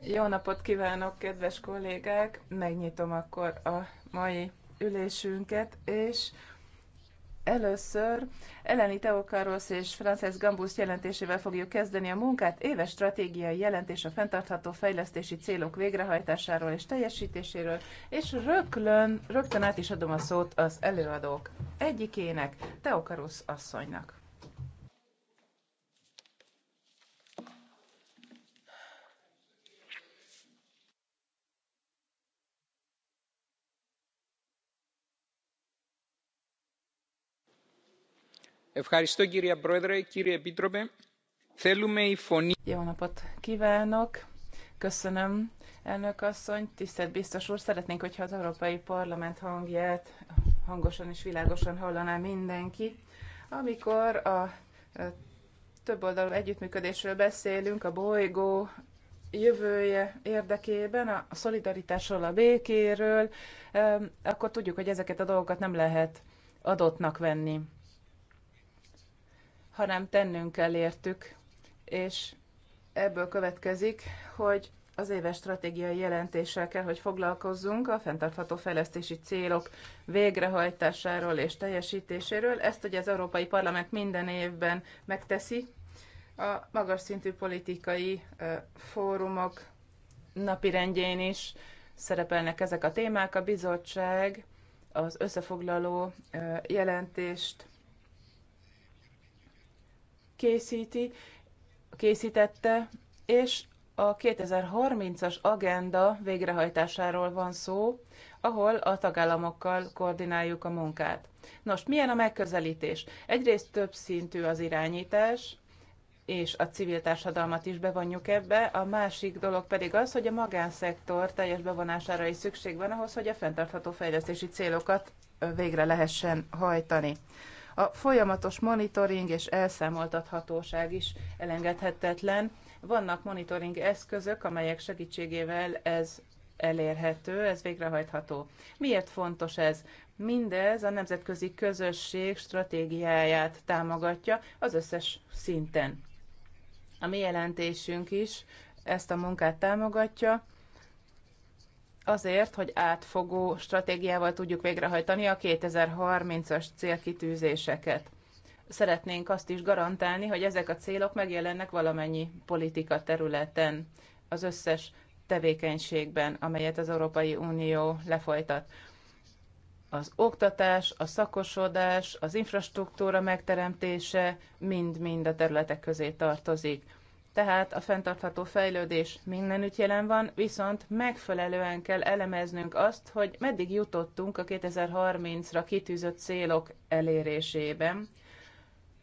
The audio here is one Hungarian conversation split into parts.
jó napot kvánok kedves kollégák megnyitom akkor a mai ülésünket és Először Eleni Teokaros és Frances Gambus jelentésével fogjuk kezdeni a munkát. Éves stratégiai jelentés a fenntartható fejlesztési célok végrehajtásáról és teljesítéséről, és rögtön, rögtön át is adom a szót az előadók egyikének, Teokaros asszonynak. Jó napot kívánok! Köszönöm, elnök asszony, tisztelt biztos úr! Szeretnénk, hogyha az Európai Parlament hangját hangosan és világosan hallaná mindenki. Amikor a többoldalú együttműködésről beszélünk, a bolygó jövője érdekében, a szolidaritásról, a békéről, akkor tudjuk, hogy ezeket a dolgokat nem lehet adottnak venni hanem tennünk kell értük, és ebből következik, hogy az éves stratégiai jelentéssel kell, hogy foglalkozzunk a fenntartható fejlesztési célok végrehajtásáról és teljesítéséről. Ezt ugye az Európai Parlament minden évben megteszi a magas szintű politikai fórumok napirendjén is szerepelnek ezek a témák. A bizottság az összefoglaló jelentést készíti, készítette, és a 2030-as agenda végrehajtásáról van szó, ahol a tagállamokkal koordináljuk a munkát. Nos, milyen a megközelítés? Egyrészt több szintű az irányítás, és a civil társadalmat is bevonjuk ebbe. A másik dolog pedig az, hogy a magánszektor teljes bevonására is szükség van ahhoz, hogy a fenntartható fejlesztési célokat végre lehessen hajtani a folyamatos monitoring és elszámoltathatóság is elengedhetetlen. Vannak monitoring eszközök, amelyek segítségével ez elérhető, ez végrehajtható. Miért fontos ez? Mindez a nemzetközi közösség stratégiáját támogatja az összes szinten. A mi jelentésünk is ezt a munkát támogatja, azért, hogy átfogó stratégiával tudjuk végrehajtani a 2030-as célkitűzéseket. Szeretnénk azt is garantálni, hogy ezek a célok megjelennek valamennyi politika területen, az összes tevékenységben, amelyet az Európai Unió lefolytat. Az oktatás, a szakosodás, az infrastruktúra megteremtése mind-mind a területek közé tartozik tehát a fenntartható fejlődés mindenütt jelen van, viszont megfelelően kell elemeznünk azt, hogy meddig jutottunk a 2030-ra kitűzött célok elérésében,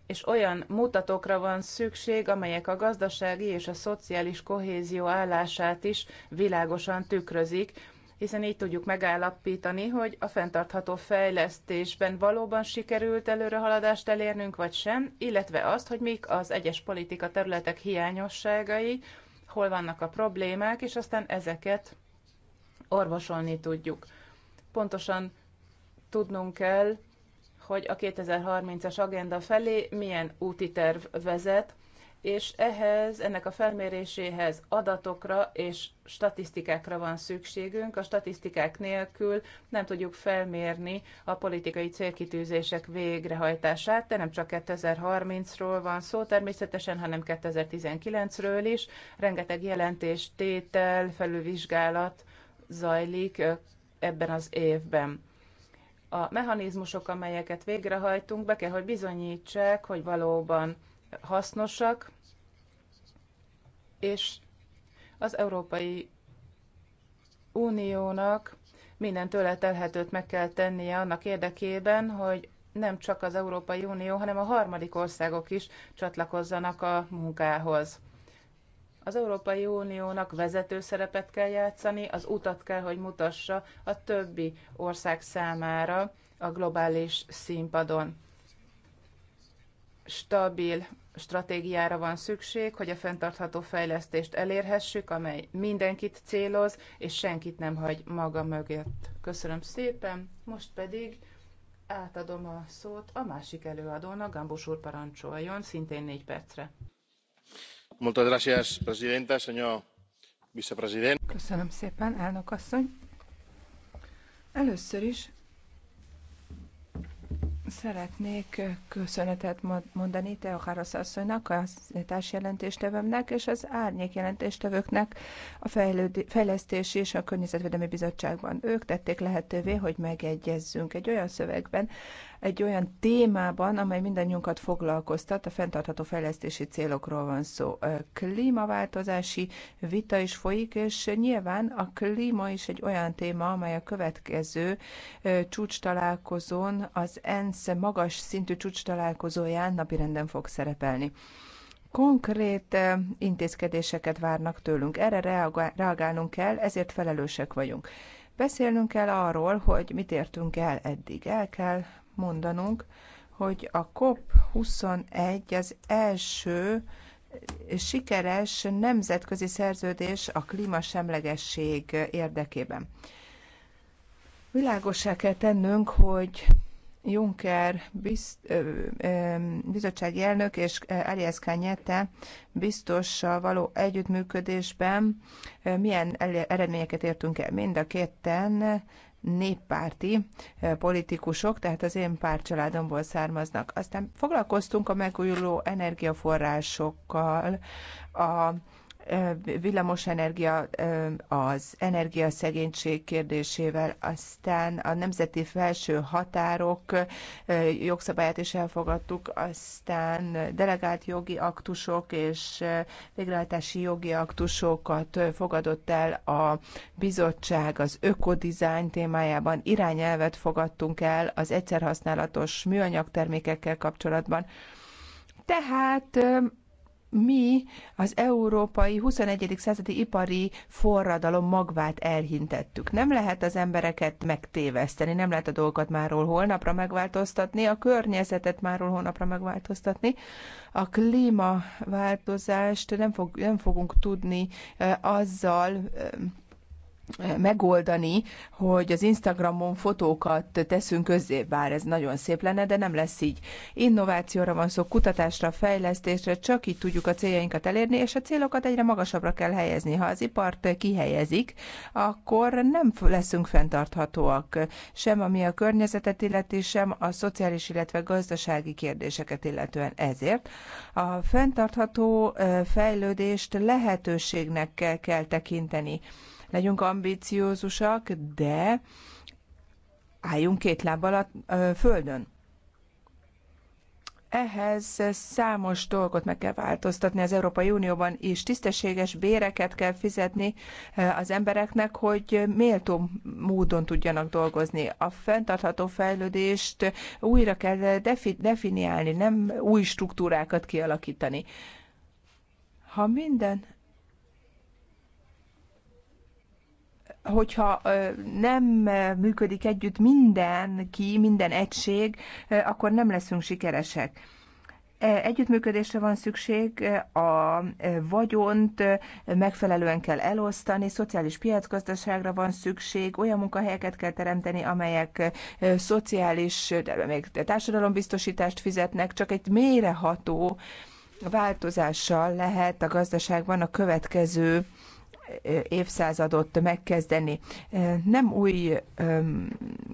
és olyan mutatókra van szükség, amelyek a gazdasági és a szociális kohézió állását is világosan tükrözik, hiszen így tudjuk megállapítani, hogy a fenntartható fejlesztésben valóban sikerült előrehaladást elérnünk, vagy sem, illetve azt, hogy mik az egyes politika területek hiányosságai, hol vannak a problémák, és aztán ezeket orvosolni tudjuk. Pontosan tudnunk kell, hogy a 2030-as agenda felé milyen úti terv vezet, és ehhez, ennek a felméréséhez adatokra és statisztikákra van szükségünk. A statisztikák nélkül nem tudjuk felmérni a politikai célkitűzések végrehajtását, de nem csak 2030-ról van szó természetesen, hanem 2019-ről is. Rengeteg jelentés, tétel, felülvizsgálat zajlik ebben az évben a mechanizmusok, amelyeket végrehajtunk, be kell, hogy bizonyítsák, hogy valóban hasznosak, és az Európai Uniónak minden tőle telhetőt meg kell tennie annak érdekében, hogy nem csak az Európai Unió, hanem a harmadik országok is csatlakozzanak a munkához. Az Európai Uniónak vezető szerepet kell játszani, az utat kell, hogy mutassa a többi ország számára a globális színpadon stabil stratégiára van szükség, hogy a fenntartható fejlesztést elérhessük, amely mindenkit céloz, és senkit nem hagy maga mögött. Köszönöm szépen, most pedig átadom a szót a másik előadónak, Gambus úr parancsoljon, szintén négy percre. Köszönöm szépen, elnök asszony. Először is Szeretnék köszönetet mondani Teokárosz asszonynak, a társjelentéstevőmnek és az árnyék jelentéstevőknek a fejlődi, Fejlesztési és a Környezetvédelmi Bizottságban. Ők tették lehetővé, hogy megegyezzünk egy olyan szövegben, egy olyan témában, amely mindannyiunkat foglalkoztat, a fenntartható fejlesztési célokról van szó. Klímaváltozási vita is folyik, és nyilván a klíma is egy olyan téma, amely a következő csúcs találkozón, az ENSZ magas szintű csúcs találkozóján napirenden fog szerepelni konkrét intézkedéseket várnak tőlünk. Erre reagálnunk kell, ezért felelősek vagyunk. Beszélnünk kell arról, hogy mit értünk el eddig. El kell mondanunk, hogy a COP21 az első sikeres nemzetközi szerződés a klímasemlegesség érdekében. Világosá kell tennünk, hogy Juncker biz, ö, ö, bizottsági elnök és Arias Kányete biztossal való együttműködésben milyen eredményeket értünk el. Mind a ketten, néppárti eh, politikusok, tehát az én pártcsaládomból származnak. Aztán foglalkoztunk a megújuló energiaforrásokkal, a villamosenergia, az energiaszegénység kérdésével, aztán a nemzeti felső határok jogszabályát is elfogadtuk, aztán delegált jogi aktusok és végrehajtási jogi aktusokat fogadott el a bizottság az ökodizájn témájában, irányelvet fogadtunk el az egyszerhasználatos műanyag termékekkel kapcsolatban. Tehát mi az európai 21. századi ipari forradalom magvát elhintettük. Nem lehet az embereket megtéveszteni, nem lehet a dolgokat máról holnapra megváltoztatni, a környezetet máról holnapra megváltoztatni, a klímaváltozást nem, fog, nem fogunk tudni eh, azzal eh, megoldani, hogy az Instagramon fotókat teszünk közzé, bár ez nagyon szép lenne, de nem lesz így. Innovációra van szó, kutatásra, fejlesztésre, csak így tudjuk a céljainkat elérni, és a célokat egyre magasabbra kell helyezni. Ha az ipart kihelyezik, akkor nem leszünk fenntarthatóak, sem ami a környezetet illeti, sem a szociális, illetve gazdasági kérdéseket illetően. Ezért a fenntartható fejlődést lehetőségnek kell, kell tekinteni legyünk ambíciózusak, de álljunk két lábbal a földön. Ehhez számos dolgot meg kell változtatni az Európai Unióban is. Tisztességes béreket kell fizetni az embereknek, hogy méltó módon tudjanak dolgozni. A fenntartható fejlődést újra kell definiálni, nem új struktúrákat kialakítani. Ha minden hogyha nem működik együtt mindenki, minden egység, akkor nem leszünk sikeresek. E, együttműködésre van szükség, a vagyont megfelelően kell elosztani, szociális piacgazdaságra van szükség, olyan munkahelyeket kell teremteni, amelyek szociális, de még társadalombiztosítást fizetnek, csak egy mélyreható változással lehet a gazdaságban a következő évszázadot megkezdeni. Nem új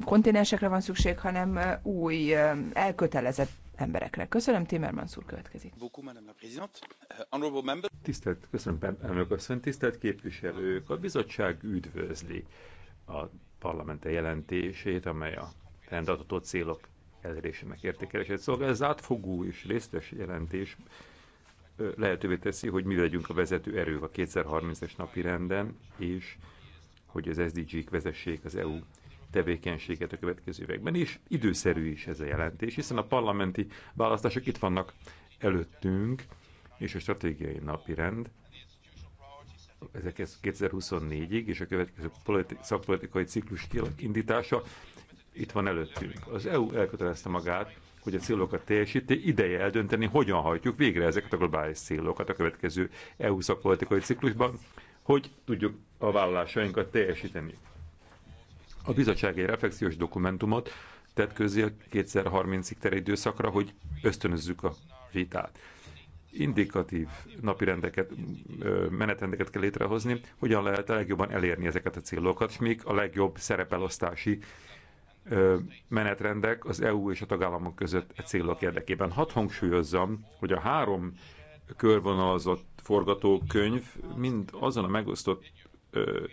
kontinensekre van szükség, hanem új elkötelezett emberekre. Köszönöm, Timmermans úr következik. Euh, tisztelt, köszönöm, elnök asszony, tisztelt képviselők, a bizottság üdvözli a parlamente jelentését, amely a rendadatott célok elérésének értékelését szolgál. Ez átfogó és részletes jelentés lehetővé teszi, hogy mi legyünk a vezető erő a 2030-es napi renden, és hogy az SDG-k vezessék az EU tevékenységet a következő években, és időszerű is ez a jelentés, hiszen a parlamenti választások itt vannak előttünk, és a stratégiai napirend ezek 2024-ig, és a következő politi- szakpolitikai ciklus indítása itt van előttünk. Az EU elkötelezte magát, hogy a célokat teljesíti, ideje eldönteni, hogyan hajtjuk végre ezeket a globális célokat a következő EU szakpolitikai ciklusban, hogy tudjuk a vállalásainkat teljesíteni. A bizottság egy reflexiós dokumentumot tett közé a 2030-ig terjedő időszakra, hogy ösztönözzük a vitát indikatív napirendeket, menetrendeket kell létrehozni, hogyan lehet a legjobban elérni ezeket a célokat, és még a legjobb szerepelosztási menetrendek az EU és a tagállamok között e célok érdekében. Hadd hangsúlyozzam, hogy a három körvonalazott forgatókönyv mind azon a megosztott ö,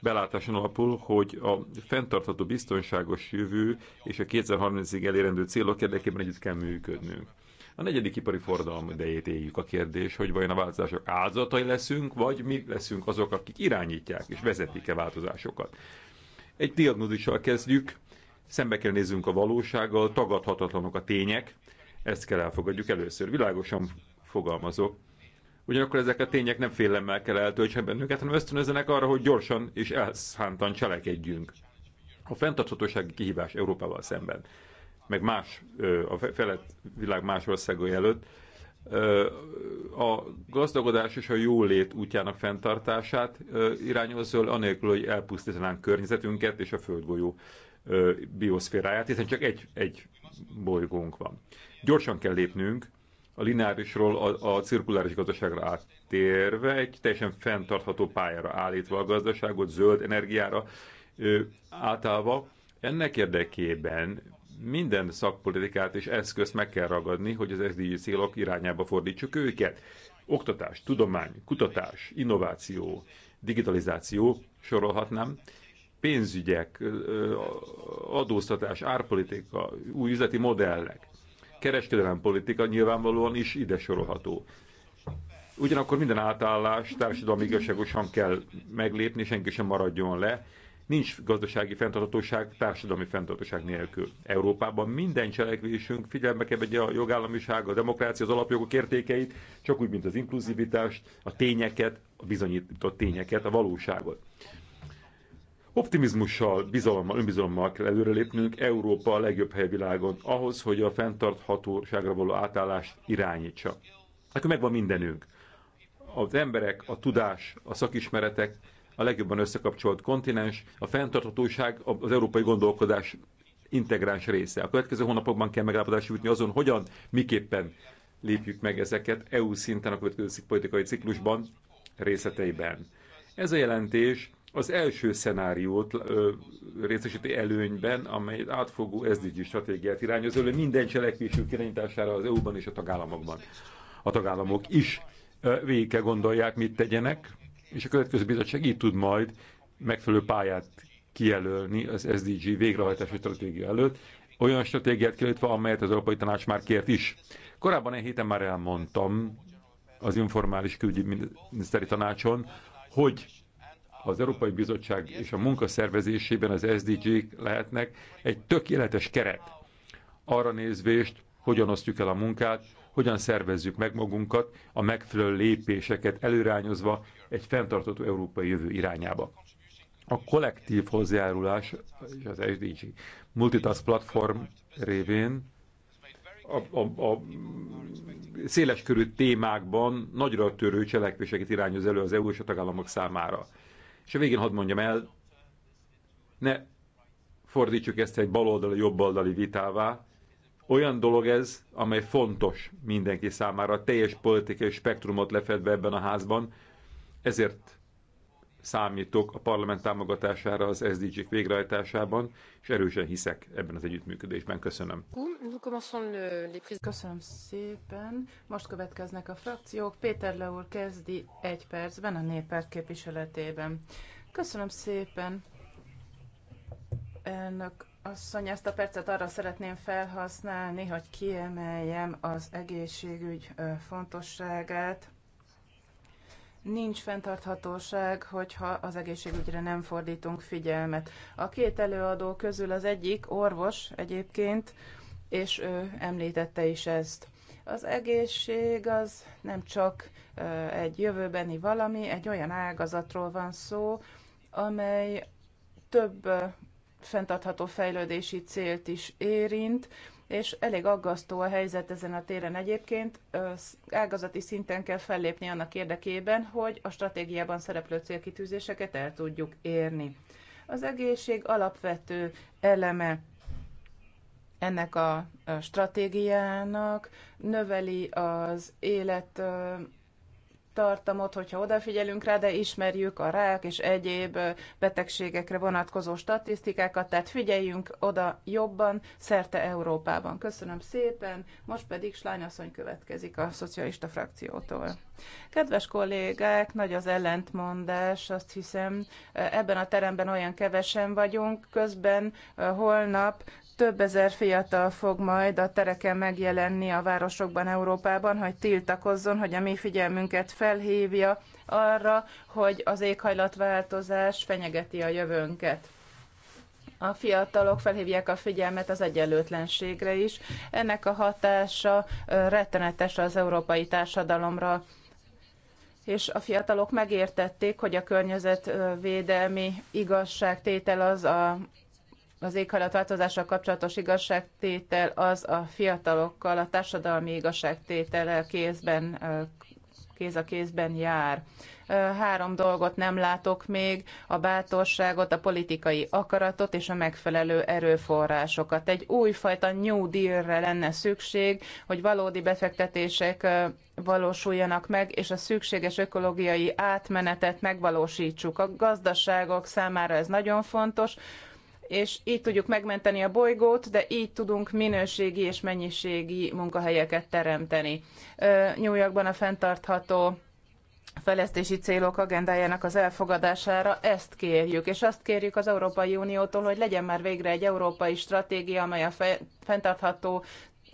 belátáson alapul, hogy a fenntartható biztonságos jövő és a 2030-ig elérendő célok érdekében együtt kell működnünk. A negyedik ipari forradalom idejét éljük a kérdés, hogy vajon a változások áldozatai leszünk, vagy mi leszünk azok, akik irányítják és vezetik-e változásokat. Egy diagnózissal kezdjük, szembe kell néznünk a valósággal, tagadhatatlanok a tények, ezt kell elfogadjuk először. Világosan fogalmazok. Ugyanakkor ezek a tények nem félemmel kell eltöltse bennünket, hanem ösztönözenek arra, hogy gyorsan és elszántan cselekedjünk. A fenntarthatósági kihívás Európával szemben, meg más, a felett világ más országai előtt a gazdagodás és a jólét útjának fenntartását irányozza, anélkül, hogy elpusztítanánk környezetünket és a földgolyó bioszféráját, hiszen csak egy, egy bolygónk van. Gyorsan kell lépnünk, a lineárisról a, a cirkuláris gazdaságra áttérve, egy teljesen fenntartható pályára állítva a gazdaságot, zöld energiára általában. átállva. Ennek érdekében minden szakpolitikát és eszközt meg kell ragadni, hogy az SDG célok irányába fordítsuk őket. Oktatás, tudomány, kutatás, innováció, digitalizáció, sorolhatnám, pénzügyek, adóztatás, árpolitika, új üzleti modellek, kereskedelem politika nyilvánvalóan is ide sorolható. Ugyanakkor minden átállás társadalmi igazságosan kell meglépni, senki sem maradjon le, Nincs gazdasági fenntartatóság, társadalmi fenntartatóság nélkül. Európában minden cselekvésünk figyelme kell vegye a jogállamiság, a demokrácia, az alapjogok értékeit, csak úgy, mint az inkluzivitást, a tényeket, a bizonyított tényeket, a valóságot. Optimizmussal, bizalommal, önbizalommal kell előrelépnünk Európa a legjobb hely világon, ahhoz, hogy a fenntarthatóságra való átállást irányítsa. Akkor megvan mindenünk. Az emberek, a tudás, a szakismeretek, a legjobban összekapcsolt kontinens, a fenntarthatóság az európai gondolkodás integráns része. A következő hónapokban kell megállapodásra jutni azon, hogyan, miképpen lépjük meg ezeket EU szinten a következő politikai ciklusban részleteiben. Ez a jelentés az első szenáriót ö, részesíti előnyben, amely átfogó SDG stratégiát irányoz elő minden cselekvésük irányítására az EU-ban és a tagállamokban. A tagállamok is végig kell gondolják, mit tegyenek, és a következő bizottság így tud majd megfelelő pályát kijelölni az SDG végrehajtási stratégia előtt, olyan stratégiát kilőtve, amelyet az Európai Tanács már kért is. Korábban egy héten már elmondtam az informális külügyminiszteri tanácson, hogy az Európai Bizottság és a munka szervezésében az SDG-k lehetnek egy tökéletes keret arra nézvést, hogyan osztjuk el a munkát, hogyan szervezzük meg magunkat, a megfelelő lépéseket előrányozva egy fenntartható európai jövő irányába. A kollektív hozzájárulás és az SDG Multitask platform révén a, a, a széleskörű témákban nagyra törő cselekvéseket irányoz elő az EU és a tagállamok számára. És a végén hadd mondjam el, ne fordítsuk ezt egy baloldali, jobboldali vitává. Olyan dolog ez, amely fontos mindenki számára, teljes politikai spektrumot lefedve ebben a házban, ezért számítok a parlament támogatására az SDG-k végrehajtásában, és erősen hiszek ebben az együttműködésben. Köszönöm. Köszönöm szépen. Most következnek a frakciók. Péter Leúr kezdi egy percben a néppárt képviseletében. Köszönöm szépen. Elnök asszony, ezt a percet arra szeretném felhasználni, hogy kiemeljem az egészségügy fontosságát nincs fenntarthatóság, hogyha az egészségügyre nem fordítunk figyelmet. A két előadó közül az egyik orvos egyébként, és ő említette is ezt. Az egészség az nem csak egy jövőbeni valami, egy olyan ágazatról van szó, amely több fenntartható fejlődési célt is érint, és elég aggasztó a helyzet ezen a téren egyébként. Ágazati szinten kell fellépni annak érdekében, hogy a stratégiában szereplő célkitűzéseket el tudjuk érni. Az egészség alapvető eleme ennek a stratégiának, növeli az élet tartamot, hogyha odafigyelünk rá, de ismerjük a rák és egyéb betegségekre vonatkozó statisztikákat, tehát figyeljünk oda jobban, szerte Európában. Köszönöm szépen, most pedig Slányasszony következik a szocialista frakciótól. Kedves kollégák, nagy az ellentmondás, azt hiszem ebben a teremben olyan kevesen vagyunk, közben holnap több ezer fiatal fog majd a tereken megjelenni a városokban, Európában, hogy tiltakozzon, hogy a mi figyelmünket felhívja arra, hogy az éghajlatváltozás fenyegeti a jövőnket. A fiatalok felhívják a figyelmet az egyenlőtlenségre is. Ennek a hatása rettenetes az európai társadalomra és a fiatalok megértették, hogy a környezetvédelmi igazságtétel az a az éghajlatváltozással kapcsolatos igazságtétel az a fiatalokkal, a társadalmi igazságtétel kézben kéz a kézben jár. Három dolgot nem látok még, a bátorságot, a politikai akaratot és a megfelelő erőforrásokat. Egy újfajta New Deal-re lenne szükség, hogy valódi befektetések valósuljanak meg, és a szükséges ökológiai átmenetet megvalósítsuk. A gazdaságok számára ez nagyon fontos, és így tudjuk megmenteni a bolygót, de így tudunk minőségi és mennyiségi munkahelyeket teremteni. New Yorkban a fenntartható fejlesztési célok agendájának az elfogadására ezt kérjük, és azt kérjük az Európai Uniótól, hogy legyen már végre egy európai stratégia, amely a fenntartható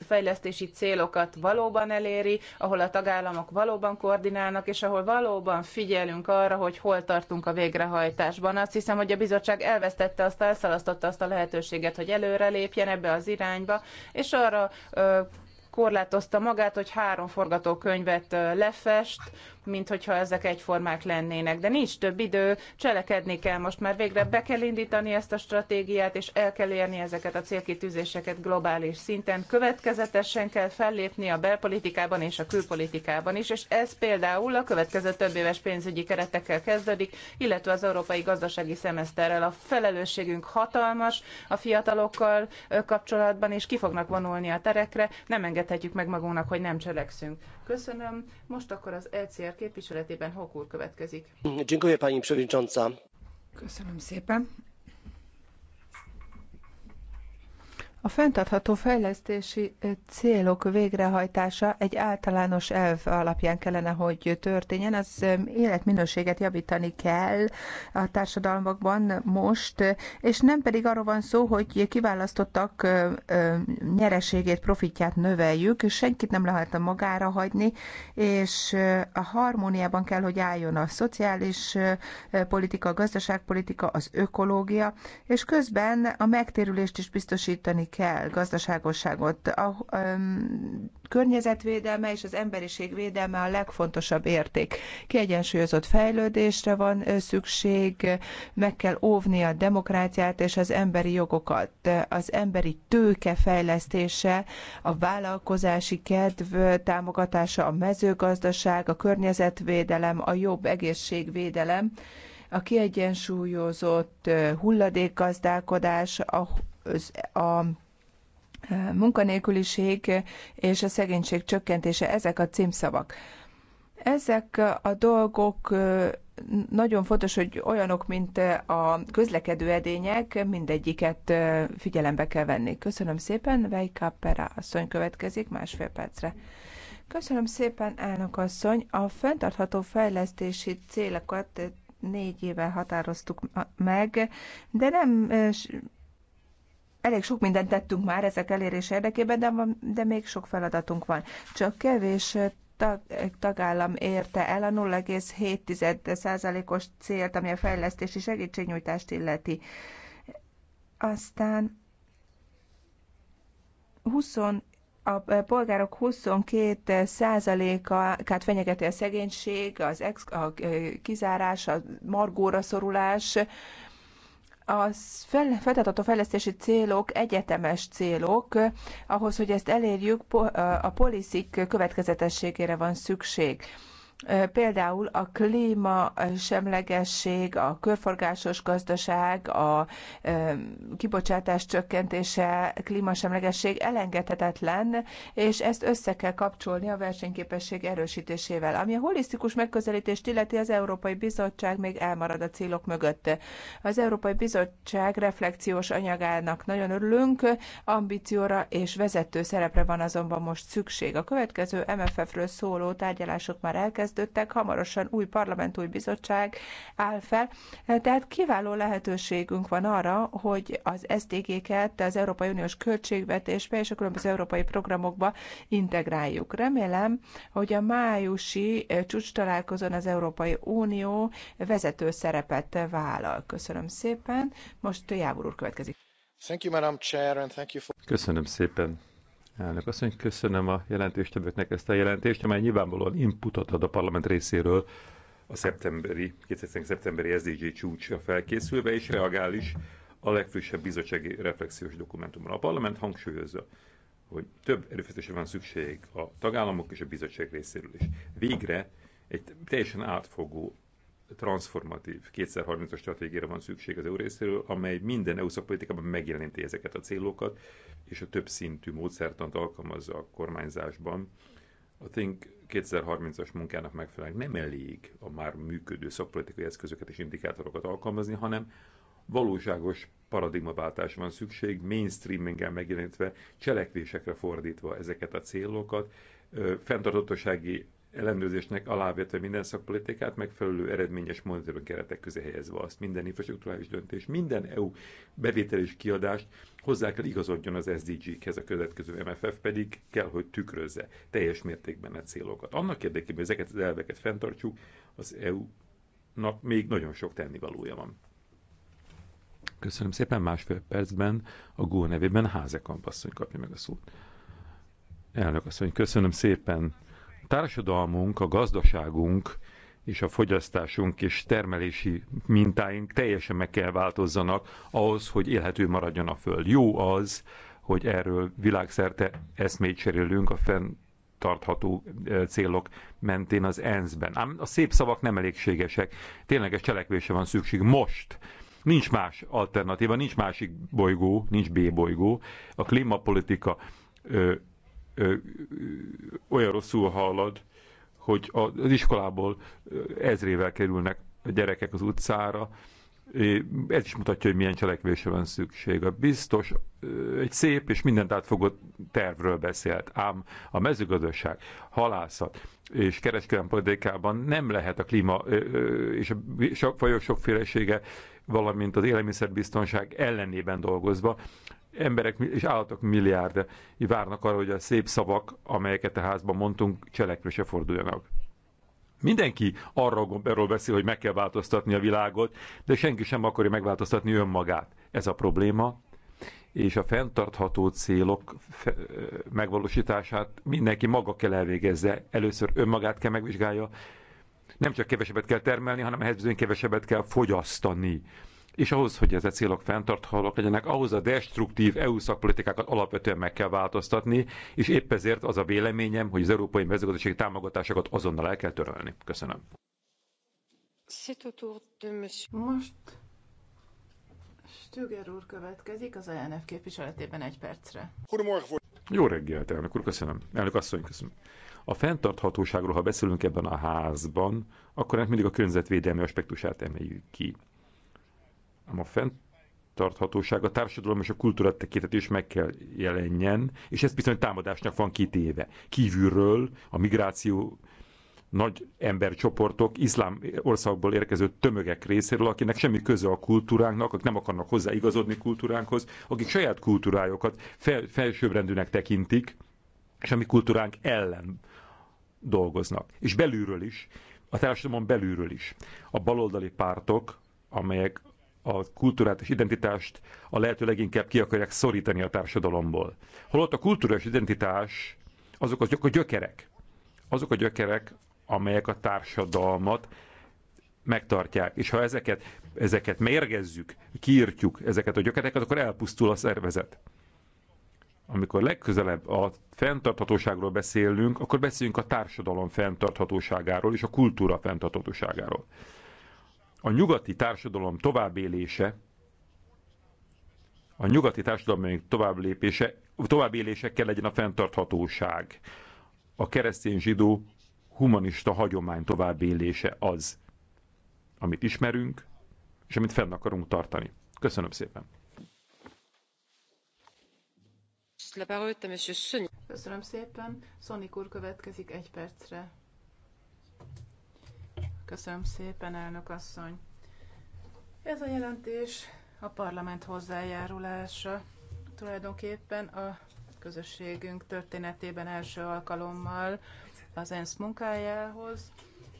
fejlesztési célokat valóban eléri, ahol a tagállamok valóban koordinálnak, és ahol valóban figyelünk arra, hogy hol tartunk a végrehajtásban. Azt hiszem, hogy a bizottság elvesztette azt, elszalasztotta azt a lehetőséget, hogy előrelépjen ebbe az irányba, és arra korlátozta magát, hogy három forgatókönyvet lefest, mint hogyha ezek egyformák lennének. De nincs több idő, cselekedni kell most már végre, be kell indítani ezt a stratégiát, és el kell érni ezeket a célkitűzéseket globális szinten. Következetesen kell fellépni a belpolitikában és a külpolitikában is, és ez például a következő több éves pénzügyi keretekkel kezdődik, illetve az európai gazdasági szemeszterrel. A felelősségünk hatalmas a fiatalokkal kapcsolatban, és ki fognak vonulni a terekre, nem engedhetjük meg magunknak, hogy nem cselekszünk. Köszönöm. Most akkor az ECR képviseletében Hok úr következik. Köszönöm szépen. A fenntartható fejlesztési célok végrehajtása egy általános elv alapján kellene, hogy történjen. Az életminőséget javítani kell a társadalmakban most, és nem pedig arról van szó, hogy kiválasztottak nyereségét, profitját növeljük, és senkit nem lehet a magára hagyni, és a harmóniában kell, hogy álljon a szociális politika, a gazdaságpolitika, az ökológia, és közben a megtérülést is biztosítani kell gazdaságosságot. A környezetvédelme és az emberiség védelme a legfontosabb érték. Kiegyensúlyozott fejlődésre van szükség, meg kell óvni a demokráciát és az emberi jogokat. Az emberi tőke fejlesztése, a vállalkozási kedv támogatása, a mezőgazdaság, a környezetvédelem, a jobb egészségvédelem, a kiegyensúlyozott hulladékgazdálkodás, a az, a munkanélküliség és a szegénység csökkentése, ezek a címszavak. Ezek a dolgok nagyon fontos, hogy olyanok, mint a közlekedő edények, mindegyiket figyelembe kell venni. Köszönöm szépen, Vejka Pera asszony következik másfél percre. Köszönöm szépen, elnök asszony. A fenntartható fejlesztési célokat négy éve határoztuk meg, de nem elég sok mindent tettünk már ezek elérése érdekében, de, de még sok feladatunk van. Csak kevés tag, tagállam érte el a 0,7%-os célt, ami a fejlesztési segítségnyújtást illeti. Aztán 20 a polgárok 22%-át fenyegeti a szegénység, az ex, a kizárás, a margóra szorulás, a fenntartható fejlesztési célok egyetemes célok, ahhoz, hogy ezt elérjük, a poliszik következetességére van szükség. Például a klíma semlegesség, a körforgásos gazdaság, a kibocsátás csökkentése, klímasemlegesség elengedhetetlen, és ezt össze kell kapcsolni a versenyképesség erősítésével. Ami a holisztikus megközelítést illeti, az Európai Bizottság még elmarad a célok mögött. Az Európai Bizottság reflekciós anyagának nagyon örülünk, ambícióra és vezető szerepre van azonban most szükség. A következő MFF-ről szóló tárgyalások már elkezdődtek, megkezdődtek, hamarosan új parlament, új bizottság áll fel. Tehát kiváló lehetőségünk van arra, hogy az SZDG-ket az Európai Uniós költségvetésbe és a különböző európai programokba integráljuk. Remélem, hogy a májusi csúcs találkozón az Európai Unió vezető szerepet vállal. Köszönöm szépen. Most Jávor úr következik. Köszönöm szépen, Elnök hogy köszönöm a jelentéstevőknek ezt a jelentést, amely nyilvánvalóan inputot ad a parlament részéről a szeptemberi, 2020. szeptemberi SDG csúcsra felkészülve, és reagál is a legfrissebb bizottsági reflexiós dokumentumra. A parlament hangsúlyozza, hogy több erőfeszítésre van szükség a tagállamok és a bizottság részéről is. Végre egy teljesen átfogó transformatív 2030-as stratégiára van szükség az EU részéről, amely minden EU szakpolitikában megjelenti ezeket a célokat, és a több szintű módszertant alkalmazza a kormányzásban. A Think 2030-as munkának megfelelően nem elég a már működő szakpolitikai eszközöket és indikátorokat alkalmazni, hanem valóságos paradigmaváltás van szükség, mainstreamingen megjelenítve, cselekvésekre fordítva ezeket a célokat, fenntartottasági ellenőrzésnek alávetve minden szakpolitikát, megfelelő eredményes monitoring keretek közé helyezve azt, minden infrastruktúrális döntés, minden EU bevétel és kiadást hozzá kell igazodjon az SDG-khez, a következő MFF pedig kell, hogy tükrözze teljes mértékben a célokat. Annak érdekében, hogy ezeket az elveket fenntartsuk, az EU-nak még nagyon sok tennivalója van. Köszönöm szépen, másfél percben a GÓ e nevében Házekampasszony kapja meg a szót. Elnök asszony, köszönöm szépen társadalmunk, a gazdaságunk és a fogyasztásunk és termelési mintáink teljesen meg kell változzanak ahhoz, hogy élhető maradjon a Föld. Jó az, hogy erről világszerte eszmét cserélünk a fenn tartható célok mentén az ENSZ-ben. Ám a szép szavak nem elégségesek, tényleges cselekvése van szükség most. Nincs más alternatíva, nincs másik bolygó, nincs B bolygó. A klímapolitika olyan rosszul halad, hogy az iskolából ezrével kerülnek a gyerekek az utcára, ez is mutatja, hogy milyen cselekvésre van szükség. A biztos egy szép és mindent átfogó tervről beszélt, ám a mezőgazdaság, halászat és kereskedelmi politikában nem lehet a klíma és a fajok sokfélesége, valamint az élelmiszerbiztonság ellenében dolgozva emberek és állatok milliárd várnak arra, hogy a szép szavak, amelyeket a házban mondtunk, cselekvésre forduljanak. Mindenki arról, arról beszél, hogy meg kell változtatni a világot, de senki sem akarja megváltoztatni önmagát. Ez a probléma, és a fenntartható célok megvalósítását mindenki maga kell elvégezze. Először önmagát kell megvizsgálja, nem csak kevesebbet kell termelni, hanem ehhez bizony kevesebbet kell fogyasztani és ahhoz, hogy ezek célok fenntarthatóak legyenek, ahhoz a destruktív EU szakpolitikákat alapvetően meg kell változtatni, és épp ezért az a véleményem, hogy az európai mezőgazdasági támogatásokat azonnal el kell törölni. Köszönöm. Most Stüger úr következik az ANF e képviseletében egy percre. Jó reggelt, elnök úr, köszönöm. Elnök asszony, köszönöm. A fenntarthatóságról, ha beszélünk ebben a házban, akkor ennek mindig a környezetvédelmi aspektusát emeljük ki a fenntarthatóság a társadalom és a kultúra tekintet is meg kell jelenjen, és ez bizony támadásnak van kitéve. Kívülről a migráció nagy embercsoportok, iszlám országból érkező tömögek részéről, akinek semmi köze a kultúránknak, akik nem akarnak hozzáigazodni kultúránkhoz, akik saját kultúrájukat fel, felsőbbrendűnek tekintik, és a mi kultúránk ellen dolgoznak. És belülről is, a társadalom belülről is. A baloldali pártok, amelyek a kultúrát és identitást a lehető leginkább ki akarják szorítani a társadalomból. Holott a kulturális identitás azok a gyökerek, azok a gyökerek, amelyek a társadalmat megtartják. És ha ezeket, ezeket mérgezzük, kiírtjuk ezeket a gyökereket, akkor elpusztul a szervezet. Amikor legközelebb a fenntarthatóságról beszélünk, akkor beszéljünk a társadalom fenntarthatóságáról és a kultúra fenntarthatóságáról a nyugati társadalom továbbélése, a nyugati társadalom tovább lépése, továbbélésekkel legyen a fenntarthatóság. A keresztény zsidó humanista hagyomány továbbélése az, amit ismerünk, és amit fenn akarunk tartani. Köszönöm szépen! Köszönöm szépen. Szonik úr következik egy percre. Köszönöm szépen, elnök asszony. Ez a jelentés a parlament hozzájárulása tulajdonképpen a közösségünk történetében első alkalommal az ENSZ munkájához,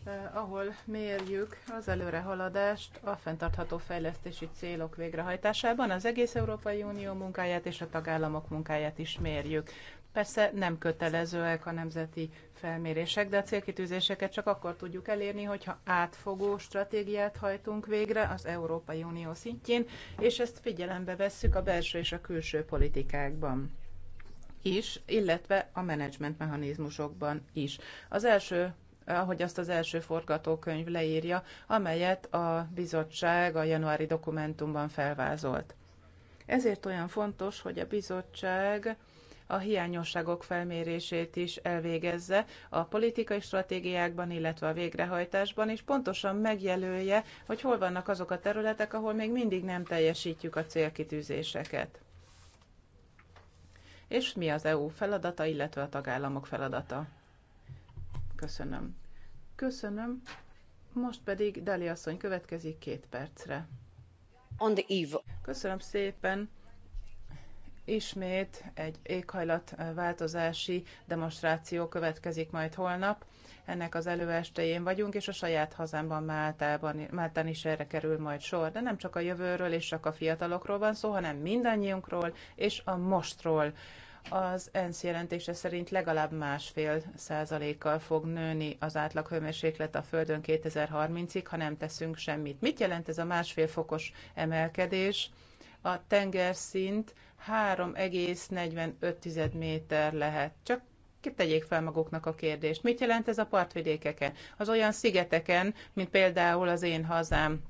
eh, ahol mérjük az előrehaladást a fenntartható fejlesztési célok végrehajtásában. Az egész Európai Unió munkáját és a tagállamok munkáját is mérjük. Persze nem kötelezőek a nemzeti felmérések, de a célkitűzéseket csak akkor tudjuk elérni, hogyha átfogó stratégiát hajtunk végre az Európai Unió szintjén, és ezt figyelembe vesszük a belső és a külső politikákban is, illetve a menedzsment mechanizmusokban is. Az első ahogy azt az első forgatókönyv leírja, amelyet a bizottság a januári dokumentumban felvázolt. Ezért olyan fontos, hogy a bizottság a hiányosságok felmérését is elvégezze a politikai stratégiákban, illetve a végrehajtásban, és pontosan megjelölje, hogy hol vannak azok a területek, ahol még mindig nem teljesítjük a célkitűzéseket. És mi az EU feladata, illetve a tagállamok feladata? Köszönöm. Köszönöm. Most pedig Dali asszony következik két percre. On the eve. Köszönöm szépen. Ismét egy éghajlatváltozási demonstráció következik majd holnap. Ennek az előestején vagyunk, és a saját hazámban Máltában, Máltán is erre kerül majd sor. De nem csak a jövőről és csak a fiatalokról van szó, hanem mindannyiunkról és a mostról az ENSZ jelentése szerint legalább másfél százalékkal fog nőni az átlag hőmérséklet a Földön 2030-ig, ha nem teszünk semmit. Mit jelent ez a másfél fokos emelkedés? A tengerszint 3,45 méter lehet. Csak tegyék fel maguknak a kérdést. Mit jelent ez a partvidékeken? Az olyan szigeteken, mint például az én hazám,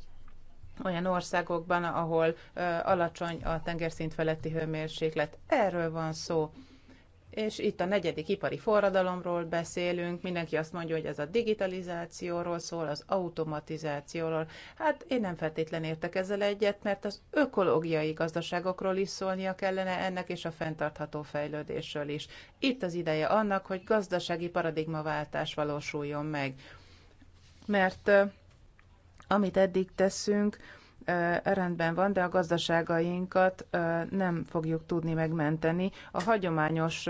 olyan országokban, ahol ö, alacsony a tengerszint feletti hőmérséklet. Erről van szó és itt a negyedik ipari forradalomról beszélünk, mindenki azt mondja, hogy ez a digitalizációról szól, az automatizációról. Hát én nem feltétlen értek ezzel egyet, mert az ökológiai gazdaságokról is szólnia kellene ennek, és a fenntartható fejlődésről is. Itt az ideje annak, hogy gazdasági paradigmaváltás valósuljon meg. Mert eh, amit eddig teszünk, rendben van, de a gazdaságainkat nem fogjuk tudni megmenteni. A hagyományos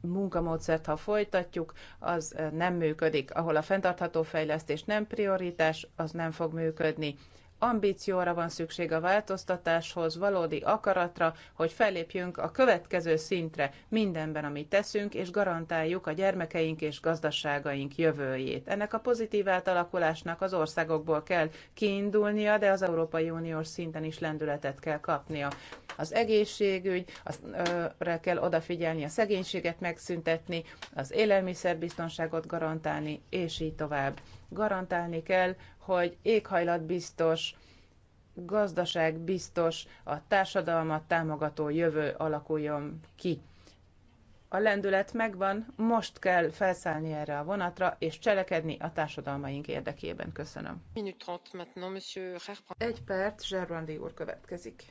munkamódszert, ha folytatjuk, az nem működik. Ahol a fenntartható fejlesztés nem prioritás, az nem fog működni ambícióra van szükség a változtatáshoz, valódi akaratra, hogy fellépjünk a következő szintre mindenben, amit teszünk, és garantáljuk a gyermekeink és gazdaságaink jövőjét. Ennek a pozitív átalakulásnak az országokból kell kiindulnia, de az Európai Uniós szinten is lendületet kell kapnia. Az egészségügyre kell odafigyelni, a szegénységet megszüntetni, az élelmiszerbiztonságot garantálni, és így tovább garantálni kell, hogy éghajlatbiztos, gazdaságbiztos, a társadalmat támogató jövő alakuljon ki. A lendület megvan, most kell felszállni erre a vonatra, és cselekedni a társadalmaink érdekében. Köszönöm. Egy perc, Zserbrandi úr következik.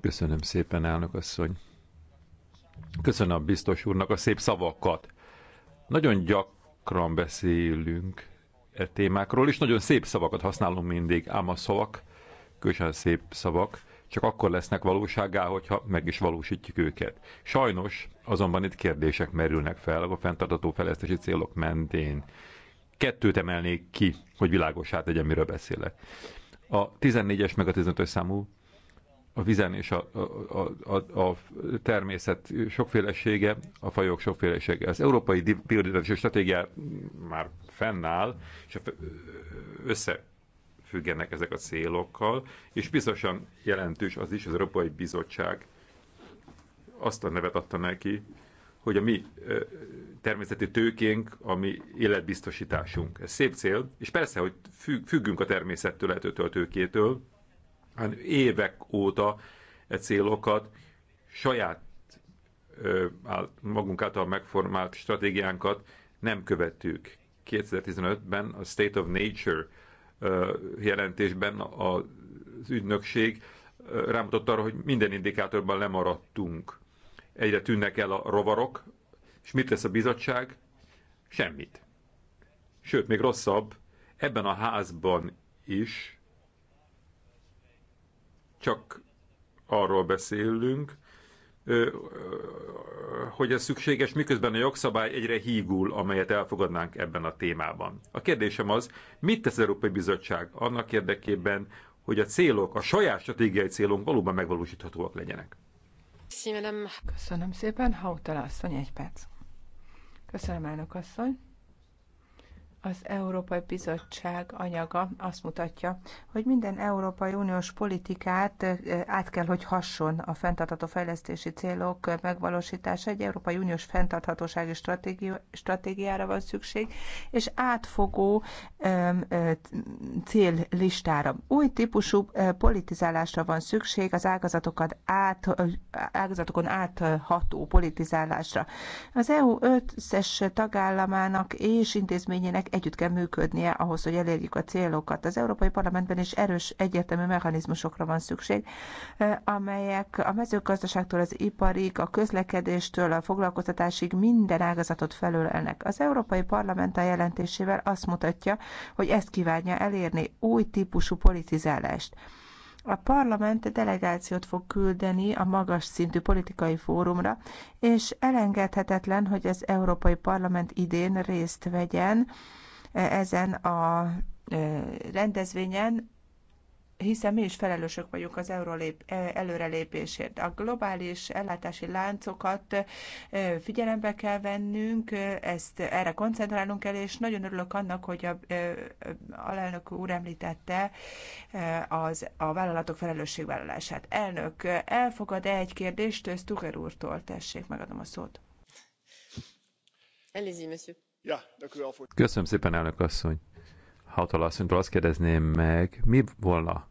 Köszönöm szépen, elnök asszony. Köszönöm a biztos úrnak a szép szavakat. Nagyon gyakran beszélünk e témákról, és nagyon szép szavakat használunk mindig, ám a szavak, különösen szép szavak, csak akkor lesznek valóságá, hogyha meg is valósítjuk őket. Sajnos azonban itt kérdések merülnek fel a fenntartató fejlesztési célok mentén. Kettőt emelnék ki, hogy világosát tegyem, miről beszélek. A 14-es meg a 15-ös számú a vizen és a, a, a, a természet sokfélesége, a fajok sokfélesége. Az európai biodiverzitási stratégia már fennáll, és összefüggenek ezek a célokkal, és biztosan jelentős az is, az Európai Bizottság azt a nevet adta neki, hogy a mi természeti tőkénk, a mi életbiztosításunk. Ez szép cél, és persze, hogy függünk a természettől, lehetőtől, a tőkétől, hanem hát évek óta e célokat saját magunk által megformált stratégiánkat nem követtük. 2015-ben a State of Nature jelentésben az ügynökség rámutott arra, hogy minden indikátorban lemaradtunk. Egyre tűnnek el a rovarok, és mit tesz a bizottság? Semmit. Sőt, még rosszabb, ebben a házban is csak arról beszélünk, hogy ez szükséges, miközben a jogszabály egyre hígul, amelyet elfogadnánk ebben a témában. A kérdésem az, mit tesz az Európai Bizottság annak érdekében, hogy a célok, a saját stratégiai célunk valóban megvalósíthatóak legyenek? Köszönöm szépen, Hautala asszony, egy perc. Köszönöm, elnök asszony az Európai Bizottság anyaga azt mutatja, hogy minden Európai Uniós politikát át kell, hogy hasson a fenntartható fejlesztési célok megvalósítása. Egy Európai Uniós fenntarthatósági stratégiára van szükség, és átfogó céllistára. Új típusú politizálásra van szükség, az ágazatokat át, ágazatokon átható politizálásra. Az EU összes tagállamának és intézményének együtt kell működnie ahhoz, hogy elérjük a célokat. Az Európai Parlamentben is erős, egyértelmű mechanizmusokra van szükség, eh, amelyek a mezőgazdaságtól az iparig, a közlekedéstől a foglalkoztatásig minden ágazatot felölelnek. Az Európai Parlament a jelentésével azt mutatja, hogy ezt kívánja elérni új típusú politizálást. A parlament delegációt fog küldeni a magas szintű politikai fórumra, és elengedhetetlen, hogy az Európai Parlament idén részt vegyen E, ezen a e, rendezvényen, hiszen mi is felelősök vagyunk az eurólép, e, előrelépésért. A globális ellátási láncokat figyelembe kell vennünk, ezt erre koncentrálnunk kell, és nagyon örülök annak, hogy a, a alelnök úr említette az, a vállalatok felelősségvállalását. Elnök, elfogad -e egy kérdést Stuger úrtól? Tessék, megadom a szót. Elézi, monsieur. Köszönöm szépen, elnök asszony. Hatal asszonytól azt kérdezném meg, mi volna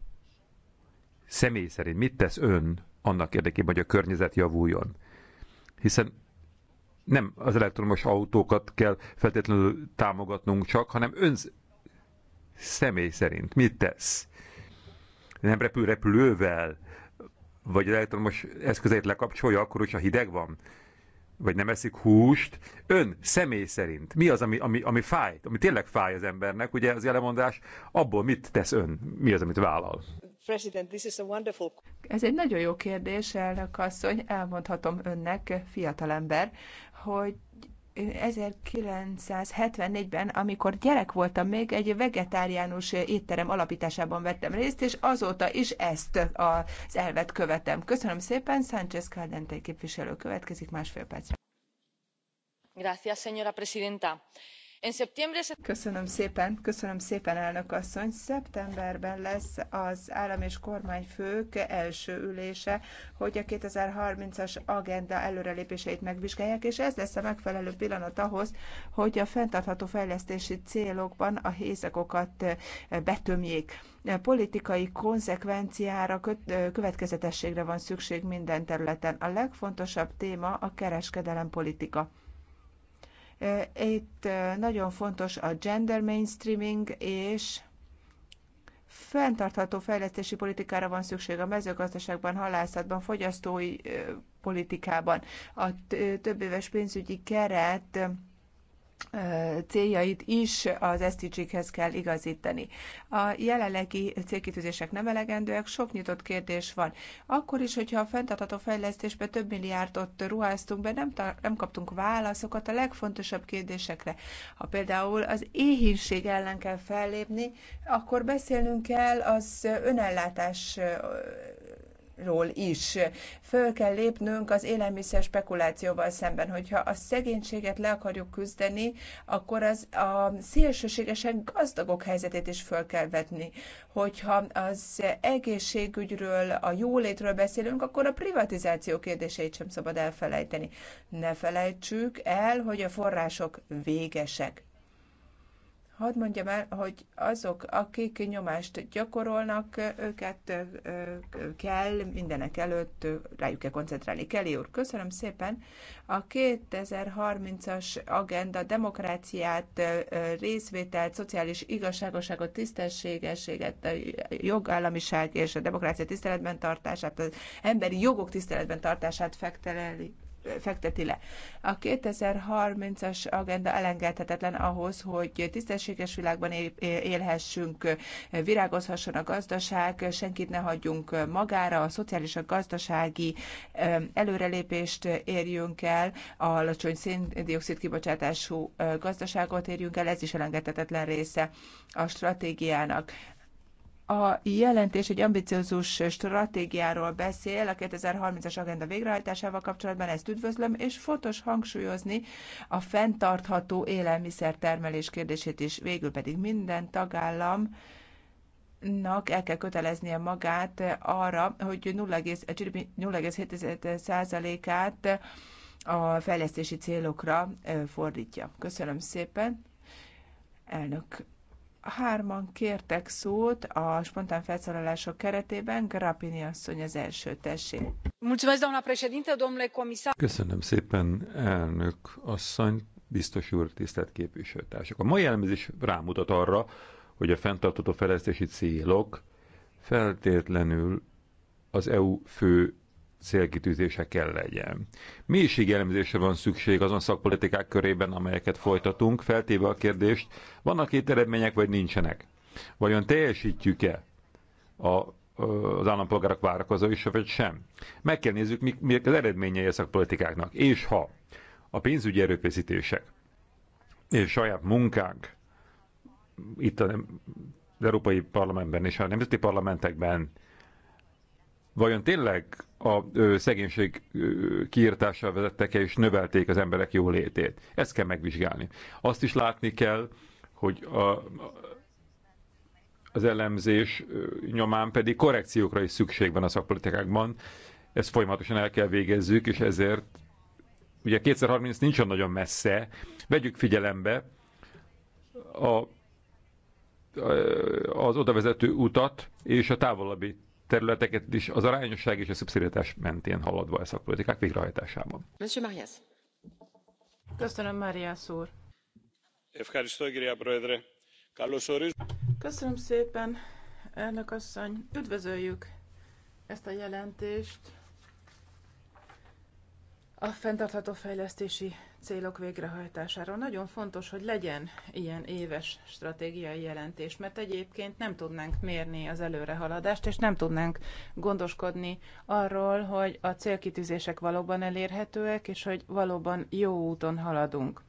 személy szerint, mit tesz ön annak érdekében, hogy a környezet javuljon? Hiszen nem az elektromos autókat kell feltétlenül támogatnunk csak, hanem ön személy szerint mit tesz? Nem repül repülővel, vagy elektromos eszközeit lekapcsolja, akkor is, a hideg van? vagy nem eszik húst, ön személy szerint mi az, ami, ami, ami fáj, ami tényleg fáj az embernek, ugye az jelemondás, abból mit tesz ön, mi az, amit vállal? Wonderful... Ez egy nagyon jó kérdés, elnök asszony, elmondhatom önnek, fiatalember, hogy 1974-ben, amikor gyerek voltam még, egy vegetáriánus étterem alapításában vettem részt, és azóta is ezt az elvet követem. Köszönöm szépen, Sánchez Caldente képviselő következik másfél percre. Gracias, señora presidenta Köszönöm szépen, köszönöm szépen, elnök asszony. Szeptemberben lesz az állam és kormányfők első ülése, hogy a 2030-as agenda előrelépéseit megvizsgálják, és ez lesz a megfelelő pillanat ahhoz, hogy a fenntartható fejlesztési célokban a hézekokat betömjék politikai konzekvenciára, következetességre van szükség minden területen. A legfontosabb téma a kereskedelem politika. Itt nagyon fontos a gender mainstreaming és fenntartható fejlesztési politikára van szükség a mezőgazdaságban, halászatban, fogyasztói politikában. A többéves pénzügyi keret céljait is az SDG-hez kell igazítani. A jelenlegi célkitűzések nem elegendőek, sok nyitott kérdés van. Akkor is, hogyha a fenntartható fejlesztésbe több milliárdot ruháztunk be, nem, nem kaptunk válaszokat a legfontosabb kérdésekre. Ha például az éhínség ellen kell fellépni, akkor beszélnünk kell az önellátás ról is. Föl kell lépnünk az élelmiszer spekulációval szemben, hogyha a szegénységet le akarjuk küzdeni, akkor az a szélsőségesen gazdagok helyzetét is föl kell vetni. Hogyha az egészségügyről, a jólétről beszélünk, akkor a privatizáció kérdéseit sem szabad elfelejteni. Ne felejtsük el, hogy a források végesek Hadd mondjam el, hogy azok, akik nyomást gyakorolnak, őket kell mindenek előtt rájuk kell koncentrálni. Kelly úr, köszönöm szépen. A 2030-as agenda demokráciát, részvételt, szociális igazságoságot, tisztességességet, a jogállamiság és a demokrácia tiszteletben tartását, az emberi jogok tiszteletben tartását fekteleli fekteti le. A 2030-as agenda elengedhetetlen ahhoz, hogy tisztességes világban élhessünk, virágozhasson a gazdaság, senkit ne hagyjunk magára, a szociális, a gazdasági előrelépést érjünk el, a alacsony széndiokszid kibocsátású gazdaságot érjünk el, ez is elengedhetetlen része a stratégiának. A jelentés egy ambiciózus stratégiáról beszél a 2030-as agenda végrehajtásával kapcsolatban, ezt üdvözlöm, és fontos hangsúlyozni a fenntartható élelmiszertermelés kérdését is. Végül pedig minden tagállam nak el kell köteleznie magát arra, hogy 0,7%-át a fejlesztési célokra fordítja. Köszönöm szépen, elnök Hárman kértek szót a spontán felszólalások keretében. Grapini asszony az első, tessék. Köszönöm szépen, elnök asszony, biztos úr, tisztelt képviselőtársak. A mai elemzés rámutat arra, hogy a fenntartató fejlesztési célok feltétlenül az EU fő célkitűzése kell legyen. Mélységelemzésre van szükség azon szakpolitikák körében, amelyeket folytatunk, feltéve a kérdést, vannak itt eredmények, vagy nincsenek? Vajon teljesítjük-e a az állampolgárok várakozói, vagy sem. Meg kell nézzük, mik, mik az eredményei a szakpolitikáknak. És ha a pénzügyi erőfeszítések és saját munkánk itt a, az Európai Parlamentben és a nemzeti parlamentekben Vajon tényleg a szegénység kiirtással vezettek el, és növelték az emberek jólétét? Ezt kell megvizsgálni. Azt is látni kell, hogy a, az elemzés nyomán pedig korrekciókra is szükség van a szakpolitikákban. Ezt folyamatosan el kell végezzük, és ezért ugye 2030 nincs nagyon messze. Vegyük figyelembe a, az odavezető utat és a távolabbi területeket is az arányosság és a szubszidiaritás mentén haladva a szakpolitikák végrehajtásában. Monsieur Marias. Köszönöm, Marias úr. Köszönöm szépen, elnök asszony. Üdvözöljük ezt a jelentést, a fenntartható fejlesztési célok végrehajtásáról. Nagyon fontos, hogy legyen ilyen éves stratégiai jelentés, mert egyébként nem tudnánk mérni az előrehaladást, és nem tudnánk gondoskodni arról, hogy a célkitűzések valóban elérhetőek, és hogy valóban jó úton haladunk.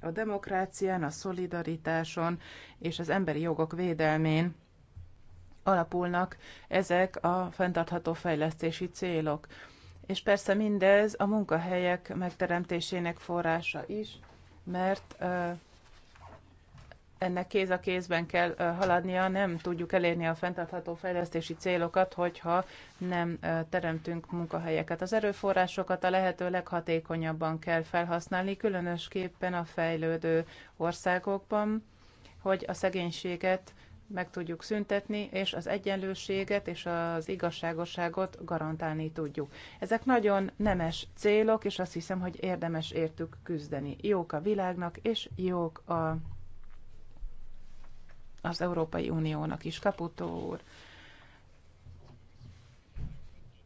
A demokrácián, a szolidaritáson és az emberi jogok védelmén alapulnak ezek a fenntartható fejlesztési célok és persze mindez a munkahelyek megteremtésének forrása is, mert ennek kéz a kézben kell haladnia, nem tudjuk elérni a fenntartható fejlesztési célokat, hogyha nem teremtünk munkahelyeket. Az erőforrásokat a lehető leghatékonyabban kell felhasználni, különösképpen a fejlődő országokban, hogy a szegénységet meg tudjuk szüntetni, és az egyenlőséget és az igazságosságot garantálni tudjuk. Ezek nagyon nemes célok, és azt hiszem, hogy érdemes értük küzdeni. Jók a világnak, és jók a, az Európai Uniónak is. Kaputó úr.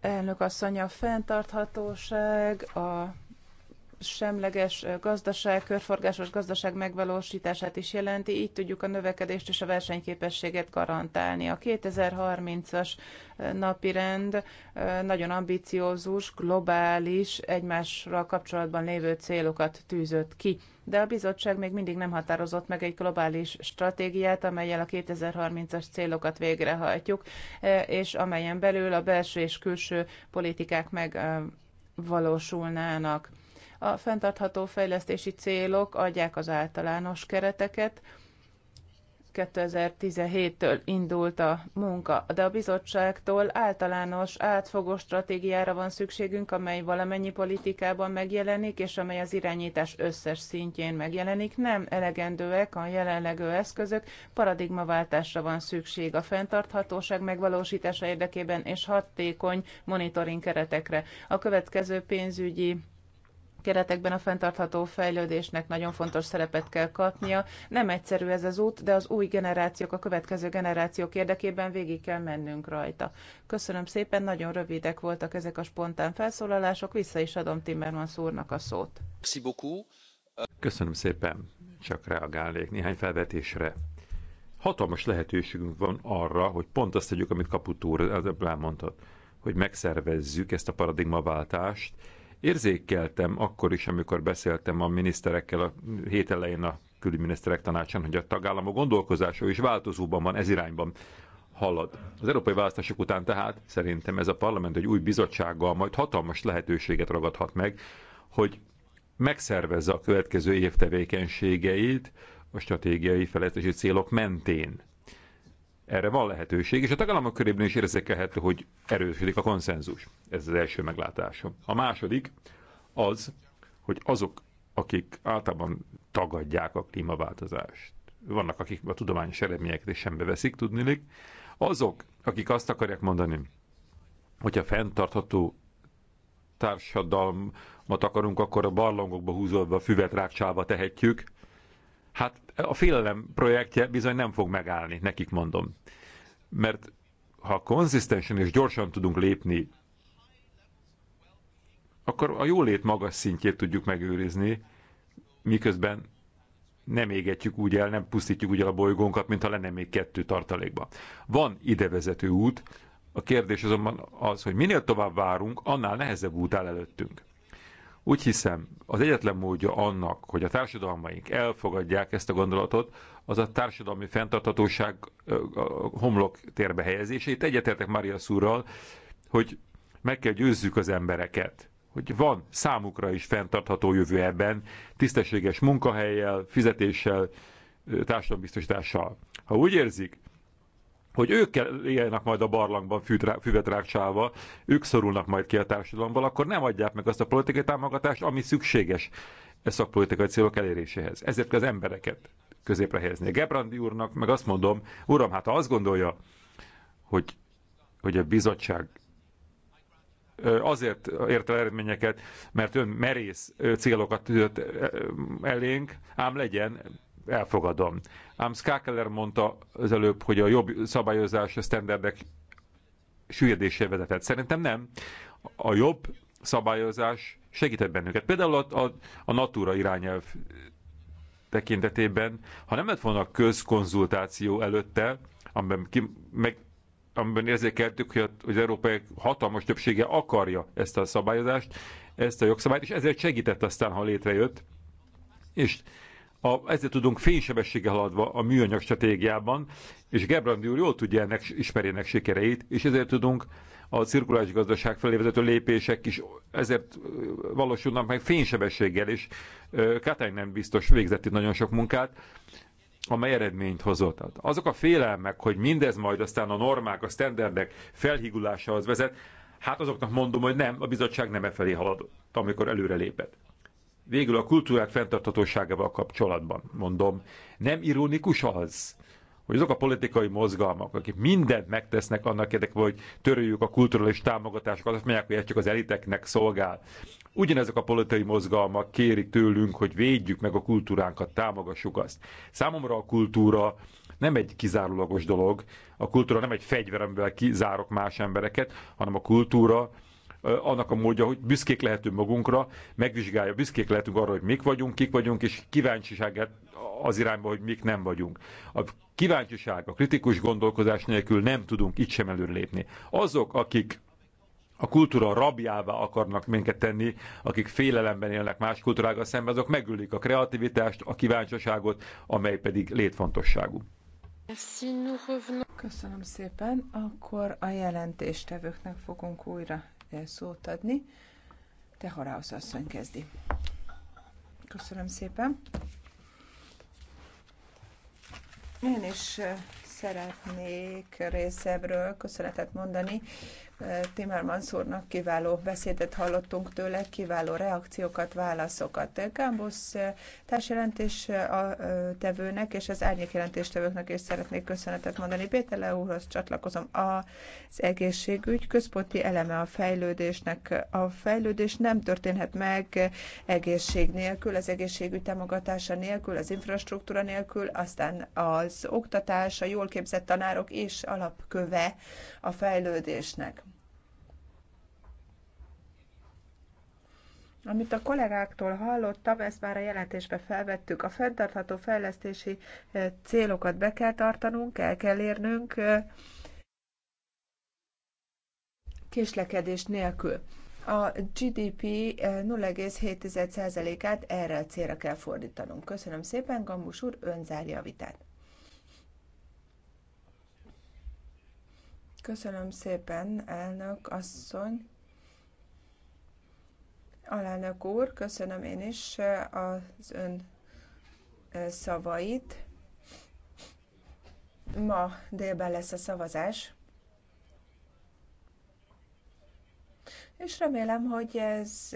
Elnök asszony, a fenntarthatóság, a semleges gazdaság, körforgásos gazdaság megvalósítását is jelenti, így tudjuk a növekedést és a versenyképességet garantálni. A 2030-as napirend nagyon ambiciózus, globális, egymásra kapcsolatban lévő célokat tűzött ki de a bizottság még mindig nem határozott meg egy globális stratégiát, amelyel a 2030-as célokat végrehajtjuk, és amelyen belül a belső és külső politikák megvalósulnának. A fenntartható fejlesztési célok adják az általános kereteket, 2017-től indult a munka, de a bizottságtól általános, átfogó stratégiára van szükségünk, amely valamennyi politikában megjelenik, és amely az irányítás összes szintjén megjelenik. Nem elegendőek a jelenlegő eszközök, paradigmaváltásra van szükség a fenntarthatóság megvalósítása érdekében és hatékony monitoring keretekre. A következő pénzügyi keretekben a fenntartható fejlődésnek nagyon fontos szerepet kell kapnia. Nem egyszerű ez az út, de az új generációk, a következő generációk érdekében végig kell mennünk rajta. Köszönöm szépen, nagyon rövidek voltak ezek a spontán felszólalások, vissza is adom Timmermans úrnak a szót. Köszönöm szépen, csak reagálnék néhány felvetésre. Hatalmas lehetőségünk van arra, hogy pont azt tegyük, amit Kaputúr az elmondott, hogy megszervezzük ezt a paradigmaváltást, érzékeltem akkor is, amikor beszéltem a miniszterekkel a hét elején a külügyminiszterek tanácsán, hogy a tagállamok gondolkozása is változóban van, ez irányban halad. Az európai választások után tehát szerintem ez a parlament egy új bizottsággal majd hatalmas lehetőséget ragadhat meg, hogy megszervezze a következő év tevékenységeit a stratégiai felejtési célok mentén. Erre van lehetőség, és a tagállamok körében is érzékelhető, hogy erősödik a konszenzus. Ez az első meglátásom. A második az, hogy azok, akik általában tagadják a klímaváltozást, vannak, akik a tudományos eredményeket is sem beveszik, tudnilik, azok, akik azt akarják mondani, hogy a fenntartható társadalmat akarunk, akkor a barlangokba húzódva füvet rákcsálva tehetjük, Hát a félelem projektje bizony nem fog megállni, nekik mondom. Mert ha konzisztensen és gyorsan tudunk lépni, akkor a jólét magas szintjét tudjuk megőrizni, miközben nem égetjük úgy el, nem pusztítjuk úgy el a bolygónkat, mintha lenne még kettő tartalékban. Van idevezető út, a kérdés azonban az, hogy minél tovább várunk, annál nehezebb út áll előttünk. Úgy hiszem, az egyetlen módja annak, hogy a társadalmaink elfogadják ezt a gondolatot, az a társadalmi fenntartatóság homlok térbe helyezése. Itt egyetértek Mária Szúrral, hogy meg kell győzzük az embereket, hogy van számukra is fenntartható jövő ebben, tisztességes munkahelyjel, fizetéssel, társadalombiztosítással. Ha úgy érzik, hogy ők éljenek majd a barlangban füvet rákcsálva, ők szorulnak majd ki a társadalomból, akkor nem adják meg azt a politikai támogatást, ami szükséges a e szakpolitikai célok eléréséhez. Ezért kell az embereket középre helyezni. Gebrandi úrnak meg azt mondom, uram, hát ha azt gondolja, hogy, hogy a bizottság azért ért el eredményeket, mert ön merész célokat tűzött elénk, ám legyen elfogadom. Ám Skakeller mondta az előbb, hogy a jobb szabályozás a standardek süllyedésé vezetett. Szerintem nem. A jobb szabályozás segített bennünket. Például a, a, a Natura irányelv tekintetében, ha nem lett volna közkonzultáció előtte, amiben, ki, meg, amiben érzékeltük, hogy, a, hogy az európai hatalmas többsége akarja ezt a szabályozást, ezt a jogszabályt, és ezért segített aztán, ha létrejött, és a, ezért tudunk fénysebességgel haladva a műanyag stratégiában, és Gebrandi úr jól tudja ennek, ismeri sikereit, és ezért tudunk a cirkulális gazdaság felé vezető lépések is ezért valósulnak meg fénysebességgel, és Katány nem biztos végzett itt nagyon sok munkát, amely eredményt hozott. Azok a félelmek, hogy mindez majd aztán a normák, a sztenderdek felhigulásához vezet, hát azoknak mondom, hogy nem, a bizottság nem e felé haladott, amikor lépett. Végül a kultúrák fenntarthatóságával kapcsolatban mondom, nem ironikus az, hogy azok a politikai mozgalmak, akik mindent megtesznek annak érdekében, hogy törőjük a kulturális támogatásokat, azt mondják, hogy ez csak az eliteknek szolgál. Ugyanezek a politikai mozgalmak kérik tőlünk, hogy védjük meg a kultúránkat, támogassuk azt. Számomra a kultúra nem egy kizárólagos dolog, a kultúra nem egy fegyver, amivel kizárok más embereket, hanem a kultúra annak a módja, hogy büszkék lehetünk magunkra, megvizsgálja, büszkék lehetünk arra, hogy mik vagyunk, kik vagyunk, és kíváncsiságát az irányba, hogy mik nem vagyunk. A kíváncsiság, a kritikus gondolkozás nélkül nem tudunk itt sem előrelépni. Azok, akik a kultúra rabjává akarnak minket tenni, akik félelemben élnek más kultúrákkal szemben, azok megülik a kreativitást, a kíváncsiságot, amely pedig létfontosságú. Köszönöm szépen, akkor a jelentéstevőknek fogunk újra szót adni. Te Haráusz asszony kezdi. Köszönöm szépen. Én is eh, szeretnék részebről köszönetet mondani Timmermans kiváló beszédet hallottunk tőle, kiváló reakciókat, válaszokat. Gámbusz eh, társjelentés eh, a eh, tevőnek és az árnyék jelentéstevőknek is szeretnék köszönetet mondani. Péter úrhoz csatlakozom. Az egészségügy központi eleme a fejlődésnek. A fejlődés nem történhet meg egészség nélkül, az egészségügy támogatása nélkül, az infrastruktúra nélkül, aztán az oktatás, a jól képzett tanárok és alapköve a fejlődésnek. Amit a kollégáktól hallottam, ezt már a jelentésbe felvettük. A fenntartható fejlesztési célokat be kell tartanunk, el kell érnünk késlekedés nélkül. A GDP 0,7%-át erre a célra kell fordítanunk. Köszönöm szépen, Gambus úr, ön zárja a vitát. Köszönöm szépen, elnök asszony. Alelnök úr, köszönöm én is eh, az ön eh, szavait. Ma délben lesz a szavazás. és remélem, hogy ez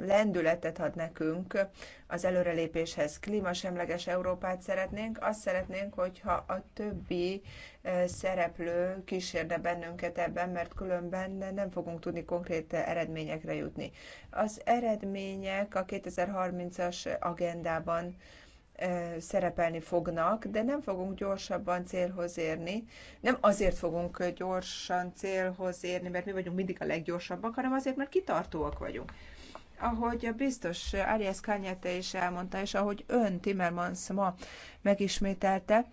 lendületet ad nekünk az előrelépéshez. Klímasemleges Európát szeretnénk, azt szeretnénk, hogyha a többi e, szereplő kísérne bennünket ebben, mert különben nem fogunk tudni konkrét eredményekre jutni. Az eredmények a 2030-as agendában szerepelni fognak, de nem fogunk gyorsabban célhoz érni. Nem azért fogunk gyorsan célhoz érni, mert mi vagyunk mindig a leggyorsabbak, hanem azért, mert kitartóak vagyunk. Ahogy a biztos Arias Kanyete is elmondta, és ahogy ön Timmermans ma megismételte.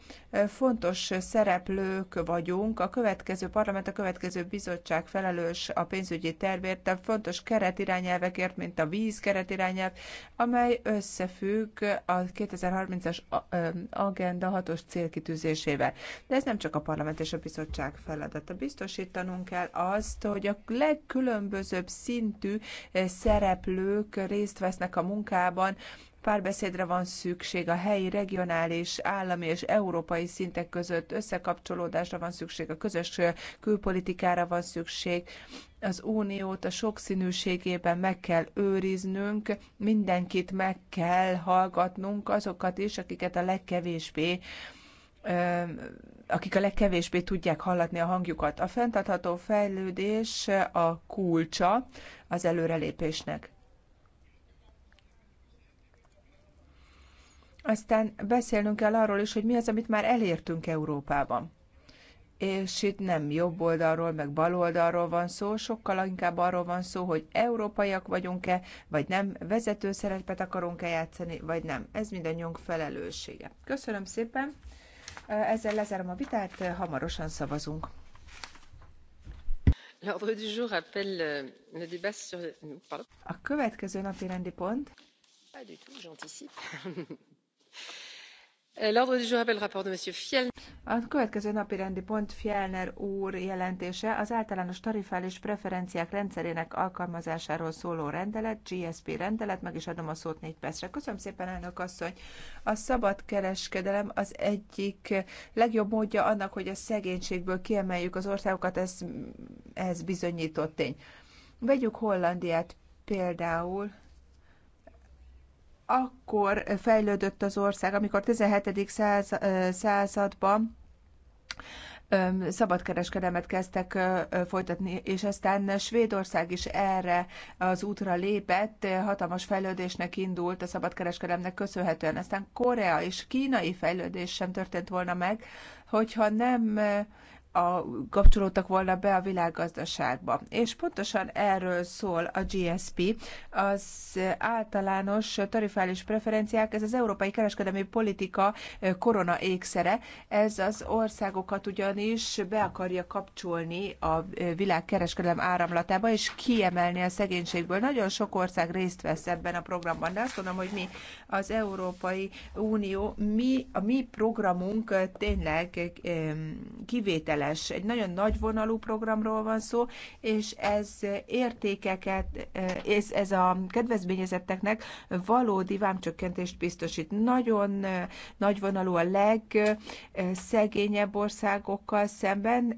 Fontos szereplők vagyunk, a következő parlament, a következő bizottság felelős a pénzügyi tervért, a fontos keretirányelvekért, mint a víz keretirányelv, amely összefügg a 2030-as agenda hatos célkitűzésével. De ez nem csak a parlament és a bizottság feladata. Biztosítanunk kell azt, hogy a legkülönbözőbb szintű szereplők részt vesznek a munkában, párbeszédre van szükség a helyi, regionális, állami és európai szintek között, összekapcsolódásra van szükség, a közös külpolitikára van szükség, az uniót a sokszínűségében meg kell őriznünk, mindenkit meg kell hallgatnunk, azokat is, akiket a legkevésbé akik a legkevésbé tudják hallatni a hangjukat. A fenntartható fejlődés a kulcsa az előrelépésnek. Aztán beszélnünk kell arról is, hogy mi az, amit már elértünk Európában. És itt nem jobb oldalról, meg bal oldalról van szó, sokkal inkább arról van szó, hogy európaiak vagyunk-e, vagy nem, vezető szerepet akarunk-e játszani, vagy nem. Ez mindannyiunk felelőssége. Köszönöm szépen, ezzel lezárom a vitát, hamarosan szavazunk. Euh, a következő napi rendi pont. Euh, a következő napi rendi pont Fjellner úr jelentése az általános tarifális preferenciák rendszerének alkalmazásáról szóló rendelet, GSP rendelet, meg is adom a szót négy percre. Köszönöm szépen, elnök asszony! A szabad kereskedelem az egyik legjobb módja annak, hogy a szegénységből kiemeljük az országokat, ez, ez bizonyított tény. Vegyük Hollandiát például akkor fejlődött az ország, amikor 17. században szabadkereskedelmet kezdtek folytatni, és aztán Svédország is erre az útra lépett, hatalmas fejlődésnek indult a szabadkereskedelemnek köszönhetően. Aztán Korea és kínai fejlődés sem történt volna meg, hogyha nem a, kapcsolódtak volna be a világgazdaságba. És pontosan erről szól a GSP, az általános tarifális preferenciák, ez az európai kereskedelmi politika eh, korona ékszere, ez az országokat ugyanis be akarja kapcsolni a eh, világ kereskedelem áramlatába, és kiemelni a szegénységből. Nagyon sok ország részt vesz ebben a programban, de azt mondom, hogy mi az Európai Unió, mi, a mi programunk eh, tényleg kivétele hiteles. Egy nagyon nagy vonalú programról van szó, és ez értékeket, ez, ez a kedvezményezetteknek valódi vámcsökkentést biztosít. Nagyon nagy vonalú a legszegényebb országokkal szemben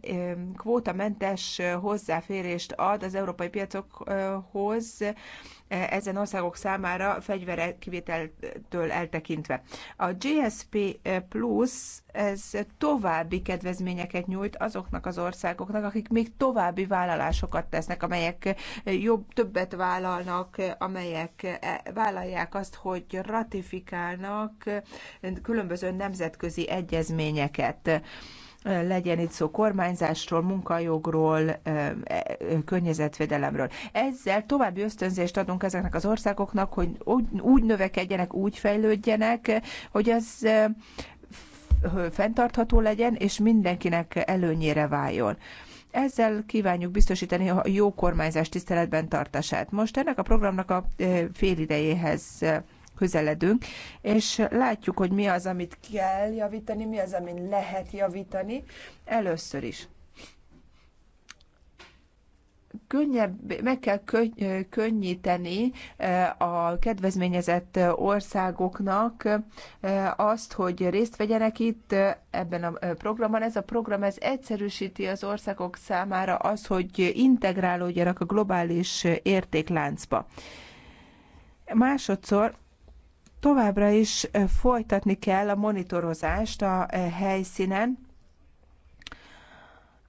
kvótamentes hozzáférést ad az európai piacokhoz, E, ezen országok számára fegyverek kivételtől eltekintve. A GSP e, Plus ez további kedvezményeket nyújt azoknak az országoknak, akik még további vállalásokat tesznek, amelyek e, jobb, többet vállalnak, amelyek vállalják azt, hogy ratifikálnak különböző nemzetközi egyezményeket legyen itt szó kormányzásról, munkajogról, környezetvédelemről. Ezzel további ösztönzést adunk ezeknek az országoknak, hogy úgy növekedjenek, úgy fejlődjenek, hogy az fenntartható legyen, és mindenkinek előnyére váljon. Ezzel kívánjuk biztosítani a jó kormányzás tiszteletben tartását. Most ennek a programnak a félidejéhez közeledünk, és látjuk, hogy mi az, amit kell javítani, mi az, amit lehet javítani. Először is könnyebb, meg kell könnyíteni e, a kedvezményezett országoknak e, azt, hogy részt vegyenek itt e, ebben a programban. Ez a program ez egyszerűsíti az országok számára az, hogy integrálódjanak a globális értékláncba. Másodszor Továbbra is folytatni kell a monitorozást a helyszínen,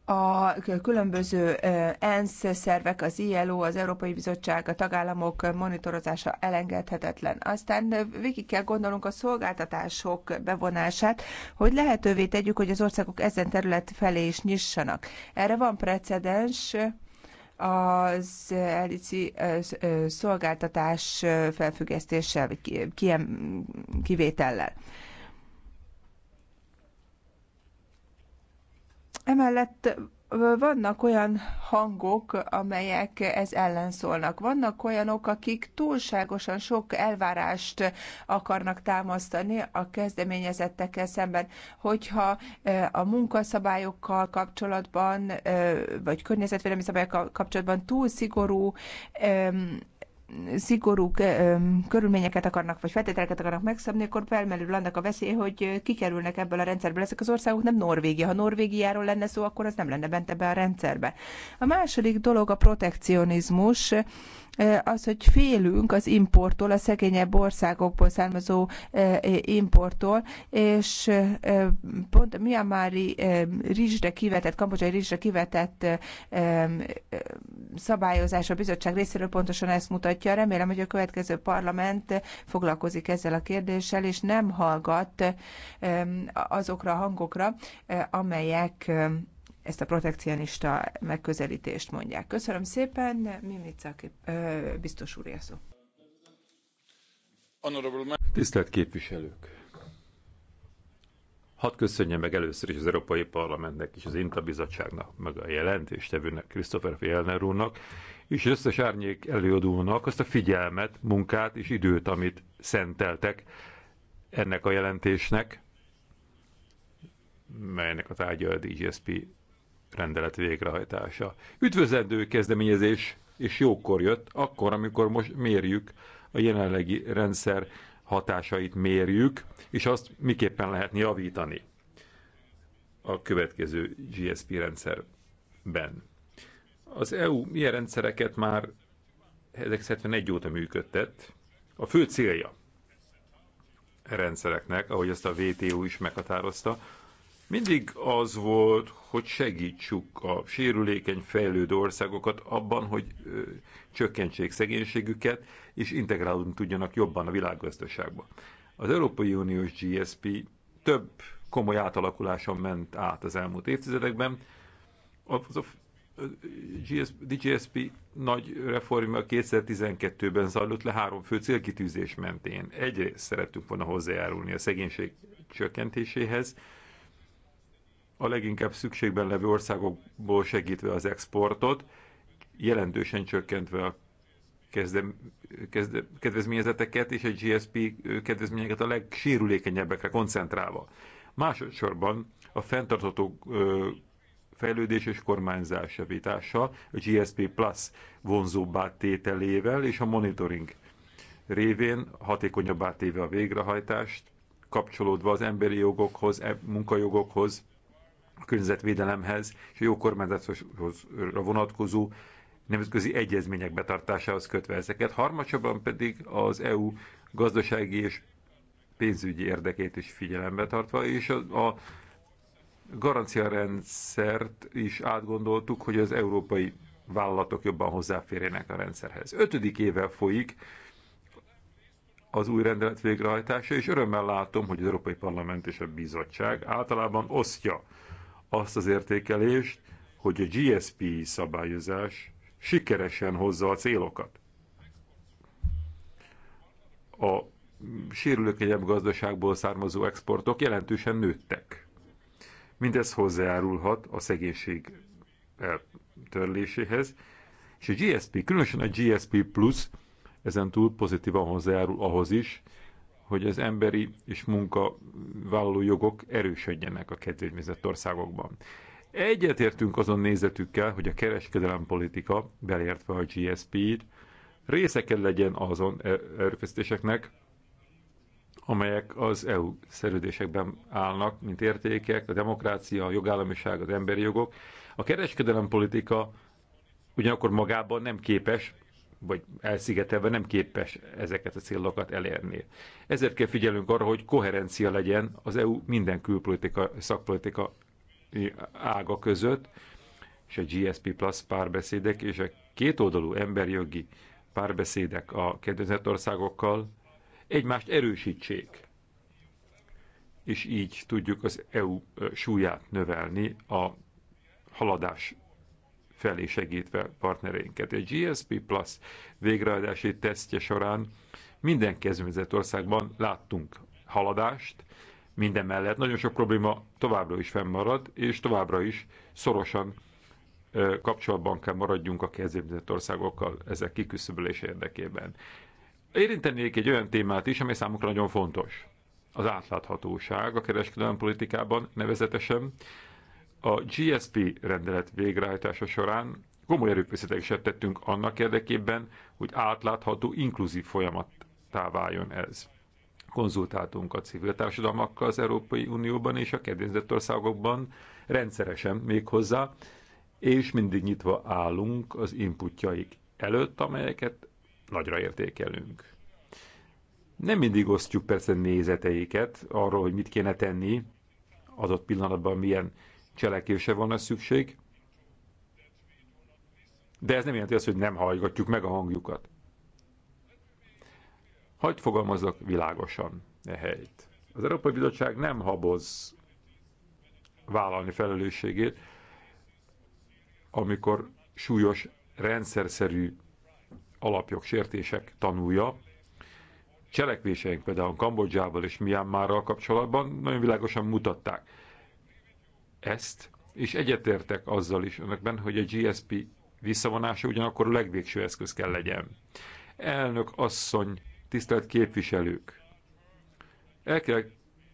a különböző ENSZ szervek, az ILO, az Európai Bizottság, a tagállamok monitorozása elengedhetetlen. Aztán végig kell gondolnunk a szolgáltatások bevonását, hogy lehetővé tegyük, hogy az országok ezen terület felé is nyissanak. Erre van precedens, az elici szolgáltatás felfüggesztéssel, vagy kivétellel. Emellett vannak olyan hangok, amelyek ez ellen szólnak. Vannak olyanok, akik túlságosan sok elvárást akarnak támasztani a kezdeményezettekkel szemben. Hogyha e, a munkaszabályokkal kapcsolatban, e, vagy környezetvédelmi szabályokkal kapcsolatban túl szigorú szigorú körülményeket akarnak, vagy feltételeket akarnak megszabni, akkor felmerül annak a veszély, hogy kikerülnek ebből a rendszerből. Ezek az országok nem Norvégia. Ha Norvégiáról lenne szó, akkor az nem lenne bent ebbe a rendszerbe. A második dolog a protekcionizmus az, hogy félünk az importtól, a szegényebb országokból származó importtól, és pont a Myanmari rizsre kivetett, kambodzsai rizsre kivetett szabályozás a bizottság részéről pontosan ezt mutatja. Remélem, hogy a következő parlament foglalkozik ezzel a kérdéssel, és nem hallgat azokra a hangokra, amelyek ezt a protekcionista megközelítést mondják. Köszönöm szépen, Mimica biztos úr szó. Tisztelt képviselők! Hadd köszönjem meg először is az Európai Parlamentnek és az INTA bizottságnak, meg a jelentéstevőnek, Christopher Fjellner úrnak, és összes árnyék előadónak azt a figyelmet, munkát és időt, amit szenteltek ennek a jelentésnek, melynek a tárgya a DGSP rendelet végrehajtása. Üdvözlendő kezdeményezés, és jókor jött, akkor, amikor most mérjük a jelenlegi rendszer hatásait mérjük, és azt miképpen lehet javítani a következő GSP rendszerben. Az EU ilyen rendszereket már 71 óta működtet. A fő célja a rendszereknek, ahogy ezt a WTO is meghatározta, mindig az volt, hogy segítsük a sérülékeny fejlődő országokat abban, hogy ö, csökkentsék szegénységüket, és integrálódni tudjanak jobban a világgazdaságba. Az Európai Uniós GSP több komoly átalakuláson ment át az elmúlt évtizedekben. A, a GSP, DGSP nagy reformja 2012-ben zajlott le három fő célkitűzés mentén. Egyrészt szerettünk volna hozzájárulni a szegénység csökkentéséhez, a leginkább szükségben levő országokból segítve az exportot, jelentősen csökkentve a kezdem, kezde, kedvezményezeteket és a GSP kedvezményeket a legsérülékenyebbekre koncentrálva. Másodszorban a fenntartható fejlődés és kormányzás javítása, a GSP Plus vonzóbbá tételével és a monitoring révén hatékonyabbá téve a végrehajtást, kapcsolódva az emberi jogokhoz, e-, munkajogokhoz, a környezetvédelemhez és a jó kormányzásra vonatkozó nemzetközi egyezmények betartásához kötve ezeket. Harmadsorban pedig az EU gazdasági és pénzügyi érdekét is figyelembe tartva, és a, a garanciarendszert is átgondoltuk, hogy az európai vállalatok jobban hozzáférjenek a rendszerhez. Ötödik éve folyik az új rendelet végrehajtása, és örömmel látom, hogy az Európai Parlament és a Bizottság általában osztja azt az értékelést, hogy a GSP szabályozás sikeresen hozza a célokat. A sérülékenyebb gazdaságból származó exportok jelentősen nőttek. Mindez hozzájárulhat a szegénység törléséhez, és a GSP, különösen a GSP Plus ezen túl pozitívan hozzájárul ahhoz is, hogy az emberi és munkavállaló jogok erősödjenek a kedvényezett országokban. Egyetértünk azon nézetükkel, hogy a kereskedelem politika, belértve a GSP-t, része kell legyen azon e- erőfeszítéseknek, amelyek az EU szerződésekben állnak, mint értékek, a demokrácia, a jogállamiság, az emberi jogok. A kereskedelem politika ugyanakkor magában nem képes vagy elszigetelve nem képes ezeket a célokat elérni. Ezért kell figyelnünk arra, hogy koherencia legyen az EU minden külpolitika, szakpolitika ága között, és a GSP Plus párbeszédek és a kétoldalú emberjogi párbeszédek a kedvezett országokkal egymást erősítsék. És így tudjuk az EU súlyát növelni a haladás felé segítve partnereinket. A GSP Plus végrehajtási tesztje során minden kezdeményezett országban láttunk haladást, minden mellett nagyon sok probléma továbbra is fennmarad, és továbbra is szorosan kapcsolatban kell maradjunk a kezdeményezett országokkal ezek kiküszöbölése érdekében. Érintenék egy olyan témát is, ami számukra nagyon fontos. Az átláthatóság a kereskedelmi politikában nevezetesen, a GSP rendelet végrehajtása során komoly erőfeszítéseket tettünk annak érdekében, hogy átlátható, inkluzív folyamattá váljon ez. Konzultáltunk a civil társadalmakkal az Európai Unióban és a kedvezett országokban rendszeresen még hozzá, és mindig nyitva állunk az inputjaik előtt, amelyeket nagyra értékelünk. Nem mindig osztjuk persze nézeteiket arról, hogy mit kéne tenni, adott pillanatban milyen cselekvése van a szükség, de ez nem jelenti azt, hogy nem hallgatjuk meg a hangjukat. Hagy fogalmazzak világosan e helyt. Az Európai Bizottság nem haboz vállalni felelősségét, amikor súlyos rendszerszerű alapjog sértések tanulja. Cselekvéseink például Kambodzsával és Myanmarral kapcsolatban nagyon világosan mutatták, ezt, és egyetértek azzal is önökben, hogy a GSP visszavonása ugyanakkor a legvégső eszköz kell legyen. Elnök asszony, tisztelt képviselők! El kell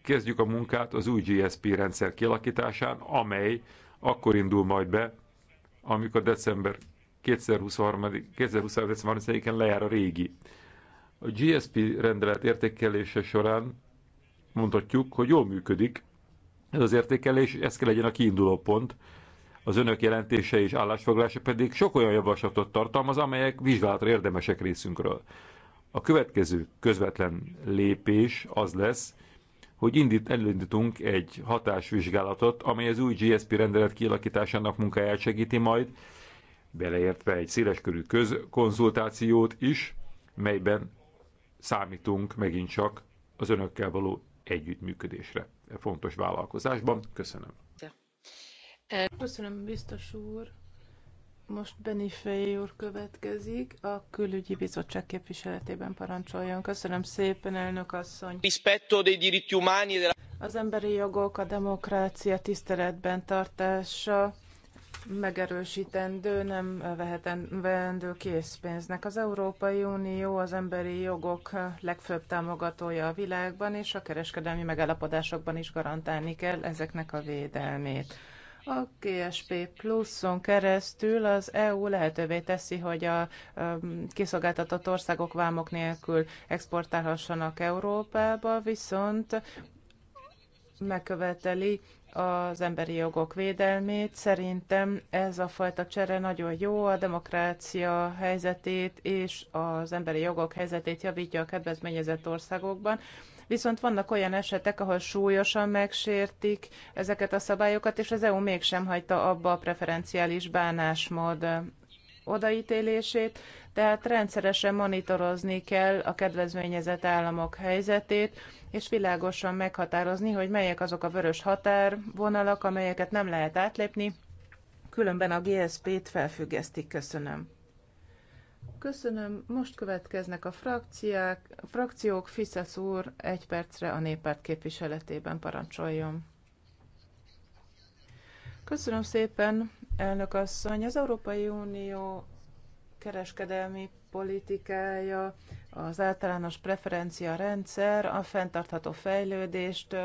kezdjük a munkát az új GSP rendszer kialakításán, amely akkor indul majd be, amikor december 2023, 2023. lejár a régi. A GSP rendelet értékelése során mondhatjuk, hogy jól működik, ez az értékelés, ez kell legyen a kiinduló pont. Az önök jelentése és állásfoglalása pedig sok olyan javaslatot tartalmaz, amelyek vizsgálatra érdemesek részünkről. A következő közvetlen lépés az lesz, hogy indít, elindítunk egy hatásvizsgálatot, amely az új GSP rendelet kialakításának munkáját segíti majd, beleértve egy széleskörű közkonzultációt is, melyben számítunk megint csak az önökkel való együttműködésre fontos vállalkozásban. Köszönöm. Köszönöm, biztos úr. Most Benifei úr következik, a külügyi bizottság képviseletében parancsoljon. Köszönöm szépen, elnök asszony. E Az emberi jogok, a demokrácia tiszteletben tartása megerősítendő, nem vehetendő készpénznek. Az Európai Unió az emberi jogok legfőbb támogatója a világban, és a kereskedelmi megállapodásokban is garantálni kell ezeknek a védelmét. A GSP pluszon keresztül az EU lehetővé teszi, hogy a um, kiszolgáltatott országok vámok nélkül exportálhassanak Európába, viszont megköveteli az emberi jogok védelmét. Szerintem ez a fajta csere nagyon jó, a demokrácia helyzetét és az emberi jogok helyzetét javítja a kedvezményezett országokban. Viszont vannak olyan esetek, ahol súlyosan megsértik ezeket a szabályokat, és az EU mégsem hagyta abba a preferenciális bánásmód odaítélését, tehát rendszeresen monitorozni kell a kedvezményezett államok helyzetét, és világosan meghatározni, hogy melyek azok a vörös határvonalak, amelyeket nem lehet átlépni, különben a GSP-t felfüggesztik. Köszönöm. Köszönöm. Most következnek a frakciák. A frakciók Fiszesz úr egy percre a néppárt képviseletében parancsoljon. Köszönöm szépen, Elnök asszony, az Európai Unió kereskedelmi politikája, az általános preferencia rendszer a fenntartható fejlődést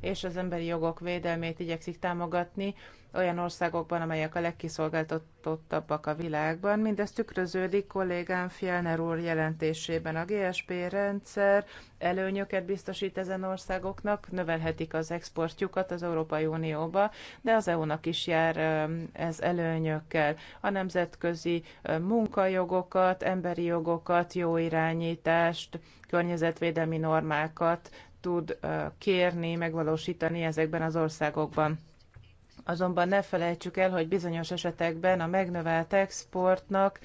és az emberi jogok védelmét igyekszik támogatni olyan országokban, amelyek a legkiszolgáltatottabbak a világban. Mindez tükröződik kollégám Fjellner úr jelentésében. A GSP rendszer előnyöket biztosít ezen országoknak, növelhetik az exportjukat az Európai Unióba, de az EU-nak is jár ez előnyökkel. A nemzetközi munkajogokat, emberi emberi jogokat, jó irányítást, környezetvédelmi normákat tud kérni, megvalósítani ezekben az országokban. Azonban ne felejtsük el, hogy bizonyos esetekben a megnövelt exportnak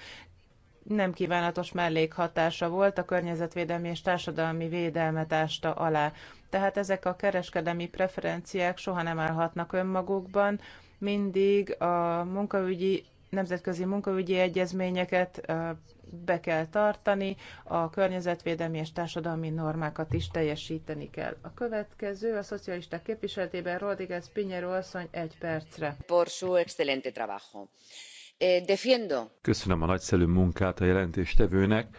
nem kívánatos mellékhatása volt, a környezetvédelmi és társadalmi védelmet ásta alá. Tehát ezek a kereskedelmi preferenciák soha nem állhatnak önmagukban, mindig a munkaügyi nemzetközi munkaügyi egyezményeket be kell tartani, a környezetvédelmi és társadalmi normákat is teljesíteni kell. A következő a szocialisták képviseletében Rodríguez Pinheiro asszony egy percre. Por su excelente trabajo. Eh, defiendo. Köszönöm a nagyszerű munkát a jelentéstevőnek.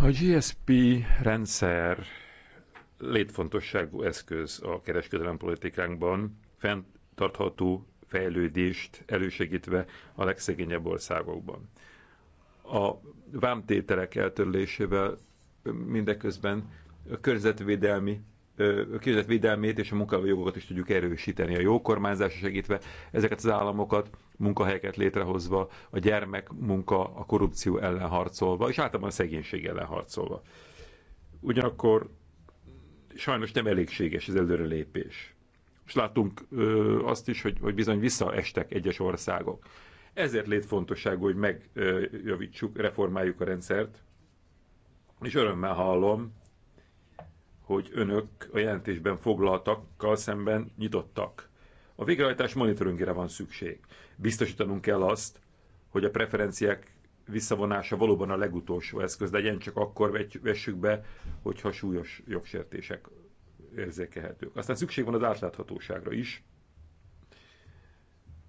A GSP rendszer létfontosságú eszköz a kereskedelem politikánkban, fenntartható fejlődést elősegítve a legszegényebb országokban. A vámtételek eltörlésével mindeközben a környezetvédelmi a környezetvédelmét és a munkajogokat is tudjuk erősíteni. A jó kormányzásra segítve ezeket az államokat, munkahelyeket létrehozva, a gyermek munka, a korrupció ellen harcolva, és általában a szegénység ellen harcolva. Ugyanakkor sajnos nem elégséges az előrelépés és látunk ö, azt is, hogy, hogy bizony visszaestek egyes országok. Ezért létfontosságú, hogy megjavítsuk, reformáljuk a rendszert, és örömmel hallom, hogy önök a jelentésben foglaltakkal szemben nyitottak. A végrehajtás monitoringére van szükség. Biztosítanunk kell azt, hogy a preferenciák visszavonása valóban a legutolsó eszköz legyen, csak akkor vessük be, hogyha súlyos jogsértések érzékelhetők. Aztán szükség van az átláthatóságra is,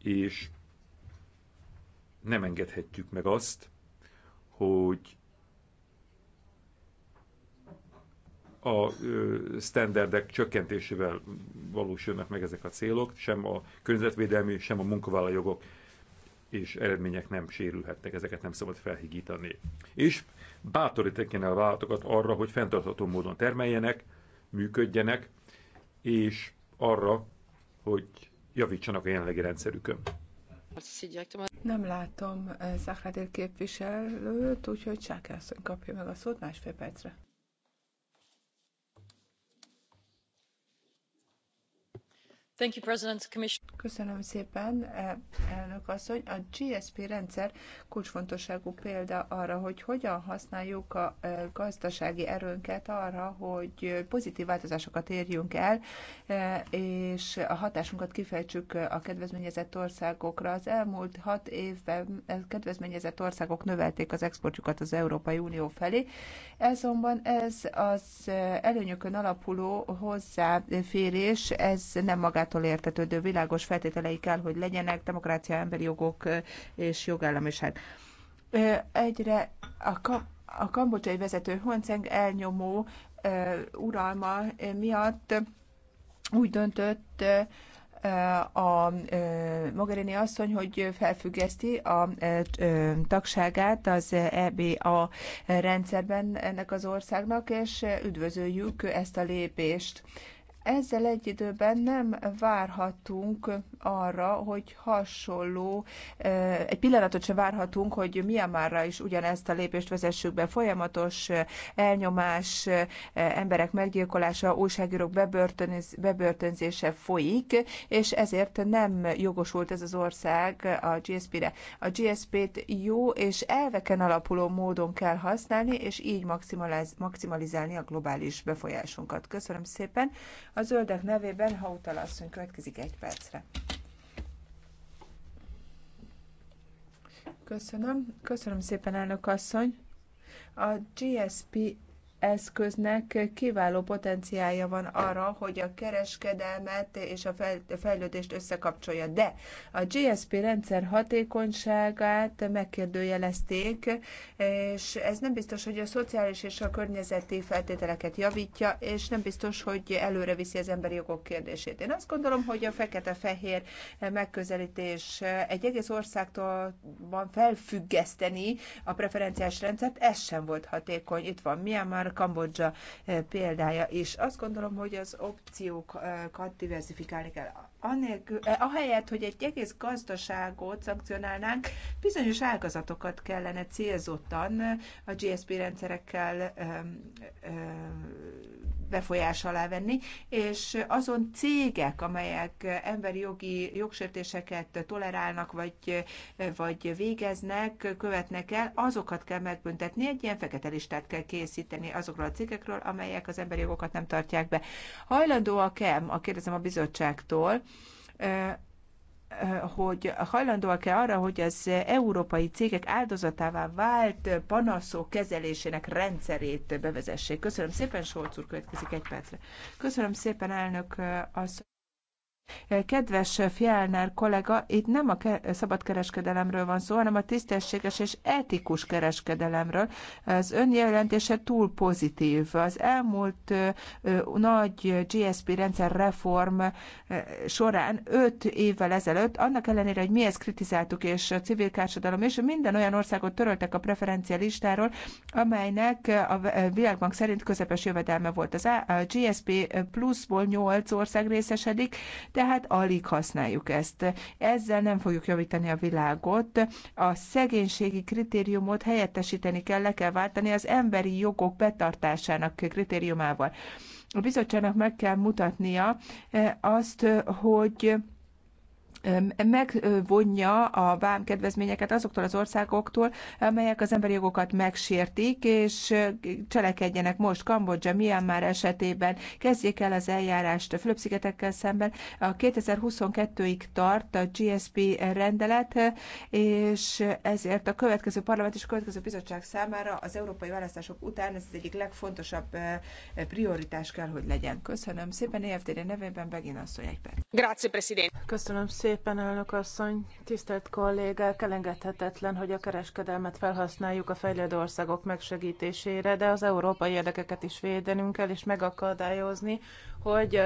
és nem engedhetjük meg azt, hogy a standardek csökkentésével valósulnak meg ezek a célok, sem a környezetvédelmi, sem a munkavállalójogok és eredmények nem sérülhetnek, ezeket nem szabad felhigítani. És bátorítani kéne a vállalatokat arra, hogy fenntartható módon termeljenek, működjenek, és arra, hogy javítsanak a jelenlegi rendszerükön. Nem látom eh, Zahradil képviselőt, úgyhogy Sákászony kapja meg a szót másfél percre. Köszönöm szépen, e, elnök asszony. A GSP rendszer kulcsfontosságú példa arra, hogy hogyan használjuk a e, gazdasági erőnket arra, hogy pozitív változásokat érjünk el, e, és a hatásunkat kifejtsük a kedvezményezett országokra. Az elmúlt hat évben kedvezményezett országok növelték az exportjukat az Európai Unió felé. Ezonban ez az előnyökön alapuló hozzáférés, ez nem magát magától értetődő világos feltételei kell, hogy legyenek demokrácia, emberi jogok és jogállamiság. Egyre a, kam- a kambocsai vezető Hun Seng elnyomó uralma miatt úgy döntött, a Mogherini asszony, hogy felfüggeszti a tagságát az EBA rendszerben ennek az országnak, és üdvözöljük ezt a lépést. Ezzel egy időben nem várhatunk arra, hogy hasonló, egy pillanatot sem várhatunk, hogy Myanmarra is ugyanezt a lépést vezessük be. Folyamatos elnyomás, emberek meggyilkolása, újságírók bebörtönz, bebörtönzése folyik, és ezért nem jogosult ez az ország a GSP-re. A GSP-t jó és elveken alapuló módon kell használni, és így maximalizálni a globális befolyásunkat. Köszönöm szépen! A zöldek nevében Hautala asszony következik egy percre. Köszönöm. Köszönöm szépen, elnök asszony. A GSP eszköznek kiváló potenciálja van arra, hogy a kereskedelmet és a fejlődést összekapcsolja. De a GSP rendszer hatékonyságát megkérdőjelezték, és ez nem biztos, hogy a szociális és a környezeti feltételeket javítja, és nem biztos, hogy előre viszi az emberi jogok kérdését. Én azt gondolom, hogy a fekete-fehér megközelítés egy egész országtól van felfüggeszteni a preferenciás rendszert, ez sem volt hatékony. Itt van Myanmar, Kambodzsa eh, példája is. Azt gondolom, hogy az opciókat diversifikálni kell. Anélkül, eh, ahelyett, hogy egy egész gazdaságot szankcionálnánk, bizonyos ágazatokat kellene célzottan a GSP rendszerekkel befolyás alá venni, és azon cégek, amelyek emberi jogi jogsértéseket tolerálnak, vagy, vagy végeznek, követnek el, azokat kell megbüntetni, egy ilyen fekete listát kell készíteni azokról a cégekről, amelyek az emberi jogokat nem tartják be. Hajlandóak-e, a kérdezem a bizottságtól, hogy hajlandóak-e arra, hogy az európai cégek áldozatává vált panaszok kezelésének rendszerét bevezessék. Köszönöm szépen, Solc úr, következik egy percre. Köszönöm szépen, elnök asszony. Kedves Fjellner kollega, itt nem a szabadkereskedelemről van szó, hanem a tisztességes és etikus kereskedelemről. Az önjelentése túl pozitív. Az elmúlt nagy GSP rendszer reform során öt évvel ezelőtt, annak ellenére, hogy mi ezt kritizáltuk, és a civil társadalom, és minden olyan országot töröltek a preferencia listáról, amelynek a Világbank szerint közepes jövedelme volt. Az a GSP pluszból nyolc ország részesedik, tehát alig használjuk ezt. Ezzel nem fogjuk javítani a világot. A szegénységi kritériumot helyettesíteni kell, le kell váltani az emberi jogok betartásának kritériumával. A bizottságnak meg kell mutatnia eh, azt, hogy megvonja a vám kedvezményeket azoktól az országoktól, amelyek az emberi jogokat megsértik, és cselekedjenek most Kambodzsa, Myanmar esetében, kezdjék el az eljárást a Fülöp-szigetekkel szemben. A 2022-ig tart a GSP rendelet, és ezért a következő parlament és a következő bizottság számára az európai választások után ez az egyik legfontosabb prioritás kell, hogy legyen. Köszönöm szépen, EFTD nevében Begin asszony egy perc. Grazie, Presidente. Köszönöm szépen szépen, elnök asszony! Tisztelt kollégák, elengedhetetlen, hogy a kereskedelmet felhasználjuk a fejlődő országok megsegítésére, de az európai érdekeket is védenünk kell, és megakadályozni, hogy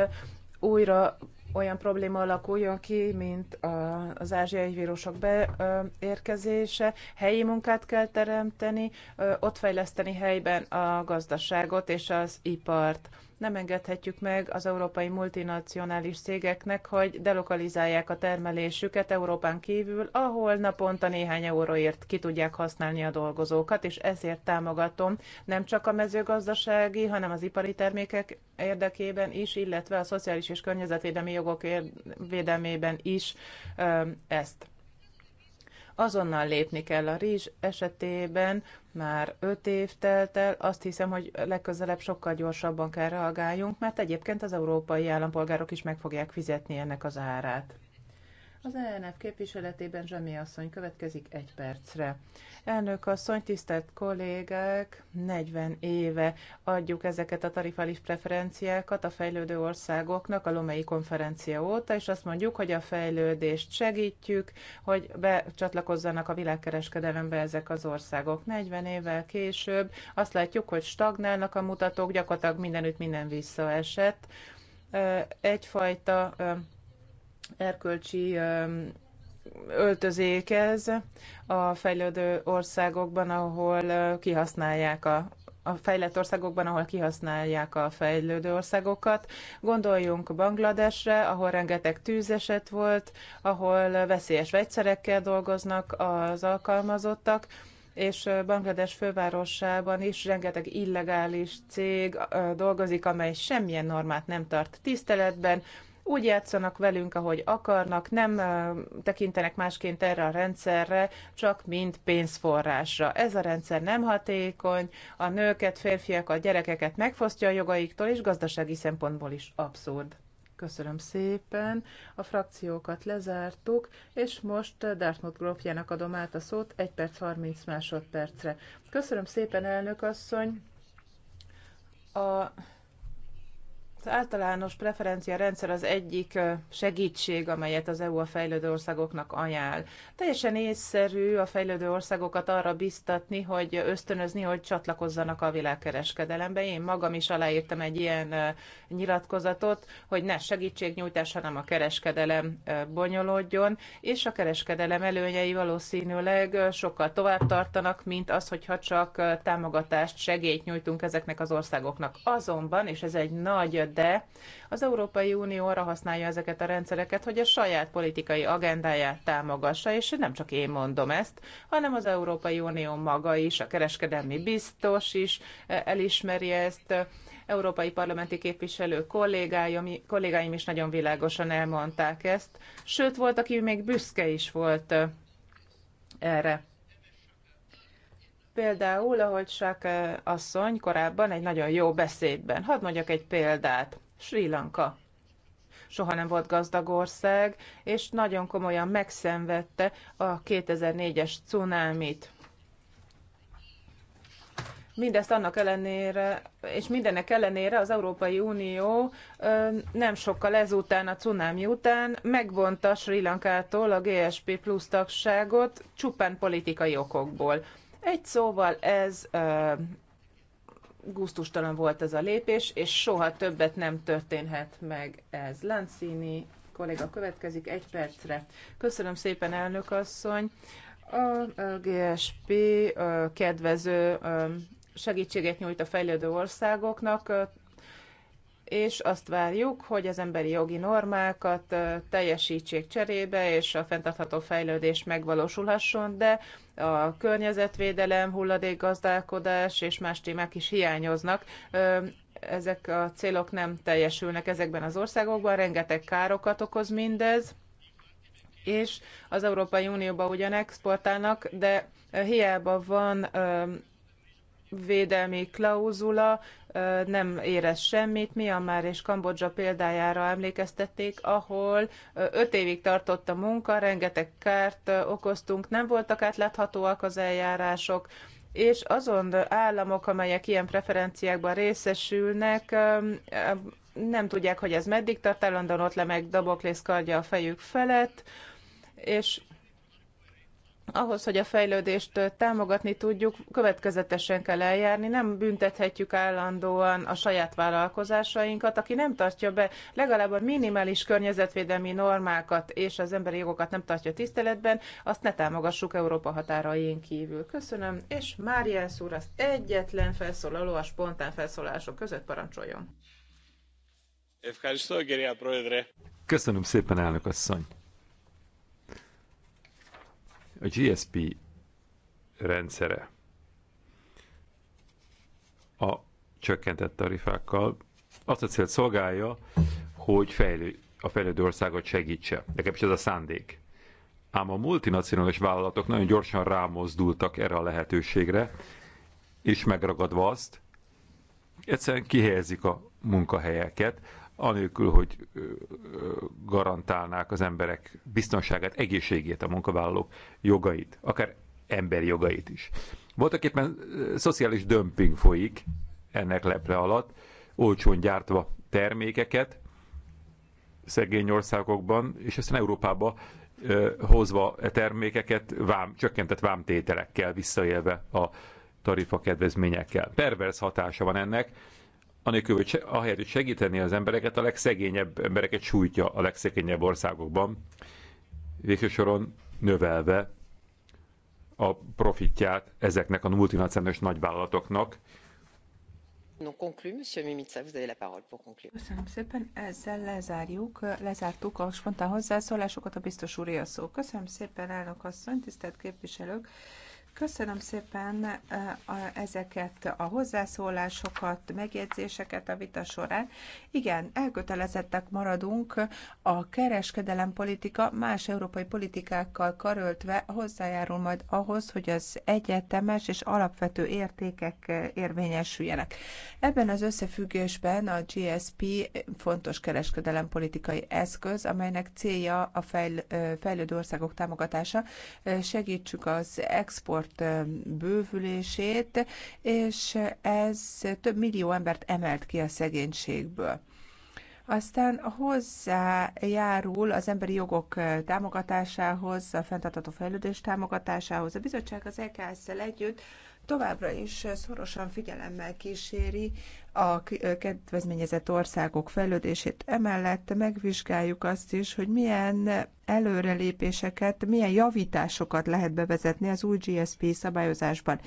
újra olyan probléma alakuljon ki, mint az ázsiai vírusok beérkezése, helyi munkát kell teremteni, ott fejleszteni helyben a gazdaságot és az ipart. Nem engedhetjük meg az európai multinacionális cégeknek, hogy delokalizálják a termelésüket Európán kívül, ahol naponta néhány euróért ki tudják használni a dolgozókat, és ezért támogatom nem csak a mezőgazdasági, hanem az ipari termékek érdekében is, illetve a szociális és környezetvédelmi jogok védelmében is ezt. Azonnal lépni kell a rizs esetében, már öt év telt el, azt hiszem, hogy legközelebb sokkal gyorsabban kell reagáljunk, mert egyébként az európai állampolgárok is meg fogják fizetni ennek az árát. Az ELNF képviseletében Zsemi asszony következik egy percre. Elnök asszony, tisztelt kollégák, 40 éve adjuk ezeket a tarifális preferenciákat a fejlődő országoknak a Lomei konferencia óta, és azt mondjuk, hogy a fejlődést segítjük, hogy becsatlakozzanak a világkereskedelembe ezek az országok. 40 évvel később azt látjuk, hogy stagnálnak a mutatók, gyakorlatilag mindenütt minden visszaesett. Egyfajta erkölcsi öltözék ez a fejlődő országokban, ahol kihasználják a a fejlett országokban, ahol kihasználják a fejlődő országokat. Gondoljunk Bangladesre, ahol rengeteg tűzeset volt, ahol veszélyes vegyszerekkel dolgoznak az alkalmazottak, és Banglades fővárosában is rengeteg illegális cég dolgozik, amely semmilyen normát nem tart tiszteletben, úgy játszanak velünk, ahogy akarnak, nem tekintenek másként erre a rendszerre, csak mint pénzforrásra. Ez a rendszer nem hatékony, a nőket, férfiakat, gyerekeket megfosztja a jogaiktól, és gazdasági szempontból is abszurd. Köszönöm szépen, a frakciókat lezártuk, és most Dartmouth grófjának adom át a szót 1 perc 30 másodpercre. Köszönöm szépen, elnök asszony! A az általános preferencia rendszer az egyik segítség, amelyet az EU a fejlődő országoknak ajánl. Teljesen észszerű a fejlődő országokat arra biztatni, hogy ösztönözni, hogy csatlakozzanak a világkereskedelembe. Én magam is aláírtam egy ilyen nyilatkozatot, hogy ne segítségnyújtás, hanem a kereskedelem bonyolódjon, és a kereskedelem előnyei valószínűleg sokkal tovább tartanak, mint az, hogyha csak támogatást, segélyt nyújtunk ezeknek az országoknak. Azonban, és ez egy nagy rendszereket, de az Európai Unió arra használja ezeket a rendszereket, hogy a saját politikai agendáját támogassa, és nem csak én mondom ezt, hanem az Európai Unió maga is, a kereskedelmi biztos is eh, elismeri ezt, európai parlamenti képviselő kollégáim, kollégáim is nagyon világosan elmondták ezt, sőt volt, aki még büszke is volt eh, erre például, ahogy Sák eh, asszony korábban egy nagyon jó beszédben. Hadd mondjak egy példát. Sri Lanka soha nem volt gazdag ország, és nagyon komolyan megszenvedte a 2004-es cunámit. Mindezt annak ellenére, és mindenek ellenére az Európai Unió nem sokkal ezután, a cunámi után megvonta Sri Lankától a GSP plusz tagságot csupán politikai okokból. Egy szóval ez uh, gusztustalan volt ez a lépés, és soha többet nem történhet meg ez. Lancini kolléga következik egy percre. Köszönöm szépen, elnök asszony. A GSP kedvező segítséget nyújt a fejlődő országoknak, és azt várjuk, hogy az emberi jogi normákat teljesítsék cserébe, és a fenntartható fejlődés megvalósulhasson, de a környezetvédelem, hulladékgazdálkodás és más témák is hiányoznak. Ezek a célok nem teljesülnek ezekben az országokban, rengeteg károkat okoz mindez, és az Európai Unióba ugyan exportálnak, de hiába van védelmi klauzula nem érez semmit. Myanmar és Kambodzsa példájára emlékeztették, ahol öt évig tartott a munka, rengeteg kárt okoztunk, nem voltak átláthatóak az eljárások, és azon államok, amelyek ilyen preferenciákban részesülnek, nem tudják, hogy ez meddig tart, állandóan ott lemeg Damoklész kardja a fejük felett, és ahhoz, hogy a fejlődést támogatni tudjuk, következetesen kell eljárni, nem büntethetjük állandóan a saját vállalkozásainkat, aki nem tartja be legalább a minimális környezetvédelmi normákat és az emberi jogokat nem tartja tiszteletben, azt ne támogassuk Európa határain kívül. Köszönöm, és Mária úr az egyetlen felszólaló a spontán felszólások között parancsoljon. Köszönöm szépen, elnök asszony! a GSP rendszere a csökkentett tarifákkal azt a célt szolgálja, hogy fejlő, a fejlődő országot segítse. is ez a szándék. Ám a multinacionális vállalatok nagyon gyorsan rámozdultak erre a lehetőségre, és megragadva azt, egyszerűen kihelyezik a munkahelyeket anélkül, hogy garantálnák az emberek biztonságát, egészségét, a munkavállalók jogait, akár emberi jogait is. Voltak éppen szociális dömping folyik ennek leple alatt, olcsón gyártva termékeket szegény országokban, és aztán Európába hozva e termékeket vám, csökkentett vámtételekkel, visszaélve a tarifa kedvezményekkel. Pervers hatása van ennek, anélkül, hogy ahelyett, hogy segíteni az embereket, a legszegényebb embereket sújtja a legszegényebb országokban, végső soron növelve a profitját ezeknek a multinacionális nagyvállalatoknak. Non conclu, monsieur Mimica, vous avez la parole pour conclure. Köszönöm szépen, ezzel lezárjuk, lezártuk a spontán hozzászólásokat, a biztos úr szó. Köszönöm szépen, elnök asszony, tisztelt képviselők! Köszönöm szépen eh, ezeket a hozzászólásokat, megjegyzéseket a vita során. Igen, elkötelezettek maradunk a politika más európai politikákkal karöltve hozzájárul majd ahhoz, hogy az egyetemes és alapvető értékek eh, érvényesüljenek. Ebben az összefüggésben a GSP fontos politikai eszköz, amelynek célja a eh, fejlődő országok támogatása. Segítsük az export csoport bővülését, és ez több millió embert emelt ki a szegénységből aztán hozzájárul az emberi jogok támogatásához, a fenntartható fejlődés támogatásához. A bizottság az EKS-szel együtt továbbra is szorosan figyelemmel kíséri a kedvezményezett országok fejlődését. Emellett megvizsgáljuk azt is, hogy milyen előrelépéseket, milyen javításokat lehet bevezetni az új GSP szabályozásban.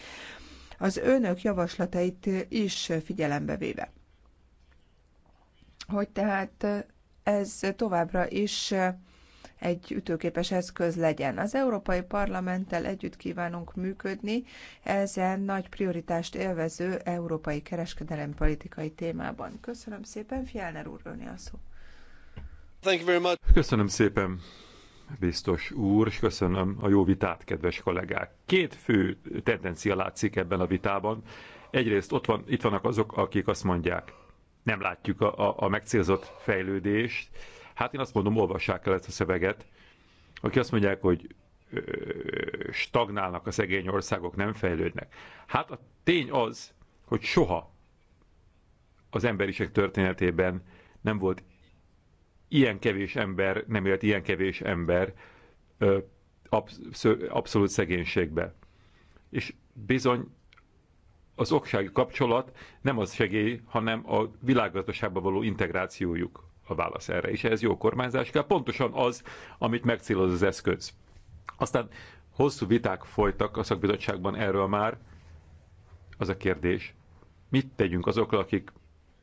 Az önök javaslatait is figyelembe véve. Hogy tehát ez továbbra is egy ütőképes eszköz legyen. Az Európai Parlamenttel együtt kívánunk működni ezen nagy prioritást élvező európai kereskedelmi politikai témában. Köszönöm szépen, Fjellner úr, öné a szó. Thank you very much. Köszönöm szépen, biztos úr, és köszönöm a jó vitát, kedves kollégák. Két fő tendencia látszik ebben a vitában. Egyrészt ott van, itt vannak azok, akik azt mondják, nem látjuk a, a, a megcélzott fejlődést, Hát én azt mondom, olvassák el ezt a szöveget, aki azt mondják, hogy stagnálnak a szegény országok, nem fejlődnek. Hát a tény az, hogy soha az emberiség történetében nem volt ilyen kevés ember, nem élt ilyen kevés ember absz abszolút szegénységbe. És bizony az oksági kapcsolat nem az segély, hanem a világgazdaságba való integrációjuk a válasz erre, és ez jó kormányzás kell, pontosan az, amit megcéloz az eszköz. Aztán hosszú viták folytak a szakbizottságban erről már, az a kérdés, mit tegyünk azokkal, akik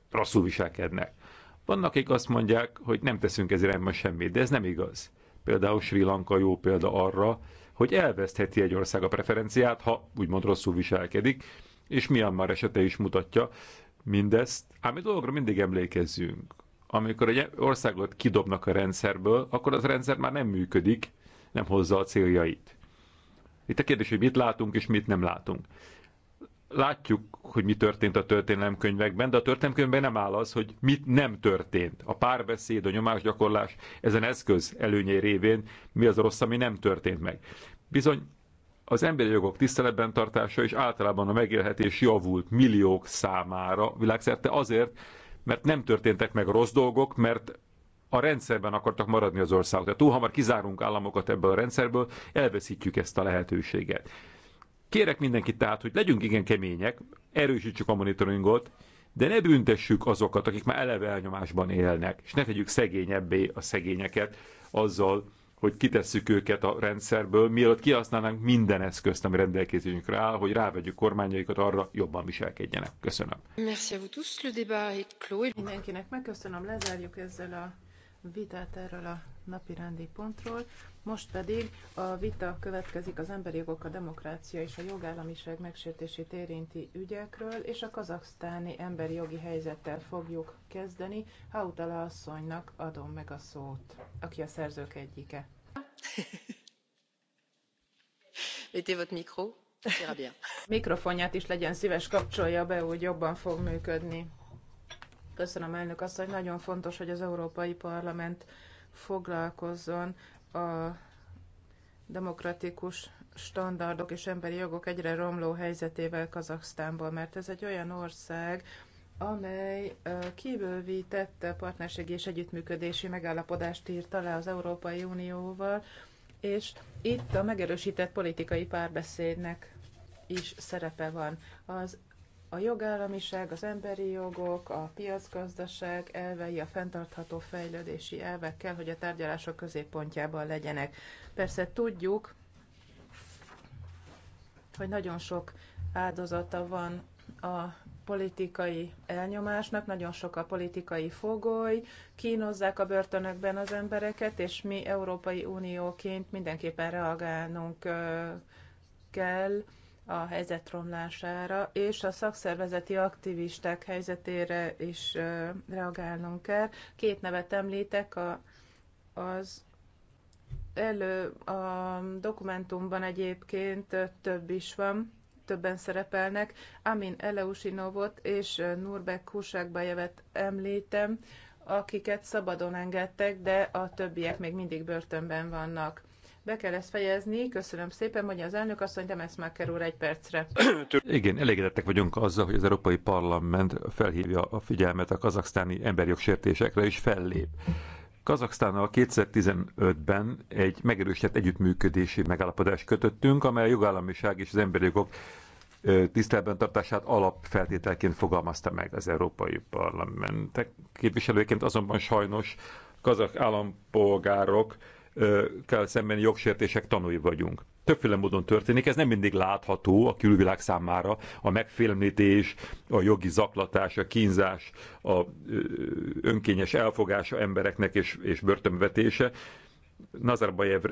rosszul viselkednek. Vannak, akik azt mondják, hogy nem teszünk ezért irányban semmit, de ez nem igaz. Például Sri Lanka jó példa arra, hogy elvesztheti egy ország a preferenciát, ha úgymond rosszul viselkedik, és Myanmar esete is mutatja mindezt. Ám egy dologra mindig emlékezzünk amikor egy országot kidobnak a rendszerből, akkor az rendszer már nem működik, nem hozza a céljait. Itt a kérdés, hogy mit látunk és mit nem látunk. Látjuk, hogy mi történt a történelemkönyvekben, de a történelemkönyvben nem áll az, hogy mit nem történt. A párbeszéd, a nyomásgyakorlás ezen eszköz előnyei révén mi az a rossz, ami nem történt meg. Bizony az emberi jogok tiszteletben tartása és általában a megélhetés javult milliók számára világszerte azért, mert nem történtek meg rossz dolgok, mert a rendszerben akartak maradni az országok. Tehát túl hamar kizárunk államokat ebből a rendszerből, elveszítjük ezt a lehetőséget. Kérek mindenkit tehát, hogy legyünk igen kemények, erősítsük a monitoringot, de ne büntessük azokat, akik már eleve elnyomásban élnek, és ne tegyük szegényebbé a szegényeket azzal, hogy kitesszük őket a rendszerből, mielőtt kihasználnánk minden eszközt, ami rendelkezésünkre áll, hogy rávegyük kormányaikat arra, jobban viselkedjenek. Köszönöm. Merci a vous tous. Le débat est clos. Mindenkinek megköszönöm, lezárjuk ezzel a vitát erről a rendi pontról. Most pedig a vita következik az emberi jogok, a demokrácia és a jogállamiság megsértését érinti ügyekről, és a kazaksztáni emberi jogi helyzettel fogjuk kezdeni. Hautala asszonynak adom meg a szót, aki a szerzők egyike. Mettez votre micro, Mikrofonját is legyen szíves, kapcsolja be, úgy jobban fog működni. Köszönöm, elnök asszony. Nagyon fontos, hogy az Európai Parlament foglalkozzon a demokratikus standardok és emberi jogok egyre romló helyzetével Kazaksztánból, mert ez egy olyan ország, amely kibővítette partnerségi és együttműködési megállapodást írt alá az Európai Unióval, és itt a megerősített politikai párbeszédnek is szerepe van. Az a jogállamiság, az emberi jogok, a piacgazdaság elvei, a fenntartható fejlődési elvek kell, hogy a tárgyalások középpontjában legyenek. Persze tudjuk, hogy nagyon sok áldozata van a politikai elnyomásnak, nagyon sok a politikai fogoly, kínozzák a börtönökben az embereket, és mi Európai Unióként mindenképpen reagálnunk kell a helyzet romlására, és a szakszervezeti aktivisták helyzetére is reagálnunk kell. Két nevet említek, a, az elő a dokumentumban egyébként több is van, többen szerepelnek. Amin Eleusinovot és Nurbek Kusákbajevet említem, akiket szabadon engedtek, de a többiek még mindig börtönben vannak. Be kell ezt fejezni. Köszönöm szépen, mondja az elnök asszony, de ezt már kerül egy percre. Igen, elégedettek vagyunk azzal, hogy az Európai Parlament felhívja a figyelmet a kazaksztáni emberjogsértésekre és fellép. Kazaksztánnal 2015-ben egy megerősített együttműködési megállapodást kötöttünk, amely a jogállamiság és az emberi jogok tiszteletben tartását alapfeltételként fogalmazta meg az Európai Parlament. Képviselőként azonban sajnos kazak állampolgárok kell szemben jogsértések tanúi vagyunk. Többféle módon történik, ez nem mindig látható a külvilág számára, a megfélemlítés, a jogi zaklatás, a kínzás, a önkényes elfogása embereknek és, és börtönvetése. Nazarbayev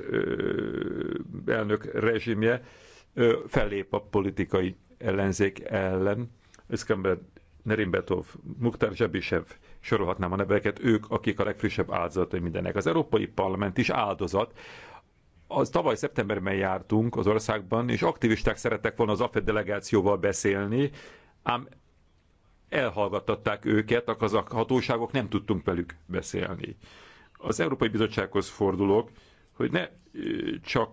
elnök rezsimje fellép a politikai ellenzék ellen. Iskember Nerimbetov, Mukhtar Zsebisev, sorolhatnám a neveket, ők, akik a legfrissebb áldozatai mindenek. Az Európai Parlament is áldozat, az tavaly szeptemberben jártunk az országban, és aktivisták szerettek volna az AFED delegációval beszélni, ám elhallgattatták őket, a kazak hatóságok nem tudtunk velük beszélni. Az Európai Bizottsághoz fordulok, hogy ne csak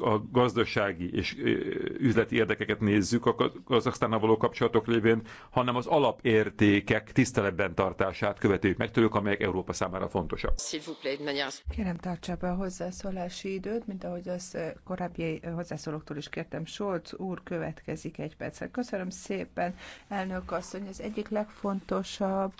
a gazdasági és üzleti érdekeket nézzük a Kazaksztánnal való kapcsolatok lévén, hanem az alapértékek tiszteletben tartását követőjük meg tőlük, amelyek Európa számára fontosak. Kérem, tartsa be a hozzászólási időt, mint ahogy az korábbi hozzászólóktól is kértem. Solc úr következik egy percre. Köszönöm szépen, elnök asszony. Az egyik legfontosabb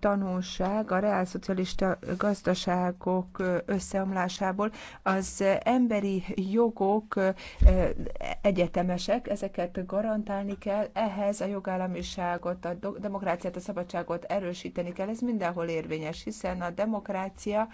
tanulság a reálszocialista gazdaságok összeomlásából az emberi jogok egyetemesek, ezeket garantálni kell, ehhez a jogállamiságot, a demokráciát, a szabadságot erősíteni kell. Ez mindenhol érvényes, hiszen a demokrácia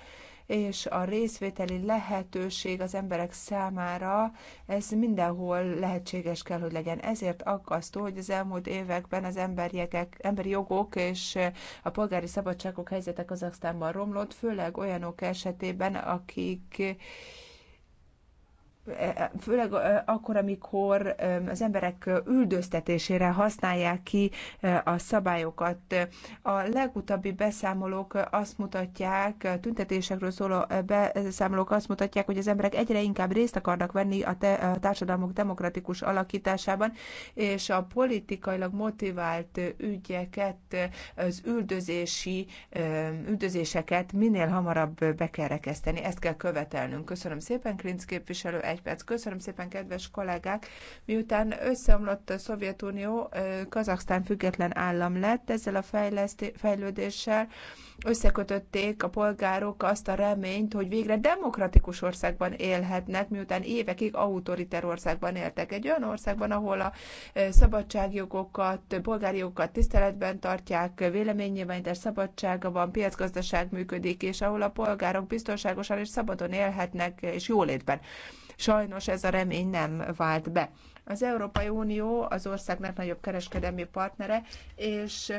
és a részvételi lehetőség az emberek számára, ez mindenhol lehetséges kell, hogy legyen. Ezért aggasztó, hogy az elmúlt években az emberjegek, emberi jogok és a polgári szabadságok helyzete Kazaksztánban romlott, főleg olyanok esetében, akik főleg akkor, amikor az emberek üldöztetésére használják ki a szabályokat. A legutóbbi beszámolók azt mutatják, tüntetésekről szóló beszámolók azt mutatják, hogy az emberek egyre inkább részt akarnak venni a, te, a társadalmok demokratikus alakításában, és a politikailag motivált ügyeket, az üldözési, üldözéseket minél hamarabb be kell rekeszteni. Ezt kell követelnünk. Köszönöm szépen, Klinc képviselő egy perc. Köszönöm szépen, kedves kollégák! Miután összeomlott a Szovjetunió, Kazaksztán független állam lett, ezzel a fejlődéssel összekötötték a polgárok azt a reményt, hogy végre demokratikus országban élhetnek, miután évekig autoriter országban éltek. Egy olyan országban, ahol a szabadságjogokat, polgári jogokat tiszteletben tartják, véleménynyilvánítás szabadsága van, piacgazdaság működik, és ahol a polgárok biztonságosan és szabadon élhetnek, és jólétben. Sajnos ez a remény nem vált be. Az Európai Unió az ország legnagyobb kereskedelmi partnere, és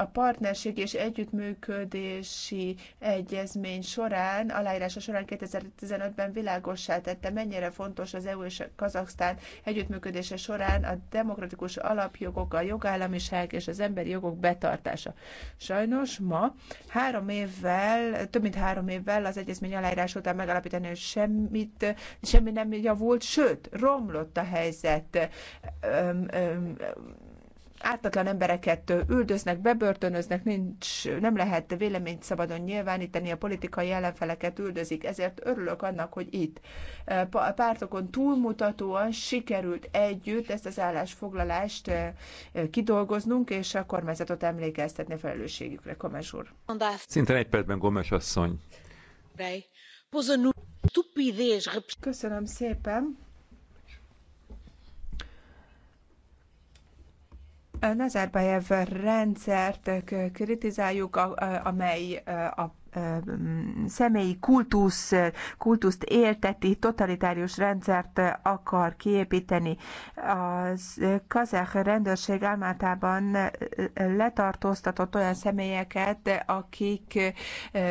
a partnerség és együttműködési egyezmény során, aláírása során 2015-ben világossá tette, mennyire fontos az EU és Kazaksztán együttműködése során a demokratikus alapjogok, a jogállamiság és az emberi jogok betartása. Sajnos ma három évvel, több mint három évvel az egyezmény aláírás után megalapítani, hogy semmit, semmi nem javult, sőt, romlott a helyzet. Öm, öm, ártatlan embereket üldöznek, bebörtönöznek, nincs, nem lehet véleményt szabadon nyilvánítani, a politikai ellenfeleket üldözik, ezért örülök annak, hogy itt eh, a pártokon túlmutatóan sikerült együtt ezt az állásfoglalást eh, kidolgoznunk, és a kormányzatot emlékeztetni a felelősségükre. Komes úr. Szinte egy percben Gomes asszony. Köszönöm szépen Nazarbayev rendszert kritizáljuk, amely a személyi kultusz, kultuszt élteti, totalitárius rendszert akar kiépíteni. Az kazakh rendőrség álmátában letartóztatott olyan személyeket, akik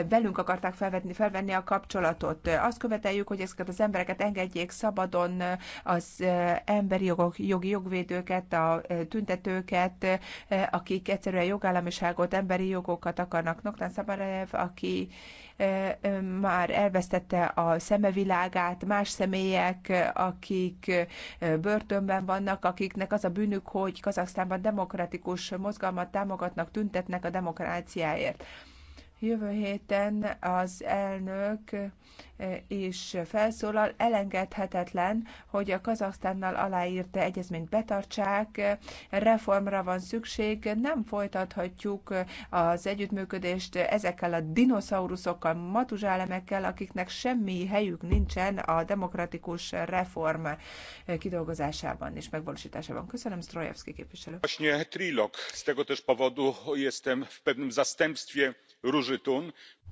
velünk akarták felvenni, felvenni a kapcsolatot. Azt követeljük, hogy ezeket az embereket engedjék szabadon, az emberi jogok, jogi jogvédőket, a tüntetőket, akik egyszerűen jogállamiságot, emberi jogokat akarnak. Noktán Szabarev, aki aki már elvesztette a szemevilágát, más személyek, akik börtönben vannak, akiknek az a bűnük, hogy Kazaksztánban demokratikus mozgalmat támogatnak, tüntetnek a demokráciáért. Jövő héten az elnök eh, is felszólal, elengedhetetlen, hogy a Kazaksztánnal aláírt egyezményt betartsák, reformra van szükség, nem folytathatjuk eh, az együttműködést ezekkel a dinoszauruszokkal, matuzsálemekkel, akiknek semmi helyük nincsen a demokratikus reform eh, kidolgozásában és megvalósításában. Köszönöm, Strojewski képviselő. Właśnie trilog. Z tego też powodu jestem w pewnym zastępstwie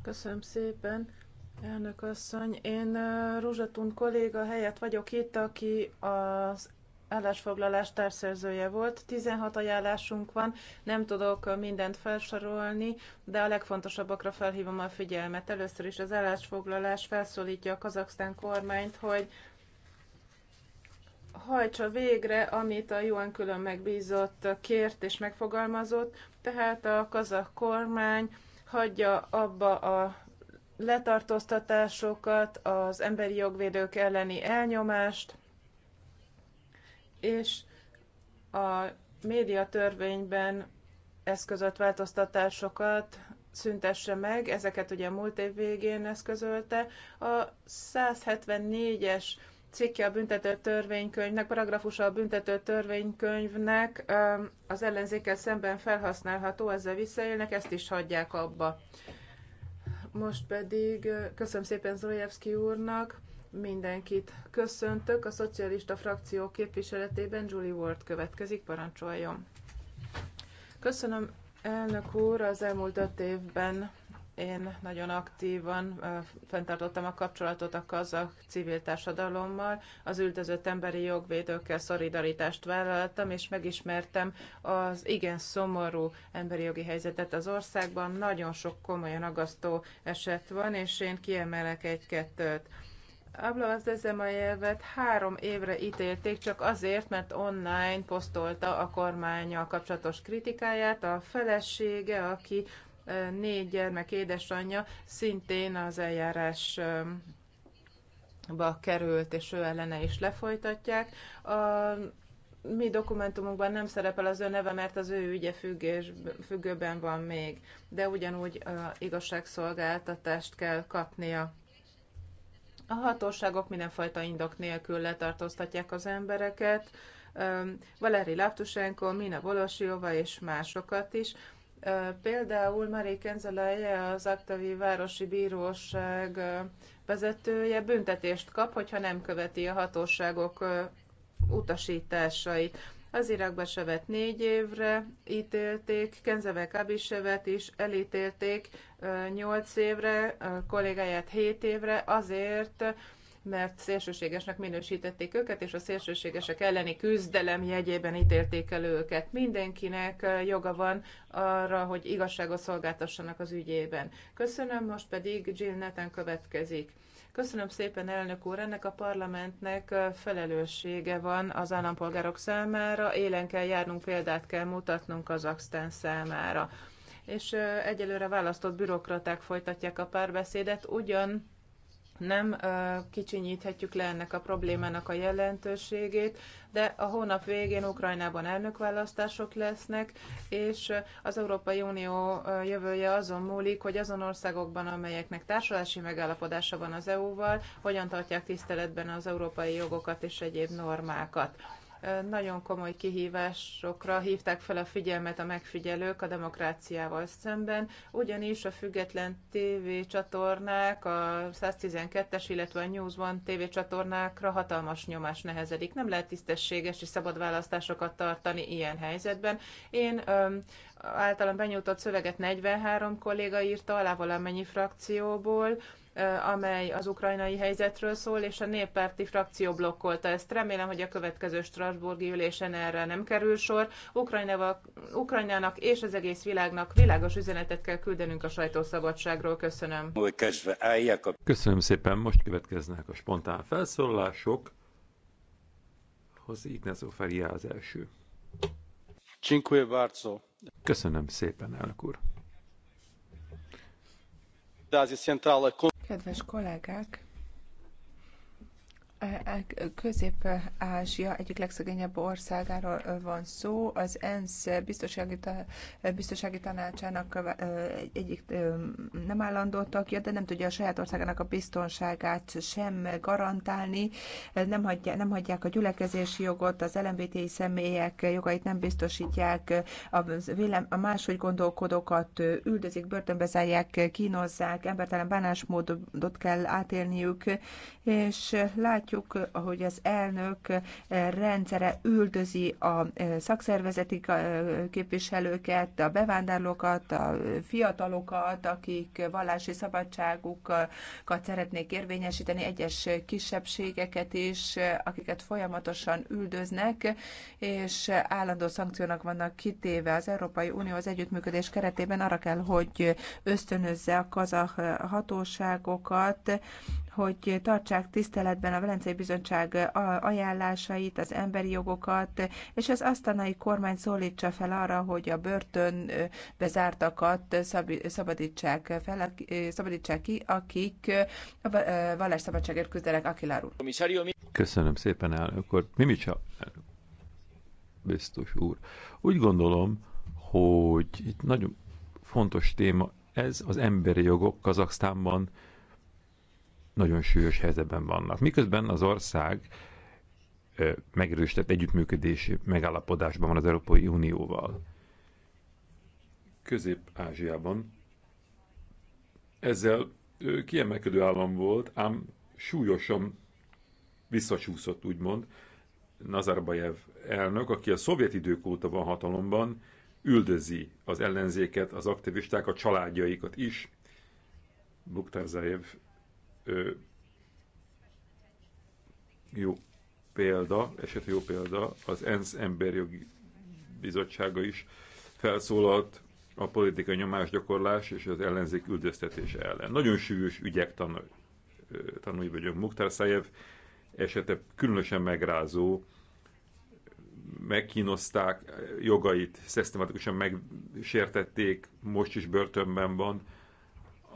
Köszönöm szépen, elnök asszony. Én thun kolléga helyett vagyok itt, aki az állásfoglalás társzerzője volt. sixteen ajánlásunk van, nem tudok mindent felsorolni, de a legfontosabbakra felhívom a figyelmet. Először is az állásfoglalás felszólítja a Kazaksztán kormányt, hogy hajtsa végre, amit a Juan külön megbízott kért és megfogalmazott, tehát a kazak kormány hagyja abba a letartóztatásokat, az emberi jogvédők elleni elnyomást, és a médiatörvényben eszközött változtatásokat szüntesse meg, ezeket ugye a múlt év végén eszközölte. A 174-es cikke a büntető törvénykönyvnek, paragrafusa a büntető törvénykönyvnek az ellenzékkel szemben felhasználható, ezzel visszaélnek, ezt is hagyják abba. Most pedig köszönöm szépen Zolevski úrnak, mindenkit köszöntök. A szocialista frakció képviseletében Julie Ward következik, parancsoljon. Köszönöm elnök úr, az elmúlt öt évben én nagyon aktívan fenntartottam a kapcsolatot a kazak civil társadalommal, az üldözött emberi jogvédőkkel szolidaritást vállaltam, és megismertem az igen szomorú emberi jogi helyzetet az országban. Nagyon sok komolyan agasztó eset van, és én kiemelek egy-kettőt. a jelvet, három évre ítélték csak azért, mert online posztolta a kormánya kapcsolatos kritikáját. A felesége, aki négy gyermek édesanyja szintén az eljárás került, és ő ellene is lefolytatják. A mi dokumentumunkban nem szerepel az ő neve, mert az ő ügye függés, függőben van még, de ugyanúgy a igazságszolgáltatást kell kapnia. A hatóságok mindenfajta indok nélkül letartóztatják az embereket, Valeri Laptusenko, Mina Volosiova és másokat is, Például Marie Kenzeleje, az Aktavi Városi Bíróság vezetője büntetést kap, hogyha nem követi a hatóságok utasításait. Az sevet négy évre ítélték, Kenzeve Kabisevet is elítélték nyolc évre, kollégáját hét évre azért, mert szélsőségesnek minősítették őket, és a szélsőségesek elleni küzdelem jegyében ítélték el őket. Mindenkinek joga van arra, hogy igazságot szolgáltassanak az ügyében. Köszönöm, most pedig Jill Neten következik. Köszönöm szépen, elnök úr, ennek a parlamentnek felelőssége van az állampolgárok számára, élen kell járnunk, példát kell mutatnunk Axten számára. És egyelőre választott bürokraták folytatják a párbeszédet, ugyan nem kicsinyíthetjük le ennek a problémának a jelentőségét, de a hónap végén Ukrajnában elnökválasztások lesznek, és az Európai Unió jövője azon múlik, hogy azon országokban, amelyeknek társulási megállapodása van az EU-val, hogyan tartják tiszteletben az európai jogokat és egyéb normákat nagyon komoly kihívásokra hívták fel a figyelmet a megfigyelők a demokráciával szemben, ugyanis a független TV csatornák, a 112-es, illetve a News One TV csatornákra hatalmas nyomás nehezedik. Nem lehet tisztességes és szabad választásokat tartani ilyen helyzetben. Én öm, általam benyújtott szöveget 43 kolléga írta alá valamennyi frakcióból, amely az ukrajnai helyzetről szól, és a néppárti frakció blokkolta ezt. Remélem, hogy a következő Strasburgi ülésen erre nem kerül sor. Ukrajnával, Ukrajnának és az egész világnak világos üzenetet kell küldenünk a sajtószabadságról. Köszönöm. Köszönöm szépen. Most következnek a spontán felszólalások. Hozzá Ignazó Feria az első. Köszönöm szépen, elnök úr. Kedves kollégák! Közép-Ázsia egyik legszegényebb országáról van szó. Az ENSZ biztonsági, biztonsági tanácsának egyik nem állandó tagja, de nem tudja a saját országának a biztonságát sem garantálni. Nem, hagyja, nem hagyják a gyülekezési jogot, az LMBT személyek jogait nem biztosítják, a, vélem, a máshogy gondolkodókat üldözik, börtönbe zárják, kínozzák, embertelen bánásmódot kell átélniük, és látják, látjuk, hogy az elnök eh, rendszere üldözi a eh, szakszervezeti eh, képviselőket, a bevándorlókat, a fiatalokat, akik vallási szabadságukat szeretnék érvényesíteni, egyes kisebbségeket is, akiket folyamatosan üldöznek, és állandó szankciónak vannak kitéve. Az Európai Unió az együttműködés keretében arra kell, hogy ösztönözze a kazah hatóságokat, hogy tartsák tiszteletben a Velencei Bizottság ajánlásait, az emberi jogokat, és az asztanai kormány szólítsa fel arra, hogy a börtön bezártakat szabadítsák, fel, szabadítsák ki, akik a vallásszabadságért küzdenek Akilar Köszönöm szépen, elnök úr. Mimicsa, biztos úr. Úgy gondolom, hogy itt nagyon fontos téma ez az emberi jogok Kazaksztánban, nagyon súlyos helyzetben vannak. Miközben az ország megerősített együttműködési megállapodásban van az Európai Unióval. Közép-Ázsiában ezzel kiemelkedő állam volt, ám súlyosan visszacsúszott, úgymond. Nazarbayev elnök, aki a szovjet idők óta van hatalomban, üldözi az ellenzéket, az aktivistákat, a családjaikat is. Buktarzaev ö, jó példa, eset jó példa, az ENSZ emberjogi bizottsága is felszólalt a politikai nyomásgyakorlás és az ellenzék üldöztetése ellen. Nagyon sűrűs ügyek tanul, tanulj vagyunk. Mukhtar Szájev esete különösen megrázó, megkínozták jogait, szisztematikusan megsértették, most is börtönben van,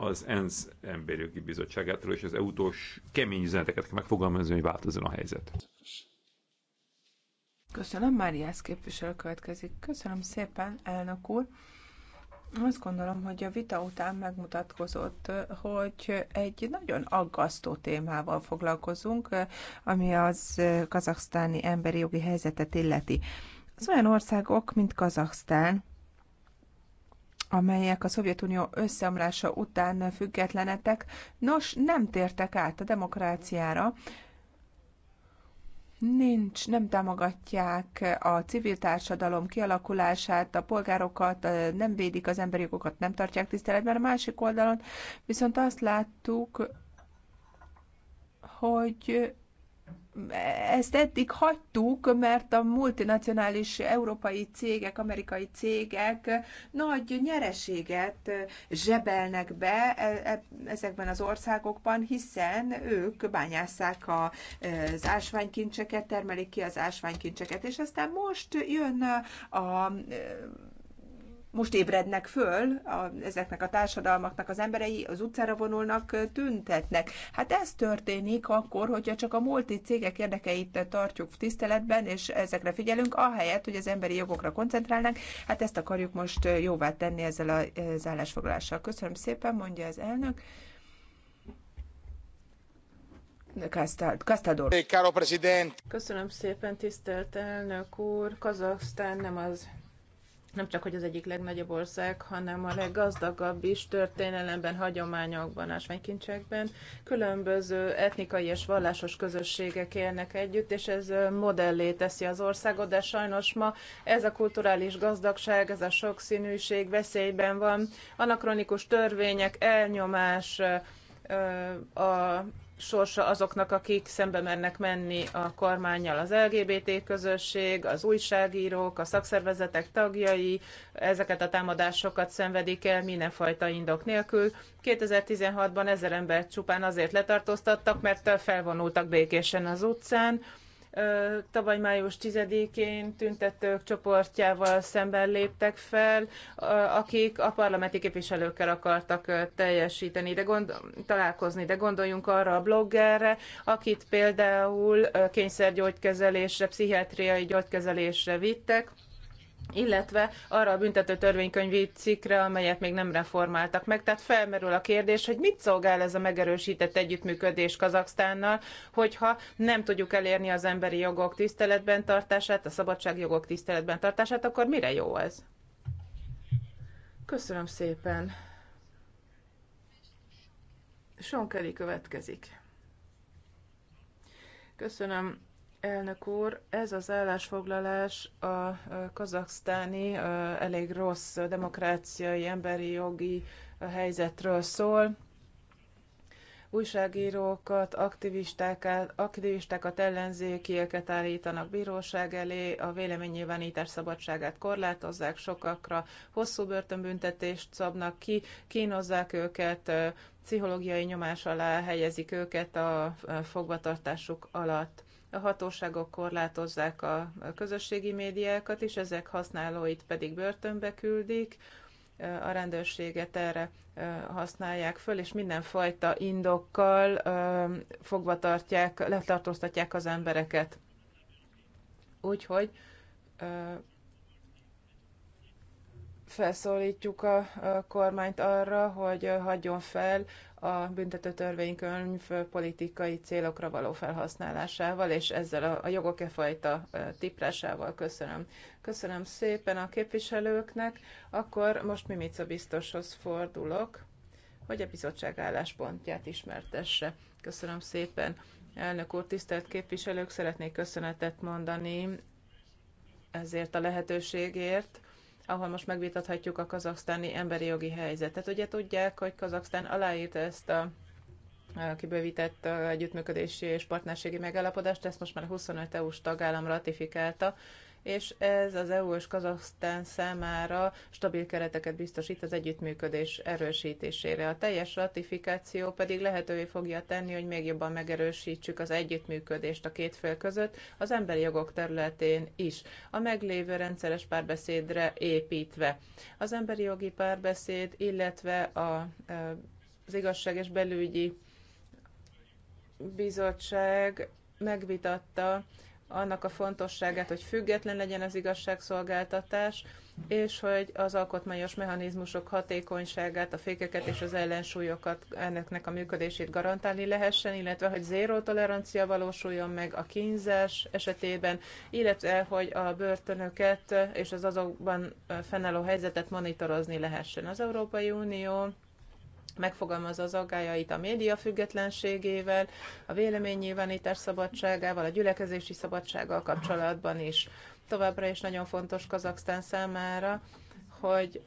az ENSZ emberjogi bizottságától és az EU-tól kemény üzeneteket kell megfogalmazni, hogy változzon a helyzet. Köszönöm, Máriász képviselő következik. Köszönöm szépen, elnök úr. Azt gondolom, hogy a vita után megmutatkozott, hogy egy nagyon aggasztó témával foglalkozunk, ami az kazaksztáni emberi jogi helyzetet illeti. Az olyan országok, mint Kazaksztán, amelyek a Szovjetunió összeomlása után függetlenedtek, nos, nem tértek át a demokráciára, nincs, nem támogatják a civil társadalom kialakulását, a polgárokat, nem védik az emberi jogokat, nem tartják tiszteletben. A másik oldalon viszont azt láttuk, hogy ezt eddig hagytuk, mert a multinacionális európai cégek, amerikai cégek nagy nyereséget zsebelnek be e, e, ezekben az országokban, hiszen ők bányásszák az ásványkincseket, termelik ki az ásványkincseket, és aztán most jön a most ébrednek föl a, ezeknek a társadalmaknak az emberei, az utcára vonulnak, tüntetnek. Hát ez történik akkor, hogyha csak a multi cégek érdekeit tartjuk tiszteletben, és ezekre figyelünk, ahelyett, hogy az emberi jogokra koncentrálnánk. Hát ezt akarjuk most jóvá tenni ezzel az állásfoglalással. Köszönöm szépen, mondja az elnök. Köszönöm szépen, tisztelt elnök úr! Kazaksztán nem az nem csak, hogy az egyik legnagyobb ország, hanem a leggazdagabb is történelemben, hagyományokban, ásványkincsekben. Különböző etnikai és vallásos közösségek élnek együtt, és ez modellé teszi az országot, de sajnos ma ez a kulturális gazdagság, ez a sokszínűség veszélyben van. Anakronikus törvények, elnyomás, a sorsa azoknak, akik szembe mernek menni a kormányjal. Az LGBT közösség, az újságírók, a szakszervezetek tagjai ezeket a támadásokat szenvedik el mindenfajta indok nélkül. 2016-ban ezer embert csupán azért letartóztattak, mert felvonultak békésen az utcán, tavaly május 10-én tüntetők csoportjával szemben léptek fel, akik a parlamenti képviselőkkel akartak teljesíteni, de gond, találkozni, de gondoljunk arra a bloggerre, akit például kényszergyógykezelésre, pszichiátriai gyógykezelésre vittek, illetve arra a büntető törvénykönyvi cikkre, amelyet még nem reformáltak meg. Tehát felmerül a kérdés, hogy mit szolgál ez a megerősített együttműködés Kazaksztánnal, hogyha nem tudjuk elérni az emberi jogok tiszteletben tartását, a szabadságjogok tiszteletben tartását, akkor mire jó ez? Köszönöm szépen. Sonkeli következik. Köszönöm Elnök úr, ez az állásfoglalás a kazaksztáni elég rossz demokráciai, emberi jogi helyzetről szól. Újságírókat, aktivistákat, aktivistákat, ellenzékieket állítanak bíróság elé, a véleménynyilvánítás szabadságát korlátozzák, sokakra hosszú börtönbüntetést szabnak ki, kínozzák őket, pszichológiai nyomás alá helyezik őket a fogvatartásuk alatt a hatóságok korlátozzák a közösségi médiákat is, ezek használóit pedig börtönbe küldik, a rendőrséget erre használják föl, és mindenfajta indokkal fogva tartják, letartóztatják az embereket. Úgyhogy felszólítjuk a, kormányt arra, hogy hagyjon fel a büntető törvénykönyv politikai célokra való felhasználásával, és ezzel a, jogok e fajta tiprásával köszönöm. Köszönöm szépen a képviselőknek. Akkor most Mimica biztoshoz fordulok, hogy a bizottság álláspontját ismertesse. Köszönöm szépen. Elnök úr, tisztelt képviselők, szeretnék köszönetet mondani ezért a lehetőségért, ahol most megvitathatjuk a kazaksztáni emberi jogi helyzetet. Ugye tudják, hogy Kazaksztán aláírta ezt a kibővített együttműködési és partnerségi megállapodást, ezt most már 25 EU-s tagállam ratifikálta, és ez az EU és Kazaksztán számára stabil kereteket biztosít az együttműködés erősítésére. A teljes ratifikáció pedig lehetővé fogja tenni, hogy még jobban megerősítsük az együttműködést a két fél között az emberi jogok területén is, a meglévő rendszeres párbeszédre építve. Az emberi jogi párbeszéd, illetve a, e, az igazság és belügyi bizottság megvitatta annak a fontosságát, hogy független legyen az igazságszolgáltatás, és hogy az alkotmányos mechanizmusok hatékonyságát, a fékeket és az ellensúlyokat, ennek a működését garantálni lehessen, illetve hogy zéró tolerancia valósuljon meg a kínzás esetében, illetve hogy a börtönöket és az azokban fennálló helyzetet monitorozni lehessen. Az Európai Unió megfogalmazza az aggájait a média függetlenségével, a véleménynyilvánítás szabadságával, a gyülekezési szabadsággal kapcsolatban is. Továbbra is nagyon fontos Kazaksztán számára, hogy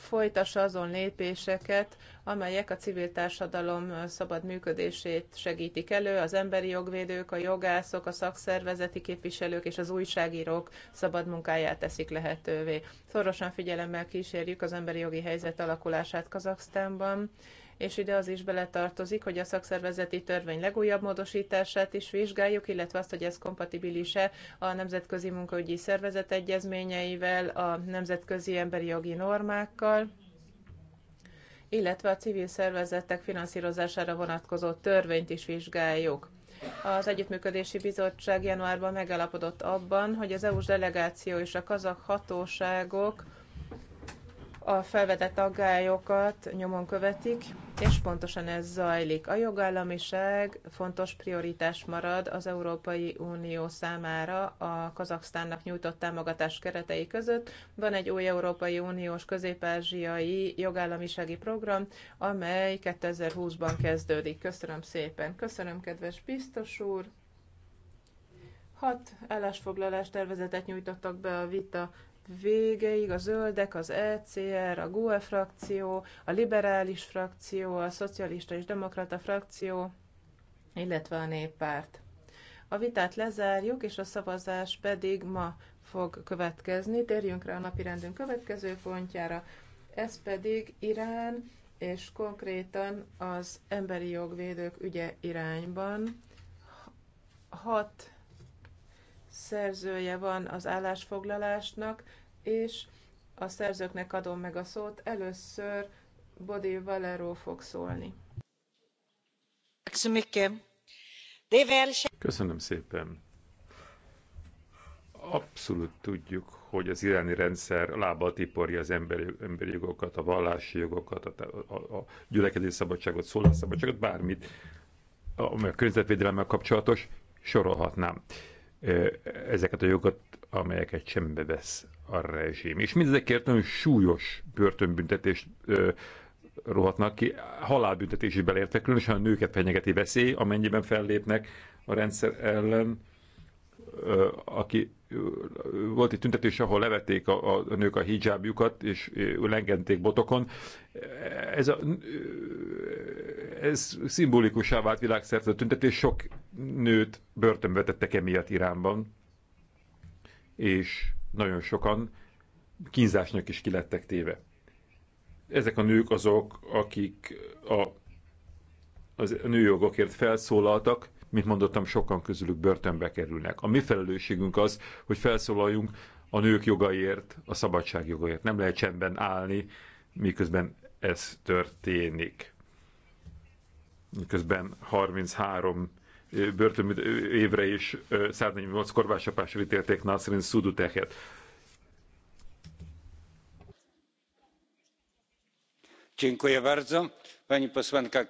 folytassa azon lépéseket, amelyek a civil társadalom szabad működését segítik elő, az emberi jogvédők, a jogászok, a szakszervezeti képviselők és az újságírók szabad munkáját teszik lehetővé. Szorosan figyelemmel kísérjük az emberi jogi helyzet alakulását Kazaksztánban, és ide az is beletartozik, hogy a szakszervezeti törvény legújabb módosítását is vizsgáljuk, illetve azt, hogy ez kompatibilis-e a Nemzetközi Munkaügyi Szervezet egyezményeivel, a nemzetközi emberi jogi normákkal illetve a civil szervezetek finanszírozására vonatkozó törvényt is vizsgáljuk. Az Együttműködési Bizottság januárban megállapodott abban, hogy az EU-s delegáció és a kazak hatóságok a felvetett aggályokat nyomon követik, és pontosan ez zajlik. A jogállamiság fontos prioritás marad az Európai Unió számára a Kazaksztánnak nyújtott támogatás keretei között. Van egy új Európai Uniós közép-ázsiai jogállamisági program, amely 2020-ban kezdődik. Köszönöm szépen. Köszönöm, kedves biztos úr. Hat állásfoglalás tervezetet nyújtottak be a vita végeig a zöldek, az ECR, a GUE frakció, a liberális frakció, a szocialista és demokrata frakció, illetve a néppárt. A vitát lezárjuk, és a szavazás pedig ma fog következni. Térjünk rá a napirendünk következő pontjára. Ez pedig Irán, és konkrétan az emberi jogvédők ügye irányban. Hat szerzője van az állásfoglalásnak, és a szerzőknek adom meg a szót. Először Bodil Valero fog szólni. Köszönöm szépen. Abszolút tudjuk, hogy az iráni rendszer lába tiporja az emberi, emberi jogokat, a vallási jogokat, a, a, a gyülekezés szabadságot, szólásszabadságot, bármit, ami a környezetvédelemmel kapcsolatos, sorolhatnám e, ezeket a jogokat, amelyeket sembe vesz a rezsim. És mindezekért nagyon súlyos börtönbüntetést ö, rohatnak ki, halálbüntetés is beleértve, különösen a nőket fenyegeti veszély, amennyiben fellépnek a rendszer ellen, ö, aki ö, volt egy tüntetés, ahol levették a, a nők a hijábjukat, és lengedték botokon. Ez, a, ö, ez szimbolikusá vált világszerte a tüntetés, sok nőt börtönbe tettek emiatt Iránban, és nagyon sokan kínzásnak is kilettek téve. Ezek a nők azok, akik a, az a nőjogokért felszólaltak, mint mondottam, sokan közülük börtönbe kerülnek. A mi felelősségünk az, hogy felszólaljunk a nők jogaiért, a szabadság jogaiért. Nem lehet csendben állni, miközben ez történik. Miközben 33 börtön évre is 148 korvásapásra ítélték Nasrin Szuduteket.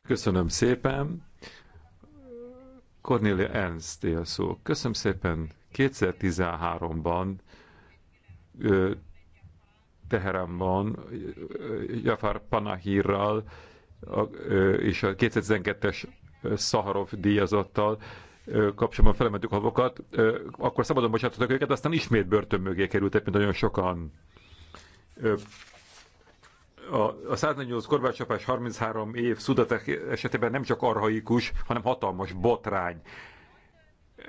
Köszönöm szépen. Cornelia Ernst él szó. Köszönöm szépen. 2013-ban Teheránban Jafar Panahirral és a 2012-es Szaharov díjazattal kapcsolatban felemeltük havokat, akkor szabadon bocsátottak őket, aztán ismét börtön mögé kerültek, mint nagyon sokan. A, a 148 korbácsapás 33 év szudatek esetében nem csak arhaikus, hanem hatalmas botrány.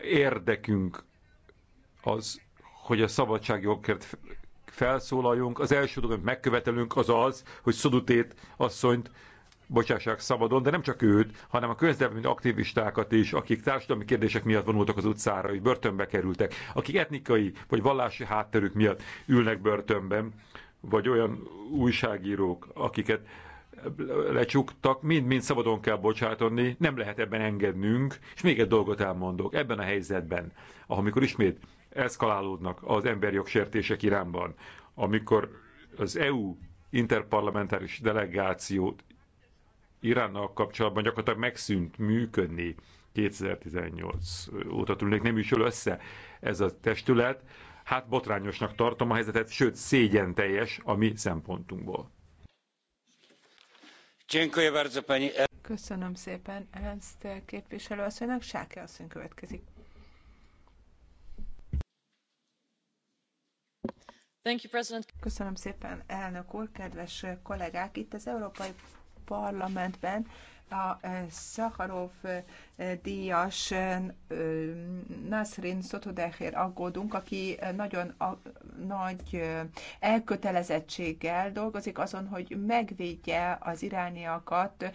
Érdekünk az, hogy a szabadságjogért felszólaljunk. Az első dolog, amit megkövetelünk, az az, hogy Szudutét asszonyt bocsássák szabadon, de nem csak őt, hanem a közlemény aktivistákat is, akik társadalmi kérdések miatt vonultak az utcára, hogy börtönbe kerültek, akik etnikai vagy vallási hátterük miatt ülnek börtönben, vagy olyan újságírók, akiket lecsuktak, mind-mind szabadon kell bocsátani, nem lehet ebben engednünk, és még egy dolgot elmondok, ebben a helyzetben, amikor ismét eszkalálódnak az emberjogsértések Iránban, amikor az EU interparlamentáris delegációt Iránnal kapcsolatban gyakorlatilag megszűnt működni 2018 óta tűnik, nem is össze ez a testület. Hát botrányosnak tartom a helyzetet, sőt szégyen teljes a mi szempontunkból. E- Köszönöm szépen Ernst képviselő asszonynak. Sáke asszony következik. Thank you, President. Köszönöm szépen, elnök úr, kedves kollégák! Itt az Európai parlamentben a eh, Szaharov eh, díjas eh, Nasrin Sotodehért aggódunk, aki nagyon nagy elkötelezettséggel dolgozik azon, hogy megvédje az irániakat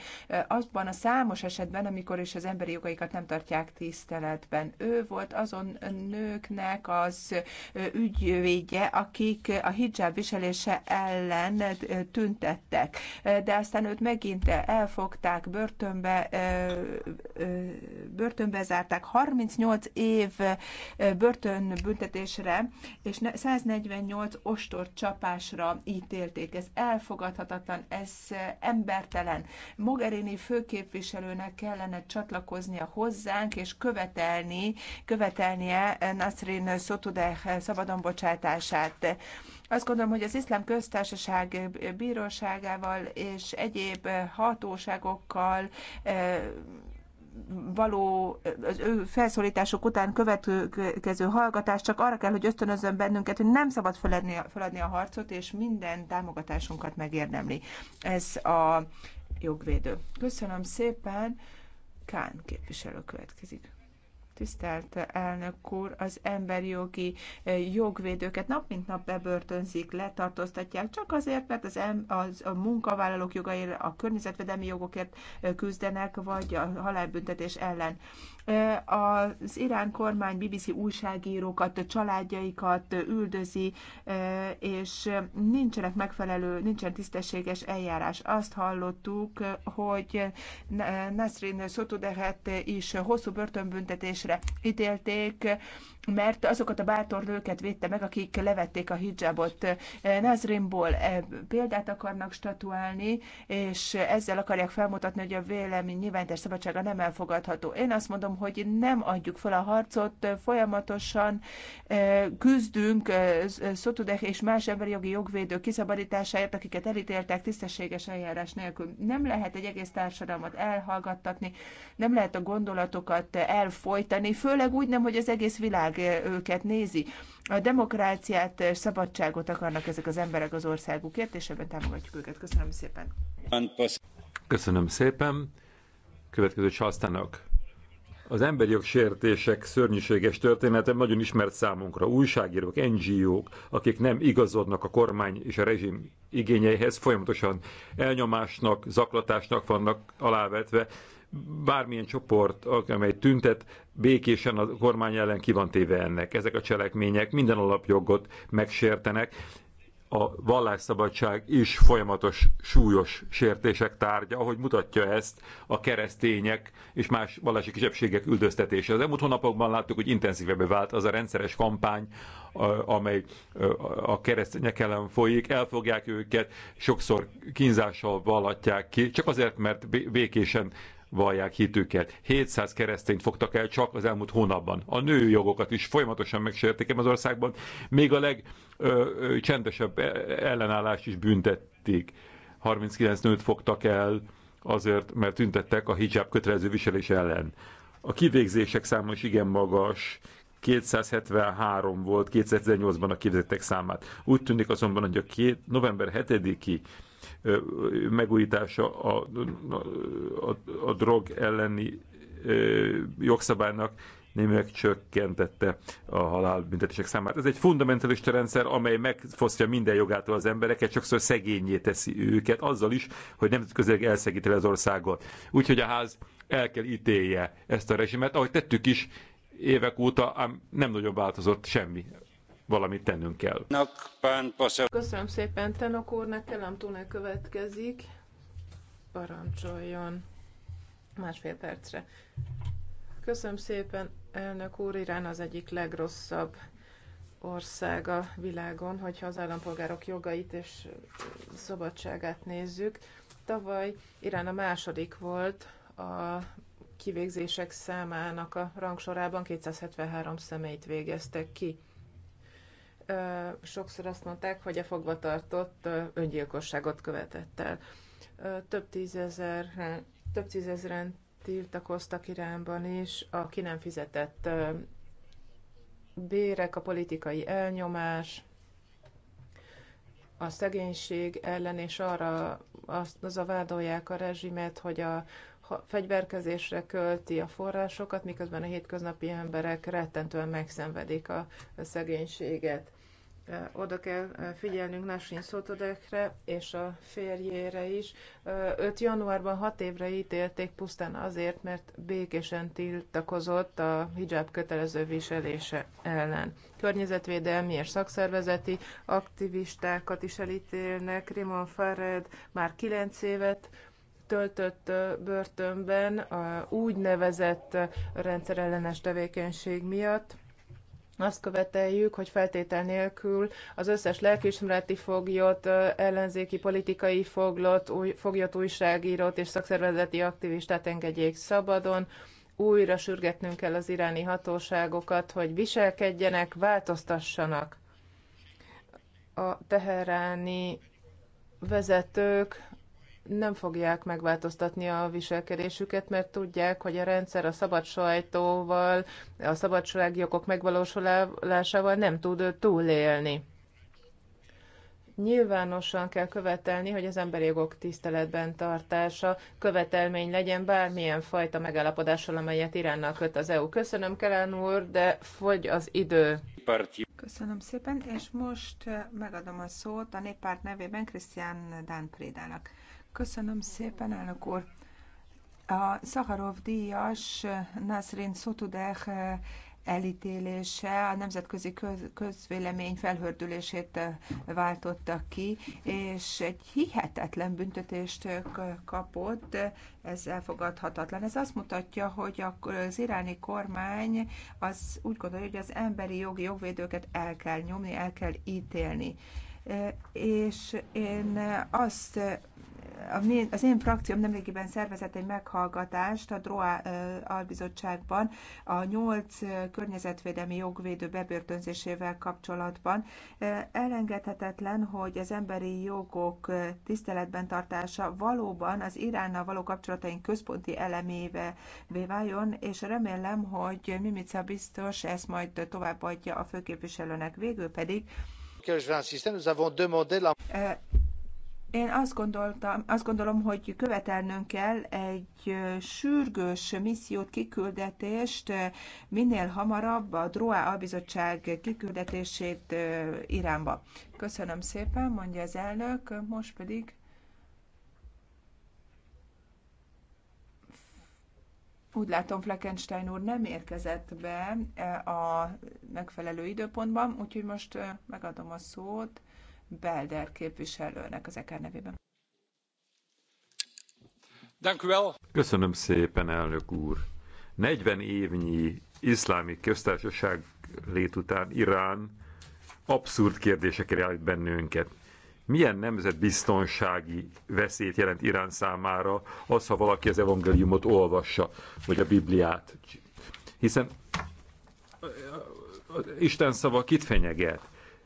azban a számos esetben, amikor is az emberi jogaikat nem tartják tiszteletben. Ő volt azon nőknek az ügyvédje, akik a hijab viselése ellen tüntettek, de aztán őt megint elfogták, bőr börtönbe, börtönbe zárták, 38 év börtönbüntetésre és 148 ostor csapásra ítélték. Ez elfogadhatatlan, ez embertelen. Mogherini főképviselőnek kellene csatlakoznia hozzánk, és követelni, követelnie Nasrin Sotudeh szabadonbocsátását. Azt gondolom, hogy az iszlám köztársaság bíróságával és egyéb hatóságokkal eh, való az ő felszólítások után következő hallgatás csak arra kell, hogy ösztönözön bennünket, hogy nem szabad feladni, feladni a harcot, és minden támogatásunkat megérdemli. Ez a jogvédő. Köszönöm szépen. Kán képviselő következik. Tisztelt elnök úr, az emberi jogi eh, jogvédőket nap mint nap bebörtönzik, letartóztatják, csak azért, mert az, em, az a munkavállalók jogaira, a környezetvédelmi jogokért eh, küzdenek, vagy a halálbüntetés ellen. Az irán kormány BBC újságírókat, családjaikat üldözi, és nincsenek megfelelő, nincsen tisztességes eljárás. Azt hallottuk, hogy Nasrin Sotodehet is hosszú börtönbüntetésre ítélték, mert azokat a bátor nőket védte meg, akik levették a hijabot. Eh, Nazrimból eh, példát akarnak statuálni, és ezzel akarják felmutatni, hogy a vélemény nyilvántás szabadsága nem elfogadható. Én azt mondom, hogy nem adjuk fel a harcot, eh, folyamatosan küzdünk Szotudek és más emberi jogi jogvédők kiszabadításáért, akiket elítéltek tisztességes eljárás nélkül. Nem lehet egy egész társadalmat elhallgattatni, nem lehet a gondolatokat elfolytani, főleg úgy nem, hogy az egész világ ország eh, őket nézi. A demokráciát és eh, szabadságot akarnak ezek az emberek az országukért, és ebben támogatjuk őket. Köszönöm szépen. Köszönöm szépen. Következő Császtának. Az emberi jogsértések szörnyűséges története nagyon ismert számunkra. Újságírók, NGO-k, akik nem igazodnak a kormány és a rezsim igényeihez, folyamatosan elnyomásnak, zaklatásnak vannak alávetve, bármilyen csoport, amely tüntet, békésen a kormány ellen ki van téve ennek. Ezek a cselekmények minden alapjogot megsértenek, a vallásszabadság is folyamatos súlyos sértések tárgya, ahogy mutatja ezt a keresztények és más vallási kisebbségek üldöztetése. Az elmúlt hónapokban láttuk, hogy intenzívebbé vált az a rendszeres kampány, amely a keresztények ellen folyik, elfogják őket, sokszor kínzással vallatják ki, csak azért, mert békésen vallják hitüket. 700 keresztényt fogtak el csak az elmúlt hónapban. A női jogokat is folyamatosan megsértik az országban, még a legcsendesebb e, ellenállást is büntették. 39 nőt fogtak el azért, mert tüntettek a hijab kötelező viselés ellen. A kivégzések száma is igen magas, 273 volt 2018-ban a képzettek számát. Úgy tűnik azonban, hogy a két, november 7-i megújítása a, a, a, a drog elleni jogszabálynak némileg csökkentette a halálbüntetések számát. Ez egy fundamentalista rendszer, amely megfosztja minden jogától az embereket, sokszor szegényé teszi őket, azzal is, hogy nem nemzetközileg elszegíti az országot. Úgyhogy a ház el kell ítélje ezt a rezsimet, ahogy tettük is évek óta, ám nem nagyon változott semmi valamit tennünk kell. Köszönöm szépen, Tenok úr, nekem túl következik. Parancsoljon másfél percre. Köszönöm szépen, elnök úr, Irán az egyik legrosszabb ország a világon, hogyha az állampolgárok jogait és szabadságát nézzük. Tavaly Irán a második volt a kivégzések számának a rangsorában 273 személyt végeztek ki sokszor azt mondták, hogy a fogvatartott öngyilkosságot követett el. Több tízezeren, több tízezeren tiltakoztak Iránban is a ki nem fizetett bérek, a politikai elnyomás, a szegénység ellen, és arra azt, az a vádolják a rezsimet, hogy a fegyverkezésre költi a forrásokat, miközben a hétköznapi emberek rettentően megszenvedik a szegénységet. Eh, oda kell eh, figyelnünk Nasrin Szotodekre és a férjére is. 5. Eh, januárban hat évre ítélték pusztán azért, mert békésen tiltakozott a hijab kötelező viselése ellen. Környezetvédelmi és szakszervezeti aktivistákat is elítélnek. Rimon Fared már kilenc évet töltött börtönben a úgynevezett rendszerellenes tevékenység miatt azt követeljük, hogy feltétel nélkül az összes lelkismereti foglyot, ellenzéki politikai foglot, új, foglyot, újságírót és szakszervezeti aktivistát engedjék szabadon. Újra sürgetnünk kell az iráni hatóságokat, hogy viselkedjenek, változtassanak. A teheráni vezetők nem fogják megváltoztatni a viselkedésüket, mert tudják, hogy a rendszer a szabad sajtóval, a szabadságjogok megvalósulásával nem tud túlélni. Nyilvánosan kell követelni, hogy az emberi jogok tiszteletben tartása követelmény legyen bármilyen fajta megállapodással, amelyet Iránnal köt az EU. Köszönöm, Kelán úr, de fogy az idő. Köszönöm szépen, és most megadom a szót a néppárt nevében Krisztián Dán Prédának. Köszönöm szépen, elnök úr. A Szaharov díjas Nasrin Sotudeh eh, elítélése a nemzetközi köz, közvélemény felhördülését eh, váltotta ki, és egy hihetetlen büntetést eh, kapott, ez elfogadhatatlan. Ez azt mutatja, hogy az iráni kormány az úgy gondolja, hogy az emberi jogi jogvédőket el kell nyomni, el kell ítélni és én azt az én frakcióm nemrégiben szervezett egy meghallgatást a DROA albizottságban a nyolc környezetvédelmi jogvédő bebörtönzésével kapcsolatban. Elengedhetetlen, hogy az emberi jogok tiszteletben tartása valóban az Iránnal való kapcsolataink központi elemévé váljon, és remélem, hogy Mimica biztos ezt majd továbbadja a főképviselőnek. Végül pedig én azt, gondoltam, azt gondolom, hogy követelnünk kell egy sürgős missziót, kiküldetést, minél hamarabb a DROA albizottság kiküldetését Iránba. Köszönöm szépen, mondja az elnök, most pedig Úgy látom, Fleckenstein úr nem érkezett be e, a megfelelő időpontban, úgyhogy most e, megadom a szót Belder képviselőnek az EKR nevében. Köszönöm szépen, elnök úr! 40 évnyi iszlámi köztársaság lét után Irán abszurd kérdésekre állít bennünket milyen nemzetbiztonsági veszélyt jelent Irán számára az, ha valaki az evangéliumot olvassa, vagy a Bibliát. Hiszen Isten szava kit fenyeget?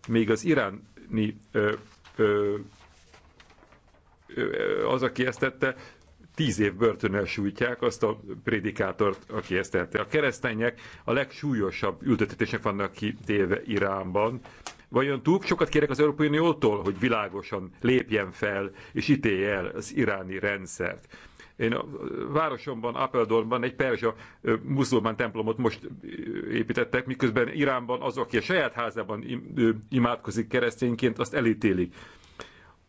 Még az iráni ö, ö, az, aki ezt tette, tíz év börtönel sújtják azt a prédikátort, aki ezt tette. A keresztények a legsúlyosabb ültetetések vannak kitéve Iránban, Vajon túl sokat kérek az Európai Uniótól, hogy világosan lépjen fel és ítélje el az iráni rendszert? Én a városomban, Appeldornban egy perzsa muszlimán templomot most építettek, miközben Iránban az, aki a saját házában imádkozik keresztényként, azt elítélik.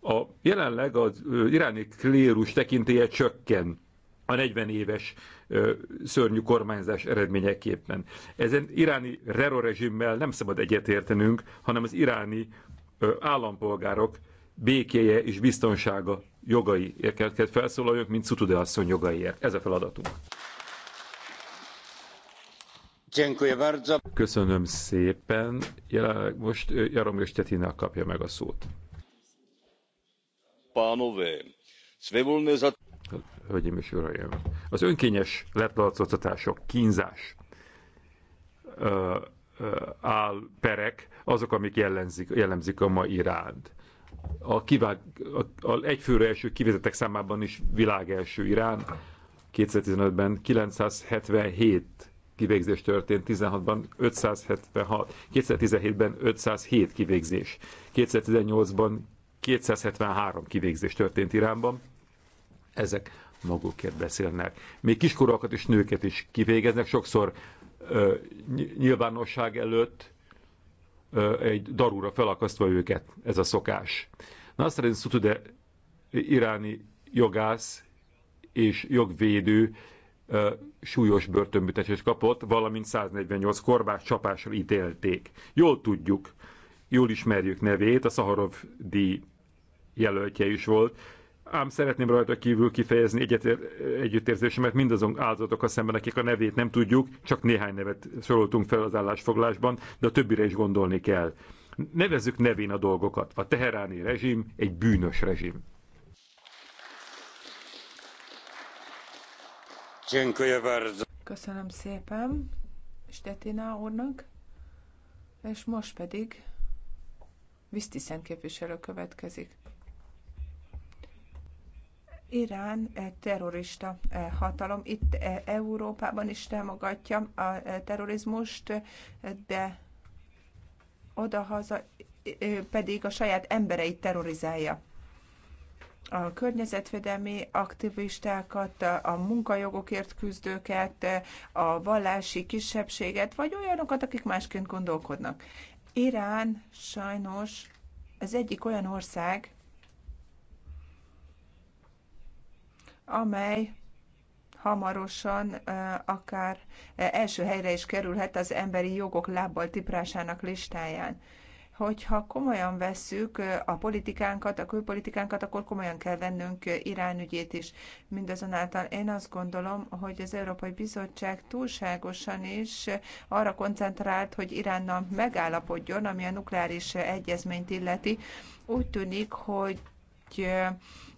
A, jelenleg az iráni klérus tekintélye csökken a 40 éves szörnyű kormányzás eredményeképpen. Ezen iráni rezsimmel nem szabad egyetértenünk, hanem az iráni állampolgárok békéje és biztonsága jogai kell felszólaljuk, mint Cutude asszony jogaiért. Ez a feladatunk. Köszönöm szépen. Jelenleg most Jaromir Stetina kapja meg a szót. Pánové, hölgyeim és uraim. Az önkényes letartóztatások, kínzás, áll perek, azok, amik jellemzik, jellemzik a ma Iránt. A, kivág, a, a egyfőre első kivezetek számában is első Irán. 2015-ben 977 kivégzés történt, 16-ban 576, 2017-ben 507 kivégzés, 2018-ban 273 kivégzés történt Iránban. Ezek magukért beszélnek. Még kiskorúakat és nőket is kivégeznek, sokszor ö, nyilvánosság előtt ö, egy darúra felakasztva őket ez a szokás. Na, azt szerint Sutude iráni jogász és jogvédő ö, súlyos börtönbüntetést kapott, valamint 148 korbás csapásra ítélték. Jól tudjuk, jól ismerjük nevét, a Szaharov díj jelöltje is volt, Ám szeretném rajta kívül kifejezni egyetér, együttérzésemet mindazon a szemben, akik a nevét nem tudjuk, csak néhány nevet szoroltunk fel az állásfoglásban, de a többire is gondolni kell. Nevezzük nevén a dolgokat. A teheráni rezsim egy bűnös rezsim. Köszönöm szépen Stetina úrnak, és most pedig Visztiszen képviselő következik. Irán terrorista eh, hatalom. Itt eh, Európában is támogatja a eh, terrorizmust, de odahaza pedig a saját embereit terrorizálja. A környezetvédelmi aktivistákat, a munkajogokért küzdőket, a vallási kisebbséget, vagy olyanokat, akik másként gondolkodnak. Irán sajnos az egyik olyan ország, amely hamarosan akár első helyre is kerülhet az emberi jogok lábbal tiprásának listáján. Hogyha komolyan vesszük a politikánkat, a külpolitikánkat, akkor komolyan kell vennünk Irán ügyét is. Mindazonáltal én azt gondolom, hogy az Európai Bizottság túlságosan is arra koncentrált, hogy Iránnal megállapodjon, ami a nukleáris egyezményt illeti. Úgy tűnik, hogy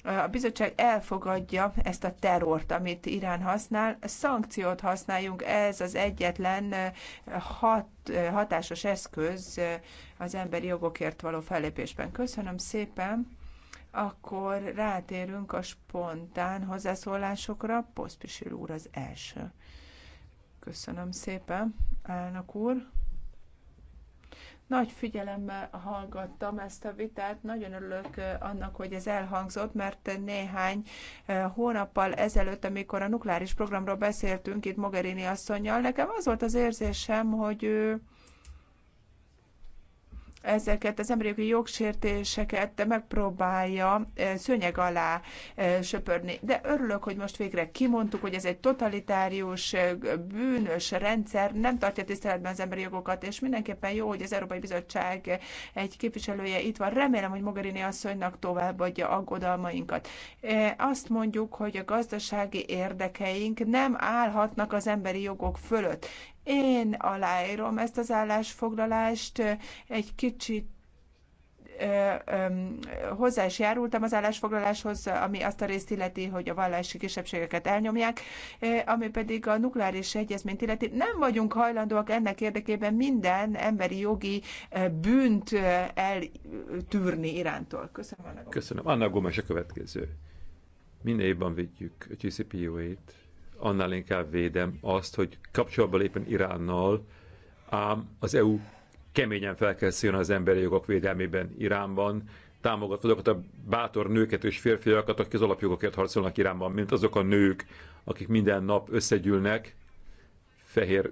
a bizottság elfogadja ezt a terrort, amit Irán használ, szankciót használjunk, ez az egyetlen eh, hat, eh, hatásos eszköz eh, az emberi jogokért való fellépésben. Köszönöm szépen! Akkor rátérünk a spontán hozzászólásokra. Poszpisil úr az első. Köszönöm szépen, elnök úr! Nagy figyelemmel hallgattam ezt a vitát, nagyon örülök eh, annak, hogy ez elhangzott, mert néhány eh, hónappal ezelőtt, amikor a nukleáris programról beszéltünk itt Mogherini asszonynal, nekem az volt az érzésem, hogy ő ezeket az emberi jogi jogsértéseket megpróbálja eh, szőnyeg alá eh, söpörni. De örülök, hogy most végre kimondtuk, hogy ez egy totalitárius, eh, bűnös rendszer, nem tartja tiszteletben az emberi jogokat, és mindenképpen jó, hogy az Európai Bizottság egy képviselője itt van. Remélem, hogy Mogherini asszonynak továbbadja aggodalmainkat. Azt mondjuk, hogy a gazdasági érdekeink nem állhatnak az emberi jogok fölött, én aláírom ezt az állásfoglalást, egy kicsit hozzá is járultam az állásfoglaláshoz, ami azt a részt illeti, hogy a vallási kisebbségeket elnyomják, ami pedig a nukleáris egyezményt illeti. Nem vagyunk hajlandóak ennek érdekében minden emberi jogi bűnt eltűrni Irántól. Köszönöm, Anna Gomes. Köszönöm. Anna Gomes a következő. Minél évben vigyük a GCPO-ét annál inkább védem azt, hogy kapcsolatban lépen Iránnal, ám az EU keményen fel kell szíjön az emberi jogok védelmében Iránban, támogatva azokat a bátor nőket és férfiakat, akik az alapjogokért harcolnak Iránban, mint azok a nők, akik minden nap összegyűlnek, fehér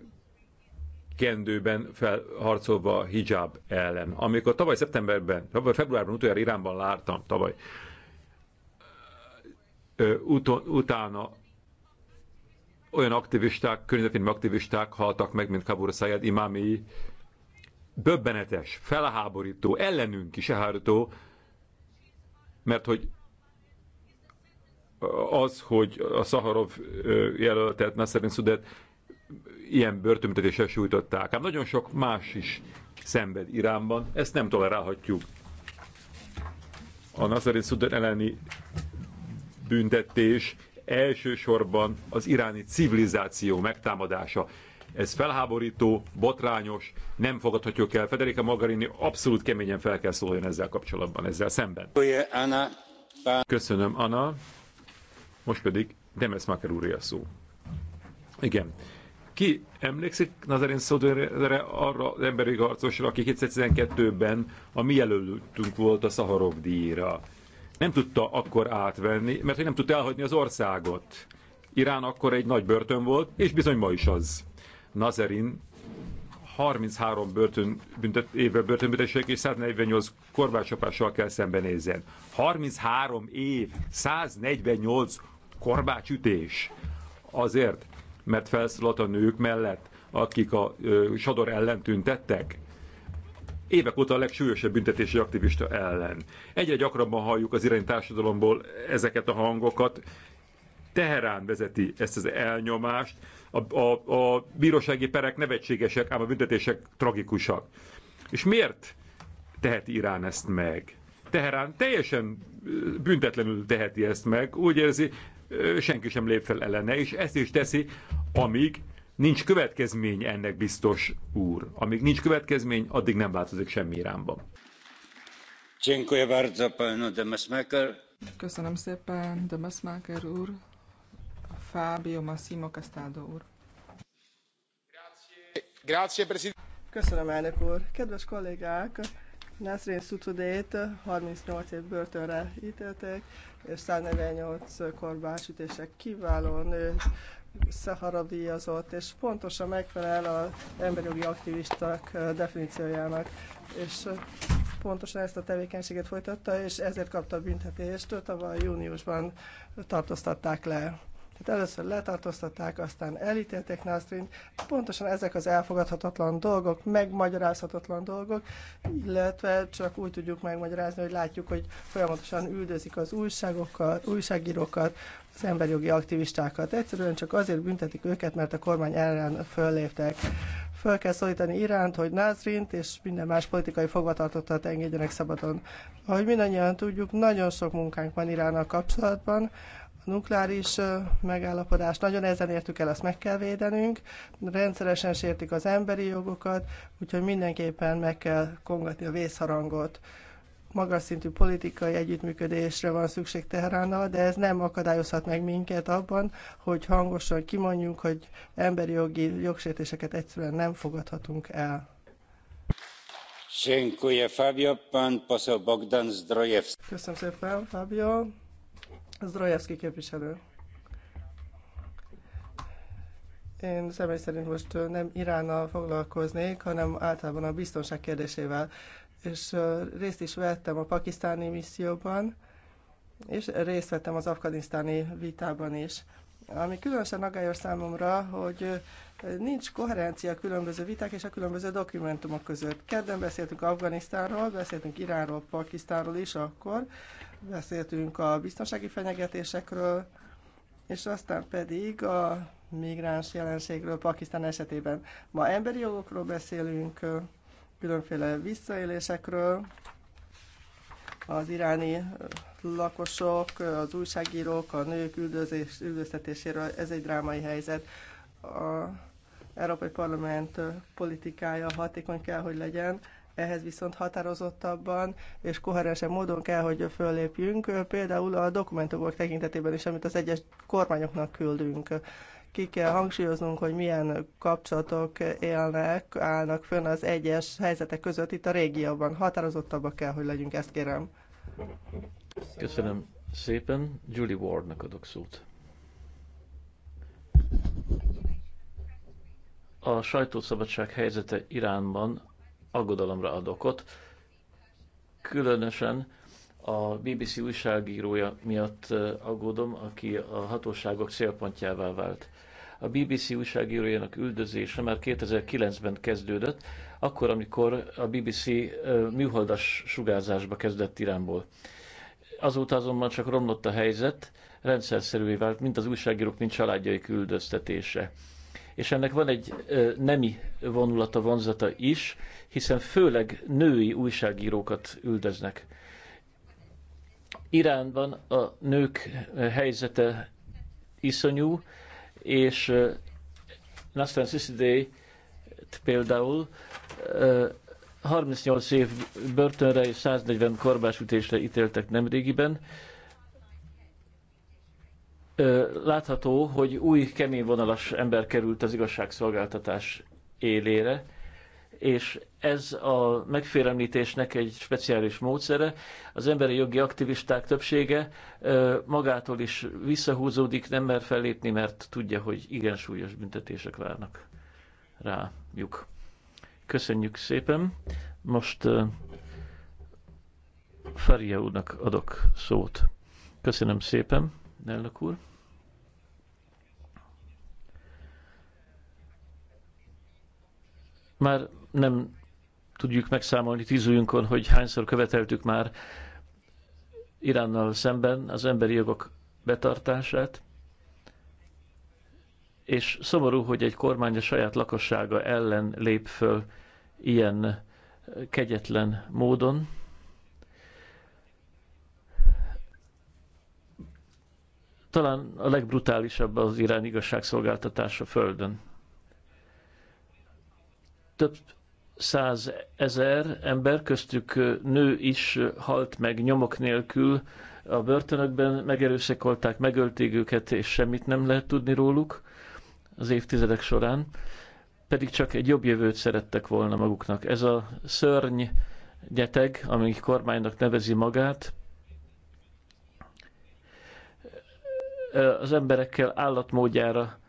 kendőben felharcolva a hijab ellen. Amikor tavaly szeptemberben, tavaly februárban utoljára Iránban láttam, tavaly, ö, uton, utána olyan aktivisták, környezetvédelmi aktivisták haltak meg, mint Kabura Sayed imámi. Böbbenetes, felháborító, ellenünk is elhárító, mert hogy az, hogy a Szaharov jelöltet, Nasserin Szudet ilyen börtönbüntetéssel sújtották. Ám hát nagyon sok más is szenved Iránban, ezt nem tolerálhatjuk. A Nasserin Szudet elleni büntetés elsősorban az iráni civilizáció megtámadása. Ez felháborító, botrányos, nem fogadhatjuk el. Federica Magarini abszolút keményen fel kell szóljon ezzel kapcsolatban, ezzel szemben. Köszönöm, Anna. Most pedig Demes Maker úr szó. Igen. Ki emlékszik Nazarin Szodőre arra az emberi harcosra, aki 2012-ben a mi jelöltünk volt a Szaharov díjra? nem tudta akkor átvenni, mert hogy nem tudta elhagyni az országot. Irán akkor egy nagy börtön volt, és bizony ma is az. Nazarin 33 börtön, büntet, évvel börtönbüntetések és 148 korbácsapással kell szembenézzen. 33 év, 148 korbácsütés. Azért, mert felszólalt a nők mellett, akik a ö, sador ellen tüntettek évek óta a legsúlyosabb büntetési aktivista ellen. Egyre gyakrabban halljuk az irányi társadalomból ezeket a hangokat. Teherán vezeti ezt az elnyomást. A, a, a bírósági perek nevetségesek, ám a büntetések tragikusak. És miért teheti Irán ezt meg? Teherán teljesen büntetlenül teheti ezt meg, úgy érzi, senki sem lép fel ellene, és ezt is teszi, amíg Nincs következmény ennek biztos úr. Amíg nincs következmény, addig nem változik semmi Iránban. Köszönöm szépen, de Mesmaker úr. Fábio Massimo Castaldo úr. Köszönöm, elnök úr. Kedves kollégák, Nasrin Sutudét 38 év börtönre ítélték, és 148 korbásütések kiváló nő Szahara és pontosan megfelel az emberjogi aktivisták definíciójának. És pontosan ezt a tevékenységet folytatta, és ezért kapta a büntetést. Tavaly júniusban tartóztatták le. Tehát először letartóztatták, aztán elítélték Nasrin. Pontosan ezek az elfogadhatatlan dolgok, megmagyarázhatatlan dolgok, illetve csak úgy tudjuk megmagyarázni, hogy látjuk, hogy folyamatosan üldözik az újságokat, újságírókat, az emberjogi aktivistákat. Egyszerűen csak azért büntetik őket, mert a kormány ellen fölléptek. Föl kell szólítani Iránt, hogy Názrint és minden más politikai fogvatartottat engedjenek szabadon. Ahogy mindannyian tudjuk, nagyon sok munkánk van Iránnal kapcsolatban. A nukleáris megállapodás nagyon ezen értük el, azt meg kell védenünk. Rendszeresen sértik az emberi jogokat, úgyhogy mindenképpen meg kell kongatni a vészharangot magas szintű politikai együttműködésre van szükség Teheránnal, de ez nem akadályozhat meg minket abban, hogy hangosan kimondjunk, hogy emberi jogi jogsértéseket egyszerűen nem fogadhatunk el. Köszönöm szépen, Fabio. Zdrojevski képviselő. Én személy szerint most nem Iránnal foglalkoznék, hanem általában a biztonság kérdésével és részt is vettem a pakisztáni misszióban, és részt vettem az afganisztáni vitában is. Ami különösen aggályos számomra, hogy nincs koherencia a különböző viták és a különböző dokumentumok között. Kedden beszéltünk Afganisztánról, beszéltünk Iránról, Pakisztánról is akkor, beszéltünk a biztonsági fenyegetésekről, és aztán pedig a migráns jelenségről Pakisztán esetében. Ma emberi jogokról beszélünk, különféle visszaélésekről, az iráni lakosok, az újságírók, a nők üldözés, üldöztetéséről, ez egy drámai helyzet. A Európai Parlament politikája hatékony kell, hogy legyen, ehhez viszont határozottabban és koherensebb módon kell, hogy föllépjünk, például a dokumentumok tekintetében is, amit az egyes kormányoknak küldünk ki kell hangsúlyoznunk, hogy milyen kapcsolatok élnek, állnak fönn az egyes helyzetek között itt a régióban. Határozottabbak kell, hogy legyünk, ezt kérem. Köszönöm szépen. Julie Wardnak adok szót. A sajtószabadság helyzete Iránban aggodalomra ad okot, különösen a BBC újságírója miatt eh, aggódom, aki a hatóságok célpontjává vált. A BBC újságírójának üldözése már 2009-ben kezdődött, akkor, amikor a BBC műholdas sugárzásba kezdett Iránból. Azóta azonban csak romlott a helyzet, rendszerszerűvé vált, mint az újságírók, mint családjaik üldöztetése. És ennek van egy nemi vonulata, vonzata is, hiszen főleg női újságírókat üldöznek. Iránban a nők helyzete iszonyú, és Nastan Sissidé például 38 év börtönre és 140 korbásütésre ítéltek nemrégiben. Látható, hogy új kemény vonalas ember került az igazságszolgáltatás élére és ez a megfélemlítésnek egy speciális módszere. Az emberi jogi aktivisták többsége magától is visszahúzódik, nem mer fellépni, mert tudja, hogy igen súlyos büntetések várnak rájuk. Köszönjük szépen. Most Faria úrnak adok szót. Köszönöm szépen, elnök úr. Már nem tudjuk megszámolni tízújunkon, hogy hányszor követeltük már Iránnal szemben az emberi jogok betartását, és szomorú, hogy egy kormány a saját lakossága ellen lép föl ilyen kegyetlen módon. Talán a legbrutálisabb az irán igazságszolgáltatás a Földön több száz ezer ember, köztük nő is halt meg nyomok nélkül a börtönökben, megerőszakolták, megölték őket, és semmit nem lehet tudni róluk az évtizedek során, pedig csak egy jobb jövőt szerettek volna maguknak. Ez a szörny gyeteg, ami kormánynak nevezi magát, az emberekkel állatmódjára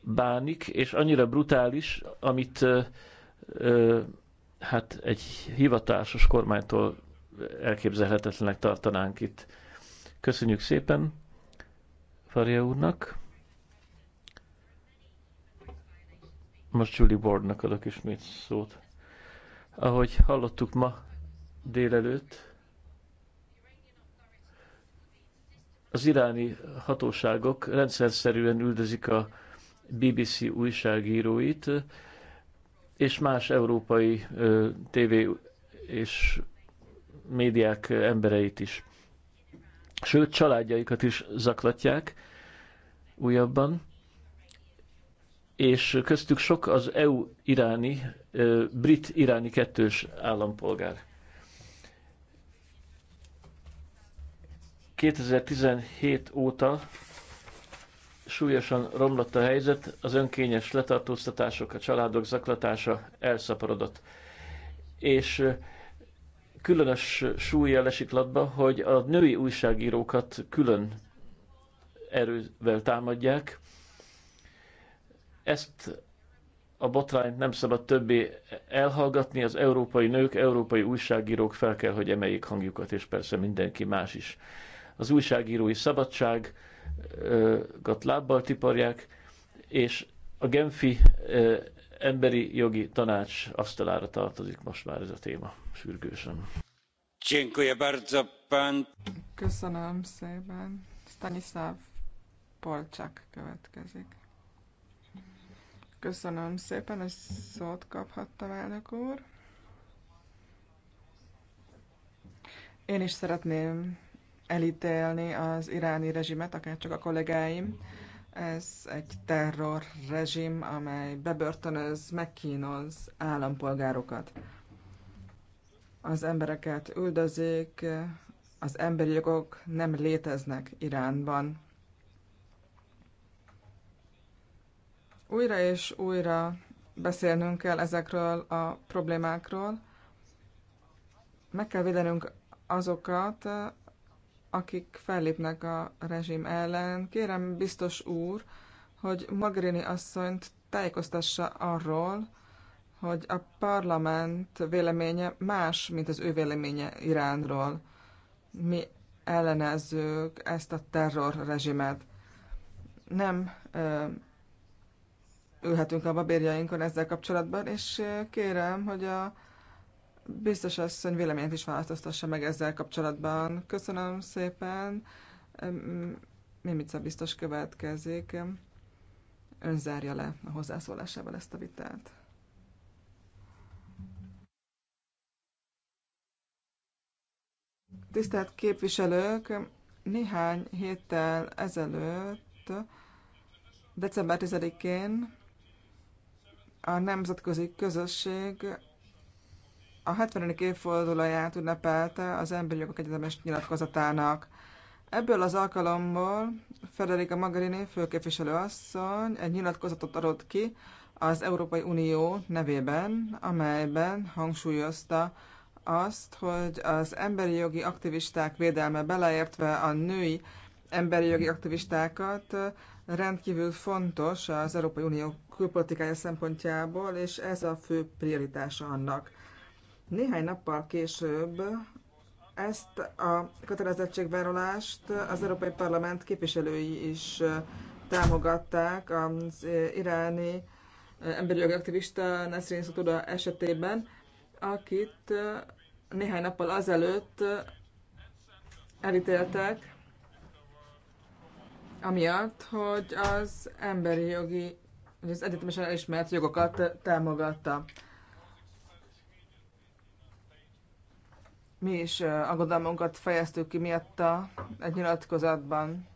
bánik, és annyira brutális, amit hát egy hivatásos kormánytól elképzelhetetlenek tartanánk itt. Köszönjük szépen Faria úrnak. Most Julie Boardnak adok ismét szót. Ahogy hallottuk ma délelőtt, az iráni hatóságok rendszerszerűen üldözik a BBC újságíróit, és más európai ö, tévé és médiák embereit is. Sőt, családjaikat is zaklatják újabban, és köztük sok az EU-iráni, brit-iráni kettős állampolgár. 2017 óta súlyosan romlott a helyzet, az önkényes letartóztatások, a családok zaklatása elszaporodott. És különös súlya lesik latba, hogy a női újságírókat külön erővel támadják. Ezt a botrányt nem szabad többé elhallgatni, az európai nők, európai újságírók fel kell, hogy emeljék hangjukat, és persze mindenki más is. Az újságírói szabadság, gat lábbal tiparják, és a Genfi emberi jogi tanács asztalára tartozik most már ez a téma sürgősen. Köszönöm szépen. Stanislav Polcsak következik. Köszönöm szépen, hogy szót kaphattam, elnök úr. Én is szeretném elítélni az iráni rezsimet, akár csak a kollégáim. Ez egy terror rezsim, amely bebörtönöz, megkínoz állampolgárokat. Az embereket üldözik, az emberi jogok nem léteznek Iránban. Újra és újra beszélnünk kell ezekről a problémákról. Meg kell védenünk azokat, akik fellépnek a rezsim ellen. Kérem, biztos úr, hogy Magrini asszonyt tájékoztassa arról, hogy a parlament véleménye más, mint az ő véleménye Iránról. Mi ellenezzük ezt a rezsimet. Nem ö, ülhetünk a babérjainkon ezzel kapcsolatban, és kérem, hogy a biztos asszony véleményt is változtassa meg ezzel kapcsolatban. Köszönöm szépen. Mimica biztos következik. Ön zárja le a hozzászólásával ezt a vitát. Tisztelt képviselők, néhány héttel ezelőtt, december 10-én a nemzetközi közösség a 70. évfordulóját ünnepelte az Emberi Jogok Egyetemes nyilatkozatának. Ebből az alkalomból Federica Magarini főképviselő asszony egy nyilatkozatot adott ki az Európai Unió nevében, amelyben hangsúlyozta azt, hogy az emberi jogi aktivisták védelme beleértve a női emberi jogi aktivistákat rendkívül fontos az Európai Unió külpolitikája szempontjából, és ez a fő prioritása annak. Néhány nappal később ezt a kötelezettségvállalást az Európai Parlament képviselői is támogatták az iráni emberi jogi aktivista Nasrin Sotuda esetében, akit néhány nappal azelőtt elítéltek, amiatt, hogy az emberi jogi, az egyetemesen elismert jogokat támogatta. mi is aggodalmunkat fejeztük ki miatta egy nyilatkozatban.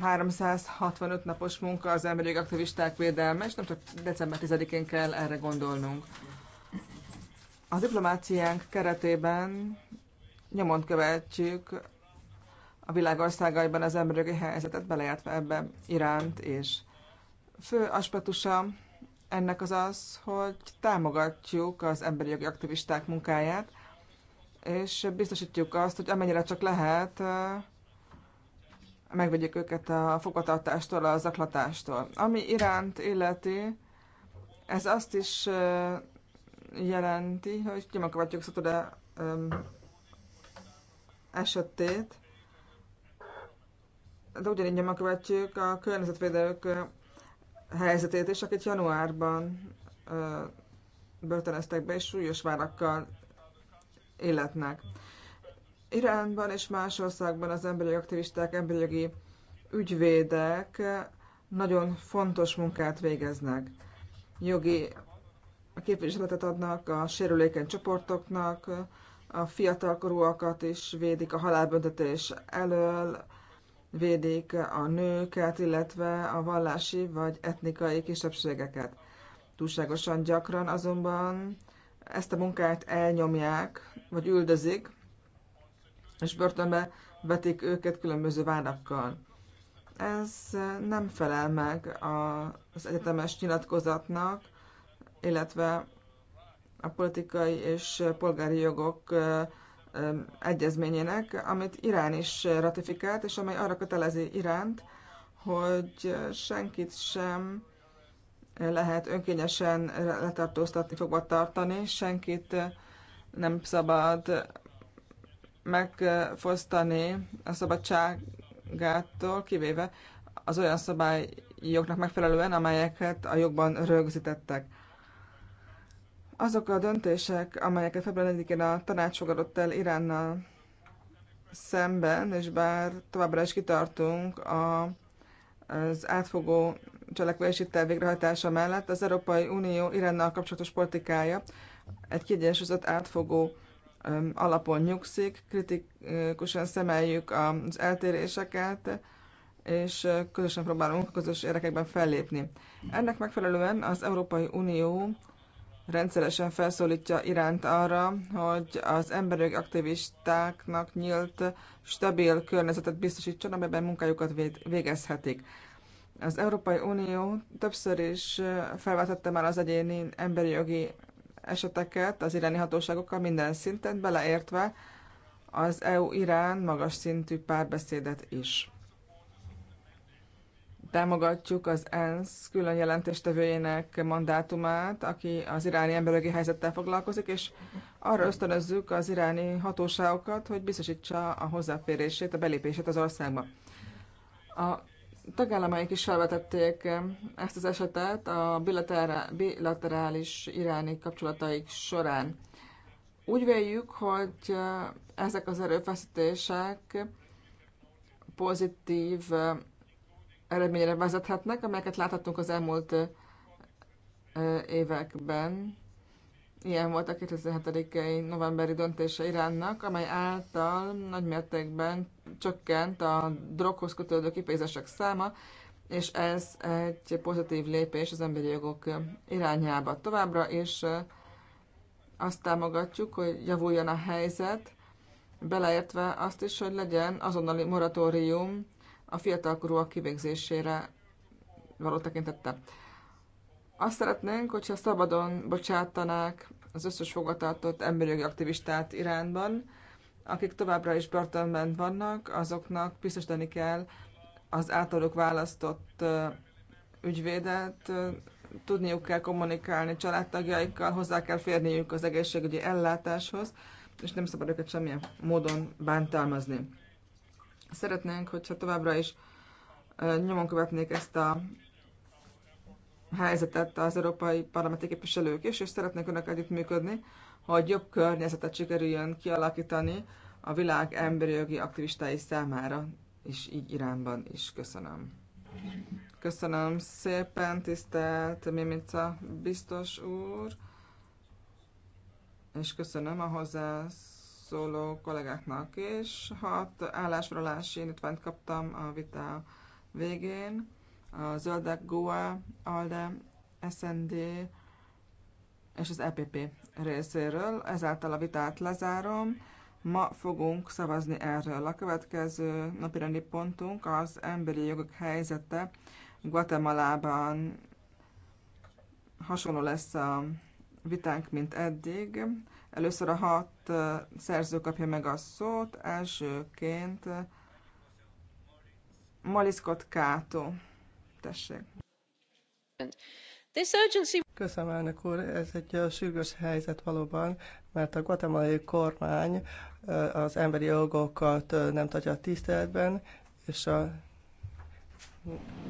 365 napos munka az emberi aktivisták védelme, és nem csak december 10-én kell erre gondolnunk. A diplomáciánk keretében nyomon követjük a világországaiban az emberi helyzetet, beleértve ebbe Iránt, és fő aspektusa ennek az az, hogy támogatjuk az emberi jogi aktivisták munkáját, és biztosítjuk azt, hogy amennyire csak lehet, megvegyük őket a fogvatartástól, a zaklatástól. Ami iránt illeti, ez azt is jelenti, hogy nyomon követjük Szatoda esetét, de ugyanígy nyomakövetjük a környezetvédők helyzetét és akit januárban ö, börtönöztek be, és súlyos várakkal életnek. Iránban és más országban az emberi aktivisták, emberi jogi ügyvédek nagyon fontos munkát végeznek. Jogi képviseletet adnak a sérülékeny csoportoknak, a fiatalkorúakat is védik a halálbüntetés elől, védik a nőket, illetve a vallási vagy etnikai kisebbségeket. Túlságosan gyakran azonban ezt a munkát elnyomják, vagy üldözik, és börtönbe vetik őket különböző vádakkal. Ez nem felel meg az egyetemes nyilatkozatnak, illetve a politikai és polgári jogok egyezményének, amit Irán is ratifikált, és amely arra kötelezi Iránt, hogy senkit sem lehet önkényesen letartóztatni, fogva tartani, senkit nem szabad megfosztani a szabadságától, kivéve az olyan szabályoknak megfelelően, amelyeket a jogban rögzítettek. Azok a döntések, amelyeket február 4-én a tanács fogadott el Iránnal szemben, és bár továbbra is kitartunk a, az átfogó cselekvési terv végrehajtása mellett, az Európai Unió Iránnal kapcsolatos politikája egy kiegyensúlyozott átfogó um, alapon nyugszik, kritikusan szemeljük az eltéréseket, és közösen próbálunk a közös érdekekben fellépni. Ennek megfelelően az Európai Unió rendszeresen felszólítja Iránt arra, hogy az emberi aktivistáknak nyílt, stabil környezetet biztosítson, amelyben munkájukat végezhetik. Az Európai Unió többször is felváltotta már az egyéni emberi jogi eseteket az iráni hatóságokkal minden szinten, beleértve az EU-Irán magas szintű párbeszédet is. Támogatjuk az ENSZ külön jelentéstevőjének mandátumát, aki az iráni emberi helyzettel foglalkozik, és arra ösztönözzük az iráni hatóságokat, hogy biztosítsa a hozzáférését, a belépését az országba. A tagállamaik is felvetették ezt az esetet a bilaterális iráni kapcsolataik során. Úgy véljük, hogy ezek az erőfeszítések pozitív eredményre vezethetnek, amelyeket láthattunk az elmúlt években. Ilyen volt a 2007. novemberi döntése Iránnak, amely által nagymértékben csökkent a droghoz kötődő kifejezések száma, és ez egy pozitív lépés az emberi jogok irányába továbbra, és azt támogatjuk, hogy javuljon a helyzet, beleértve azt is, hogy legyen azonnali moratórium a fiatalkorúak kivégzésére való tekintettel. Azt szeretnénk, hogyha szabadon bocsátanák az összes fogatartott emberi aktivistát Iránban, akik továbbra is börtönben vannak, azoknak biztosítani kell az általuk választott ügyvédet, tudniuk kell kommunikálni családtagjaikkal, hozzá kell férniük az egészségügyi ellátáshoz, és nem szabad őket semmilyen módon bántalmazni. Szeretnénk, hogyha továbbra is nyomon követnék ezt a helyzetet az európai parlamenti képviselők is, és szeretnék önök együttműködni, hogy jobb környezetet sikerüljön kialakítani a világ emberi jogi aktivistái számára, és így irányban is köszönöm. Köszönöm szépen, tisztelt Mimica biztos úr, és köszönöm a hozzászólást szóló kollégáknak is. Hat állásfoglalási indítványt kaptam a vita végén. A Zöldek, Goa, ALDE, SND és az EPP részéről. Ezáltal a vitát lezárom. Ma fogunk szavazni erről. A következő napirendi pontunk az emberi jogok helyzete Guatemalában hasonló lesz a vitánk, mint eddig. Először a hat szerző kapja meg a szót, elsőként Maliszkot Kátó. Tessék. Köszönöm, elnök úr. Ez egy sürgős helyzet valóban, mert a guatemalai kormány az emberi jogokat nem tartja a tiszteletben, és a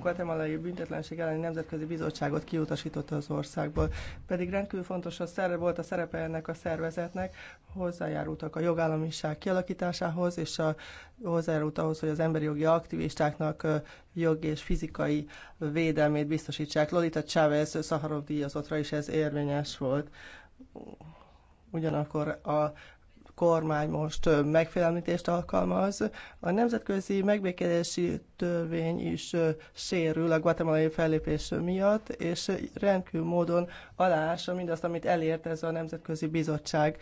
guatemalai büntetlenség elleni nemzetközi bizottságot kiutasította az országból. Pedig rendkívül fontos a szerve volt a szerepe ennek a szervezetnek, hozzájárultak a jogállamiság kialakításához, és a, hozzájárult ahhoz, hogy az emberi jogi aktivistáknak jogi és fizikai védelmét biztosítsák. Lolita Chávez Szaharov díjazottra is ez érvényes volt ugyanakkor a kormány most megfélemlítést alkalmaz. A nemzetközi megbékélési törvény is sérül a guatemalai fellépés miatt, és rendkívül módon aláássa mindazt, amit elért ez a nemzetközi bizottság.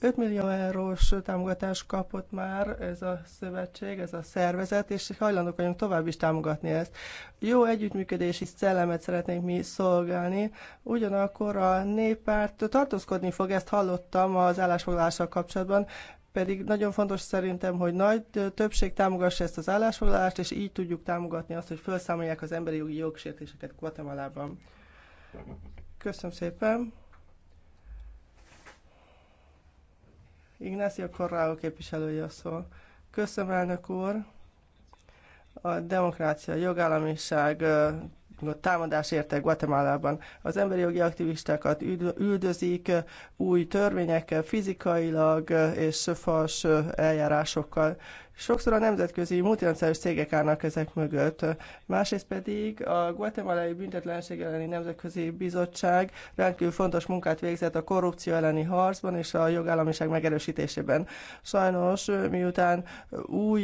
5 millió eurós támogatást kapott már ez a szövetség, ez a szervezet, és hajlandók vagyunk tovább is támogatni ezt. Jó együttműködési szellemet szeretnénk mi szolgálni, ugyanakkor a néppárt tartózkodni fog, ezt hallottam az állásfoglalással kapcsolatban, pedig nagyon fontos szerintem, hogy nagy többség támogassa ezt az állásfoglalást, és így tudjuk támogatni azt, hogy felszámolják az emberi jogi jogsértéseket Guatemalában. Köszönöm szépen! Ignacio Corrado képviselője szól. Köszönöm, elnök úr! A demokrácia, a jogállamiság támadás érte Guatemalában. Az emberi jogi aktivistákat üldözik új törvényekkel, fizikailag és fals eljárásokkal. Sokszor a nemzetközi multinacionális cégek állnak ezek mögött. Másrészt pedig a Guatemalai Büntetlenség elleni Nemzetközi Bizottság rendkívül fontos munkát végzett a korrupció elleni harcban és a jogállamiság megerősítésében. Sajnos miután új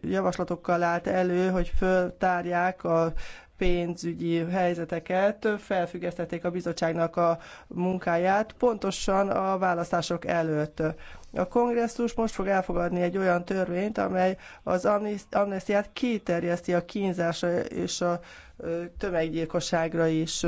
javaslatokkal állt elő, hogy föltárják a pénzügyi helyzeteket, felfüggesztették a bizottságnak a munkáját, pontosan a választások előtt. A kongresszus most fog elfogadni egy olyan törvényt, amely az amnestiát kiterjeszti a kínzásra és a tömeggyilkosságra is.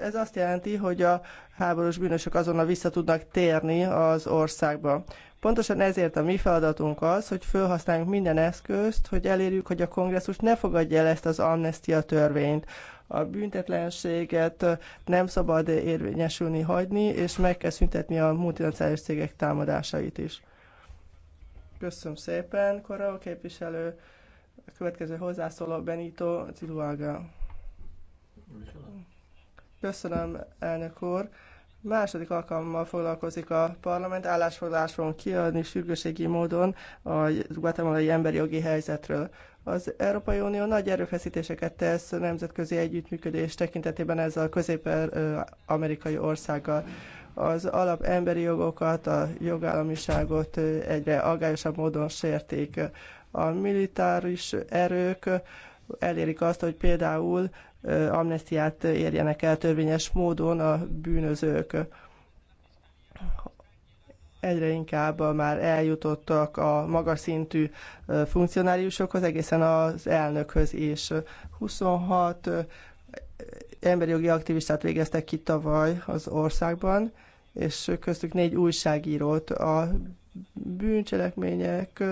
ez azt jelenti, hogy a háborús bűnösök azonnal vissza tudnak térni az országba. Pontosan ezért a mi feladatunk az, hogy felhasználjunk minden eszközt, hogy elérjük, hogy a kongresszus ne fogadja el ezt az amnestia törvényt. A büntetlenséget nem szabad érvényesülni hagyni, és meg kell szüntetni a multinacionális cégek támadásait is. Köszönöm szépen, a képviselő. A következő hozzászóló Benito Ciluaga. Köszönöm, elnök úr. Második alkalommal foglalkozik a parlament, állásfoglaláson kiadni sürgőségi módon a guatemalai emberi jogi helyzetről. Az Európai Unió nagy erőfeszítéseket tesz nemzetközi együttműködés tekintetében ezzel a közép-amerikai országgal. Az alap emberi jogokat, a jogállamiságot egyre aggályosabb módon sérték. A militáris erők elérik azt, hogy például amnestiát érjenek el törvényes módon a bűnözők. Egyre inkább már eljutottak a magas szintű funkcionáriusokhoz, egészen az elnökhöz is. 26 emberi jogi aktivistát végeztek ki tavaly az országban, és köztük négy újságírót a bűncselekmények,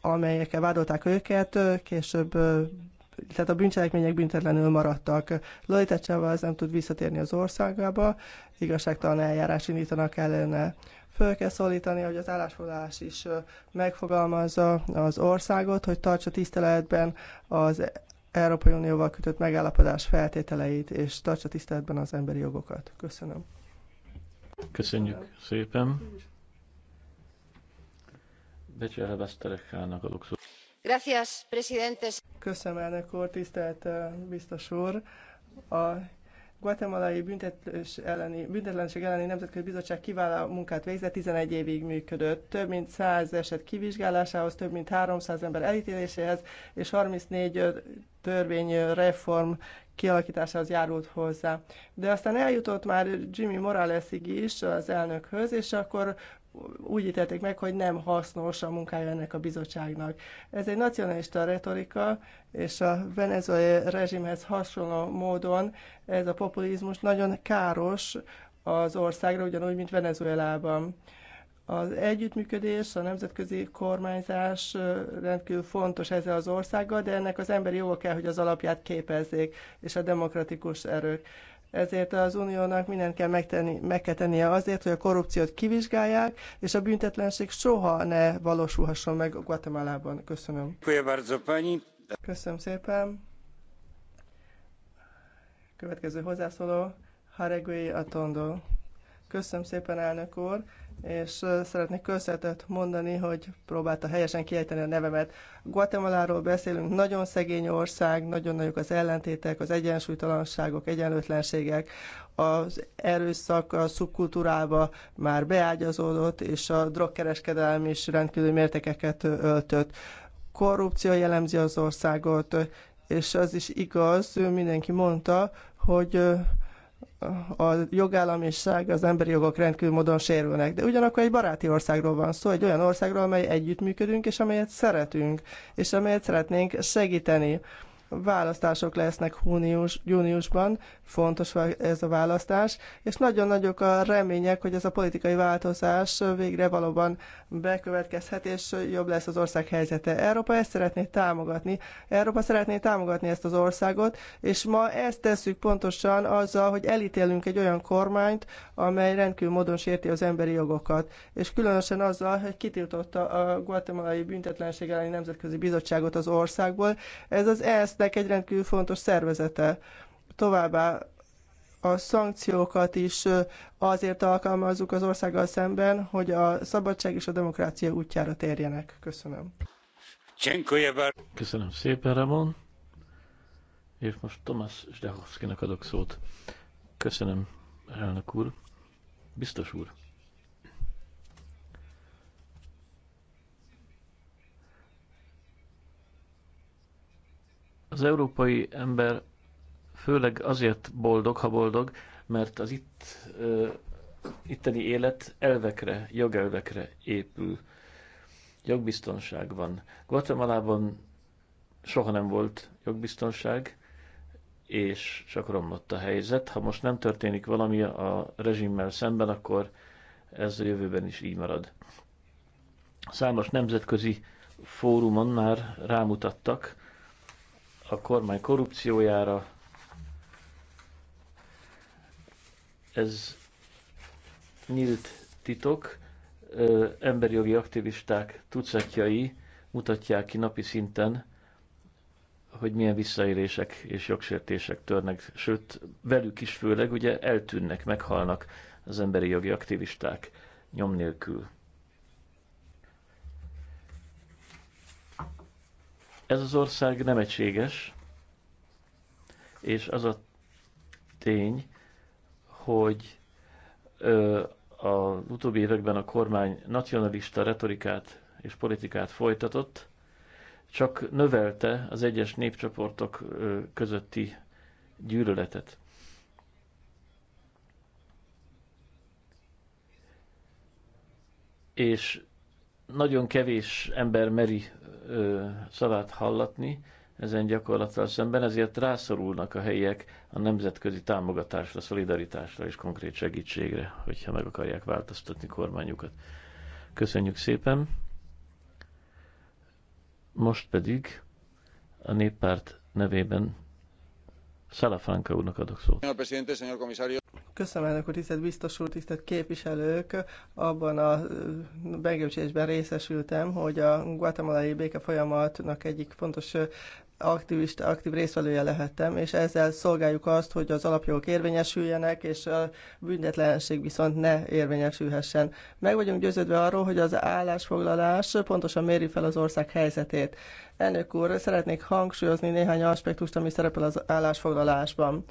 amelyekkel vádolták őket, később tehát a bűncselekmények büntetlenül maradtak. Lolita az nem tud visszatérni az országába, igazságtalan eljárás indítanak ellene. Föl kell szólítani, hogy az állásfoglalás is megfogalmazza az országot, hogy tartsa tiszteletben az Európai Unióval kötött megállapodás feltételeit, és tartsa tiszteletben az emberi jogokat. Köszönöm. Köszönjük szépen. Becsele Veszterekának adok szó. Köszönöm, elnök úr, tisztelt biztos úr. A Guatemalai büntetés elleni, büntetlenség elleni nemzetközi bizottság kiváló munkát végzett, 11 évig működött. Több mint 100 eset kivizsgálásához, több mint 300 ember elítéléséhez és 34 törvényreform kialakításához járult hozzá. De aztán eljutott már Jimmy Moralesig is az elnökhöz, és akkor úgy ítélték meg, hogy nem hasznos a munkája ennek a bizottságnak. Ez egy nacionalista retorika, és a venezuelai rezsimhez hasonló módon ez a populizmus nagyon káros az országra, ugyanúgy, mint Venezuelában. Az együttműködés, a nemzetközi kormányzás rendkívül fontos ezzel az országgal, de ennek az emberi jogok kell, hogy az alapját képezzék, és a demokratikus erők. Ezért az uniónak mindent kell megtenni, meg kell tennie azért, hogy a korrupciót kivizsgálják, és a büntetlenség soha ne valósulhasson meg Guatemalában. Köszönöm. Köszönöm szépen. Következő hozzászóló, Haregui Atondo. Köszönöm szépen, elnök úr és szeretnék köszönetet mondani, hogy próbálta helyesen kiejteni a nevemet. Guatemaláról beszélünk, nagyon szegény ország, nagyon nagyok az ellentétek, az egyensúlytalanságok, egyenlőtlenségek, az erőszak a szubkultúrába már beágyazódott, és a drogkereskedelem is rendkívül mértékeket öltött. Korrupció jellemzi az országot, és az is igaz, mindenki mondta, hogy a jogállamiság, az emberi jogok rendkívül módon sérülnek. De ugyanakkor egy baráti országról van szó, egy olyan országról, amely együttműködünk, és amelyet szeretünk, és amelyet szeretnénk segíteni. Választások lesznek június, júniusban, fontos ez a választás, és nagyon nagyok a remények, hogy ez a politikai változás végre valóban bekövetkezhet, és jobb lesz az ország helyzete. Európa ezt szeretné támogatni, Európa szeretné támogatni ezt az országot, és ma ezt tesszük pontosan azzal, hogy elítélünk egy olyan kormányt, amely rendkívül módon sérti az emberi jogokat, és különösen azzal, hogy kitiltotta a guatemalai büntetlenség elleni nemzetközi bizottságot az országból. Ez az esz nek egy rendkívül fontos szervezete. Továbbá a szankciókat is azért alkalmazzuk az országgal szemben, hogy a szabadság és a demokrácia útjára térjenek. Köszönöm. Köszönöm szépen, Ramon. És most Tomasz Zdehovszkinak adok szót. Köszönöm, elnök úr. Biztos úr. Az európai ember főleg azért boldog, ha boldog, mert az itt, uh, itteni élet elvekre, jogelvekre épül. Jogbiztonság van. Guatemalában soha nem volt jogbiztonság, és csak romlott a helyzet. Ha most nem történik valami a rezsimmel szemben, akkor ez a jövőben is így marad. Számos nemzetközi fórumon már rámutattak a kormány korrupciójára, Ez nyílt titok, emberi jogi aktivisták tucatjai mutatják ki napi szinten, hogy milyen visszaélések és jogsértések törnek, sőt, velük is főleg ugye eltűnnek, meghalnak az emberi jogi aktivisták nyom nélkül. Ez az ország nem egységes, és az a tény, hogy az utóbbi években a kormány nacionalista retorikát és politikát folytatott, csak növelte az egyes népcsoportok közötti gyűlöletet. És nagyon kevés ember meri ö, szavát hallatni, ezen gyakorlattal szemben, ezért rászorulnak a helyiek a nemzetközi támogatásra, szolidaritásra és konkrét segítségre, hogyha meg akarják változtatni kormányukat. Köszönjük szépen! Most pedig a néppárt nevében Salafranca úrnak adok szót. Köszönöm, elnök úr, tisztelt biztos úr, tisztelt képviselők. Abban a megjegyzésben részesültem, hogy a guatemalai béke folyamatnak egyik fontos aktivista, aktív részvelője lehettem, és ezzel szolgáljuk azt, hogy az alapjogok érvényesüljenek, és a büntetlenség viszont ne érvényesülhessen. Meg vagyunk győződve arról, hogy az állásfoglalás pontosan méri fel az ország helyzetét. Elnök úr, szeretnék hangsúlyozni néhány aspektust, ami szerepel az állásfoglalásban.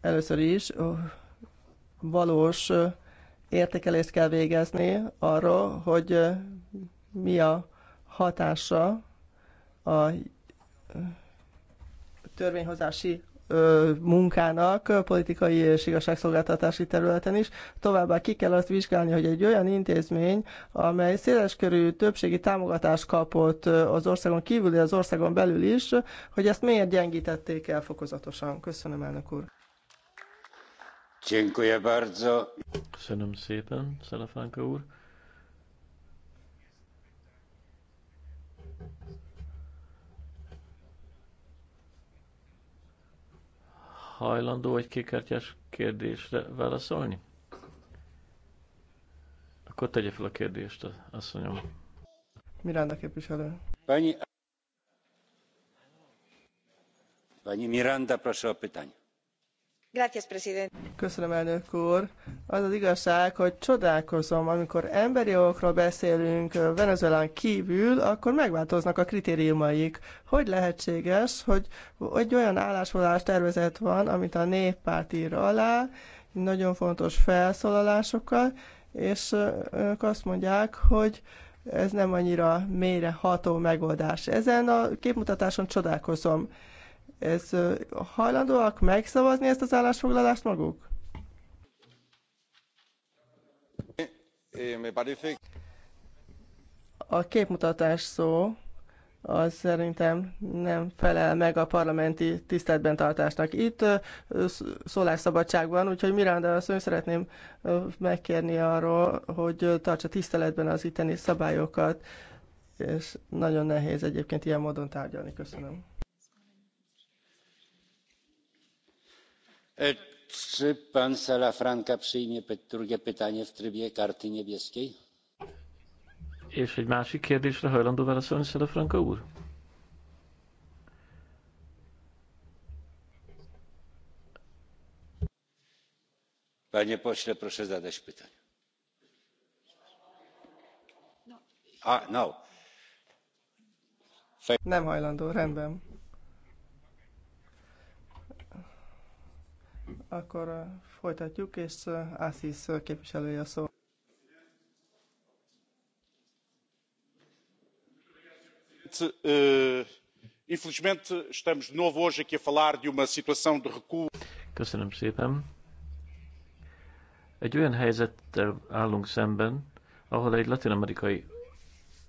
Először is valós értékelést kell végezni arról, hogy mi a hatása a törvényhozási munkának politikai és igazságszolgáltatási területen is. Továbbá ki kell azt vizsgálni, hogy egy olyan intézmény, amely széleskörű többségi támogatást kapott az országon kívül, de az országon belül is, hogy ezt miért gyengítették el fokozatosan. Köszönöm, elnök úr. Köszönöm szépen, Szelefánka úr. hajlandó egy kékkártyás kérdésre válaszolni? Akkor tegye fel a kérdést, asszonyom. Miranda képviselő. Pani... Pani Miranda, proszę a pytanie. Köszönöm, elnök úr. Az az igazság, hogy csodálkozom, amikor emberi jogokról beszélünk Venezuelán kívül, akkor megváltoznak a kritériumaik. Hogy lehetséges, hogy egy olyan állásfoglalás tervezet van, amit a néppárt ír alá, nagyon fontos felszólalásokkal, és ők azt mondják, hogy ez nem annyira mélyre ható megoldás. Ezen a képmutatáson csodálkozom. Ez hajlandóak megszavazni ezt az állásfoglalást maguk? A képmutatás szó az szerintem nem felel meg a parlamenti tiszteletben tartásnak. Itt szólásszabadság van, úgyhogy Miranda azt szeretném megkérni arról, hogy tartsa tiszteletben az itteni szabályokat, és nagyon nehéz egyébként ilyen módon tárgyalni. Köszönöm. czy pan salafranca przyjmie drugie És egy másik kérdésre hajlandó válaszolni Salafranca úr? Panie pośle, proszę zadać pytanie. Ah, no. Nem hajlandó, rendben. akkor folytatjuk, és Assis képviselője a szó. Eh, infelizmente, estamos de novo hoje aqui a falar de uma situação de recuo. Köszönöm szépen. Egy olyan helyzettel állunk szemben, ahol egy latinamerikai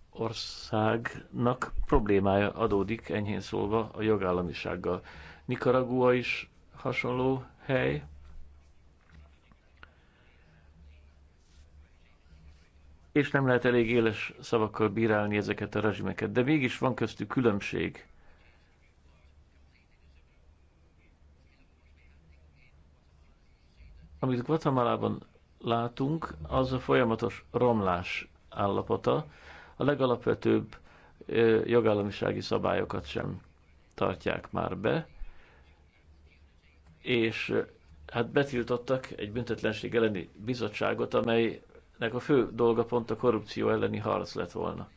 országnak problémája adódik, enyhén szólva, a jogállamisággal. Nicaragua is hasonló hely. És nem lehet elég éles szavakkal bírálni ezeket a rezsimeket, de mégis van köztük különbség. Amit Guatemalában látunk, az a folyamatos romlás állapota. A legalapvetőbb jogállamisági szabályokat sem tartják már be és hát betiltottak egy büntetlenség elleni bizottságot, amelynek a fő dolga pont a korrupció elleni harc lett volna.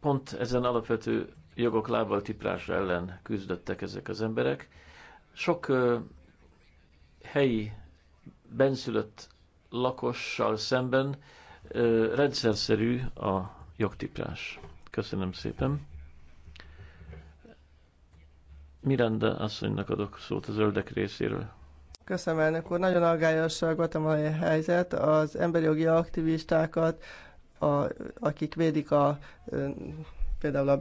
Pont ezen alapvető jogok lábbal tiprása ellen küzdöttek ezek az emberek. Sok helyi benszülött lakossal szemben ö, rendszerszerű a jogtiprás. Köszönöm szépen! Miranda asszonynak adok szót a zöldek részéről. Köszönöm, elnök úr. Nagyon aggályos a guatemalai helyzet. Az emberi jogi aktivistákat, a, akik védik a például a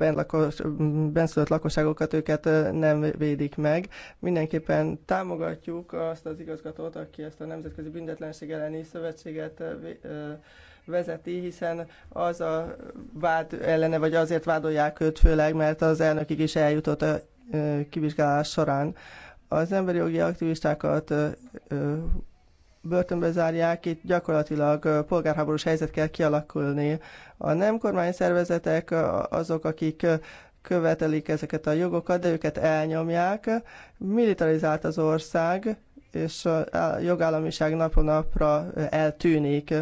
benszülött lakosságokat, őket nem védik meg. Mindenképpen támogatjuk azt az igazgatót, aki ezt a Nemzetközi Bündetlenség elleni szövetséget vezeti, hiszen az a vád ellene, vagy azért vádolják őt főleg, mert az elnökig is eljutott a kivizsgálás során. Az emberi jogi aktivistákat börtönbe zárják, itt gyakorlatilag polgárháborús helyzet kell kialakulni. A nem kormány szervezetek azok, akik követelik ezeket a jogokat, de őket elnyomják. Militarizált az ország, és a jogállamiság napra napra eltűnik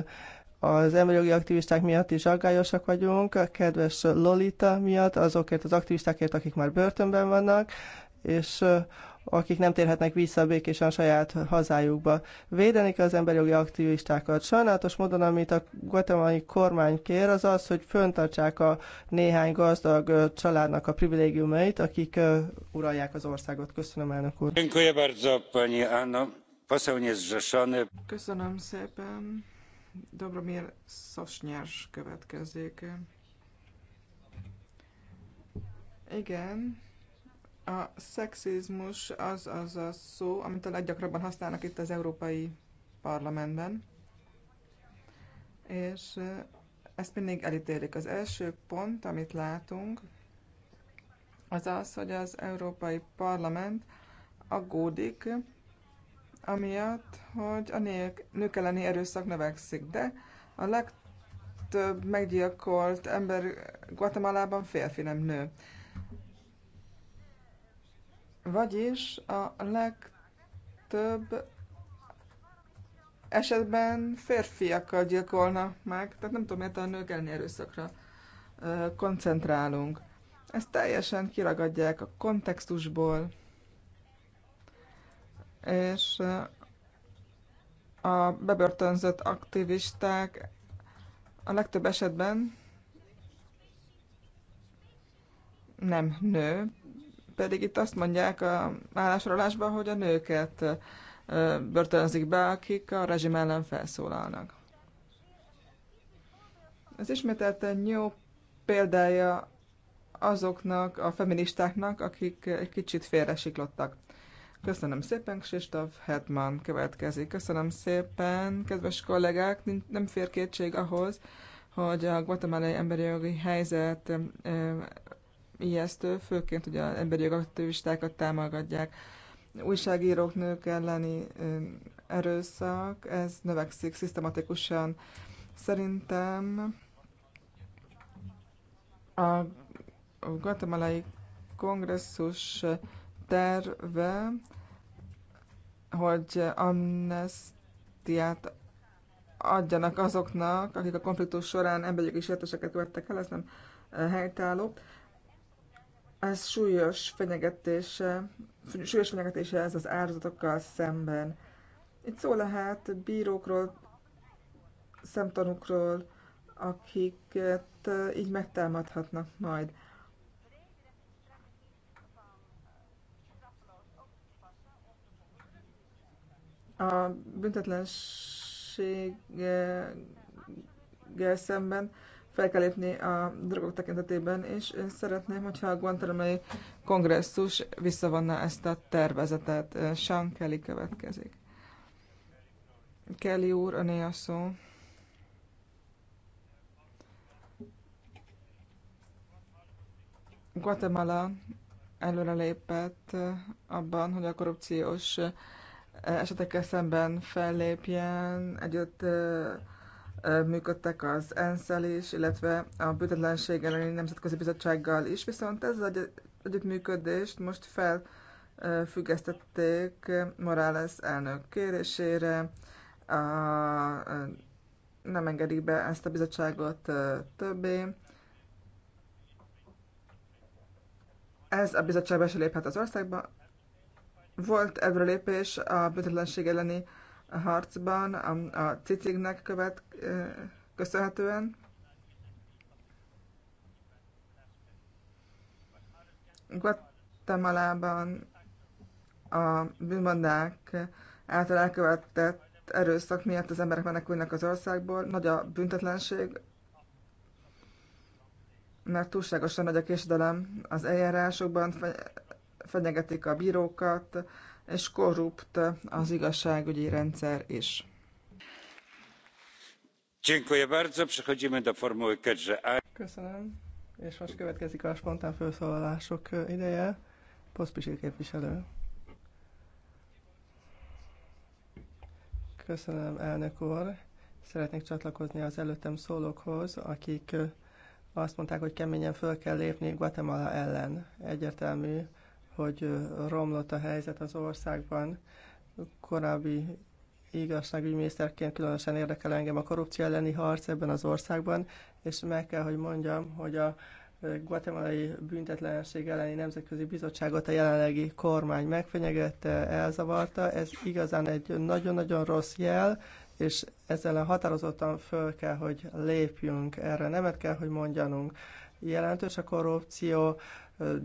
az emberi jogi aktivisták miatt is aggályosak vagyunk, a kedves Lolita miatt, azokért az aktivistákért, akik már börtönben vannak, és akik nem térhetnek vissza békésen saját hazájukba. Védeni kell az emberi jogi aktivistákat. Sajnálatos módon, amit a guatemalai kormány kér, az az, hogy föntartsák a néhány gazdag családnak a privilégiumait, akik uralják az országot. Köszönöm, elnök úr. Köszönöm szépen. Dobromir Szosnyers következik. Igen, a szexizmus az az a szó, amit a leggyakrabban használnak itt az Európai Parlamentben, és eh, ezt mindig elítélik. Az első pont, amit látunk, az az, hogy az Európai Parlament aggódik, amiatt, hogy a nők, elleni erőszak növekszik, de a legtöbb meggyilkolt ember Guatemalában férfi, nem nő. Vagyis a legtöbb esetben férfiakkal gyilkolnak meg, tehát nem tudom, miért a nők elleni erőszakra koncentrálunk. Ezt teljesen kiragadják a kontextusból, és a bebörtönzött aktivisták a legtöbb esetben nem nő, pedig itt azt mondják a állásolásban, hogy a nőket börtönzik be, akik a rezsim ellen felszólalnak. Ez ismételten jó példája azoknak a feministáknak, akik egy kicsit félresiklottak. Köszönöm szépen, Kristóf Hetman következik. Köszönöm szépen, kedves kollégák, nem fér kétség ahhoz, hogy a guatemalai emberi jogi helyzet ijesztő, főként ugye az emberi jogaktivistákat támogatják. Újságírók, nők elleni erőszak, ez növekszik szisztematikusan. Szerintem a guatemalai kongresszus terve hogy amnestiát adjanak azoknak, akik a konfliktus során és sértéseket követtek el, ez nem helytálló. Ez súlyos fenyegetése, súlyos fenyegetése ez az áldozatokkal szemben. Itt szó lehet bírókról, szemtanúkról, akiket így megtámadhatnak majd. a büntetlenséggel szemben fel kell lépni a drogok tekintetében, és én szeretném, hogyha a Guantanamo-i kongresszus visszavonna ezt a tervezetet. Sean Kelly következik. Kelly úr, a néha szó. Guatemala előrelépett abban, hogy a korrupciós esetekkel szemben fellépjen. Együtt működtek az ensz is, illetve a büntetlenség elleni nemzetközi bizottsággal is, viszont ez az együttműködést most felfüggesztették Morales elnök kérésére, a, nem engedik be ezt a bizottságot többé. Ez a bizottság be az országba, volt előrelépés a büntetlenség elleni harcban, a, a cicignek követ, köszönhetően. Guatemalában a bűnbandák által elkövetett erőszak miatt az emberek menekülnek az országból. Nagy a büntetlenség, mert túlságosan nagy a késedelem az eljárásokban, fenyegetik a bírókat, és korrupt az igazságügyi rendszer is. Köszönöm. És most következik a spontán felszólalások ideje. Poszpisi képviselő. Köszönöm, elnök úr. Szeretnék csatlakozni az előttem szólókhoz, akik azt mondták, hogy keményen föl kell lépni Guatemala ellen. Egyértelmű hogy romlott a helyzet az országban. Korábbi miniszterként különösen érdekel engem a korrupció elleni harc ebben az országban, és meg kell, hogy mondjam, hogy a guatemalai büntetlenség elleni nemzetközi bizottságot a jelenlegi kormány megfenyegette, elzavarta. Ez igazán egy nagyon-nagyon rossz jel, és ezzel határozottan föl kell, hogy lépjünk erre. Nemet kell, hogy mondjanunk. Jelentős a korrupció,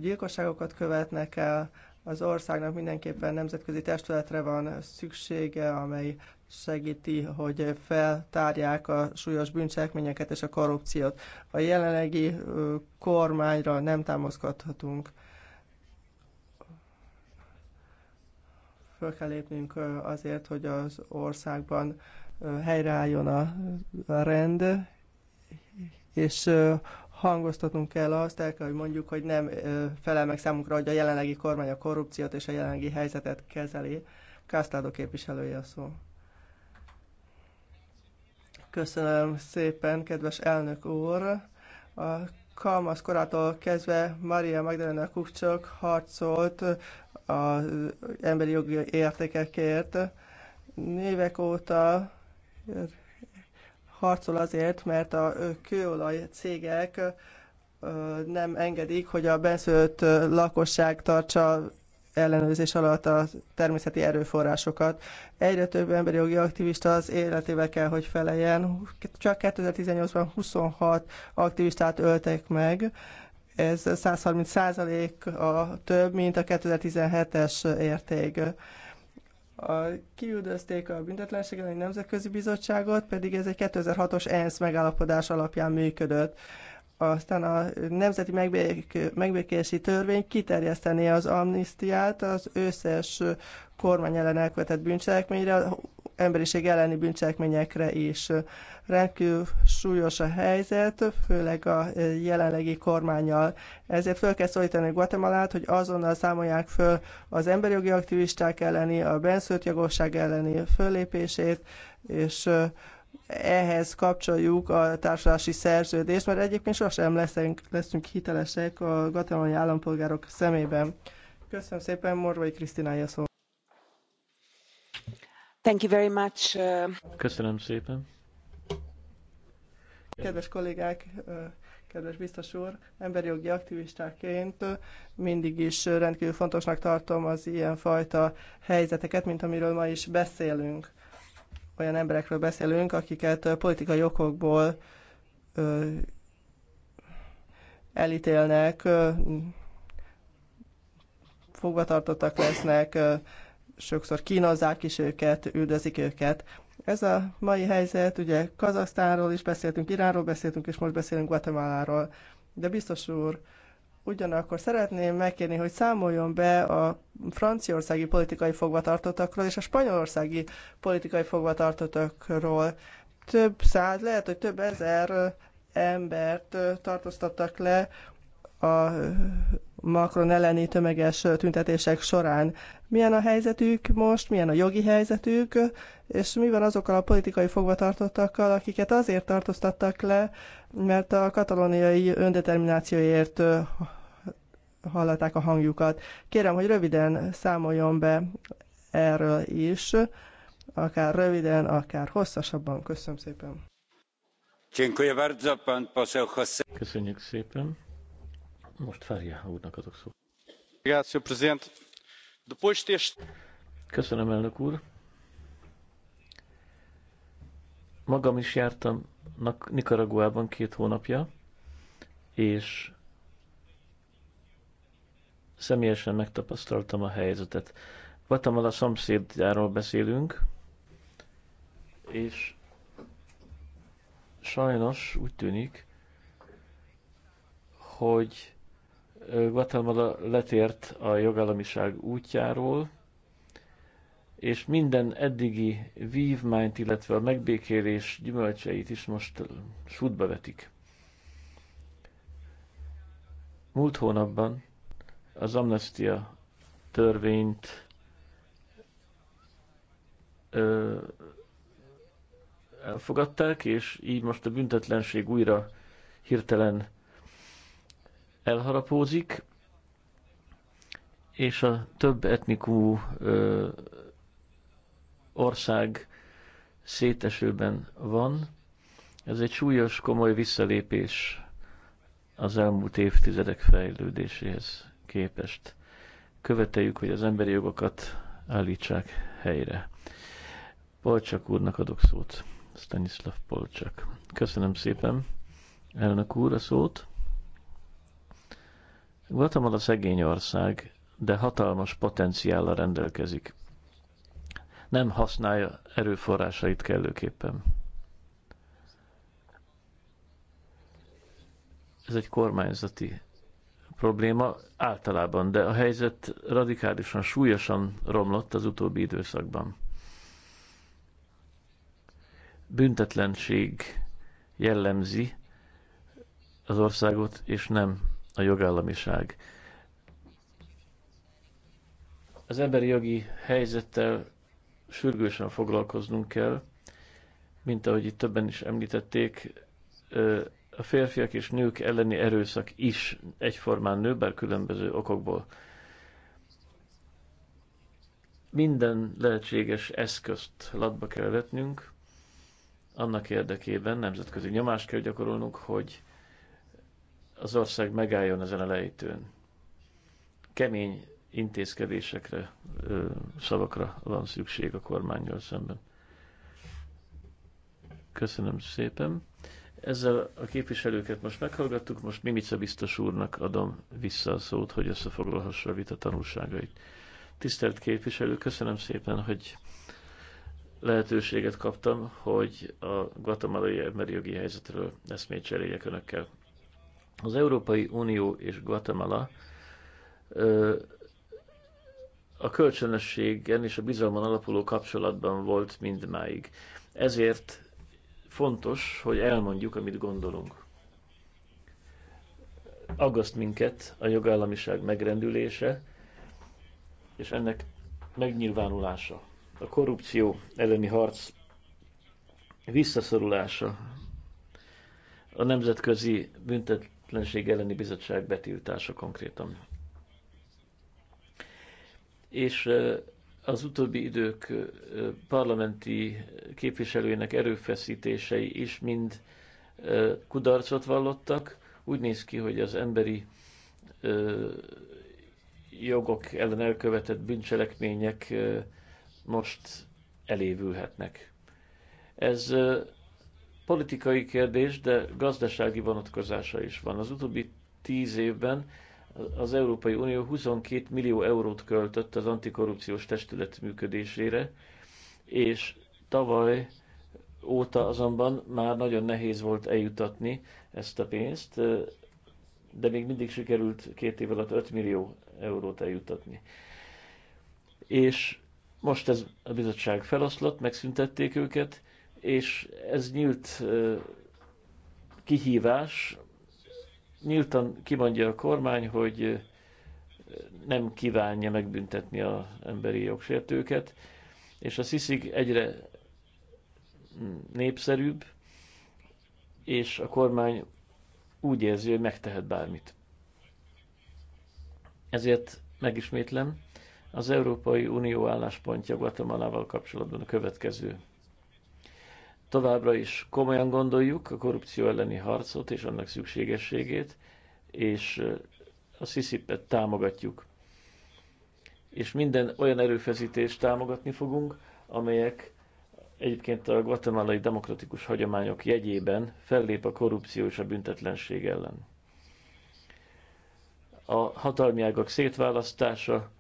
gyilkosságokat követnek el. Az országnak mindenképpen nemzetközi testületre van szüksége, amely segíti, hogy feltárják a súlyos bűncselekményeket és a korrupciót. A jelenlegi kormányra nem támaszkodhatunk. Föl kell lépnünk azért, hogy az országban helyreálljon a rend, és hangoztatnunk kell azt, el kell, hogy mondjuk, hogy nem felel meg számunkra, hogy a jelenlegi kormány a korrupciót és a jelenlegi helyzetet kezeli. Kásztádó képviselője a szó. Köszönöm szépen, kedves elnök úr! A korától kezdve Maria Magdalena Kukcsok harcolt az emberi jogi értékekért. Névek óta harcol azért, mert a kőolaj cégek nem engedik, hogy a benszült lakosság tartsa ellenőrzés alatt a természeti erőforrásokat. Egyre több emberi jogi aktivista az életével kell, hogy feleljen. Csak 2018-ban 26 aktivistát öltek meg, ez 130 százalék a több, mint a 2017-es érték a, kiüldözték a büntetlenség elleni nemzetközi bizottságot, pedig ez egy 2006-os ENSZ megállapodás alapján működött. Aztán a Nemzeti Megbék, Megbékési Törvény kiterjesztené az amnisztiát az összes kormány ellen elkövetett bűncselekményre, emberiség elleni bűncselekményekre is. Rendkívül súlyos a helyzet, főleg a e, jelenlegi kormányjal. Ezért föl kell szólítani Guatemalát, hogy azonnal számolják föl az emberi jogi aktivisták elleni, a benszült jogosság elleni föllépését, és e, ehhez kapcsoljuk a társadalmi szerződést, mert egyébként sosem leszünk, leszünk hitelesek a guatemalai állampolgárok szemében. Köszönöm szépen, Morvai Krisztinája szó. Thank you very much. Uh, Köszönöm szépen. Kedves kollégák, kedves biztos úr, emberi jogi aktivistáként mindig is rendkívül fontosnak tartom az ilyenfajta helyzeteket, mint amiről ma is beszélünk. Olyan emberekről beszélünk, akiket politikai okokból elítélnek, fogvatartottak lesznek, sokszor kínozzák is őket, üldözik őket. Ez a mai helyzet, ugye Kazasztánról is beszéltünk, Iránról beszéltünk, és most beszélünk Guatemala-ról, De biztos úr, ugyanakkor szeretném megkérni, hogy számoljon be a franciaországi politikai fogvatartottakról és a spanyolországi politikai fogvatartottakról. Több száz, lehet, hogy több ezer embert tartóztattak le a Macron elleni tömeges tüntetések során. Milyen a helyzetük most, milyen a jogi helyzetük, és mi van azokkal a politikai fogvatartottakkal, akiket azért tartóztattak le, mert a katalóniai öndeterminációért hallaták a hangjukat. Kérem, hogy röviden számoljon be erről is, akár röviden, akár hosszasabban. Köszönöm szépen. Köszönjük szépen. Most úrnak adok Köszönöm, elnök úr. Magam is jártam Nikaraguában két hónapja, és személyesen megtapasztaltam a helyzetet. Guatemala szomszédjáról beszélünk, és sajnos úgy tűnik, hogy Guatemala letért a jogállamiság útjáról, és minden eddigi vívmányt, illetve a megbékélés gyümölcseit is most sútba vetik. Múlt hónapban az amnestia törvényt ö, elfogadták, és így most a büntetlenség újra hirtelen elharapózik, és a több etnikú ö, ország szétesőben van. Ez egy súlyos, komoly visszalépés az elmúlt évtizedek fejlődéséhez képest. Követeljük, hogy az emberi jogokat állítsák helyre. Polcsak úrnak adok szót. Stanislav Polcsak. Köszönöm szépen, elnök úr, a szót. Guatemala szegény ország, de hatalmas potenciállal rendelkezik. Nem használja erőforrásait kellőképpen. Ez egy kormányzati probléma általában, de a helyzet radikálisan, súlyosan romlott az utóbbi időszakban. Büntetlenség jellemzi az országot, és nem a jogállamiság. Az emberi jogi helyzettel sürgősen foglalkoznunk kell, mint ahogy itt többen is említették, a férfiak és nők elleni erőszak is egyformán nő, bár különböző okokból. Minden lehetséges eszközt latba kell vetnünk, annak érdekében nemzetközi nyomást kell gyakorolnunk, hogy az ország megálljon ezen a lejtőn. Kemény intézkedésekre, szavakra van szükség a kormányjal szemben. Köszönöm szépen. Ezzel a képviselőket most meghallgattuk, most Mimica biztos úrnak adom vissza a szót, hogy összefoglalhassa a vita tanulságait. Tisztelt képviselő, köszönöm szépen, hogy lehetőséget kaptam, hogy a guatemalai emberi jogi helyzetről eszmét cseréljek önökkel. Az Európai Unió és Guatemala a kölcsönösségen és a bizalmon alapuló kapcsolatban volt mindmáig. Ezért fontos, hogy elmondjuk, amit gondolunk. Aggaszt minket a jogállamiság megrendülése és ennek megnyilvánulása, a korrupció elleni harc visszaszorulása, a nemzetközi büntet Egyenlőtlenség elleni bizottság betiltása konkrétan. És az utóbbi idők parlamenti képviselőinek erőfeszítései is mind kudarcot vallottak. Úgy néz ki, hogy az emberi jogok ellen elkövetett bűncselekmények most elévülhetnek. Ez politikai kérdés, de gazdasági vonatkozása is van. Az utóbbi tíz évben az Európai Unió 22 millió eurót költött az antikorrupciós testület működésére, és tavaly óta azonban már nagyon nehéz volt eljutatni ezt a pénzt, de még mindig sikerült két év alatt 5 millió eurót eljutatni. És most ez a bizottság feloszlott, megszüntették őket, és ez nyílt kihívás. Nyíltan kimondja a kormány, hogy nem kívánja megbüntetni az emberi jogsértőket, és a sziszig egyre népszerűbb, és a kormány úgy érzi, hogy megtehet bármit. Ezért megismétlem, az Európai Unió álláspontja Guatemala-val kapcsolatban a következő. Továbbra is komolyan gondoljuk a korrupció elleni harcot és annak szükségességét, és a sziszipet támogatjuk. És minden olyan erőfeszítést támogatni fogunk, amelyek egyébként a guatemalai demokratikus hagyományok jegyében fellép a korrupció és a büntetlenség ellen. A hatalmi ágak szétválasztása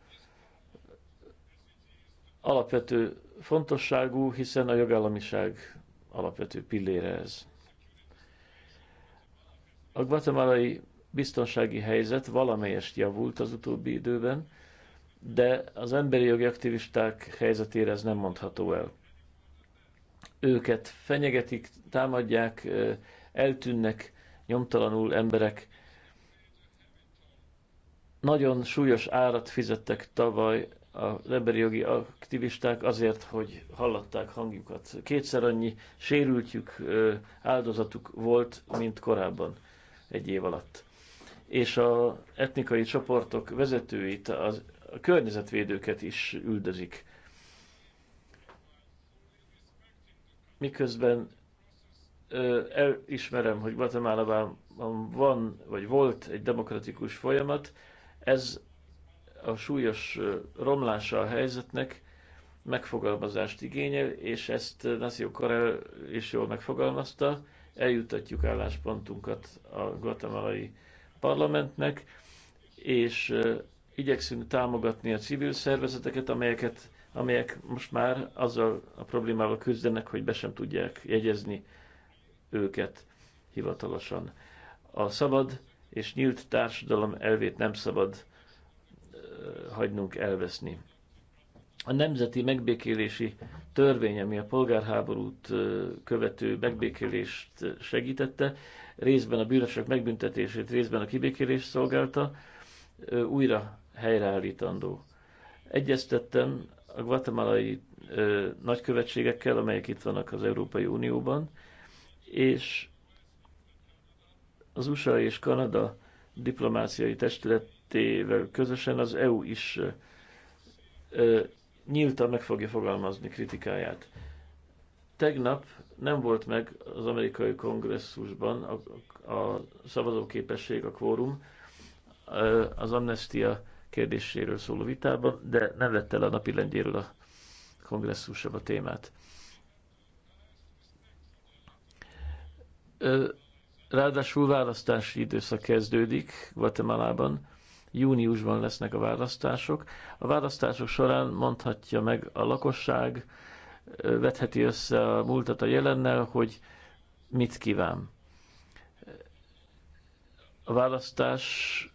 alapvető fontosságú, hiszen a jogállamiság alapvető pillére ez. A guatemalai biztonsági helyzet valamelyest javult az utóbbi időben, de az emberi jogi aktivisták helyzetére ez nem mondható el. Őket fenyegetik, támadják, eltűnnek nyomtalanul emberek. Nagyon súlyos árat fizettek tavaly az emberi jogi aktivisták azért, hogy hallatták hangjukat. Kétszer annyi sérültjük, áldozatuk volt, mint korábban egy év alatt. És a etnikai csoportok vezetőit, az, a környezetvédőket is üldözik. Miközben elismerem, hogy Guatemalában van, vagy volt egy demokratikus folyamat, ez a súlyos romlása a helyzetnek megfogalmazást igényel, és ezt Nacio Karel is jól megfogalmazta, eljutatjuk álláspontunkat a guatemalai parlamentnek, és igyekszünk támogatni a civil szervezeteket, amelyeket, amelyek most már azzal a problémával küzdenek, hogy be sem tudják jegyezni őket hivatalosan. A szabad és nyílt társadalom elvét nem szabad hagynunk elveszni. A nemzeti megbékélési törvény, ami a polgárháborút követő megbékélést segítette, részben a bűnösök megbüntetését, részben a kibékélést szolgálta, újra helyreállítandó. Egyeztettem a guatemalai nagykövetségekkel, amelyek itt vannak az Európai Unióban, és az USA és Kanada diplomáciai testület vel közösen az EU is nyíltan meg fogja fogalmazni kritikáját. Tegnap nem volt meg az amerikai kongresszusban a, a szavazóképesség, a kvórum az amnestia kérdéséről szóló vitában, de nem vette el a napi lengyéről a kongresszusabb a témát. Ráadásul választási időszak kezdődik Guatemalában, júniusban lesznek a választások. A választások során mondhatja meg a lakosság, vetheti össze a múltat a jelennel, hogy mit kíván. A választás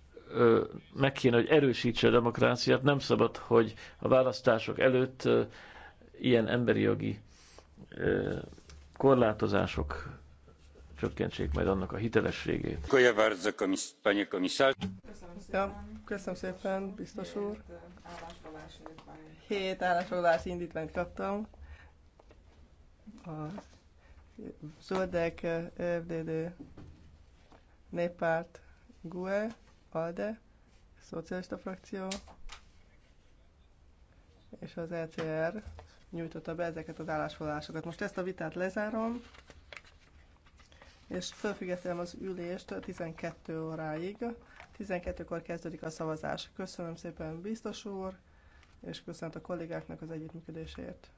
meg kéne, hogy erősítse a demokráciát, nem szabad, hogy a választások előtt ilyen emberi jogi korlátozások csökkentsék majd annak a hitelességét. Ja, köszönöm szépen, biztos úr. Hét állásfoglalási indítványt kaptam. A Zöldek, FDD, Néppárt, GUE, ALDE, Szocialista frakció és az ECR nyújtotta be ezeket az állásfoglalásokat. Most ezt a vitát lezárom és felfüggesztem az ülést 12 óráig. 12-kor kezdődik a szavazás. Köszönöm szépen, biztos úr, és köszönöm a kollégáknak az együttműködésért.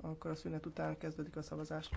Akkor a szünet után kezdődik a szavazás.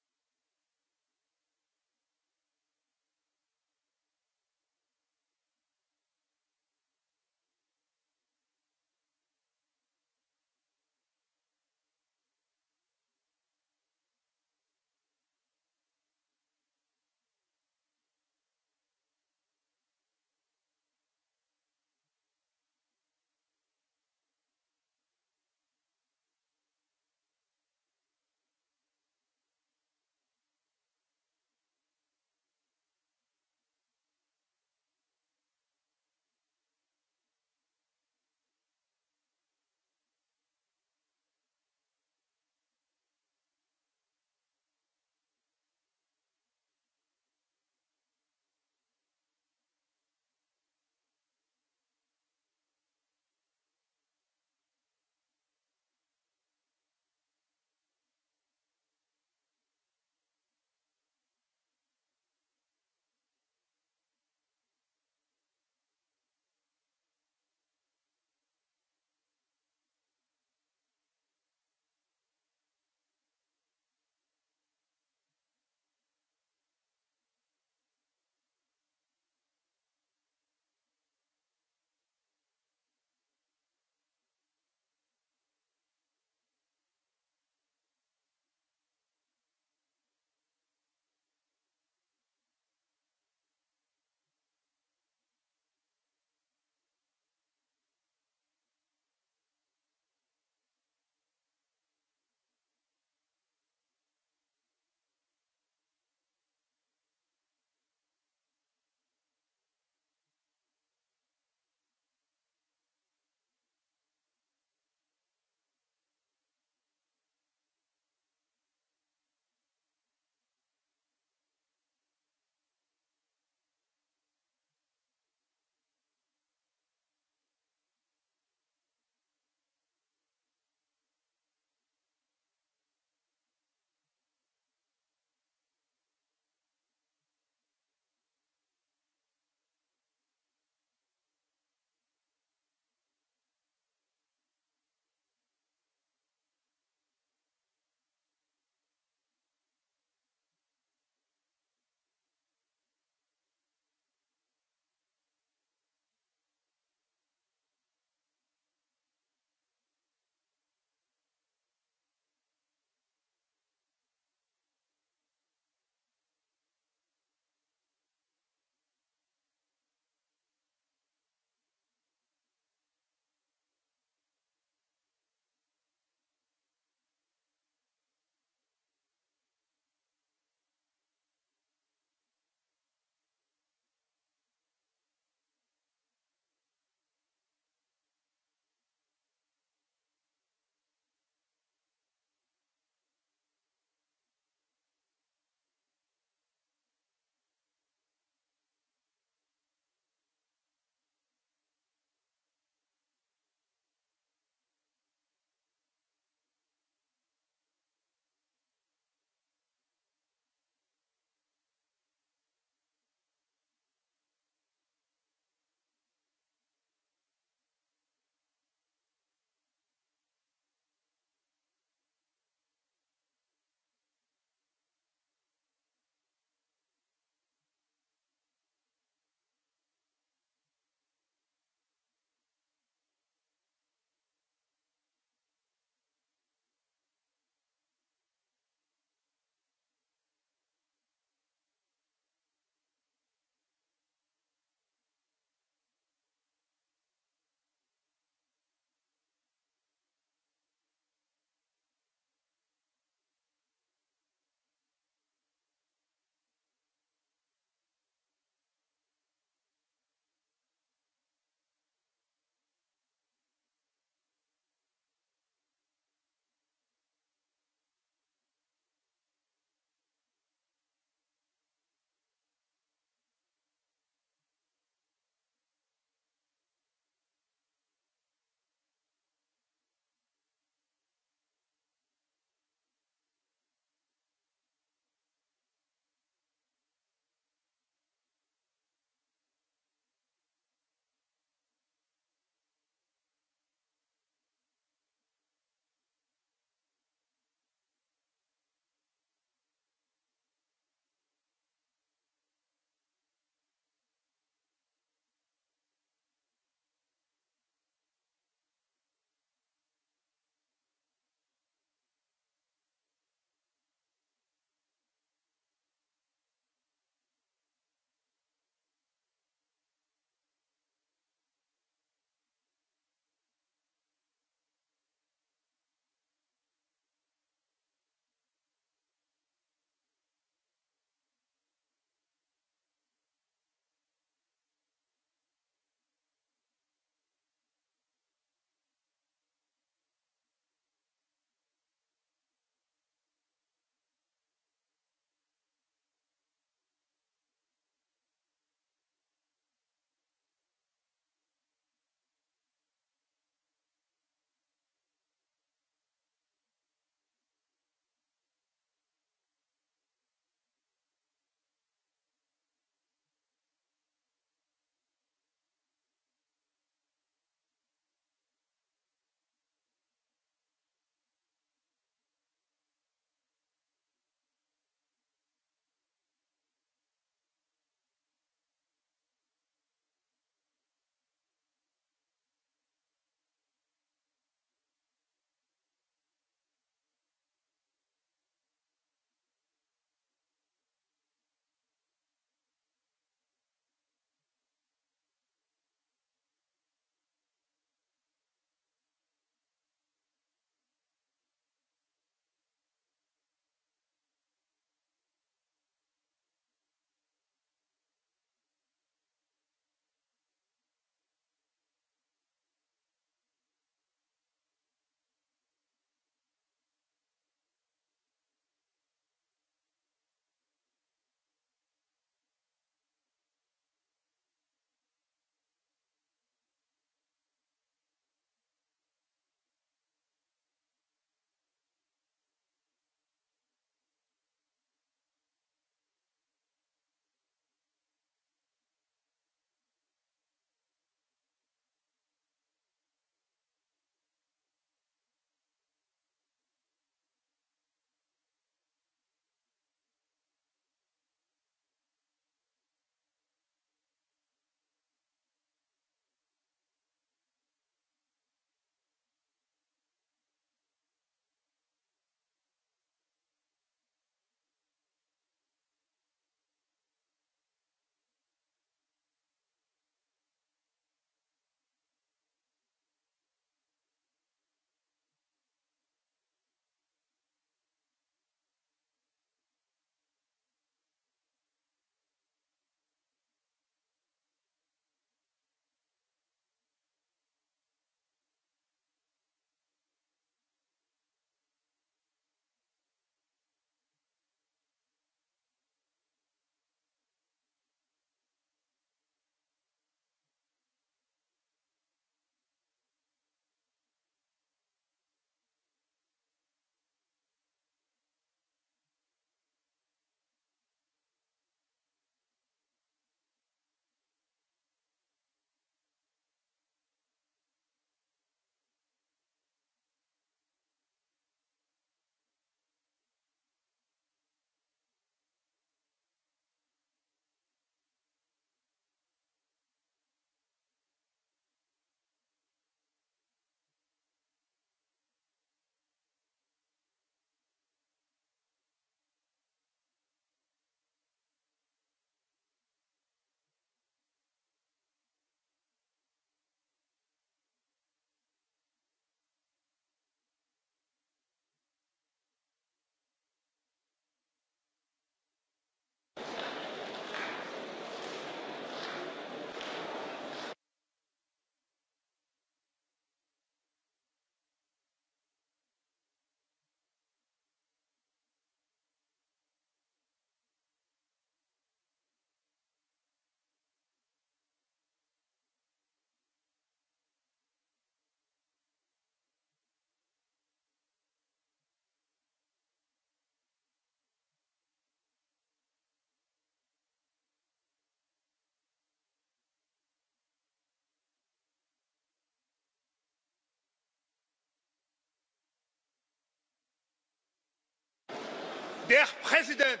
Der Präsident!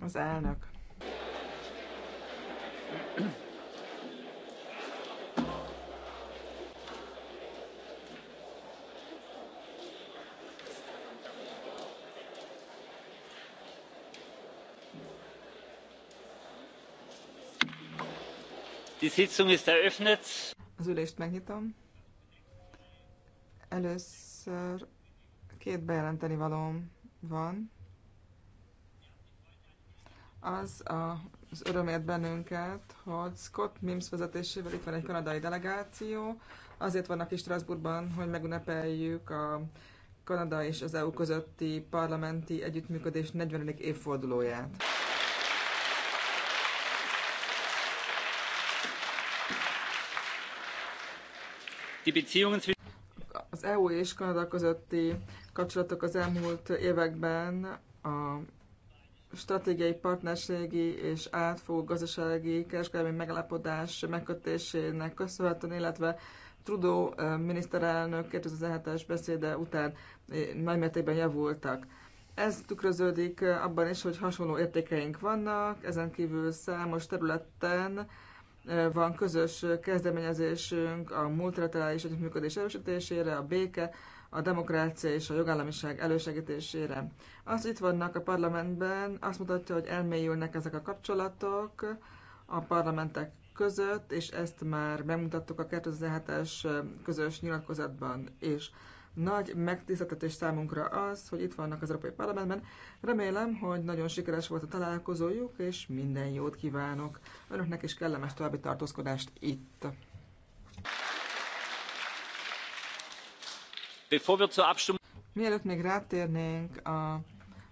Az elnök. Die Sitzung ist eröffnet. Az ülést megnyitom. Először két bejelenteni valóm van az a, az örömért bennünket, hogy Scott Mims vezetésével itt van egy kanadai delegáció, azért vannak is Strasbourgban, hogy megünnepeljük a Kanada és az EU közötti parlamenti együttműködés 40. évfordulóját. Az EU és Kanada közötti kapcsolatok az elmúlt években a stratégiai partnerségi és átfogó gazdasági kereskedelmi megállapodás megkötésének köszönhetően, illetve Trudeau miniszterelnök 2017-es beszéde után nagymértékben javultak. Ez tükröződik abban is, hogy hasonló értékeink vannak, ezen kívül számos területen van közös kezdeményezésünk a multilaterális együttműködés erősítésére, a béke, a demokrácia és a jogállamiság elősegítésére. Az itt vannak a parlamentben, azt mutatja, hogy elmélyülnek ezek a kapcsolatok a parlamentek között, és ezt már bemutattuk a 2007-es közös nyilatkozatban is. Nagy megtiszteltetés számunkra az, hogy itt vannak az Európai Parlamentben. Remélem, hogy nagyon sikeres volt a találkozójuk, és minden jót kívánok. Önöknek is kellemes további tartózkodást itt. Mielőtt még rátérnénk a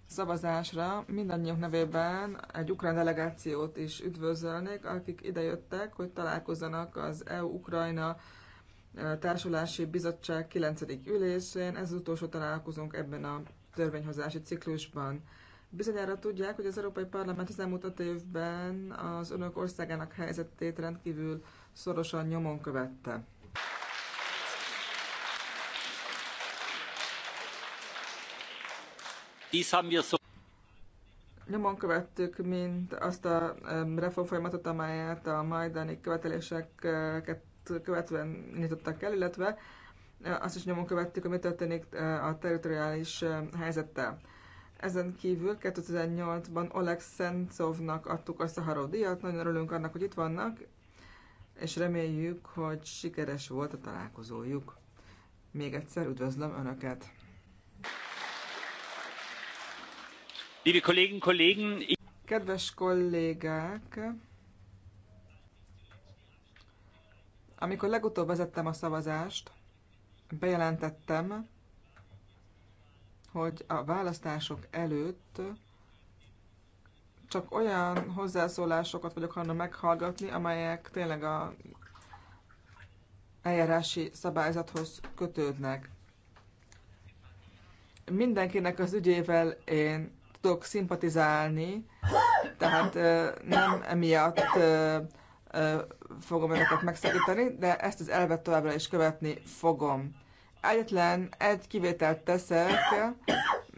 szavazásra, mindannyiunk nevében egy ukrán delegációt is üdvözölnék, akik idejöttek, hogy találkozzanak az EU-Ukrajna e, Társulási Bizottság 9. ülésén. Ez az utolsó találkozunk ebben a törvényhozási ciklusban. Bizonyára tudják, hogy az Európai Parlament az elmúlt évben az önök országának helyzetét rendkívül szorosan nyomon követte. Nyomon követtük mint azt a reformfolyamatot, amelyet a majdani követeléseket követően nyitottak el, illetve e, azt is nyomon követtük, ami történik e, a territoriális e, helyzettel. Ezen kívül 2018-ban Oleg Szentszovnak adtuk a Szaharó díjat, nagyon örülünk annak, hogy itt vannak, és reméljük, hogy sikeres volt a találkozójuk. Még egyszer üdvözlöm Önöket! Liebe Kolleginnen und Kollegen, Kedves kollégák, amikor legutóbb vezettem a szavazást, bejelentettem, hogy a választások előtt csak olyan hozzászólásokat vagyok hajlandó meghallgatni, amelyek tényleg a eljárási szabályzathoz kötődnek. Mindenkinek az ügyével én tudok szimpatizálni, tehát nem emiatt fogom önöket megszakítani, de ezt az elvet továbbra is követni fogom. Egyetlen egy kivételt teszek,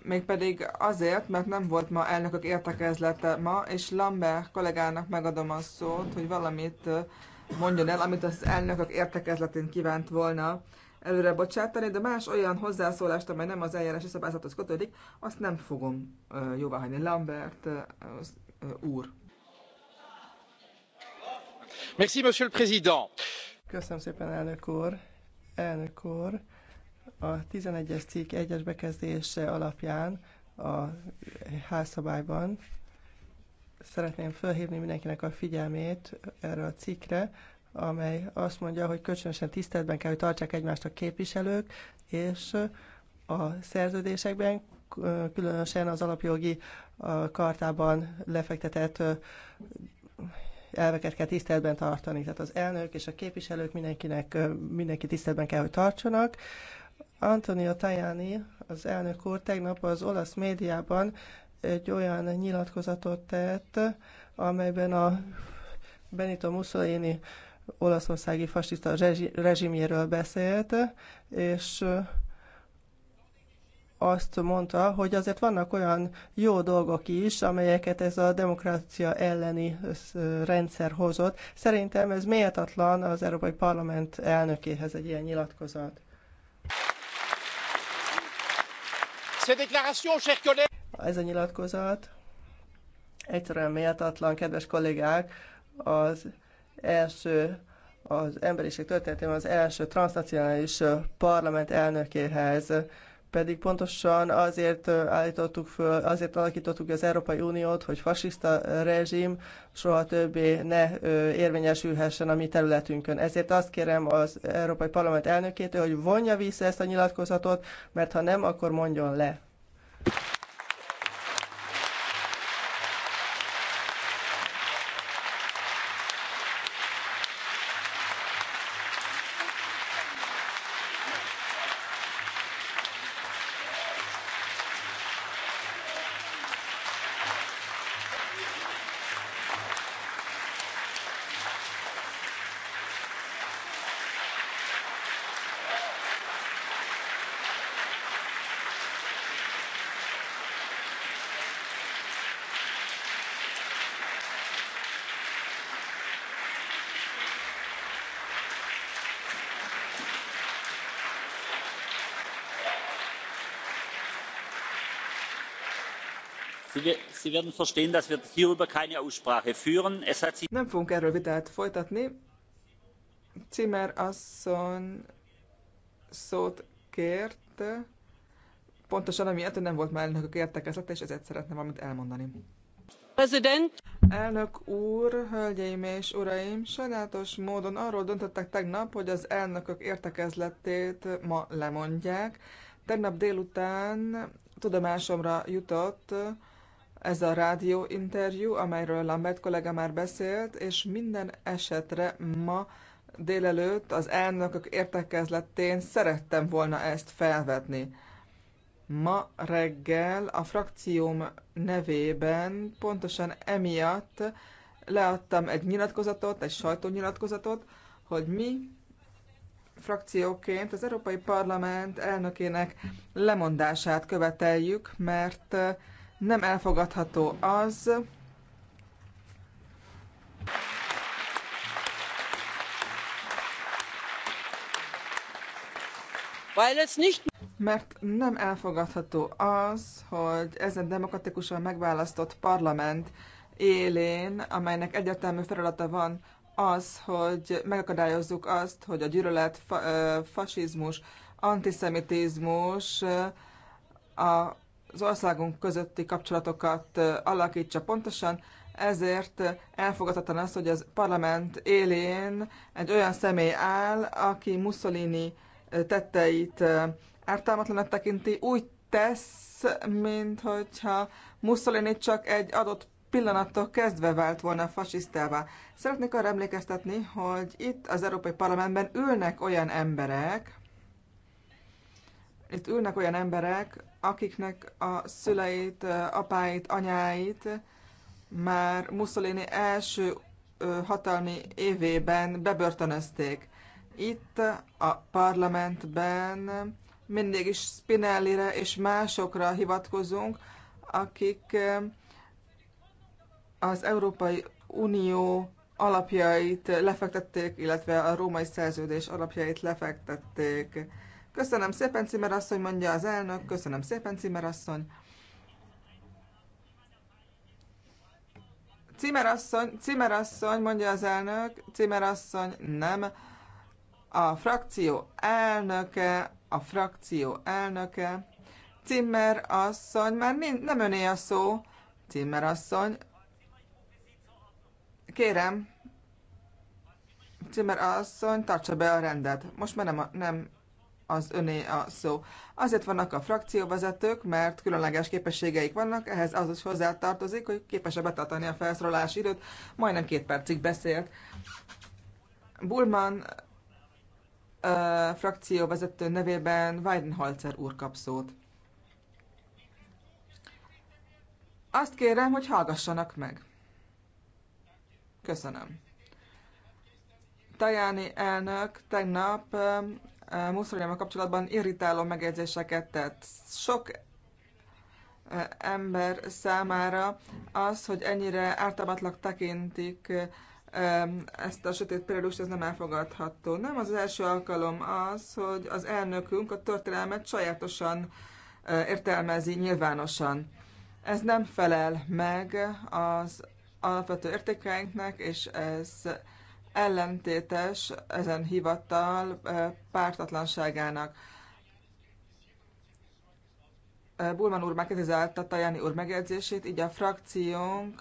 mégpedig azért, mert nem volt ma elnökök értekezlete ma, és Lambert kollégának megadom a szót, hogy valamit mondjon el, amit az elnökök értekezletén kívánt volna előre bocsátani, de más olyan hozzászólást, amely nem az eljárási szabályzathoz kötődik, azt nem fogom jóvá hagyni. Lambert az, úr. Merci, monsieur le président. Köszönöm szépen, elnök úr. Elnök úr, a 11-es cikk 1-es bekezdése alapján a házszabályban szeretném felhívni mindenkinek a figyelmét erre a cikkre, amely azt mondja, hogy kölcsönösen tiszteletben kell, hogy tartsák egymást a képviselők, és a szerződésekben, különösen az alapjogi kartában lefektetett elveket kell tiszteletben tartani. Tehát az elnök és a képviselők mindenkinek, mindenki tiszteletben kell, hogy tartsanak. Antonio Tajani, az elnök úr tegnap az olasz médiában egy olyan nyilatkozatot tett, amelyben a Benito Mussolini olaszországi fasiszta rezsimjéről beszélt, és azt mondta, hogy azért vannak olyan jó dolgok is, amelyeket ez a demokrácia elleni rendszer hozott. Szerintem ez méltatlan az Európai Parlament elnökéhez egy ilyen nyilatkozat. Ez a nyilatkozat egyszerűen méltatlan, kedves kollégák, az első az emberiség történetében az első transnacionális parlament elnökéhez. Pedig pontosan azért állítottuk föl, azért alakítottuk az Európai Uniót, hogy fasiszta rezsim soha többé ne érvényesülhessen a mi területünkön. Ezért azt kérem az Európai Parlament elnökétől, hogy vonja vissza ezt a nyilatkozatot, mert ha nem, akkor mondjon le. Nem fogunk erről vitát folytatni. Cimer asszony szót kért, pontosan amiatt, hogy nem volt már elnökök értekezlete, és ezért szeretne valamit elmondani. President. Elnök úr, hölgyeim és uraim, sajnálatos módon arról döntöttek tegnap, hogy az elnökök értekezletét ma lemondják. Tegnap délután tudomásomra jutott, ez a rádió interjú, amelyről Lambert kollega már beszélt, és minden esetre ma délelőtt az elnökök értekezletén szerettem volna ezt felvetni. Ma reggel a frakcióm nevében pontosan emiatt leadtam egy nyilatkozatot, egy sajtónyilatkozatot, hogy mi frakcióként az Európai Parlament elnökének lemondását követeljük, mert nem elfogadható az, Mert nem elfogadható az, hogy ezen demokratikusan megválasztott parlament élén, amelynek egyértelmű feladata van az, hogy megakadályozzuk azt, hogy a gyűlölet, fa, fasizmus, antiszemitizmus, a az országunk közötti kapcsolatokat alakítsa pontosan, ezért elfogadhatatlan az, hogy az parlament élén egy olyan személy áll, aki Mussolini tetteit ártalmatlanak tekinti, úgy tesz, mint hogyha Mussolini csak egy adott pillanattól kezdve vált volna fasisztává. Szeretnék arra emlékeztetni, hogy itt az Európai Parlamentben ülnek olyan emberek, itt ülnek olyan emberek, akiknek a szüleit, apáit, anyáit már Mussolini első hatalmi évében bebörtönözték. Itt a parlamentben mindig is Spinellire és másokra hivatkozunk, akik az Európai Unió alapjait lefektették, illetve a római szerződés alapjait lefektették. Köszönöm szépen, Cimer asszony, mondja az elnök. Köszönöm szépen, Cimer asszony. Cimer asszony, Cimer asszony, mondja az elnök. Cimer asszony, nem. A frakció elnöke, a frakció elnöke. Cimer asszony, már nem öné a szó. Cimer asszony, kérem, Cimer asszony, tartsa be a rendet. Most már nem, nem az öné a szó. Azért vannak a frakcióvezetők, mert különleges képességeik vannak, ehhez az is hozzátartozik, hogy képes képes-e betartani a felszólalási időt, majdnem két percig beszélt. Bulman frakcióvezető nevében Weidenholzer úr kap szót. Azt kérem, hogy hallgassanak meg. Köszönöm. Tajani elnök tegnap Mussolinival kapcsolatban irritáló megjegyzéseket tett. Sok ember számára az, hogy ennyire ártalmatlag tekintik ezt a sötét periódust, ez nem elfogadható. Nem az első alkalom az, hogy az elnökünk a történelmet sajátosan értelmezi nyilvánosan. Ez nem felel meg az alapvető értékeinknek, és ez ellentétes ezen hivatal pártatlanságának. Bulman úr már a Tajani úr megjegyzését, így a frakciónk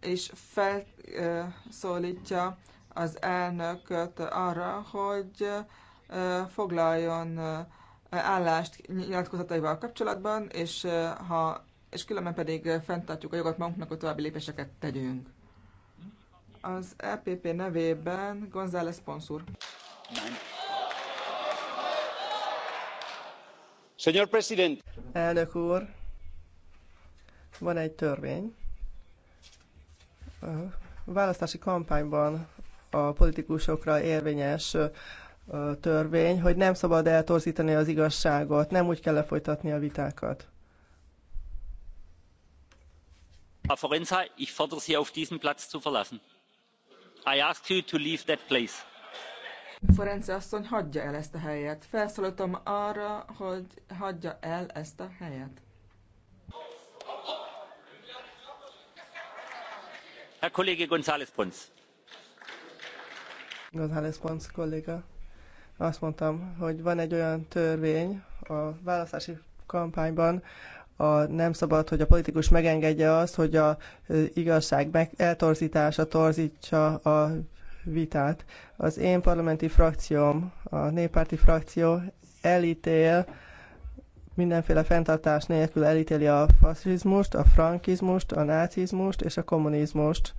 és felszólítja az elnököt arra, hogy foglaljon állást nyilatkozataival kapcsolatban, és, ha, és különben pedig fenntartjuk a jogot magunknak, hogy további lépéseket tegyünk. Az EPP nevében González Ponszúr. Señor President. Elnök úr, van egy törvény. A választási kampányban a politikusokra érvényes törvény, hogy nem szabad eltorzítani az igazságot, nem úgy kell lefolytatni a vitákat. herr forenza ich fordere sie auf diesen platz zu verlassen. I asked you to leave that place. Forenze asszony, hagyja el ezt a helyet. Felszólítom arra, hogy hagyja el ezt a helyet. Herr Kollege González Pons. González Pons kolléga. Azt mondtam, hogy van egy olyan törvény a választási kampányban, a, nem szabad, hogy a politikus megengedje azt, hogy a igazság meg, eltorzítása torzítsa a vitát. Az én parlamenti frakcióm, a néppárti frakció elítél, mindenféle fenntartás nélkül elítéli a faszizmust, a frankizmust, a nácizmust és a kommunizmust.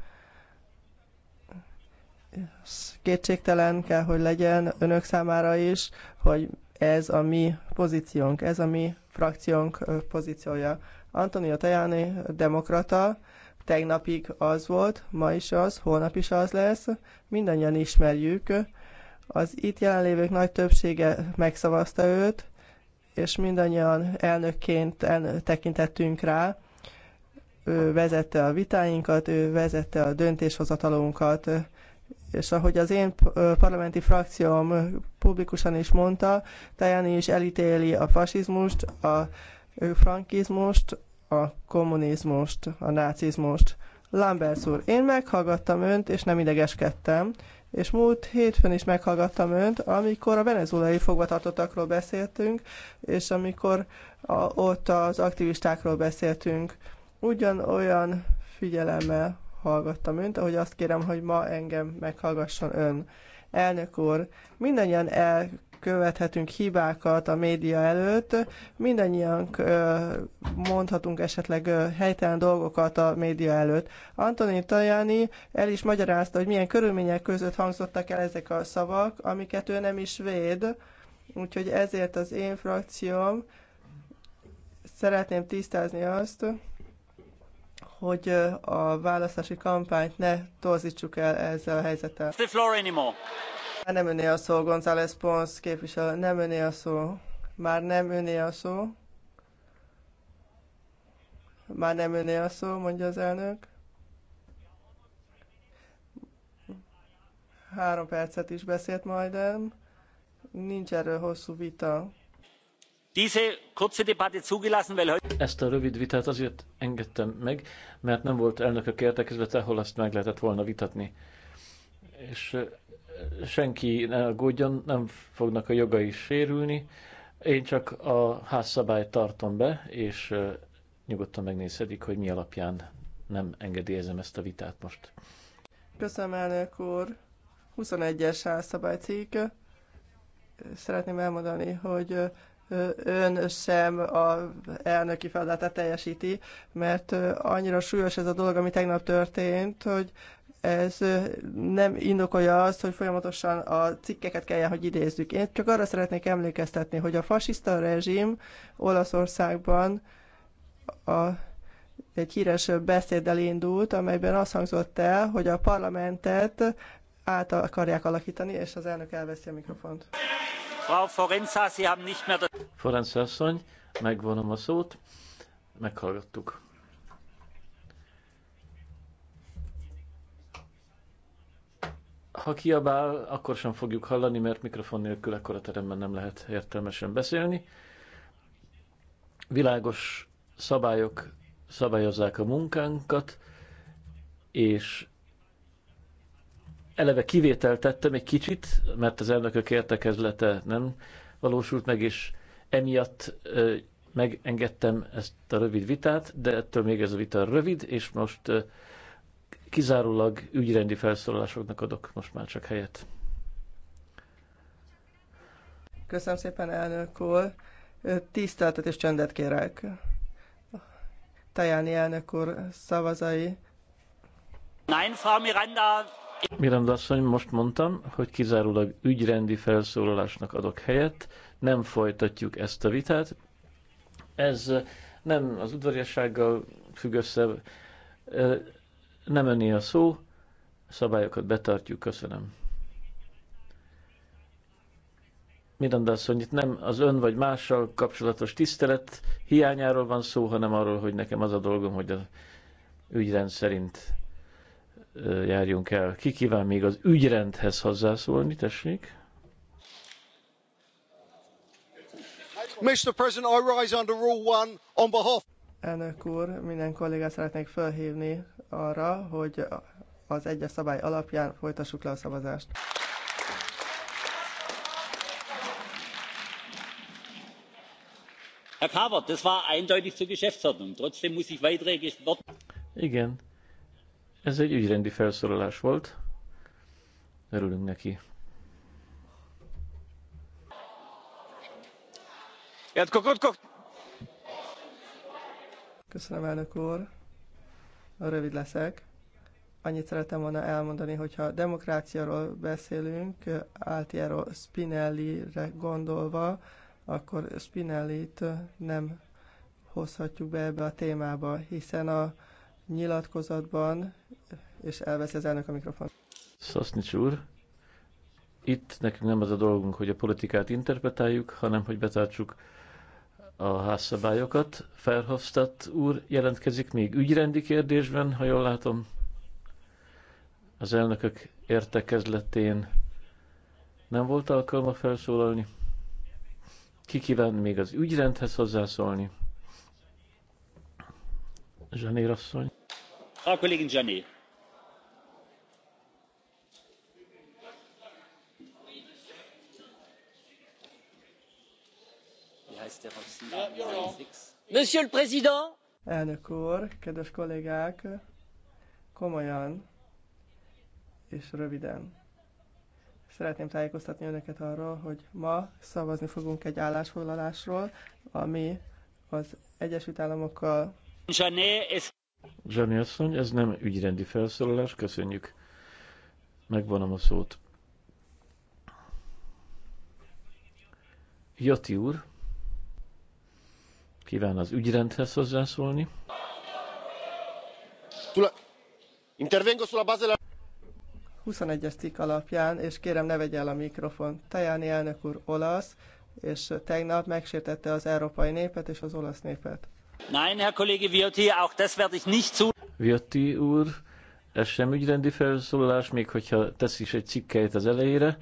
Kétségtelen kell, hogy legyen önök számára is, hogy ez a mi pozíciónk, ez a mi frakciónk pozíciója. Antonio Tajani demokrata, tegnapig az volt, ma is az, holnap is az lesz, mindannyian ismerjük. Az itt jelenlévők nagy többsége megszavazta őt, és mindannyian elnökként tekintettünk rá. Ő vezette a vitáinkat, ő vezette a döntéshozatalunkat és ahogy az én parlamenti frakcióm publikusan is mondta, Tajani is elítéli a fasizmust, a frankizmust, a kommunizmust, a nácizmust. Lambert úr, én meghallgattam önt, és nem idegeskedtem, és múlt hétfőn is meghallgattam önt, amikor a venezuelai fogvatartottakról beszéltünk, és amikor a, ott az aktivistákról beszéltünk. Ugyanolyan figyelemmel hallgattam önt, ahogy azt kérem, hogy ma engem meghallgasson ön. Elnök úr, mindannyian elkövethetünk hibákat a média előtt, mindannyian mondhatunk esetleg helytelen dolgokat a média előtt. Antonin Tajani el is magyarázta, hogy milyen körülmények között hangzottak el ezek a szavak, amiket ő nem is véd, úgyhogy ezért az én frakcióm szeretném tisztázni azt, hogy a választási kampányt ne torzítsuk el ezzel a helyzettel. The floor anymore. nem öné a szó, González Pons képviselő, nem öné a szó. Már nem öné a szó. Már nem öné a szó, mondja az elnök. Három percet is beszélt majdnem. Nincs erről hosszú vita. Ezt a rövid vitát azért engedtem meg, mert nem volt elnökök értekezlete, ahol azt meg lehetett volna vitatni. És senki ne aggódjon, nem fognak a jogai sérülni. Én csak a házszabályt tartom be, és nyugodtan megnézhetik, hogy mi alapján nem engedélyezem ezt a vitát most. Köszönöm, elnök úr. 21-es házszabálycikk. Szeretném elmondani, hogy ön sem a elnöki feladatát teljesíti, mert annyira súlyos ez a dolog, ami tegnap történt, hogy ez nem indokolja azt, hogy folyamatosan a cikkeket kelljen, hogy idézzük. Én csak arra szeretnék emlékeztetni, hogy a fasiszta rezsim Olaszországban a, egy híres beszéddel indult, amelyben azt hangzott el, hogy a parlamentet át akarják alakítani, és az elnök elveszi a mikrofont. Frau Forenza, Sie haben nicht mehr... Forenza asszony, megvonom a szót, meghallgattuk. ha kiabál, akkor sem fogjuk hallani, mert mikrofon nélkül ekkora teremben nem lehet értelmesen beszélni. Világos szabályok szabályozzák a munkánkat, és eleve kivételt tettem egy kicsit, mert az elnökök értekezlete nem valósult meg, és emiatt megengedtem ezt a rövid vitát, de ettől még ez a vita rövid, és most kizárólag ügyrendi felszólalásoknak adok most már csak helyet. Köszönöm szépen, elnök úr. Tiszteltet és csendet kérek. Tajáni elnök úr szavazai. Nein, Frau Miranda, Miranda asszony, most mondtam, hogy kizárólag ügyrendi felszólalásnak adok helyet, nem folytatjuk ezt a vitát. Ez nem az udvariassággal függ össze, nem öné a szó, szabályokat betartjuk, köszönöm. Miranda asszony, itt nem az ön vagy mással kapcsolatos tisztelet hiányáról van szó, hanem arról, hogy nekem az a dolgom, hogy az ügyrend szerint járjunk el. Ki kíván még az ügyrendhez hozzászólni, tessék? Mr. President, I rise under Rule one on behalf... Elnök úr, minden kollégát szeretnék felhívni arra, hogy az egyes szabály alapján folytassuk le a szavazást. Herr Pavert, das war eindeutig zur Geschäftsordnung. Trotzdem muss ich weitere Worte. Igen, ez egy ügyrendi felszólalás volt. Örülünk neki. Köszönöm, elnök úr. Rövid leszek. Annyit szeretem volna elmondani, hogyha demokráciáról beszélünk, Altiero Spinelli-re gondolva, akkor Spinellit nem hozhatjuk be ebbe a témába, hiszen a nyilatkozatban, és elveszi az elnök a mikrofon. Szasznics úr, itt nekünk nem az a dolgunk, hogy a politikát interpretáljuk, hanem hogy betartsuk a házszabályokat. Ferhofstadt úr jelentkezik még ügyrendi kérdésben, ha jól látom. Az elnökök értekezletén nem volt alkalma felszólalni. Ki kíván még az ügyrendhez hozzászólni? Zsanér asszony. Monsieur le Président! Elnök úr, kedves kollégák, komolyan és röviden. Szeretném tájékoztatni önöket arról, hogy ma szavazni fogunk egy állásfoglalásról, ami az Egyesült Államokkal Zsani asszony, ez nem ügyrendi felszólalás, köszönjük. Megvonom a szót. Jati úr, kíván az ügyrendhez hozzászólni. Intervengo sulla base 21-es cikk alapján, és kérem ne vegye el a mikrofon. Tajani elnök úr olasz, és tegnap megsértette az európai népet és az olasz népet. Nein, Herr Kollege Viotti, auch das werde ich nicht Viotti úr, ez sem ügyrendi felszólalás, még hogyha tesz is egy cikkeit az elejére.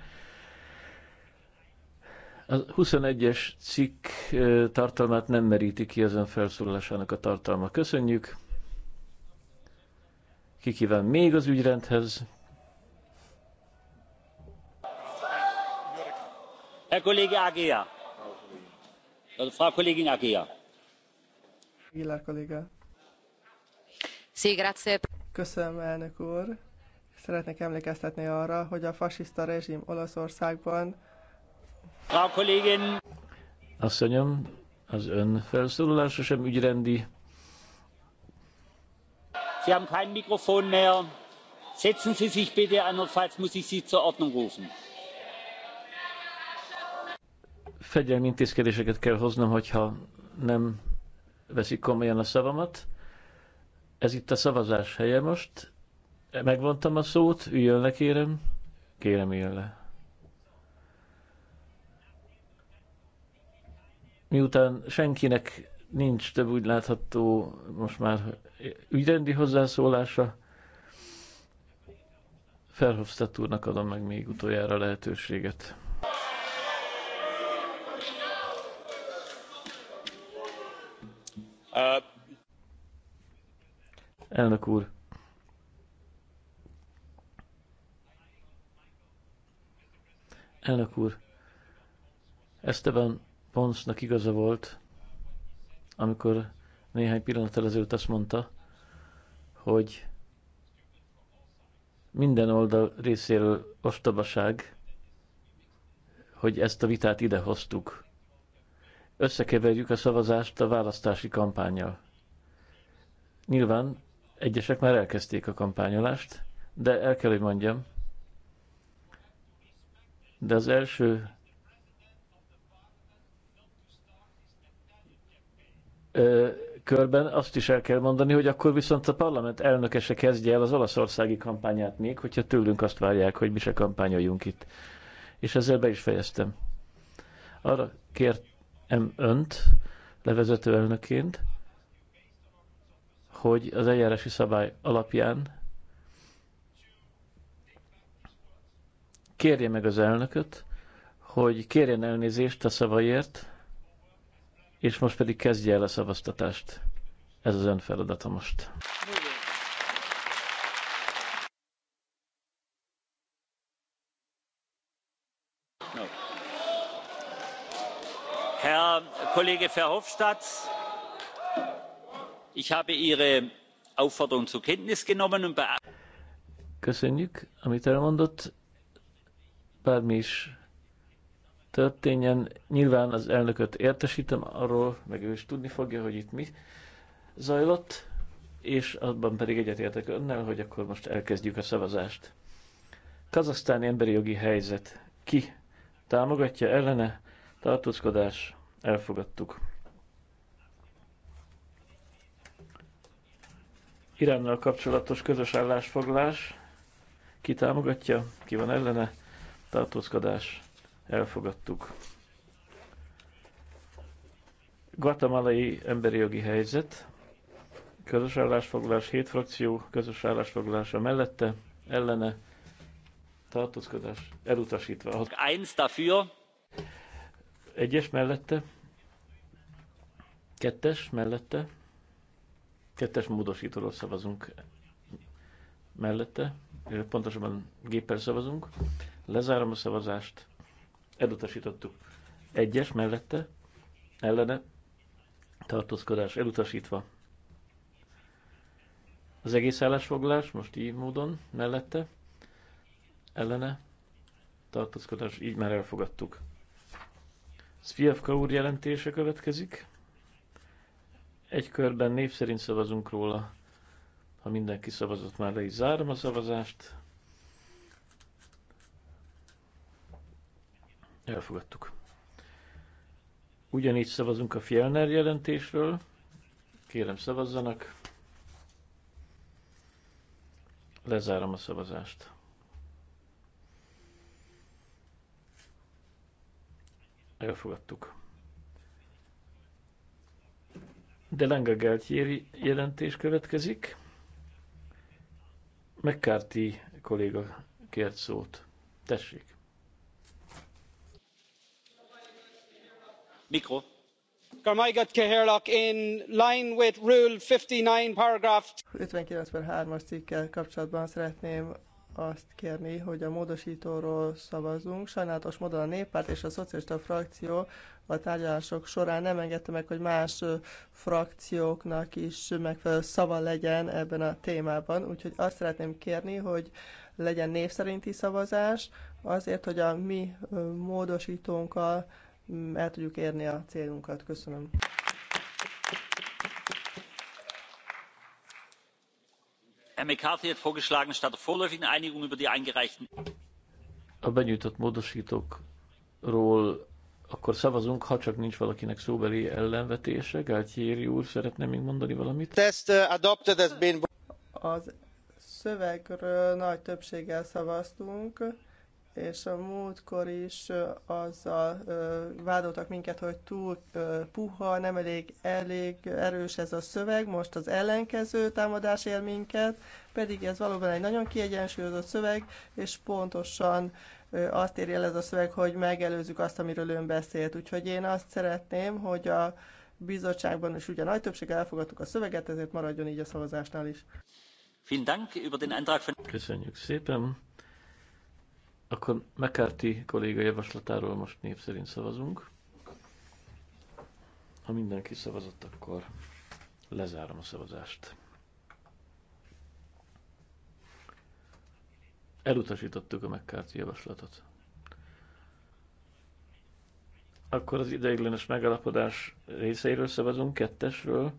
A 21-es cikk tartalmát nem meríti ki ezen felszólalásának a tartalma. Köszönjük. Ki kíván még az ügyrendhez? Herr Kollege Agia. Frau Kollegin Agia. Köszönöm, elnök úr. Szeretnék emlékeztetni arra, hogy a fasiszta rezsim Olaszországban... A kollégin... Asszonyom, az ön felszólalása sem ügyrendi. Sie haben kein Mikrofon mehr. Setzen Sie sich bitte, andernfalls muss ich Sie zur Ordnung rufen. Fegyelmi intézkedéseket kell hoznom, hogyha nem veszik komolyan a szavamat. Ez itt a szavazás helye most. Megvontam a szót, üljön le, kérem. Kérem, üljön le. Miután senkinek nincs több úgy látható most már ügyrendi hozzászólása, Ferhofstadt úrnak adom meg még utoljára lehetőséget. Uh, Elnök úr! Elnök úr! Esteban Ponsnak igaza volt, amikor néhány pillanat ezelőtt azt mondta, hogy minden oldal részéről ostobaság, hogy ezt a vitát ide hoztuk összekeverjük a szavazást a választási kampányjal. Nyilván egyesek már elkezdték a kampányolást, de el kell, hogy mondjam, de az első ö, körben azt is el kell mondani, hogy akkor viszont a parlament elnöke se kezdje el az olaszországi kampányát még, hogyha tőlünk azt várják, hogy mi se kampányoljunk itt. És ezzel be is fejeztem. Arra kért M. önt levezető elnöként, hogy az eljárási szabály alapján kérje meg az elnököt, hogy kérjen elnézést a szavaiért, és most pedig kezdje el a szavaztatást. Ez az ön feladata most. Jó. kollege verhofstadt ich habe ihre aufforderung zur kenntnis genommen und Köszönjük, amit elmondott. Bármi is történjen, nyilván az elnököt értesítem arról, meg ő is tudni fogja, hogy itt mi zajlott, és abban pedig egyetértek önnel, hogy akkor most elkezdjük a szavazást. Kazasztáni emberi jogi helyzet. Ki támogatja ellene tartózkodás? Elfogadtuk. Iránnal kapcsolatos közös állásfoglás. Ki támogatja, ki van ellene, tartózkodás, elfogadtuk. Guatemalai emberi jogi helyzet, közös állásfoglalás, hét frakció, közös állásfoglalása mellette, ellene, tartózkodás, elutasítva. Eins dafür, egyes mellette. Kettes mellette. Kettes módosítóról szavazunk mellette. Pontosabban géppel szavazunk. Lezárom a szavazást. Elutasítottuk. Egyes mellette. Ellene. Tartózkodás elutasítva. Az egész állásfoglalás most így módon mellette. Ellene tartózkodás, így már elfogadtuk. Szfiavka úr jelentése következik. Egy körben név szerint szavazunk róla. Ha mindenki szavazott, már le is zárom a szavazást. Elfogadtuk. Ugyanígy szavazunk a Fjellner jelentésről. Kérem szavazzanak. Lezárom a szavazást. Elfogadtuk. De Lenga Geltjéri jelentés következik. McCarthy kolléga kért szót. Tessék. Mikro. Gormaigat Cahirlock in line with rule 59 paragraph 59 per 3-as cikkel kapcsolatban szeretném azt kérni, hogy a módosítóról szavazunk. Sajnálatos módon a néppárt és a szocialista frakció a tárgyalások során nem engedte meg, hogy más frakcióknak is megfelelő szava legyen ebben a témában. Úgyhogy azt szeretném kérni, hogy legyen név szerinti szavazás, azért, hogy a mi módosítónkkal mm, el tudjuk érni a célunkat. Köszönöm. herr mccarthy a benyújtott módosítókról akkor szavazunk, ha csak nincs valakinek szóbeli ellenvetése. Gáltyéri úr szeretne még mondani valamit? Uh, Az szövegről nagy többséggel szavaztunk, és a múltkor is azzal vádoltak minket, hogy túl puha, nem elég, elég erős ez a szöveg, most az ellenkező támadás él minket, pedig ez valóban egy nagyon kiegyensúlyozott szöveg, és pontosan azt érje el ez a szöveg, hogy megelőzzük azt, amiről ön beszélt. Úgyhogy én azt szeretném, hogy a bizottságban is ugye nagy többséggel elfogadtuk a szöveget, ezért maradjon így a szavazásnál is. Köszönjük szépen! Akkor McCarthy kolléga javaslatáról most név szerint szavazunk. Ha mindenki szavazott, akkor lezárom a szavazást. Elutasítottuk a McCarthy javaslatot. Akkor az ideiglenes megalapodás részeiről szavazunk, kettesről,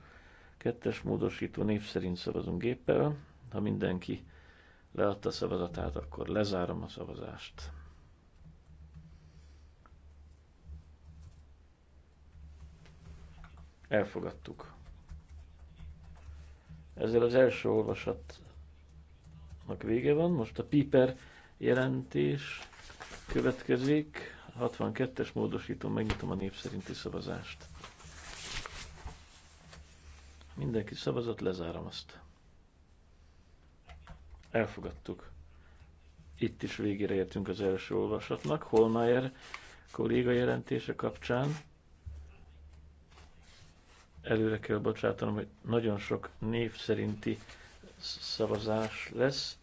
kettes módosító név szerint szavazunk géppel. Ha mindenki leadta szavazatát, akkor lezárom a szavazást. Elfogadtuk. Ezzel az első olvasatnak vége van. Most a Piper jelentés következik. 62-es módosítom, megnyitom a népszerinti szavazást. Mindenki szavazott, lezárom azt elfogadtuk. Itt is végére értünk az első olvasatnak. Holmeyer kolléga jelentése kapcsán előre kell bocsátanom, hogy nagyon sok név szerinti szavazás lesz.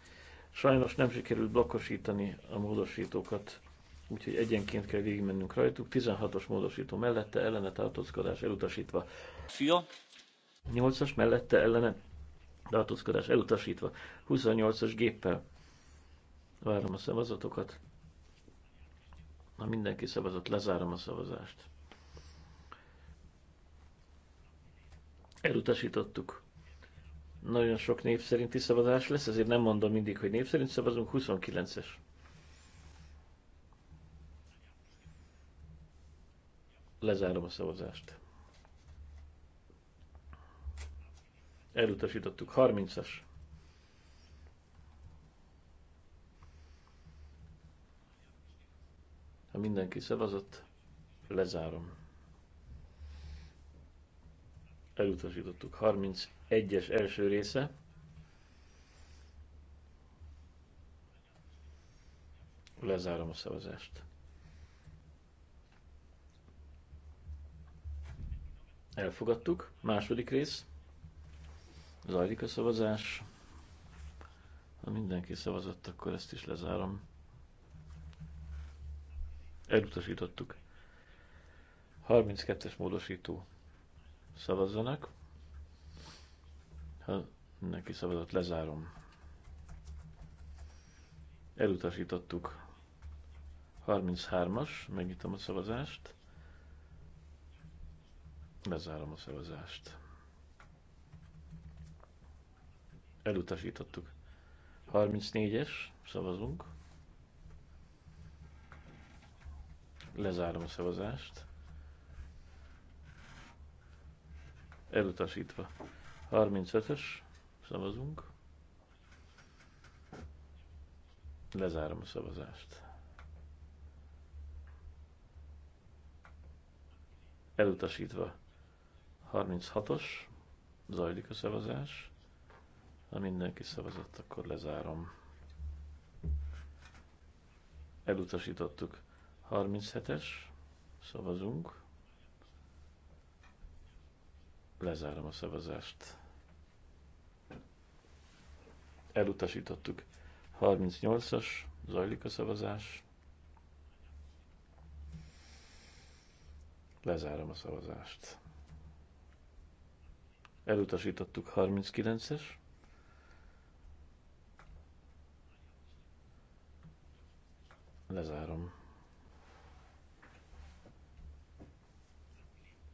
Sajnos nem sikerült blokkosítani a módosítókat, úgyhogy egyenként kell végigmennünk rajtuk. 16-os módosító mellette ellene tartózkodás elutasítva. Fia. 8-as mellette ellene tartózkodás elutasítva. 28-as géppel. Várom a szavazatokat. Ha mindenki szavazott, lezárom a szavazást. Elutasítottuk. Nagyon sok név szerinti szavazás lesz, ezért nem mondom mindig, hogy név szerint szavazunk. 29-es. Lezárom a szavazást. Elutasítottuk. 30-as. Ha mindenki szavazott, lezárom. Elutasítottuk. 31-es első része. Lezárom a szavazást. Elfogadtuk. Második rész. Zajlik a szavazás. Ha mindenki szavazott, akkor ezt is lezárom. Elutasítottuk. 32-es módosító. Szavazzanak. Ha neki szavazott, lezárom. Elutasítottuk. 33-as, megnyitom a szavazást. Lezárom a szavazást. Elutasítottuk. 34-es, szavazunk. Lezárom a szavazást. Elutasítva. 35-ös. Szavazunk. Lezárom a szavazást. Elutasítva. 36-os. Zajlik a szavazás. Ha mindenki szavazott, akkor lezárom. Elutasítottuk. 37-es, szavazunk. Lezárom a szavazást. Elutasítottuk. 38-as, zajlik a szavazás. Lezárom a szavazást. Elutasítottuk 39-es. Lezárom.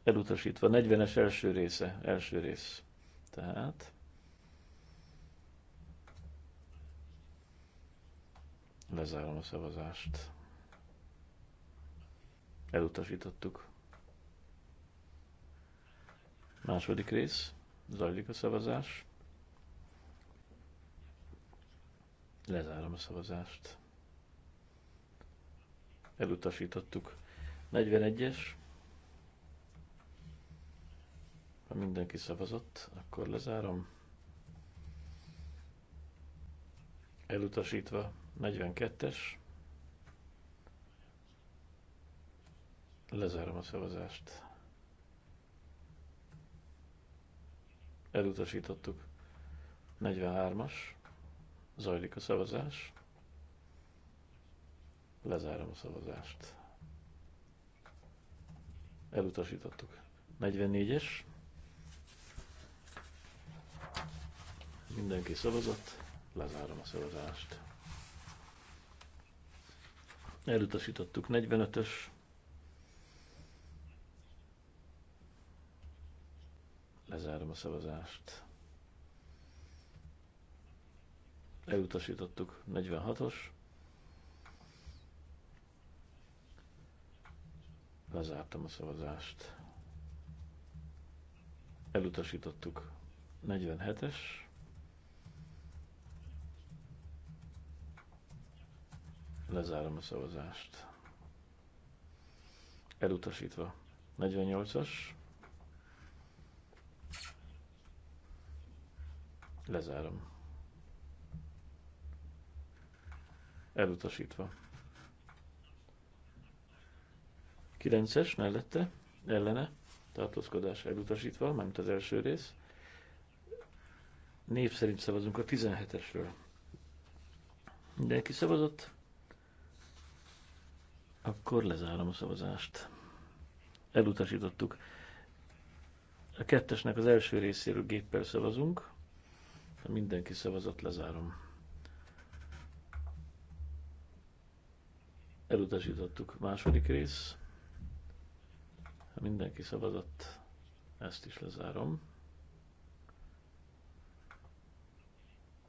elutasítva. 40-es első része, első rész. Tehát lezárom a szavazást. Elutasítottuk. Második rész, zajlik a szavazás. Lezárom a szavazást. Elutasítottuk. 41-es, ha mindenki szavazott, akkor lezárom. Elutasítva 42-es. Lezárom a szavazást. Elutasítottuk. 43-as. Zajlik a szavazás. Lezárom a szavazást. Elutasítottuk. 44-es. Mindenki szavazott, lezárom a szavazást. Elutasítottuk 45-ös. Lezárom a szavazást. Elutasítottuk 46-os. Lezártam a szavazást. Elutasítottuk 47-es. Lezárom a szavazást. Elutasítva. 48-as. Lezárom. Elutasítva. 9-es mellette, ellene, tartózkodás elutasítva, mármint az első rész. Név szerint szavazunk a 17-esről. Mindenki szavazott? Akkor lezárom a szavazást. Elutasítottuk. A kettesnek az első részéről géppel szavazunk. Ha mindenki szavazott, lezárom. Elutasítottuk. Második rész. Ha mindenki szavazott, ezt is lezárom.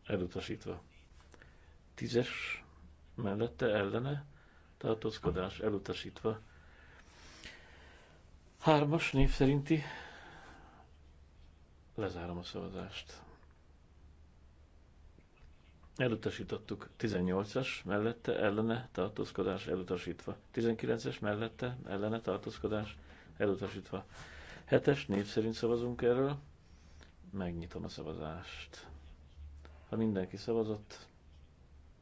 Elutasítva. Tízes mellette ellene tartózkodás elutasítva. Hármas név szerinti. Lezárom a szavazást. Elutasítottuk 18-as mellette ellene tartózkodás elutasítva. 19-es mellette ellene tartózkodás elutasítva. 7-es név szerint szavazunk erről. Megnyitom a szavazást. Ha mindenki szavazott,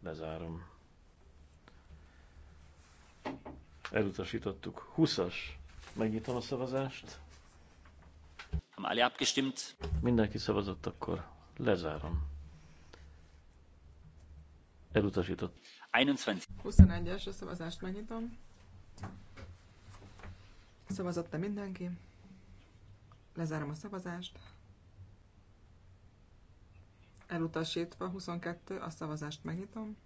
lezárom. Elutasítottuk. 20-as. Megnyitom a szavazást. Mindenki szavazott, akkor lezárom. Elutasított. 21-es a szavazást megnyitom. Szavazott-e mindenki? Lezárom a szavazást. Elutasítva 22 a szavazást megnyitom.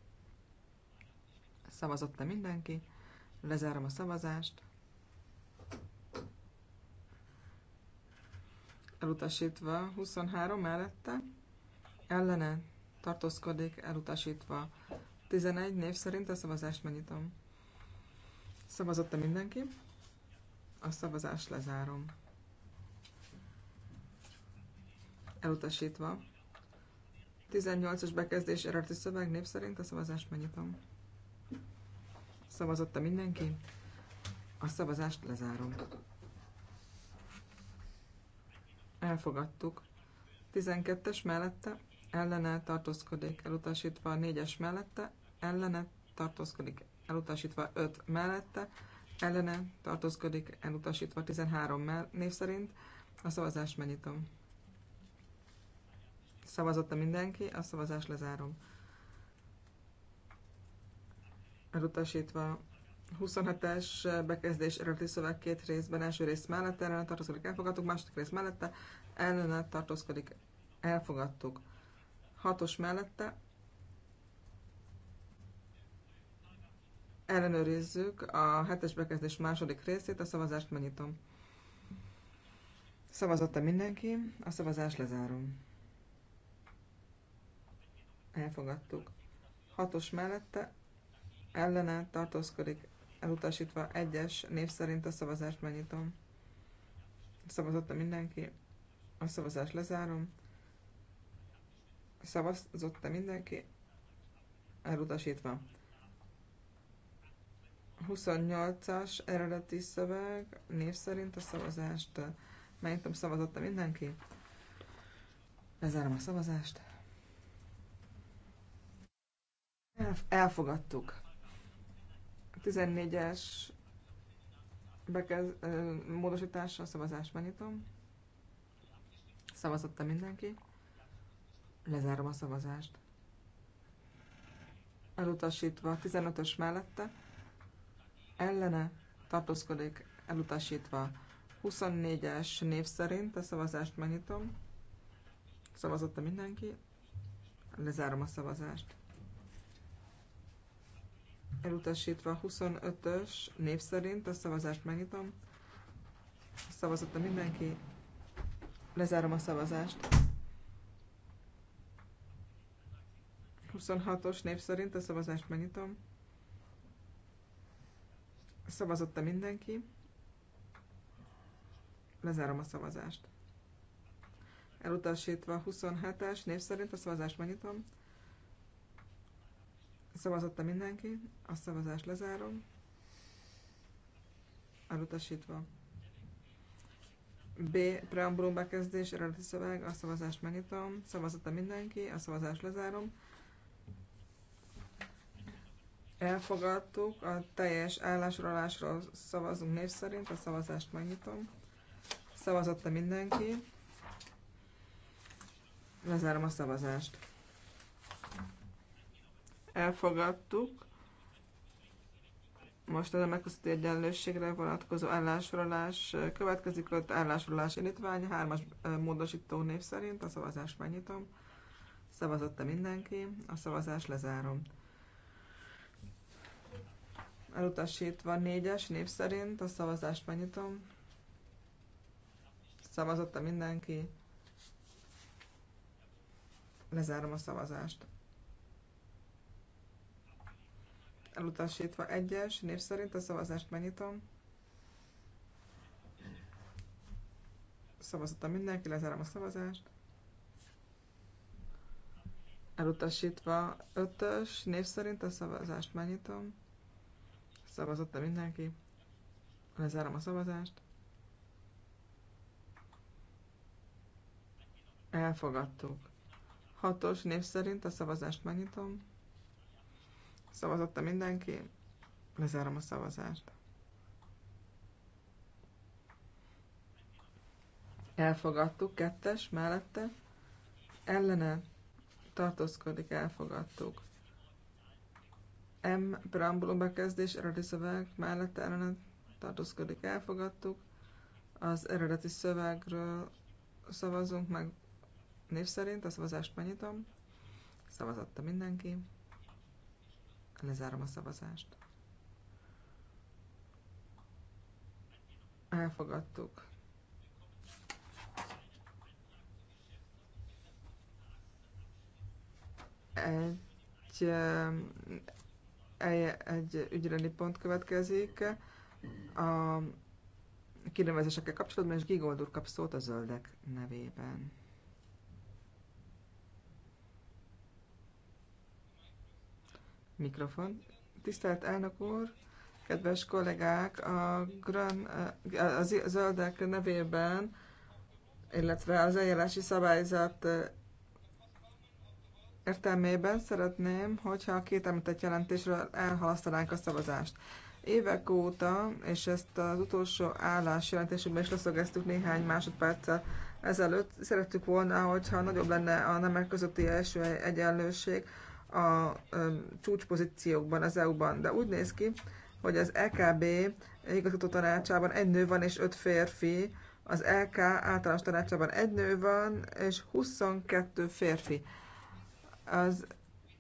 Szavazott-e mindenki? Lezárom a szavazást. Elutasítva 23 mellette. Ellene tartózkodik, elutasítva 11 név szerint a szavazást megnyitom. Szavazott-e mindenki. A szavazást lezárom. Elutasítva. 18-as bekezdés eredeti szöveg név szerint a szavazást megnyitom. Szavazotta mindenki? A szavazást lezárom. Elfogadtuk. 12-es mellette ellene tartózkodik elutasítva, 4-es mellette ellene tartózkodik elutasítva, 5 mellette ellene tartózkodik elutasítva, 13 mell név szerint. A szavazást megnyitom. Szavazotta mindenki, a szavazást lezárom elutasítva. 27-es bekezdés eredeti szöveg két részben, első rész mellette ellene tartózkodik, elfogadtuk, második rész mellette ellene tartózkodik, elfogadtuk. 6-os mellette ellenőrizzük a 7-es bekezdés második részét, a szavazást megnyitom. Szavazott-e mindenki? A szavazást lezárom. Elfogadtuk. 6-os mellette ellene tartózkodik elutasítva egyes név szerint a szavazást megnyitom. a mindenki, a szavazást lezárom. Szavazotta mindenki, elutasítva. 28-as eredeti szöveg, név szerint a szavazást megnyitom, szavazotta mindenki. Lezárom a szavazást. Elfogadtuk. 14-es bekez, módosítással szavazást megnyitom. Szavazotta mindenki. Lezárom a szavazást. Elutasítva 15-ös mellette. Ellene tartózkodik elutasítva 24-es név szerint a szavazást megnyitom. Szavazotta mindenki. Lezárom a szavazást elutasítva 25-ös név szerint a szavazást megnyitom. Szavazott a mindenki. Lezárom a szavazást. 26-os név szerint a szavazást megnyitom. Szavazott a mindenki. Lezárom a szavazást. Elutasítva 27-es név szerint a szavazást megnyitom a mindenki, a szavazást lezárom. Elutasítva. B. Preambulum bekezdés, eredeti szöveg, a szavazást megnyitom. a mindenki, a szavazást lezárom. Elfogadtuk, a teljes állásolásról szavazunk név szerint, a szavazást megnyitom. a mindenki. Lezárom a szavazást elfogadtuk. Most ez a megköszöntő egyenlőségre vonatkozó állásolás következik, ott állásolás indítvány, hármas módosító név szerint a szavazást megnyitom. Szavazott-e mindenki? A szavazást lezárom. Elutasítva négyes név szerint a szavazást megnyitom. Szavazott-e mindenki? Lezárom a szavazást. elutasítva egyes, név szerint a szavazást megnyitom. Szavazottam mindenki, lezárom a szavazást. Elutasítva ötös, név szerint a szavazást megnyitom. a mindenki. Lezárom a szavazást. Elfogadtuk. Hatos név szerint a szavazást megnyitom. Szavazotta mindenki. Lezárom a szavazást. Elfogadtuk, kettes, mellette. Ellene tartózkodik, elfogadtuk. M. Preambulum bekezdés, eredeti szöveg, mellette ellene tartózkodik, elfogadtuk. Az eredeti szövegről szavazunk meg név szerint, a szavazást megnyitom. Szavazatta mindenki. Lezárom a szavazást. Elfogadtuk. Um, egy, egy ügyrendi pont következik. A kinevezésekkel kapcsolatban, és Gigoldur kap szót a zöldek nevében. Mikrofon. Tisztelt elnök úr, kedves kollégák, a, grön, a zöldek nevében, illetve az eljárási szabályzat értelmében szeretném, hogyha a két említett jelentésről elhalasztanánk a szavazást. Évek óta, és ezt az utolsó jelentésünkben is leszögeztük néhány másodperccel ezelőtt, szerettük volna, hogyha nagyobb lenne a nemek közötti első egyenlőség, a csúcspozíciókban az EU-ban, de úgy néz ki, hogy az EKB igazgató tanácsában egy nő van és öt férfi, az LK e általános tanácsában egy nő van és 22 férfi. Az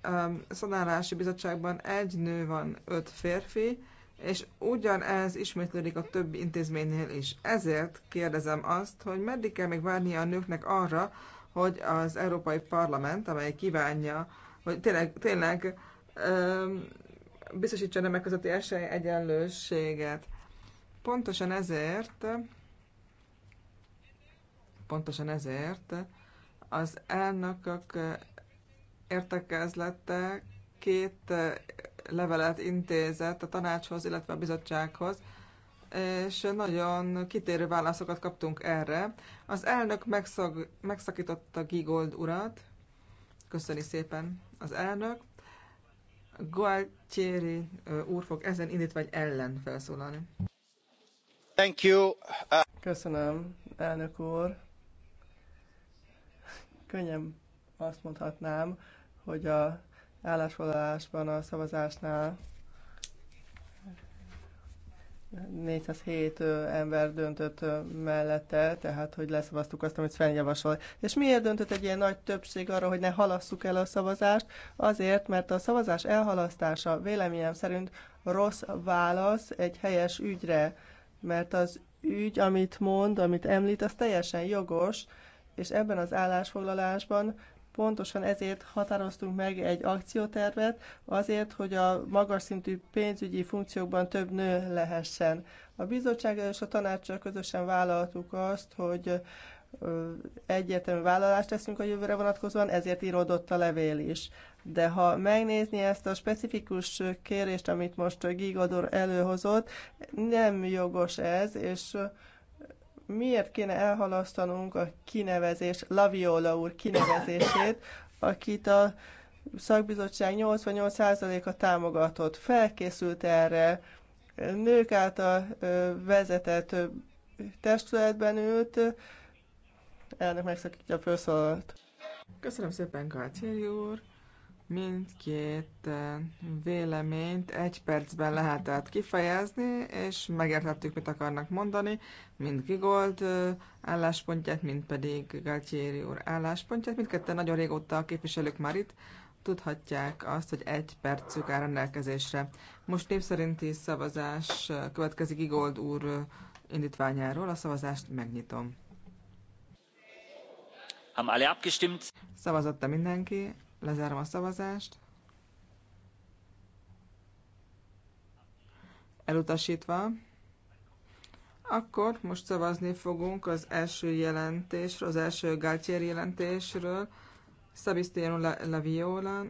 um, szanálási bizottságban egy nő van, öt férfi, és ugyanez ismétlődik a többi intézménynél is. Ezért kérdezem azt, hogy meddig kell még várnia a nőknek arra, hogy az Európai Parlament, amely kívánja hogy tényleg, tényleg biztosítsa a nemek közötti esély egyenlőséget. Pontosan ezért, pontosan ezért az elnökök értekezlete két levelet intézett a tanácshoz, illetve a bizottsághoz, és nagyon kitérő válaszokat kaptunk erre. Az elnök megszakította Gigold urat. Köszöni szépen! Az elnök Gualtieri úr fog ezen indítvány ellen felszólalni. Thank you. Uh, Köszönöm, elnök úr. Könnyen azt mondhatnám, hogy a állásfoglalásban a szavazásnál 407 ember döntött mellette, tehát hogy leszavaztuk azt, amit Sven javasol. És miért döntött egy ilyen nagy többség arra, hogy ne halasszuk el a szavazást? Azért, mert a szavazás elhalasztása véleményem szerint rossz válasz egy helyes ügyre, mert az ügy, amit mond, amit említ, az teljesen jogos, és ebben az állásfoglalásban Pontosan ezért határoztunk meg egy akciótervet, azért, hogy a magas szintű pénzügyi funkciókban több nő lehessen. A bizottság és a tanácssal közösen vállaltuk azt, hogy egyértelmű vállalást teszünk a jövőre vonatkozóan, ezért íródott a levél is. De ha megnézni ezt a specifikus kérést, amit most Gigador előhozott, nem jogos ez, és miért kéne elhalasztanunk a kinevezés, Laviola úr kinevezését, akit a szakbizottság 88%-a támogatott, felkészült erre, nők által vezetett testületben ült, elnök megszakítja a felszólalt. Köszönöm szépen, Galtieri úr! mindkét eh, véleményt egy percben lehetett kifejezni, és megértettük, mit akarnak mondani, mind Gigold eh, álláspontját, mind pedig Galtieri úr álláspontját. Mindketten nagyon régóta a képviselők már itt tudhatják azt, hogy egy percük áll rendelkezésre. Most népszerinti szavazás eh, következik Gigold úr indítványáról. A szavazást megnyitom. Szavazott-e mindenki. Lezárom a szavazást. Elutasítva. Akkor most szavazni fogunk az első jelentésről, az első Galtier jelentésről. La Viola.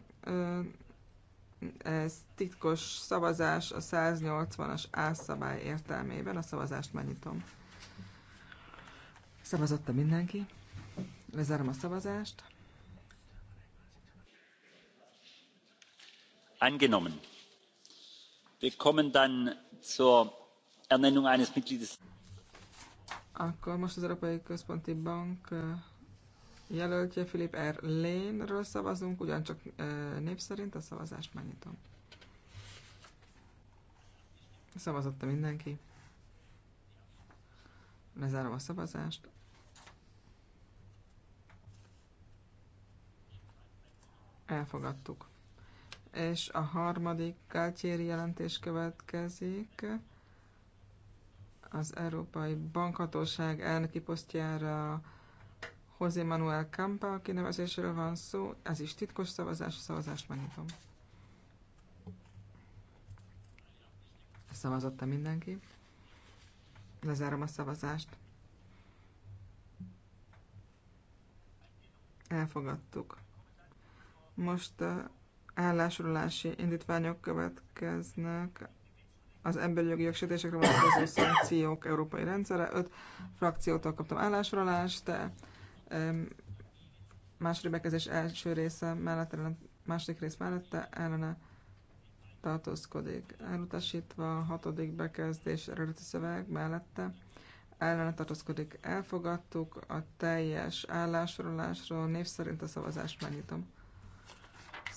ez titkos szavazás a 180-as álszabály értelmében. A szavazást megnyitom. Szavazotta mindenki. Lezárom a szavazást. angenommen. wir kommen dann zur ernennung eines mitglieds. Akkor most az Európai Központi Bank jelöltje Philip R. Lane-ről szavazunk, ugyancsak név szerint a szavazást megnyitom. Szavazotta mindenki. Lezárom a szavazást. Elfogadtuk és a harmadik Galtieri jelentés következik. Az Európai Bankhatóság elnöki posztjára José Manuel Campa kinevezéséről van szó. Ez is titkos szavazás, a szavazást megnyitom. Szavazotta mindenki. Lezárom a szavazást. Elfogadtuk. Most uh, állásolási indítványok következnek az emberi jogi jogsértésekre vonatkozó szankciók európai rendszere. Öt frakciótól kaptam állásolást, de második bekezdés első része mellett, második rész mellette ellene tartózkodik. Elutasítva a hatodik bekezdés eredeti szöveg mellette ellene tartózkodik. Elfogadtuk a teljes állásolásról, név szerint a szavazást megnyitom.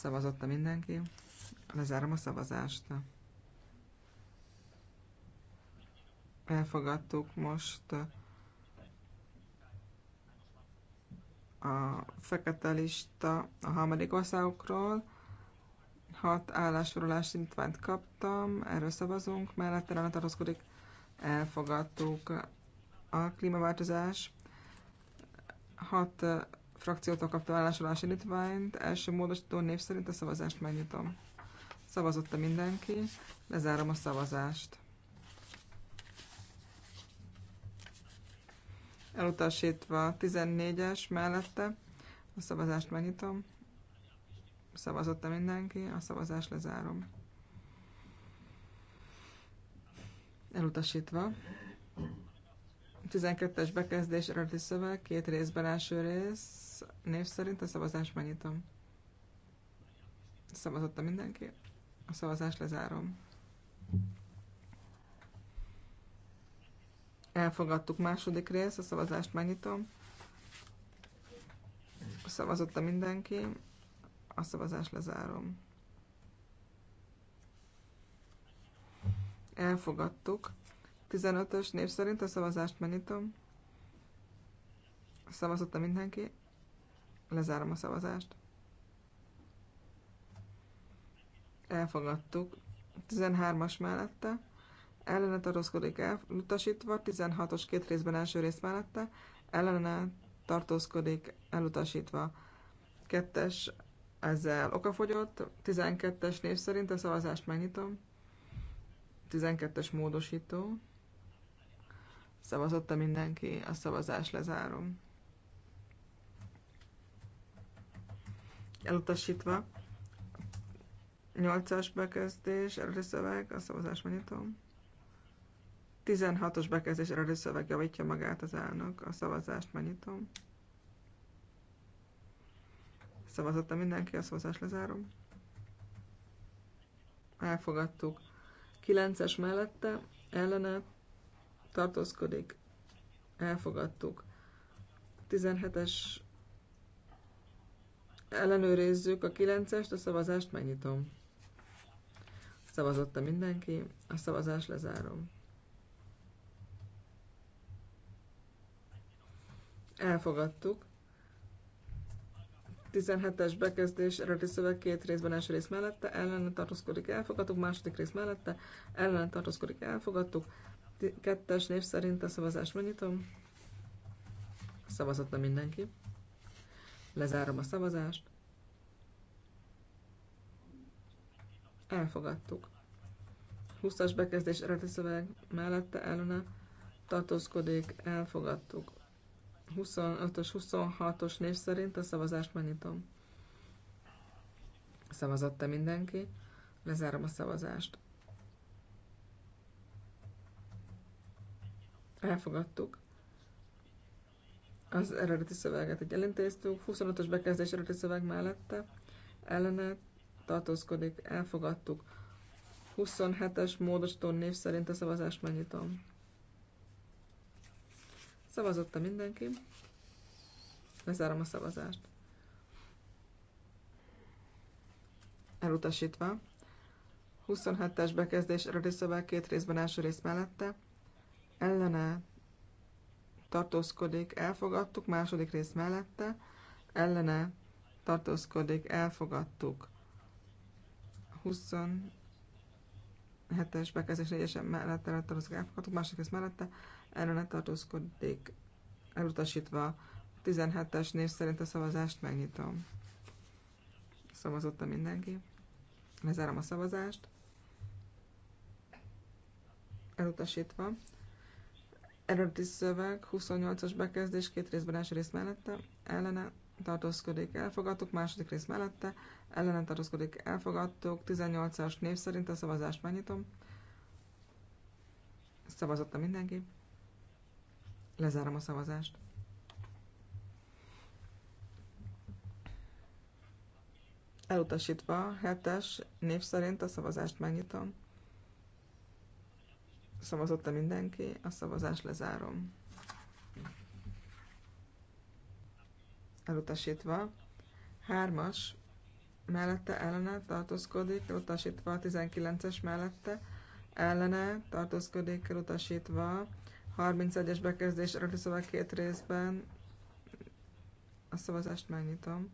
Szavazott a mindenki. Lezárom a szavazást. Elfogadtuk most a fekete lista a harmadik országokról. Hat állásfoglalás indítványt kaptam, erről szavazunk, mellette nem tartozkodik, elfogadtuk a klímaváltozás. Hat frakciótól kapta állásolási indítványt. Első módosító név szerint a szavazást megnyitom. Szavazotta mindenki, lezárom a szavazást. Elutasítva 14-es mellette a szavazást megnyitom. Szavazotta mindenki, a szavazást lezárom. Elutasítva. 12-es bekezdés eredeti szöveg, két részben első rész, név szerint a szavazást megnyitom. a mindenki? A szavazást lezárom. Elfogadtuk második rész, a szavazást megnyitom. a mindenki, a szavazást lezárom. Elfogadtuk. 15-ös név szerint a szavazást megnyitom. a mindenki, Lezárom a szavazást. Elfogadtuk. 13-as mellette. Ellene tartózkodik elutasítva. 16-os két részben első rész mellette. Ellene tartózkodik elutasítva. Kettes ezzel okafogyott. 12-es név szerint a szavazást megnyitom. 12-es módosító. Szavazotta mindenki, a szavazás lezárom. elutasítva. 8-as bekezdés, eredeti szöveg, a szavazás megnyitom. 16-os bekezdés eredeti szöveg javítja magát az elnök, a szavazást megnyitom. szavazottam mindenki, a szavazást lezárom. Elfogadtuk. 9-es mellette, ellene tartózkodik. Elfogadtuk. 17-es Ellenőrizzük a 9-est, a szavazást megnyitom. Szavazotta mindenki, a szavazást lezárom. Elfogadtuk. 17-es bekezdés eredeti szöveg két részben első rész mellette, ellen tartózkodik, elfogadtuk, második rész mellette, Ellen tartózkodik, elfogadtuk. Kettes név szerint a szavazást megnyitom. Szavazott mindenki. Lezárom a szavazást. Elfogadtuk. 20-as bekezdés eredeti szöveg mellette ellene tartózkodik, elfogadtuk. 25-ös, 26-os név szerint a szavazást megnyitom. Szavazott-e mindenki? Lezárom a szavazást. Elfogadtuk az eredeti szöveget egy elintéztünk, 25-ös bekezdés eredeti szöveg mellette, ellene tartózkodik, elfogadtuk. 27-es módosító név szerint a szavazást megnyitom. Szavazotta mindenki. Lezárom a szavazást. Elutasítva. 27-es bekezdés eredeti szöveg két részben első rész mellette. Ellene tartózkodik, elfogadtuk, második rész mellette, ellene tartózkodik, elfogadtuk. 27-es bekezdés 4 mellette ellene tartózkodik, elfogadtuk, második rész mellette, ellene tartózkodik, elutasítva. 17-es név szerint a szavazást megnyitom. Szavazotta mindenki. Lezárom a szavazást. Elutasítva. Eredeti szöveg 28-as bekezdés két részben első rész mellette, ellene tartózkodik, elfogadtuk, második rész mellette, ellene tartózkodik, elfogadtuk, 18-as név szerint a szavazást megnyitom. Szavazotta mindenki. Lezárom a szavazást. Elutasítva, 7-es név szerint a szavazást megnyitom. Szavazott-e mindenki? A szavazás lezárom. Elutasítva. Hármas mellette ellene tartózkodik, elutasítva. 19-es mellette ellene tartózkodik, elutasítva. 31-es bekezdés eredeti szöveg két részben. A szavazást megnyitom.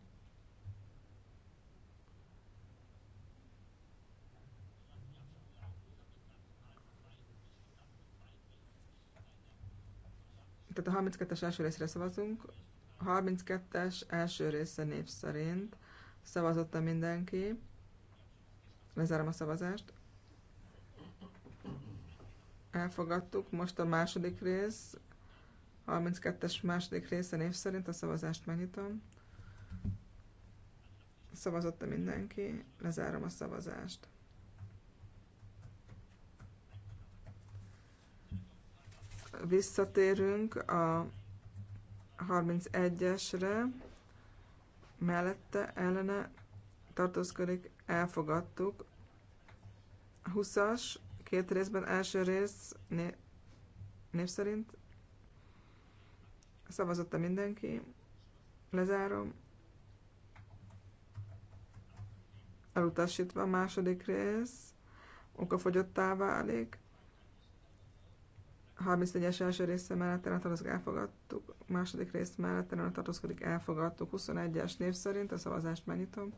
tehát a 32-es első részre szavazunk. 32-es első része név szerint szavazotta mindenki. Lezárom a szavazást. Elfogadtuk. Most a második rész. 32-es második része név szerint a szavazást megnyitom. Szavazotta mindenki. Lezárom a szavazást. Visszatérünk a 31-esre, mellette ellene tartózkodik, elfogadtuk. 20-as, két részben, első rész név szerint szavazott mindenki. Lezárom. Elutasítva a második rész, okafogyottá válik. 34-es első része mellett tartózkodik, elfogadtuk. Második rész mellett tartózkodik, elfogadtuk. 21-es név szerint a szavazást megnyitom.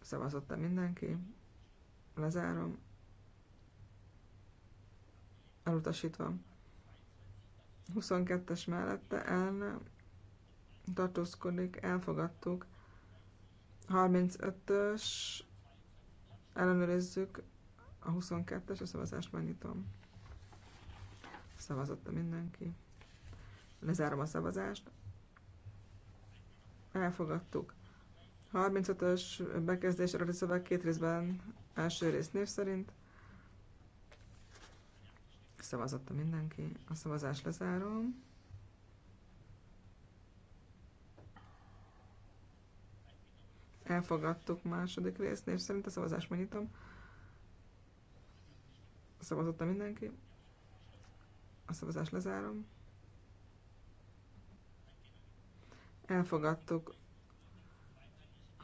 Szavazott -e mindenki? Lezárom. Elutasítva. 22-es mellette el tartózkodik, elfogadtuk. 35-ös ellenőrizzük a 22-es, a szavazást megnyitom. Szavazotta mindenki. Lezárom a szavazást. Elfogadtuk. 35-ös bekezdés a szöveg két részben, első rész név szerint. Szavazotta mindenki. A szavazást lezárom. Elfogadtuk második rész név szerint a szavazást megnyitom. Szavazott mindenki? A szavazást lezárom. Elfogadtuk.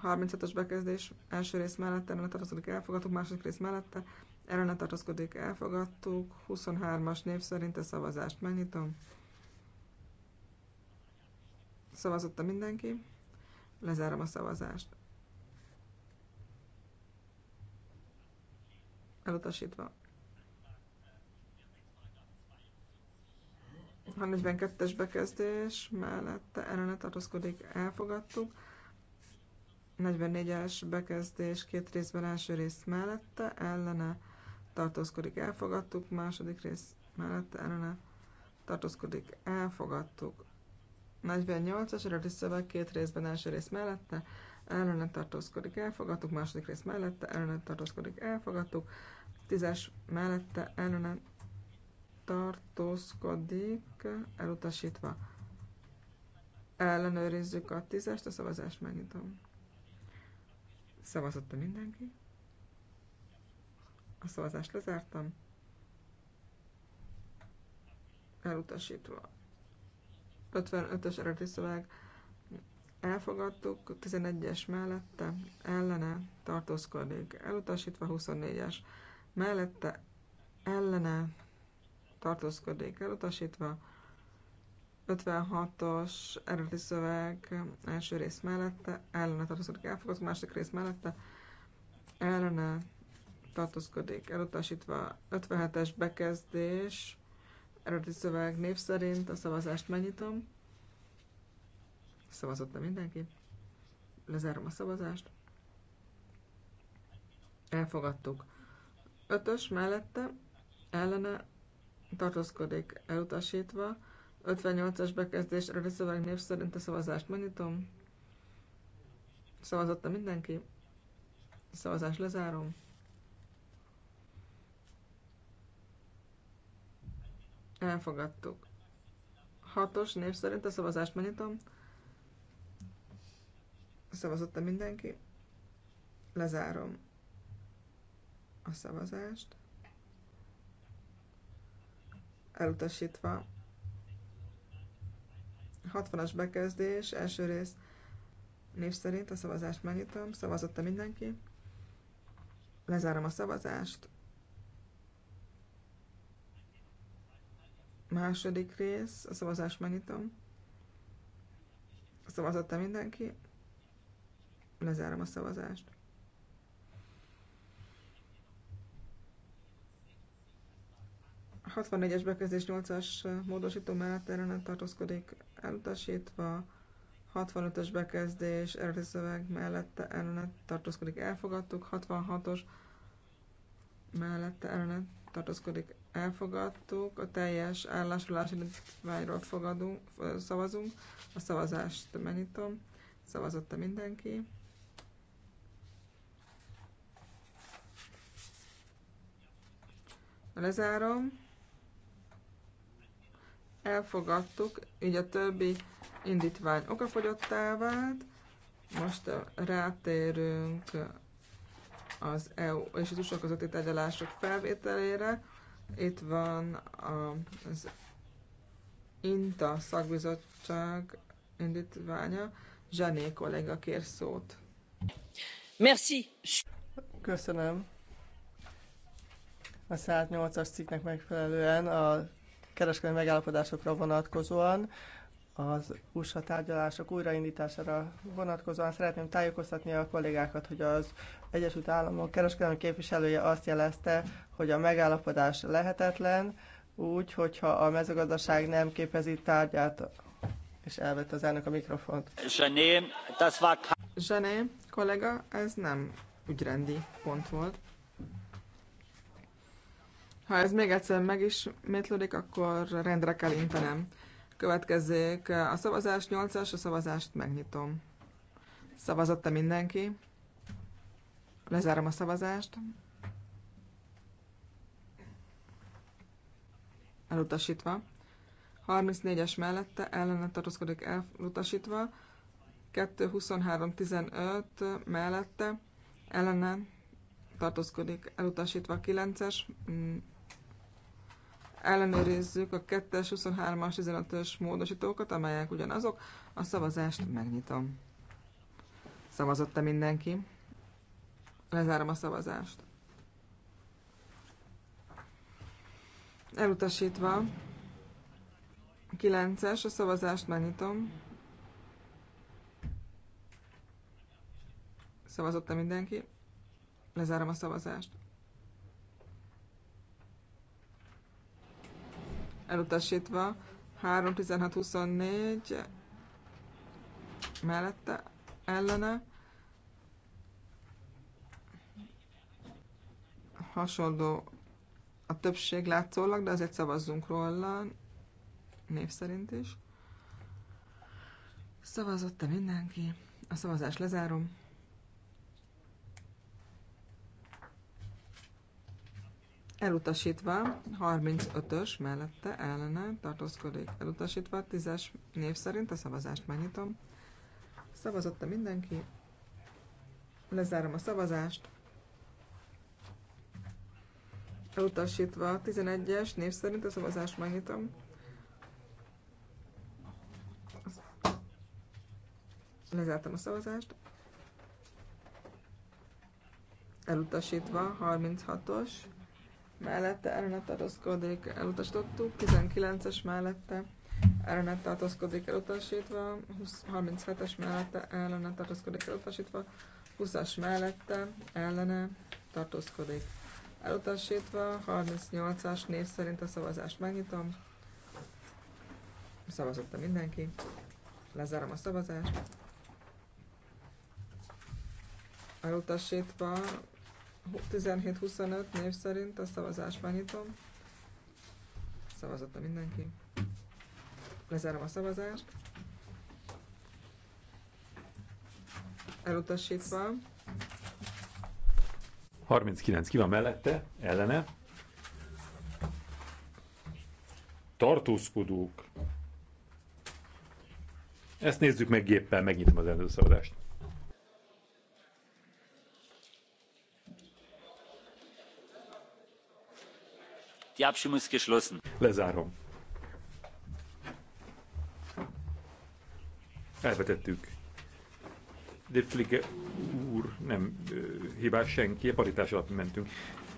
36-os bekezdés első rész mellett, ellene tartozkodik, elfogadtuk, második rész mellette, ellene tartozkodik, elfogadtuk. 23-as név szerint a szavazást megnyitom. Szavazotta mindenki. Lezárom a szavazást. Elutasítva. A 42-es bekezdés mellette ellene tartozkodik, elfogadtuk. 44-es bekezdés két részben első rész mellette ellene tartózkodik, elfogadtuk. Második rész mellette ellene tartózkodik, elfogadtuk. 48-as eredeti szöveg két részben első rész mellette ellene tartózkodik, elfogadtuk. Második rész mellette ellene tartózkodik, elfogadtuk. 10-es mellette ellene tartózkodik, elutasítva. Ellenőrizzük a tízest, a szavazást megnyitom. Szavazott mindenki? A szavazást lezártam. Elutasítva. 55-ös eredeti szöveg. Elfogadtuk, 11-es mellette, ellene tartózkodik. Elutasítva 24-es mellette, ellene tartózkodik elutasítva. 56-os eredeti szöveg első rész mellette, ellene tartózkodik elfogadva, második rész mellette, ellene tartózkodik elutasítva. 57-es bekezdés eredeti szöveg név szerint a szavazást megnyitom. Szavazott mindenki? Lezárom a szavazást. Elfogadtuk. Ötös mellette ellene tartózkodik elutasítva. 58-as bekezdés rövidszöveg név szerint a szavazást monitom. Szavazotta mindenki. szavazás lezárom. Elfogadtuk. 6-os név szerint a szavazást monitom. Szavazotta mindenki. Lezárom a szavazást elutasítva. 60-as bekezdés, első rész név szerint a szavazást megnyitom, szavazott -e mindenki? Lezárom a szavazást. Második rész, a szavazást megnyitom. Szavazott-e mindenki? Lezárom a szavazást. 64-es bekezdés 8-as módosító mellett nem tartózkodik elutasítva, 65-ös bekezdés eredeti szöveg mellette ellene tartózkodik elfogadtuk, 66-os mellette ellene tartózkodik elfogadtuk, a teljes állásolási indítványról fogadunk, szavazunk, a szavazást megnyitom, szavazotta mindenki. Lezárom elfogadtuk, így a többi indítvány okafogyottá vált. Most rátérünk az EU és az USA közötti tárgyalások felvételére. Itt van az INTA szakbizottság indítványa. Zsené kollega kér szót. Merci. Köszönöm. A 108-as cikknek megfelelően a kereskedelmi megállapodásokra vonatkozóan, az USA tárgyalások újraindítására vonatkozóan szeretném tájékoztatni a kollégákat, hogy az Egyesült Államok kereskedelmi képviselője azt jelezte, hogy a megállapodás lehetetlen, úgy, hogyha a mezőgazdaság nem képezi tárgyát, és elvette az elnök a mikrofont. Zsené, das war... Zsené, kollega, ez nem ügyrendi pont volt. Ha ez még egyszer megismétlődik, akkor rendre kell intenem. Következzék a szavazás 8-as, a szavazást megnyitom. Szavazott-e mindenki? Lezárom a szavazást. Elutasítva. 34-es mellette ellene tartózkodik elutasítva. 2-23-15 mellette ellene tartózkodik elutasítva 9-es ellenőrizzük a 2-es, 23-as, 15-ös módosítókat, amelyek ugyanazok. A szavazást megnyitom. Szavazott-e mindenki? Lezárom a szavazást. Elutasítva. 9-es, a szavazást megnyitom. Szavazott-e mindenki? Lezárom a szavazást. elutasítva. 3.16.24 mellette ellene. Hasonló a többség látszólag, de azért szavazzunk róla név szerint is. Szavazott-e mindenki? A szavazást lezárom. elutasítva 35-ös mellette ellene tartózkodik. Elutasítva 10-es név szerint a szavazást megnyitom. Szavazotta mindenki. Lezárom a szavazást. Elutasítva 11-es név szerint a szavazást megnyitom. Lezártam a szavazást. Elutasítva 36-os mellette ellenet tartózkodik, elutasítottuk, 19-es mellette ellenet tartózkodik, elutasítva, 37-es mellette ellenet tartózkodik, elutasítva, 20-as mellette ellene tartózkodik, elutasítva, 38-as név szerint a szavazást megnyitom, szavazott mindenki, lezárom a szavazást, elutasítva, 17-25 név szerint a szavazást nyitom. Szavazott mindenki. Lezárom a szavazást. Elutasítva. 39 ki van mellette, ellene. Tartózkodók. Ezt nézzük meg géppel, megnyitom az előszavazást. Die Abstimmung ist geschlossen. Lezárom. Elvetettük. De Flicke úr, nem hibás senki, a paritás alapján mentünk.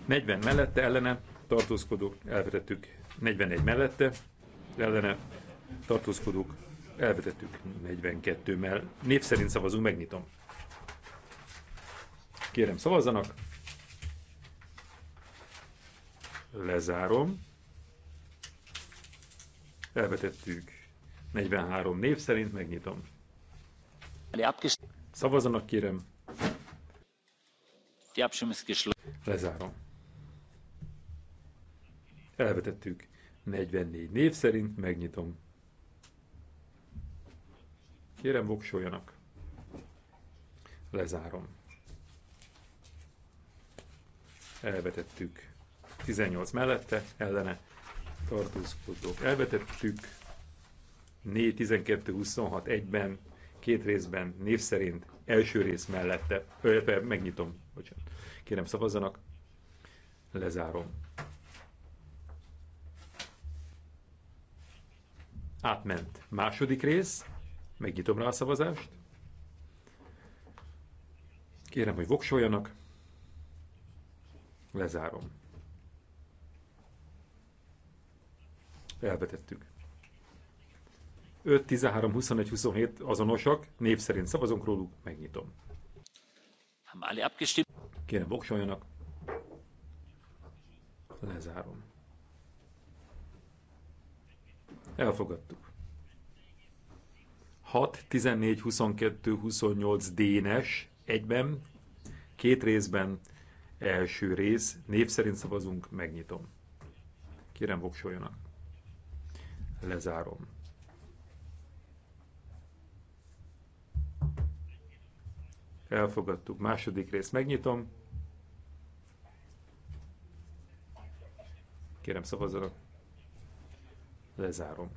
40 mellette, ellene, tartózkodók, elvetettük. 41 mellette, ellene, tartózkodók, elvetettük 42-mel. Név szerint szavazunk, megnyitom. Kérem, szavazzanak! Lezárom. Elvetettük 43 név szerint, megnyitom. Szavazanak kérem. Lezárom. Elvetettük 44 név szerint, megnyitom. Kérem, voksoljanak. Lezárom. Elvetettük 18 mellette, ellene tartózkodók. Elvetettük 4, 12, 26, ben két részben, név szerint, első rész mellette, illetve megnyitom, bocsánat, kérem szavazzanak, lezárom. Átment. Második rész, megnyitom rá a szavazást. Kérem, hogy voksoljanak. Lezárom. elvetettük. 5, 13, 21, 27 azonosak, név szerint szavazunk róluk, megnyitom. Kérem, voksoljanak. Lezárom. Elfogadtuk. 6, 14, 22, 28 dénes egyben, két részben, első rész, név szerint szavazunk, megnyitom. Kérem, voksoljanak lezárom. Elfogadtuk. Második részt megnyitom. Kérem szavazzanak. Lezárom.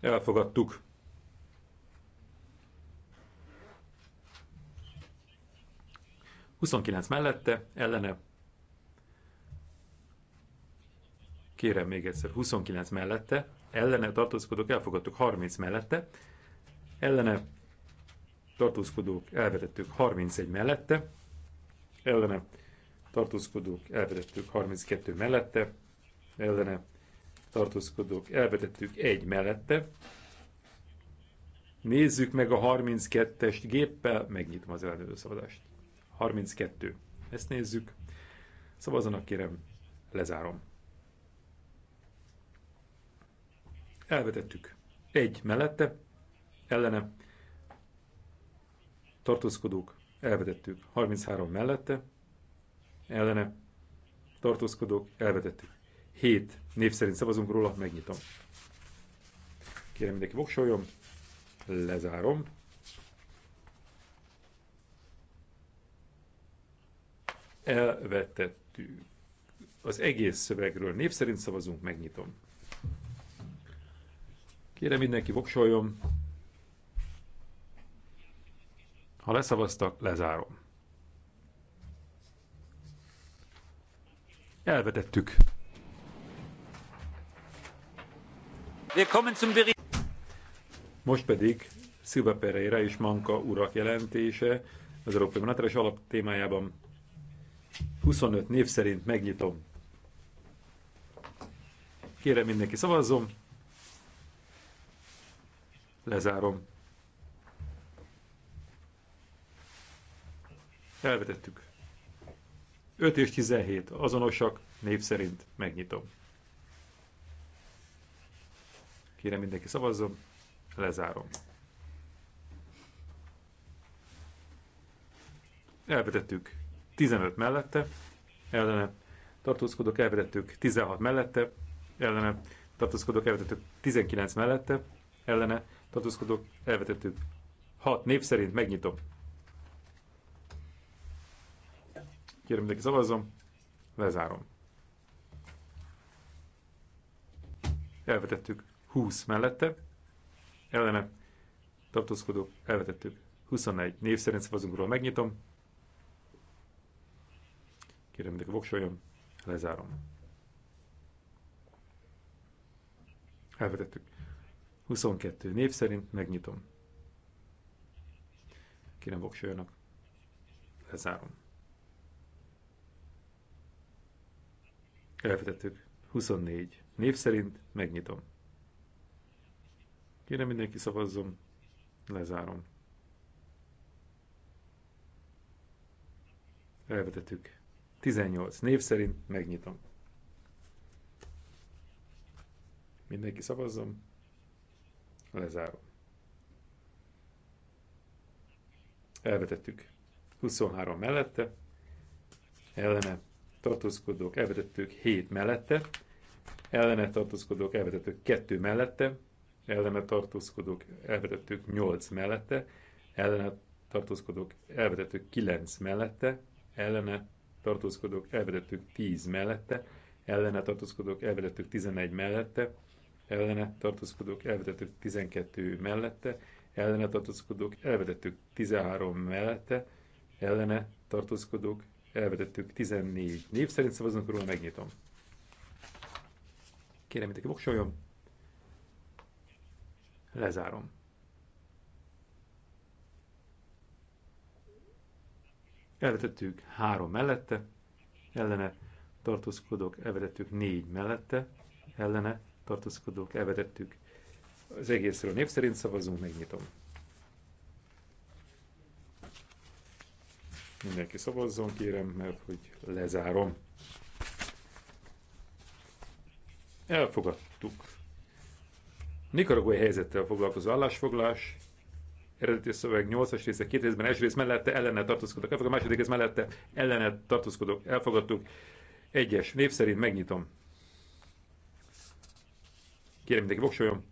Elfogadtuk. Huszonkilenc mellette, ellene Kérem még egyszer, 29 mellette, ellene tartózkodók elfogadtuk 30 mellette, ellene tartózkodók elvetettük 31 mellette, ellene tartózkodók elvetettük 32 mellette, ellene tartózkodók elvetettük 1 mellette. Nézzük meg a 32-est géppel, megnyitom az ellenőrző szavazást. 32. Ezt nézzük. Szavazanak kérem, lezárom. Elvetettük. Egy mellette, ellene, tartózkodók, elvetettük. 33 mellette, ellene, tartózkodók, elvetettük. 7 név szerint szavazunk róla, megnyitom. Kérem mindenki voksoljon, lezárom. Elvetettük. Az egész szövegről név szerint szavazunk, megnyitom. Kérem mindenki voksoljon. Ha leszavaztak, lezárom. Elvetettük. Most pedig Szilva Pereira és Manka urak jelentése az Európai Monetáris Alap témájában 25 név szerint megnyitom. Kérem mindenki szavazzon. Lezárom. Elvetettük. 5 és 17 azonosak, név szerint megnyitom. Kérem mindenki szavazzon, lezárom. Elvetettük 15 mellette, ellene tartózkodok, elvetettük 16 mellette, ellene tartózkodok, elvetettük 19 mellette, ellene tartózkodok, elvetettük. Hat név szerint megnyitom. Kérem, mindenki szavazzom, Lezárom. Elvetettük 20 mellette. Ellene tartózkodó, elvetettük. 21 név szerint szavazunkról Megnyitom. Kérem, mindenki voksoljon. Lezárom. Elvetettük. 22. Név szerint megnyitom. nem voksoljanak. Lezárom. Elvetettük. 24. Név szerint megnyitom. Kérem mindenki szavazzon. Lezárom. Elvetettük. 18. Név szerint megnyitom. Mindenki szavazzon. Lezárom. Elvetettük. 23 mellette, ellene tartózkodók, elvetettük 7 mellette, ellene tartózkodók, elvetettük 2 mellette, ellene tartózkodók, elvetettük 8 mellette, ellene tartózkodók, elvetettük 9 mellette, ellene tartózkodók, elvetettük 10 mellette, ellene tartózkodók, elvetettük 11 mellette, ellene tartózkodók elvetettük 12 mellette, ellene tartózkodók elvetettük 13 mellette, ellene tartózkodók elvetettük 14. Név szerint szavazunk róla, megnyitom. Kérem, mindenki voksoljon. Lezárom. Elvetettük 3 mellette, ellene tartózkodók elvetettük 4 mellette, ellene tartózkodók, elvetettük. Az egészről név szerint szavazunk, megnyitom. Mindenki szavazzon, kérem, mert hogy lezárom. Elfogadtuk. Nikaragói helyzettel foglalkozó állásfoglás, eredeti szöveg 8-as része, két részben első rész mellette ellene tartózkodok, elfogadtuk, a második rész mellette ellene tartózkodok, elfogadtuk. Egyes, név szerint megnyitom. Kérem, mindenki voksoljon.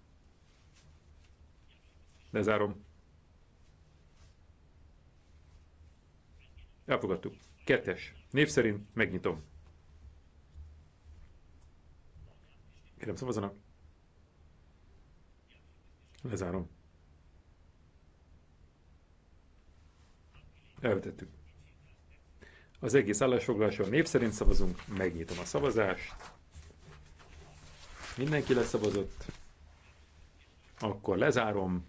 Lezárom. Elfogadtuk. Kettes. Név szerint megnyitom. Kérem, szavazanak. Lezárom. Elvetettük. Az egész állásfoglalásról név szerint szavazunk, megnyitom a szavazást. Mindenki leszavazott. Akkor lezárom.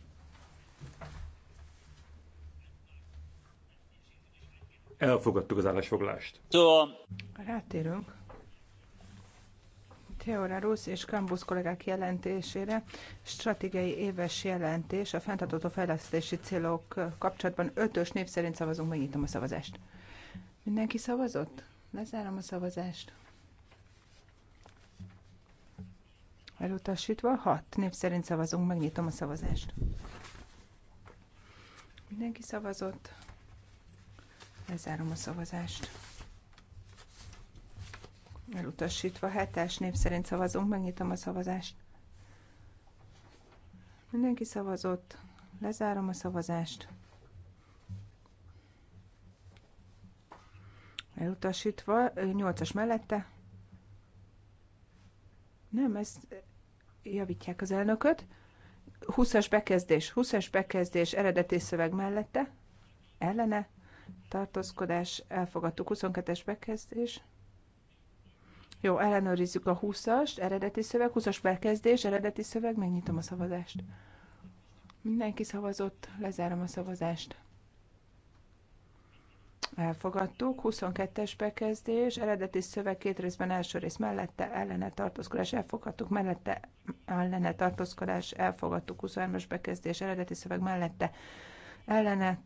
Elfogadtuk az állásfoglást. Szóval- Rátérünk. Teora Rusz és Kambusz kollégák jelentésére stratégiai éves jelentés a fenntartható fejlesztési célok kapcsolatban ötös név szerint szavazunk, megnyitom a szavazást. Mindenki szavazott? Lezárom a szavazást. Elutasítva. 6. Név szerint szavazunk. Megnyitom a szavazást. Mindenki szavazott. Lezárom a szavazást. Elutasítva. 7-es név szerint szavazunk. Megnyitom a szavazást. Mindenki szavazott. Lezárom a szavazást. Elutasítva. 8-as mellette. Nem, ezt eh, javítják az elnököt. 20-as bekezdés, 20-as bekezdés eredeti szöveg mellette, ellene, tartózkodás, elfogadtuk 22-es bekezdés. Jó, ellenőrizzük a 20 as eredeti szöveg, 20-as bekezdés, eredeti szöveg, megnyitom a szavazást. Mindenki szavazott, lezárom a szavazást. Elfogadtuk. 22-es bekezdés, eredeti szöveg két részben első rész mellette, ellene tartózkodás elfogadtuk, mellette ellene tartózkodás elfogadtuk, 23-as bekezdés, eredeti szöveg mellette, ellene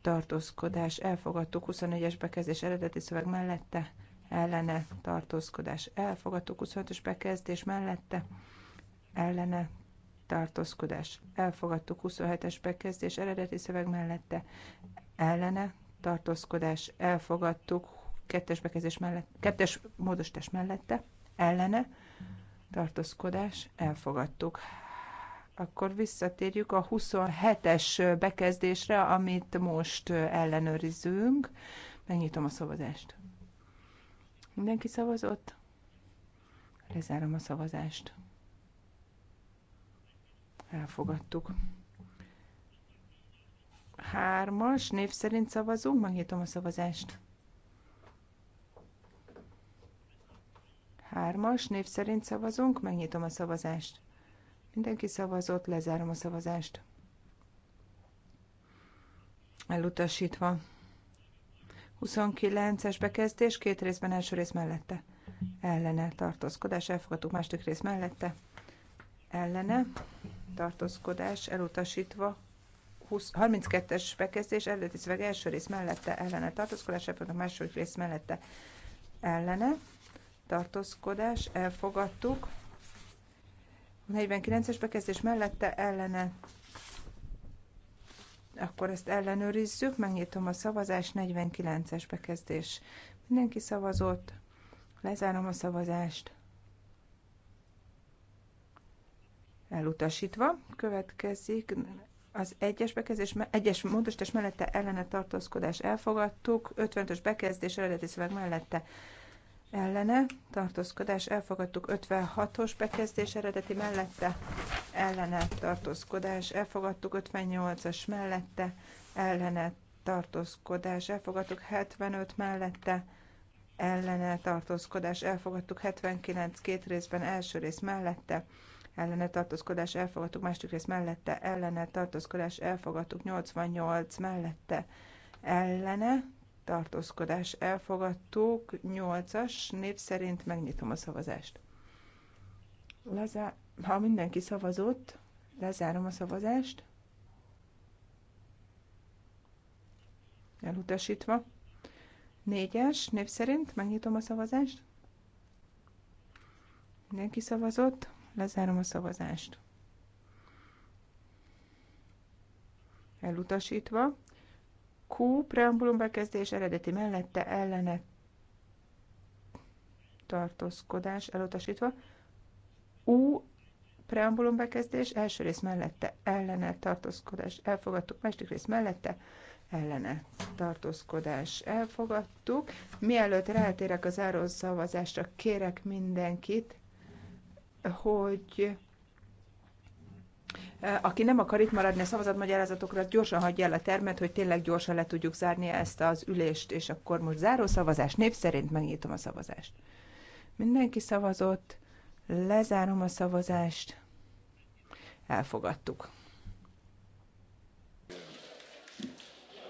tartózkodás elfogadtuk, 24-es bekezdés, eredeti szöveg mellette, ellene tartózkodás elfogadtuk, 25-ös bekezdés mellette, ellene tartózkodás elfogadtuk, 27-es bekezdés, eredeti szöveg mellette, ellene tartózkodás elfogadtuk, kettes bekezdés mellett, kettes módosítás mellette, ellene, tartózkodás elfogadtuk. Akkor visszatérjük a 27-es bekezdésre, amit most ellenőrizünk. Megnyitom a szavazást. Mindenki szavazott? Lezárom a szavazást. Elfogadtuk. Hármas, név szerint szavazunk, megnyitom a szavazást. Hármas, név szerint szavazunk, megnyitom a szavazást. Mindenki szavazott, lezárom a szavazást. Elutasítva. 29-es bekezdés, két részben első rész mellette. Ellene tartózkodás, elfogadtuk második rész mellette. Ellene tartózkodás, elutasítva. 32-es bekezdés eredeti szöveg első rész mellette ellene tartózkodás, a második rész mellette ellene tartózkodás, elfogadtuk. 49-es bekezdés mellette ellene akkor ezt ellenőrizzük, megnyitom a szavazás, 49-es bekezdés. Mindenki szavazott, lezárom a szavazást. Elutasítva következik az egyes bekezdés, egyes módosítás mellette ellene tartózkodás elfogadtuk, 55-ös bekezdés eredeti szöveg mellette ellene tartózkodás elfogadtuk, 56-os bekezdés eredeti mellette ellene tartózkodás elfogadtuk, 58-as mellette ellene tartózkodás elfogadtuk, 75 mellette ellene tartózkodás elfogadtuk, 79 két részben első rész mellette ellene tartózkodás elfogadtuk, második rész mellette ellene tartózkodás elfogadtuk, 88 mellette ellene tartózkodás elfogadtuk, 8-as név szerint megnyitom a szavazást. Lezá- ha mindenki szavazott, lezárom a szavazást. Elutasítva. Négyes név szerint megnyitom a szavazást. Mindenki szavazott. Lezárom a szavazást. Elutasítva. Q. Preambulum bekezdés eredeti mellette ellene tartózkodás elutasítva. U. Preambulum bekezdés első rész mellette ellene tartózkodás elfogadtuk, másik rész mellette ellene tartózkodás elfogadtuk. Mielőtt rátérek az záró szavazásra, kérek mindenkit, hogy e, aki nem akar itt maradni a szavazatmagyarázatokra, gyorsan hagyja el a termet, hogy tényleg gyorsan le tudjuk zárni ezt az ülést, és akkor most záró szavazás név szerint megnyitom a szavazást. Mindenki szavazott, lezárom a szavazást, elfogadtuk.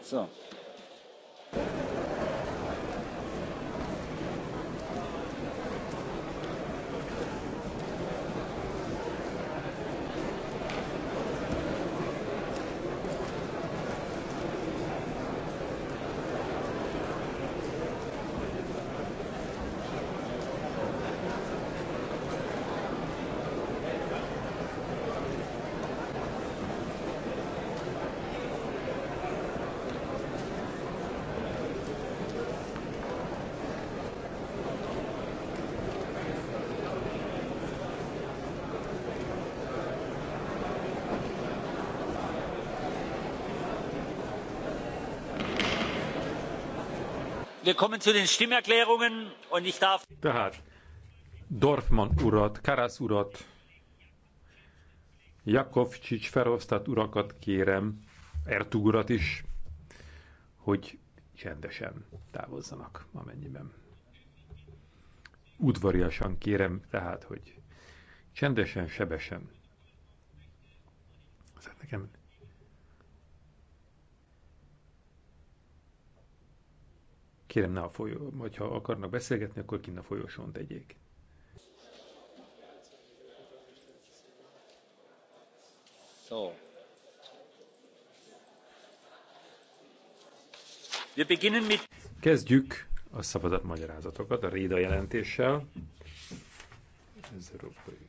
So. kommen zu den Stimmerklärungen und ich darf... Tehát Dorfman urat, Karas urat, Jakovcsics Ferosztat urakat kérem, Ertug urat is, hogy csendesen távozzanak, amennyiben. Udvariasan kérem tehát, hogy csendesen, sebesen. Szerintem Kérem, ne a folyó, ha akarnak beszélgetni, akkor kint a folyosón tegyék. So. Wir beginnen mit... Kezdjük a magyarázatokat a Réda jelentéssel. Ez európai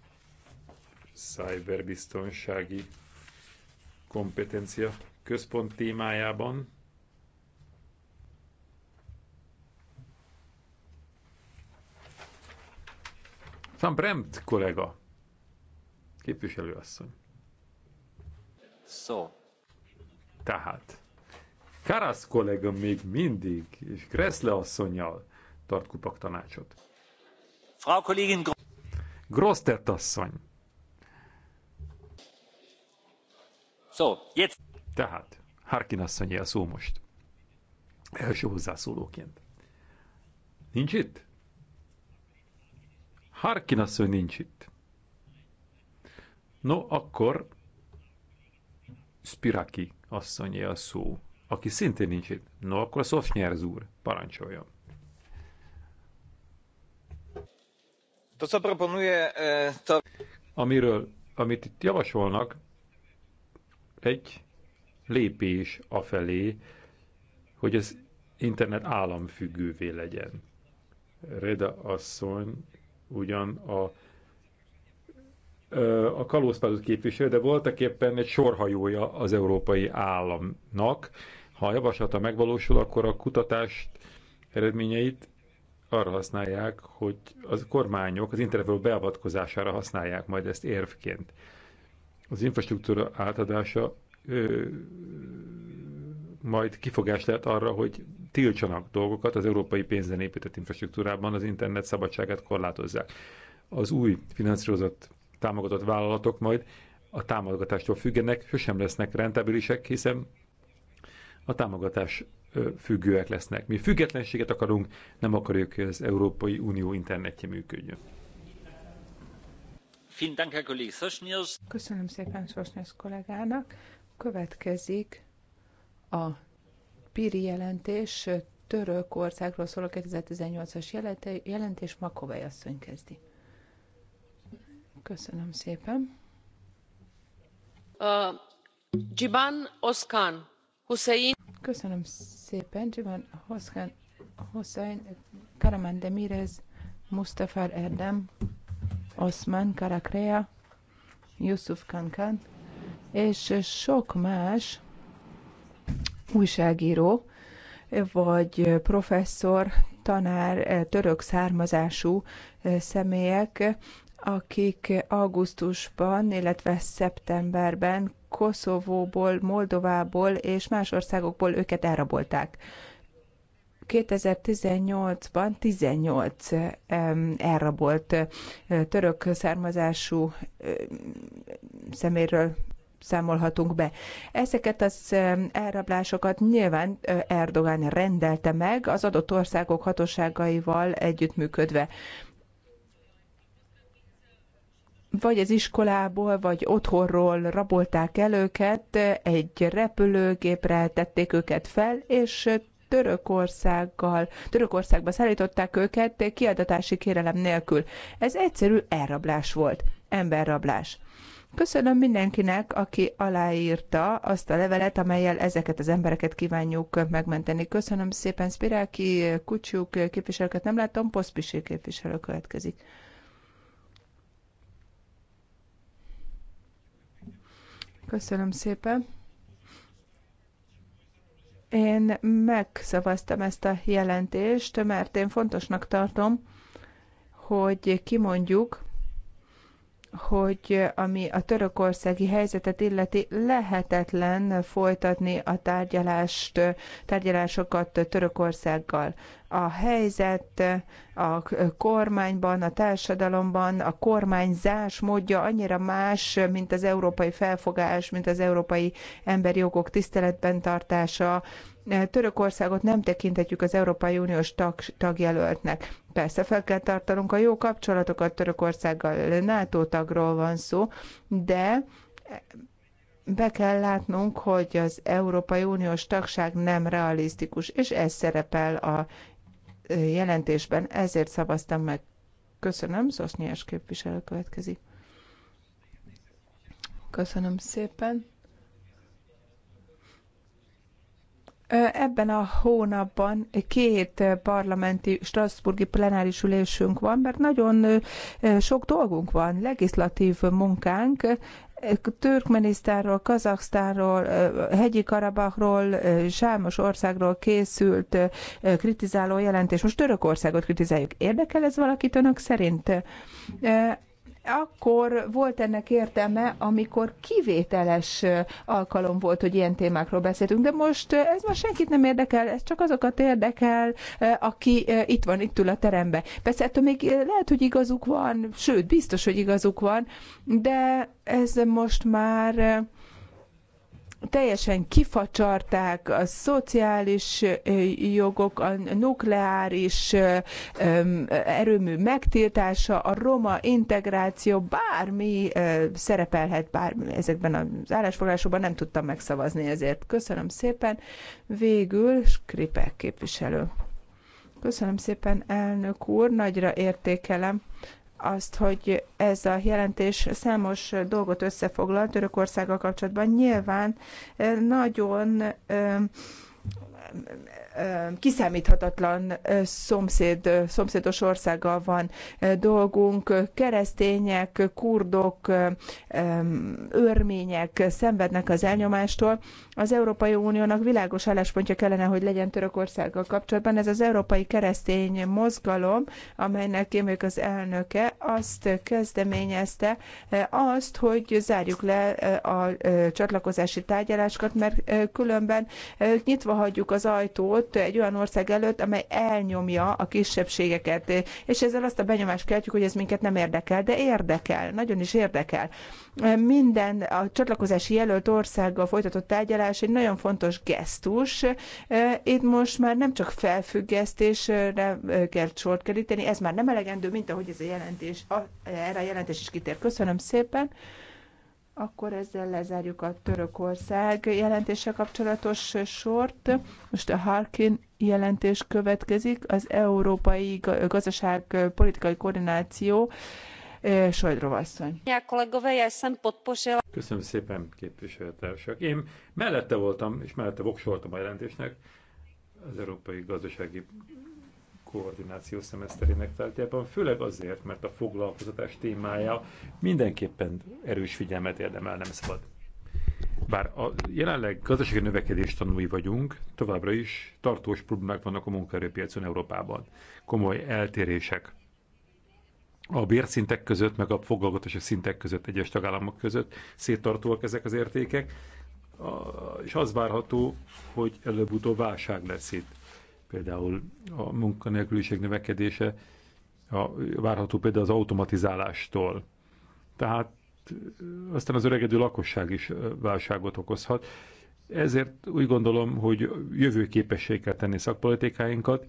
cyberbiztonsági kompetencia központ témájában. Van Bremt kollega, képviselőasszony. Szó. Tehát, Karasz kollega még mindig, és Kreszle asszonyjal tart kupak tanácsot. Frau Kollégin Grosztert asszony. Szó, jetzt. Tehát, Harkin asszonyja a szó most. Első hozzászólóként. Nincs itt? Harkin asszony nincs itt. No, akkor Spiraki asszonyé a szó, aki szintén nincs itt. No, akkor Szofnyerz úr, parancsoljon. To, co proponuje, to... Amiről, amit itt javasolnak, egy lépés afelé, hogy az internet államfüggővé legyen. Reda asszony ugyan a a kalózpádot képviselő, de voltak éppen egy sorhajója az európai államnak. Ha a javaslata megvalósul, akkor a kutatást eredményeit arra használják, hogy az kormányok az internetre beavatkozására használják majd ezt érvként. Az infrastruktúra átadása majd kifogás lehet arra, hogy tiltsanak dolgokat az európai pénzen épített infrastruktúrában, az internet szabadságát korlátozzák. Az új finanszírozott támogatott vállalatok majd a támogatástól függenek, sosem lesznek rentabilisek, hiszen a támogatás függőek lesznek. Mi függetlenséget akarunk, nem akarjuk, hogy az Európai Unió internetje működjön. Köszönöm szépen Sosnyos kollégának. Következik a Piri jelentés Törökországról szóló 2018-as jelentés Makovej asszony kezdi. Köszönöm szépen. Uh, Giban Oszkán Hussein. Köszönöm szépen. Giban Oszkán Hussein, Karaman Demirez, mustafa Erdem, osman Karakrea, Yusuf Kankan, és sok más újságíró, vagy professzor, tanár, eh, török származású eh, személyek, akik augusztusban, illetve szeptemberben Koszovóból, Moldovából és más országokból őket elrabolták. 2018-ban 18 elrabolt eh, török származású szeméről számolhatunk be. Ezeket az elrablásokat nyilván Erdogan rendelte meg az adott országok hatóságaival együttműködve vagy az iskolából, vagy otthonról rabolták el őket, egy repülőgépre tették őket fel, és Törökországgal, Törökországba szállították őket kiadatási kérelem nélkül. Ez egyszerű elrablás volt, emberrablás. Köszönöm mindenkinek, aki aláírta azt a levelet, amelyel ezeket az embereket kívánjuk megmenteni. Köszönöm szépen Spiráki, Kucsuk képviselőket nem látom, Poszpisi képviselő következik. Köszönöm szépen. Én megszavaztam ezt a jelentést, mert én fontosnak tartom, hogy kimondjuk, hogy ami a törökországi helyzetet illeti, lehetetlen folytatni a tárgyalást, tárgyalásokat Törökországgal. A helyzet a kormányban, a társadalomban, a kormányzás módja annyira más, mint az európai felfogás, mint az európai emberi jogok tiszteletben tartása, Törökországot nem tekinthetjük az Európai Uniós tag, tagjelöltnek. Persze fel kell tartanunk a jó kapcsolatokat Törökországgal, NATO tagról van szó, de be kell látnunk, hogy az Európai Uniós tagság nem realisztikus, és ez szerepel a jelentésben, ezért szavaztam meg. Köszönöm, Zosznyás képviselő következik. Köszönöm szépen. Ebben a hónapban két parlamenti Strasburgi plenáris ülésünk van, mert nagyon sok dolgunk van, legislatív munkánk, Türkmenisztánról, Kazaksztánról, Hegyi Karabachról, Sámos országról készült kritizáló jelentés. Most Törökországot kritizáljuk. Érdekel ez valakit önök szerint? akkor volt ennek értelme, amikor kivételes alkalom volt, hogy ilyen témákról beszéltünk, de most ez most senkit nem érdekel, ez csak azokat érdekel, aki itt van, itt ül a terembe. Persze ettől még lehet, hogy igazuk van, sőt, biztos, hogy igazuk van, de ez most már teljesen kifacsarták a szociális jogok, a nukleáris erőmű megtiltása, a roma integráció, bármi szerepelhet bármi ezekben az állásfoglalásokban, nem tudtam megszavazni ezért. Köszönöm szépen. Végül Skripek képviselő. Köszönöm szépen, elnök úr, nagyra értékelem azt, hogy ez a jelentés számos dolgot összefoglal Törökországgal kapcsolatban. Nyilván eh, nagyon eh, kiszámíthatatlan szomszéd, szomszédos országgal van dolgunk. Keresztények, kurdok, örmények szenvednek az elnyomástól. Az Európai Uniónak világos álláspontja kellene, hogy legyen Törökországgal kapcsolatban. Ez az Európai Keresztény Mozgalom, amelynek én vagyok az elnöke, azt kezdeményezte azt, hogy zárjuk le a csatlakozási tárgyalásokat, mert különben nyitva hagyjuk az ajtót, előtt, egy olyan ország előtt, amely elnyomja a kisebbségeket. És ezzel azt a benyomást keltjük, hogy ez minket nem érdekel, de érdekel, nagyon is érdekel. Minden a csatlakozási jelölt országgal folytatott tárgyalás egy nagyon fontos gesztus. Itt most már nem csak felfüggesztésre kell sort keríteni, ez már nem elegendő, mint ahogy ez a jelentés, erre a jelentés is kitér. Köszönöm szépen. Akkor ezzel lezárjuk a Törökország jelentése kapcsolatos sort. Most a Harkin jelentés következik, az Európai Gazdaság Politikai Koordináció. Eh, Sojdrovasszony. Köszönöm szépen, képviselőtársak. Én mellette voltam, és mellette voksoltam a jelentésnek az Európai Gazdasági koordináció szemeszterének tárgyában, főleg azért, mert a foglalkoztatás témája mindenképpen erős figyelmet érdemel, nem szabad. Bár a jelenleg gazdasági növekedés tanúi vagyunk, továbbra is tartós problémák vannak a munkaerőpiacon Európában. Komoly eltérések a bérszintek között, meg a foglalkoztatási szintek között, egyes tagállamok között széttartóak ezek az értékek, és az várható, hogy előbb-utóbb válság lesz itt. Például a munkanélküliség növekedése a, várható például az automatizálástól. Tehát aztán az öregedő lakosság is válságot okozhat. Ezért úgy gondolom, hogy jövőképessé kell tenni szakpolitikáinkat,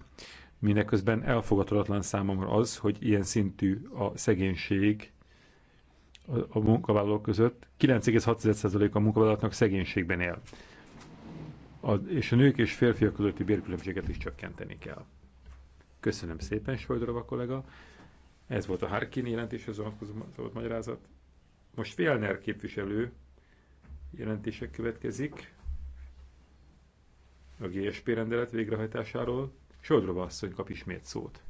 mindeközben elfogadhatatlan számomra az, hogy ilyen szintű a szegénység a munkavállalók között. 9,6% a munkavállalóknak szegénységben él a, és a nők és férfiak közötti bérkülönbséget is csökkenteni kell. Köszönöm szépen, Sojdorova kollega. Ez volt a Harkin jelentéshez vonatkozó magyarázat. Most Félner képviselő jelentések következik a GSP rendelet végrehajtásáról. Sodrova asszony kap ismét szót.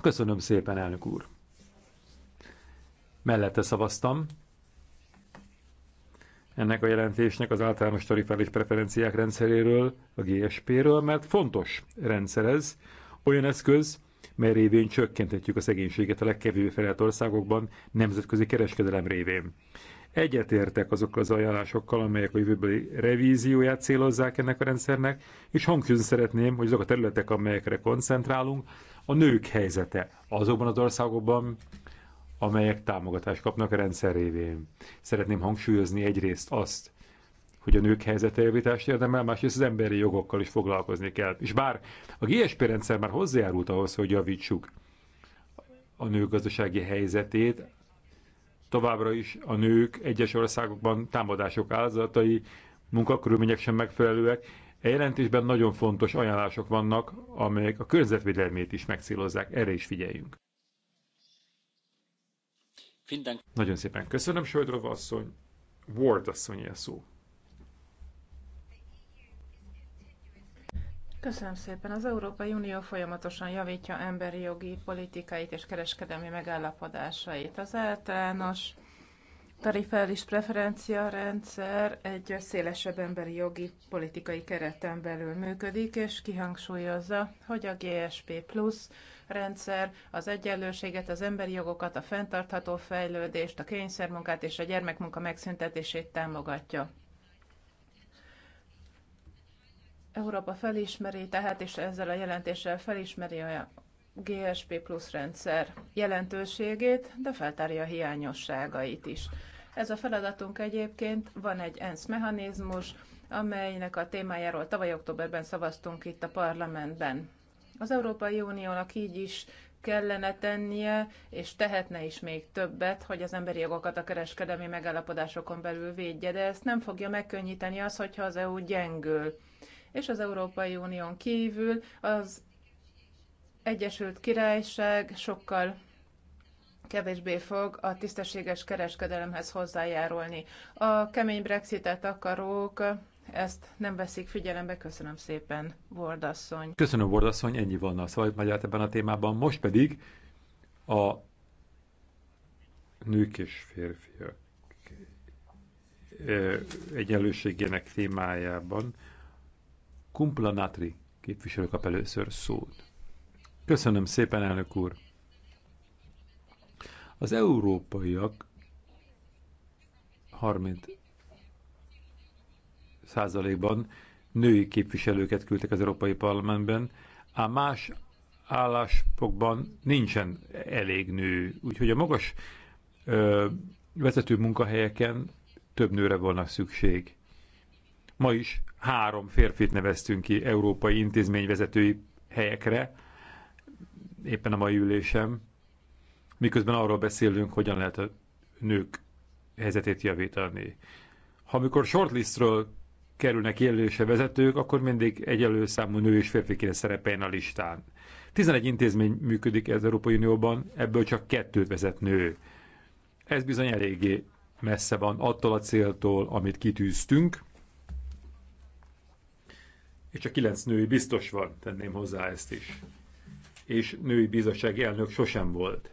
Köszönöm szépen, elnök úr! Mellette szavaztam, ennek a jelentésnek az általános tarifális preferenciák rendszeréről, a GSP-ről, mert fontos rendszer ez, olyan eszköz, mely révén csökkenthetjük a szegénységet a legkevésbé fejlett országokban nemzetközi kereskedelem révén. Egyetértek azok az ajánlásokkal, amelyek a jövőbeli revízióját célozzák ennek a rendszernek, és hangsúlyozni szeretném, hogy azok a területek, amelyekre koncentrálunk, a nők helyzete azokban az országokban, amelyek támogatást kapnak a rendszer révén. Szeretném hangsúlyozni egyrészt azt, hogy a nők helyzete javítást érdemel, másrészt az emberi jogokkal is foglalkozni kell. És bár a GSP rendszer már hozzájárult ahhoz, hogy javítsuk a nők gazdasági helyzetét, továbbra is a nők egyes országokban támadások áldozatai, munkakörülmények sem megfelelőek. E jelentésben nagyon fontos ajánlások vannak, amelyek a környezetvédelmét is megcélozzák, erre is figyeljünk. Nagyon szépen köszönöm, Söldrov asszony. Ward asszony a szó. Köszönöm szépen. Az Európai Unió folyamatosan javítja emberi jogi politikáit és kereskedelmi megállapodásait. Az általános tarifális preferencia rendszer egy szélesebb emberi jogi politikai kereten belül működik, és kihangsúlyozza, hogy a GSP Plus rendszer az egyenlőséget, az emberi jogokat, a fenntartható fejlődést, a kényszermunkát és a gyermekmunka megszüntetését támogatja. Európa felismeri, tehát és ezzel a jelentéssel felismeri a GSP plusz rendszer jelentőségét, de feltárja a hiányosságait is. Ez a feladatunk egyébként, van egy ENSZ mechanizmus, amelynek a témájáról tavaly októberben szavaztunk itt a parlamentben. Az Európai Uniónak így is kellene tennie, és tehetne is még többet, hogy az emberi jogokat a kereskedelmi megállapodásokon belül védje, de ezt nem fogja megkönnyíteni az, hogyha az EU gyengül. És az Európai Unión kívül az Egyesült Királyság sokkal kevésbé fog a tisztességes kereskedelemhez hozzájárulni. A kemény Brexitet akarók ezt nem veszik figyelembe. Köszönöm szépen, Vordasszony. Köszönöm, Vordasszony, ennyi volna a magyar ebben a témában. Most pedig a nők és férfiak eh, egyenlőségének témájában Kumpla Natri képviselő kap először szót. Köszönöm szépen, elnök úr! Az európaiak 30 százalékban női képviselőket küldtek az Európai Parlamentben, A más álláspokban nincsen elég nő. Úgyhogy a magas ö, vezető munkahelyeken több nőre volna szükség. Ma is három férfit neveztünk ki európai intézményvezetői helyekre, éppen a mai ülésem, miközben arról beszélünk, hogyan lehet a nők helyzetét javítani. Ha amikor shortlistről kerülnek jelölése vezetők, akkor mindig egyenlő számú nő és férfi kéne szerepeljen a listán. 11 intézmény működik az Európai Unióban, ebből csak kettőt vezet nő. Ez bizony eléggé messze van attól a céltól, amit kitűztünk. És csak kilenc női biztos van, tenném hozzá ezt is. És női bizottsági elnök sosem volt.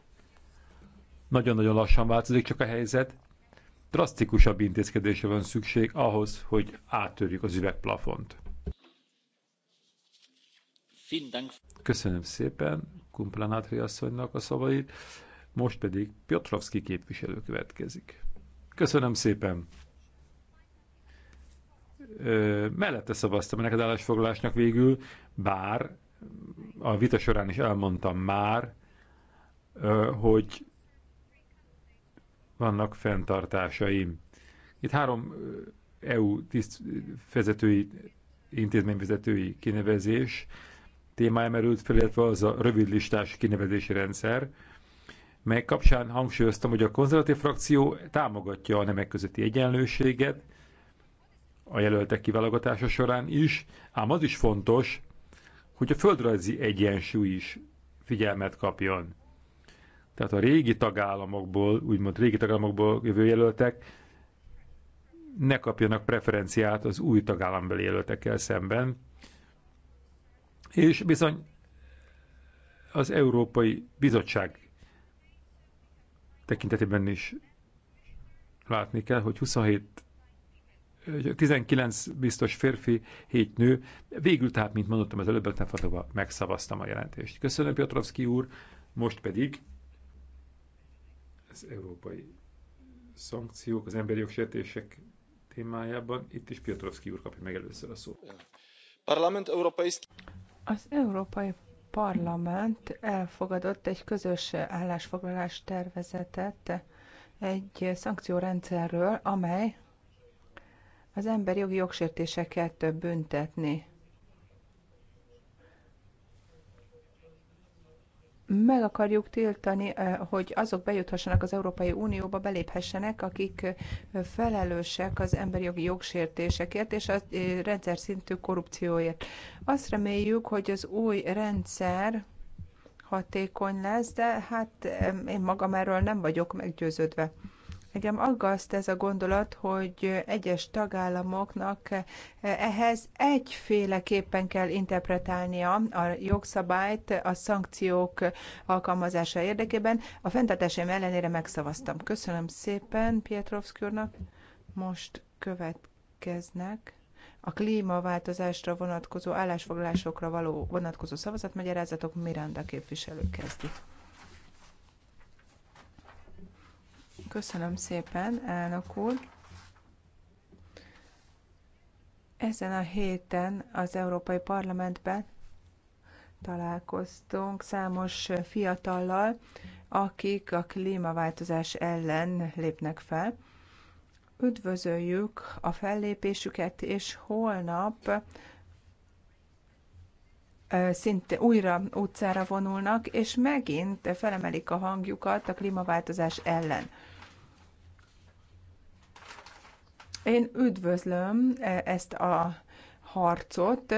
Nagyon-nagyon lassan változik csak a helyzet, drasztikusabb intézkedésre van szükség ahhoz, hogy áttörjük az üvegplafont. Köszönöm szépen Kumplánátri asszonynak a szavait, most pedig Piotrowski képviselő következik. Köszönöm szépen! Ö, mellette szavaztam ennek az állásfoglalásnak végül, bár a vita során is elmondtam már, ö, hogy vannak fenntartásaim. Itt három EU tisztvezetői, vezetői, intézményvezetői kinevezés témája merült fel, illetve az a rövidlistás kinevezési rendszer, mely kapcsán hangsúlyoztam, hogy a konzervatív frakció támogatja a nemek közötti egyenlőséget a jelöltek kiválogatása során is, ám az is fontos, hogy a földrajzi egyensúly is figyelmet kapjon tehát a régi tagállamokból, úgymond régi tagállamokból jövő jelöltek ne kapjanak preferenciát az új tagállambeli jelöltekkel szemben. És bizony az Európai Bizottság tekintetében is látni kell, hogy 27 19 biztos férfi, 7 nő. Végül tehát, mint mondottam az előbb, nem megszavaztam a jelentést. Köszönöm, Piotrowski úr. Most pedig az európai szankciók, az emberi jogsértések témájában. Itt is Piotrowski úr kapja meg először a szót. Parlament Európai... Az Európai Parlament elfogadott egy közös állásfoglalás tervezetet egy szankciórendszerről, amely az emberi jogi jogsértéseket büntetni meg akarjuk tiltani, eh, hogy azok bejuthassanak az Európai Unióba, beléphessenek, akik eh, felelősek az emberi jogi jogsértésekért és a eh, rendszer szintű korrupcióért. Azt reméljük, hogy az új rendszer hatékony lesz, de hát én magam erről nem vagyok meggyőződve. Engem aggaszt ez a gondolat, hogy egyes tagállamoknak ehhez egyféleképpen kell interpretálnia a jogszabályt a szankciók alkalmazása érdekében. A fenntartásaim ellenére megszavaztam. Köszönöm szépen Pietrovszki úrnak. Most következnek a klímaváltozásra vonatkozó állásfoglalásokra való vonatkozó szavazatmagyarázatok Miranda képviselő kezdi. Köszönöm szépen, elnök úr. Ezen a héten az Európai Parlamentben találkoztunk számos fiatallal, akik a klímaváltozás ellen lépnek fel. Üdvözöljük a fellépésüket, és holnap szinte újra utcára vonulnak, és megint felemelik a hangjukat a klímaváltozás ellen. Én üdvözlöm e, ezt a harcot,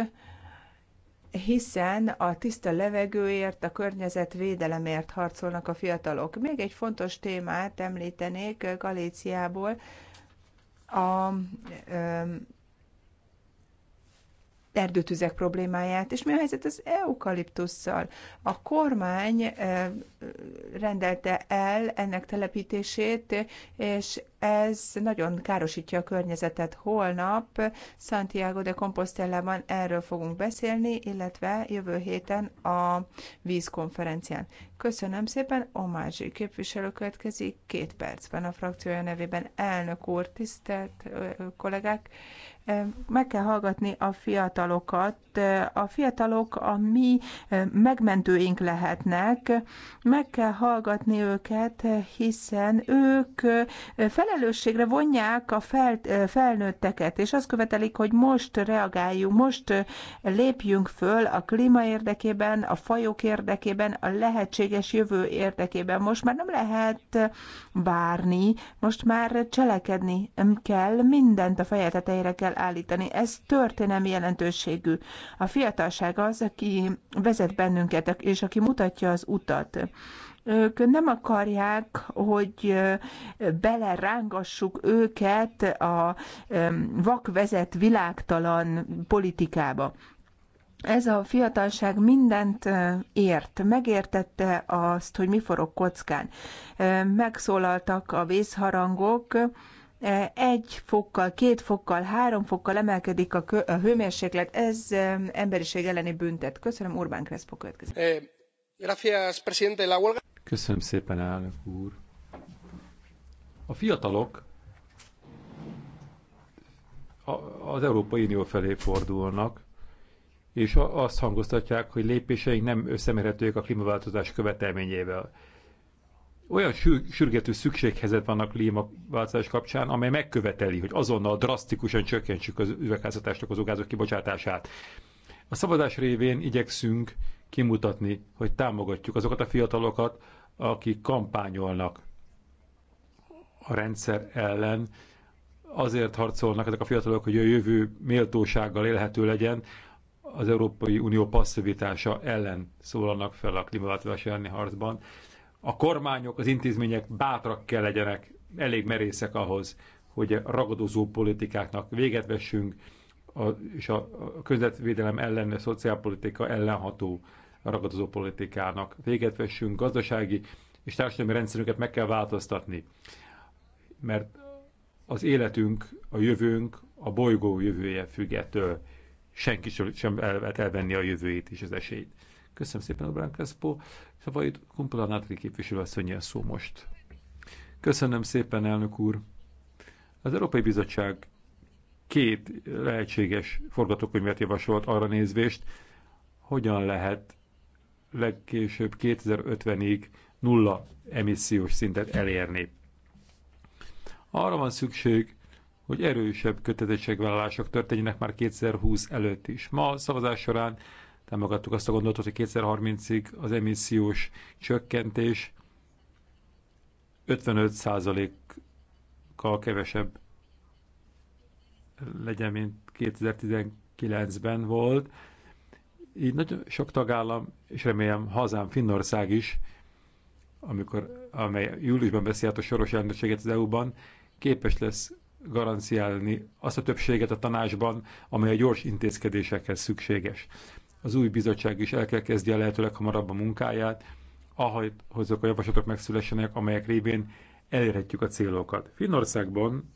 hiszen a tiszta levegőért, a környezetvédelemért harcolnak a fiatalok. Még egy fontos témát említenék Galíciából, a erdőtüzek problémáját, és mi a helyzet az eukaliptusszal. A kormány eh, rendelte el ennek telepítését, és ez nagyon károsítja a környezetet. Holnap Santiago de Compostela-ban erről fogunk beszélni, illetve jövő héten a vízkonferencián. Köszönöm szépen, Omázsi képviselő következik két percben a frakciója nevében. Elnök úr, tisztelt eh, kollégák, meg kell hallgatni a fiatalokat. A fiatalok a mi eh, megmentőink lehetnek, meg kell hallgatni őket, hiszen ők eh, felelősségre vonják a fel, eh, felnőtteket, és azt követelik, hogy most reagáljunk, most lépjünk föl a klíma érdekében, a fajok érdekében, a lehetséges jövő érdekében. Most már nem lehet várni, most már cselekedni kell, mindent a feje tetejére kell állítani. Ez történelmi jelentőségű. A fiatalság az, aki vezet bennünket, és aki mutatja az utat ők nem akarják, hogy belerángassuk őket a vakvezet világtalan politikába. Ez a fiatalság mindent ért, megértette azt, hogy mi forog kockán. Megszólaltak a vészharangok, E, egy fokkal, két fokkal, három fokkal emelkedik a, kö- a hőmérséklet, ez e, emberiség elleni büntet. Köszönöm, Orbán Crespo következő. Eh, Köszönöm szépen, elnök úr. A fiatalok az Európai Unió felé fordulnak, és azt hangoztatják, hogy lépéseink nem összemérhetőek a klímaváltozás követelményével olyan sürgető szükséghezet van a klímaváltozás kapcsán, amely megköveteli, hogy azonnal drasztikusan csökkentsük az üvegházhatást okozó gázok kibocsátását. A szabadás révén igyekszünk kimutatni, hogy támogatjuk azokat a fiatalokat, akik kampányolnak a rendszer ellen, azért harcolnak ezek a fiatalok, hogy a jövő méltósággal élhető legyen, az Európai Unió passzivitása ellen szólalnak fel a klímaváltozás elleni harcban a kormányok, az intézmények bátrak kell legyenek, elég merészek ahhoz, hogy a ragadozó politikáknak véget vessünk, a, és a, a közvetvédelem ellen, a szociálpolitika ellenható ragadozó politikának véget vessünk, gazdasági és társadalmi rendszerünket meg kell változtatni, mert az életünk, a jövőnk, a bolygó jövője függetől senki sem el, elvenni a jövőjét és az esélyt. Köszönöm szépen, Obrán Crespo. Szavait Kumpula Nátri képviselőasszonyja szó most. Köszönöm szépen, elnök úr! Az Európai Bizottság két lehetséges forgatókönyvet javasolt arra nézvést, hogyan lehet legkésőbb 2050-ig nulla emissziós szintet elérni. Arra van szükség, hogy erősebb kötelezettségvállalások történjenek már 2020 előtt is. Ma a szavazás során Támogattuk azt a gondolatot, hogy 2030-ig az emissziós csökkentés 55%-kal kevesebb legyen, mint 2019-ben volt. Így nagyon sok tagállam, és remélem hazám Finnország is, amikor, amely júliusban veszi át a soros elnökséget az EU-ban, képes lesz garanciálni azt a többséget a tanácsban, amely a gyors intézkedésekhez szükséges az új bizottság is el kell kezdje lehetőleg hamarabb a munkáját, ahogy azok a javaslatok megszülessenek, amelyek révén elérhetjük a célokat. Finnországban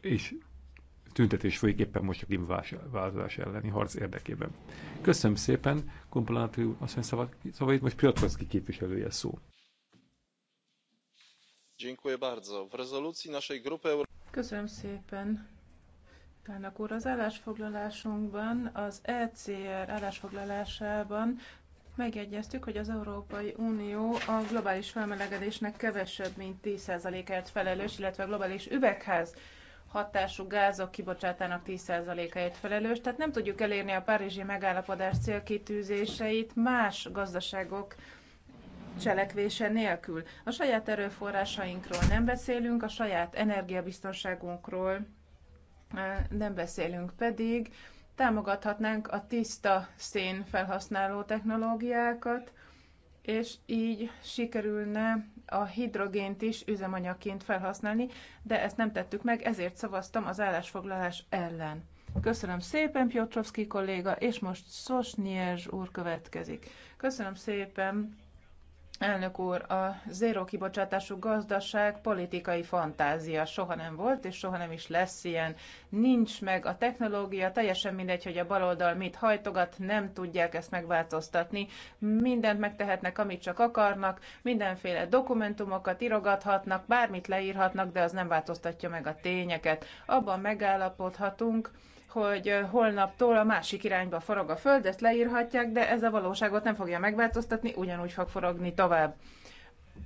és tüntetés folyik éppen most a klímaváltozás elleni harc érdekében. Köszönöm szépen, komponálati asszony szavait, most Piotrowski képviselője szó. Köszönöm szépen. Elnök úr, az állásfoglalásunkban, az ECR állásfoglalásában megjegyeztük, hogy az Európai Unió a globális felmelegedésnek kevesebb, mint 10%-át felelős, illetve a globális üvegház hatású gázok kibocsátának 10%-áért felelős, tehát nem tudjuk elérni a párizsi megállapodás célkitűzéseit más gazdaságok cselekvése nélkül. A saját erőforrásainkról nem beszélünk, a saját energiabiztonságunkról nem beszélünk pedig, támogathatnánk a tiszta szén felhasználó technológiákat, és így sikerülne a hidrogént is üzemanyagként felhasználni, de ezt nem tettük meg, ezért szavaztam az állásfoglalás ellen. Köszönöm szépen, Piotrowski kolléga, és most Szosnyezs úr következik. Köszönöm szépen, Elnök úr, a zéró kibocsátású gazdaság politikai fantázia soha nem volt, és soha nem is lesz ilyen. Nincs meg a technológia, teljesen mindegy, hogy a baloldal mit hajtogat, nem tudják ezt megváltoztatni. Mindent megtehetnek, amit csak akarnak, mindenféle dokumentumokat irogathatnak, bármit leírhatnak, de az nem változtatja meg a tényeket. Abban megállapodhatunk, hogy holnaptól a másik irányba forog a föld, ezt leírhatják, de ez a valóságot nem fogja megváltoztatni, ugyanúgy fog forogni tovább.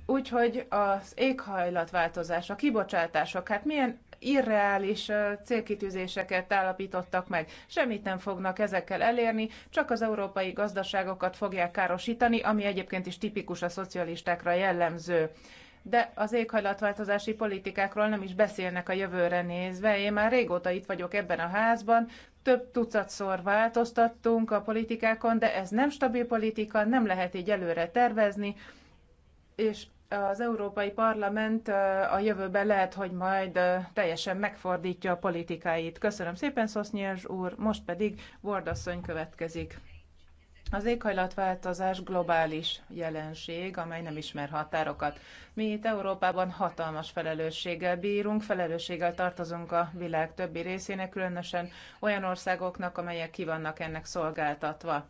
Úgyhogy az éghajlatváltozás, a kibocsátások, hát milyen irreális célkitűzéseket állapítottak meg. Semmit nem fognak ezekkel elérni, csak az európai gazdaságokat fogják károsítani, ami egyébként is tipikus a szocialistákra jellemző de az éghajlatváltozási politikákról nem is beszélnek a jövőre nézve. Én már régóta itt vagyok ebben a házban, több tucatszor változtattunk a politikákon, de ez nem stabil politika, nem lehet így előre tervezni, és az Európai Parlament a jövőben lehet, hogy majd teljesen megfordítja a politikáit. Köszönöm szépen, Szosznyers úr, most pedig Vordasszony következik. Az éghajlatváltozás globális jelenség, amely nem ismer határokat. Mi itt Európában hatalmas felelősséggel bírunk, felelősséggel tartozunk a világ többi részének, különösen olyan országoknak, amelyek ki vannak ennek szolgáltatva.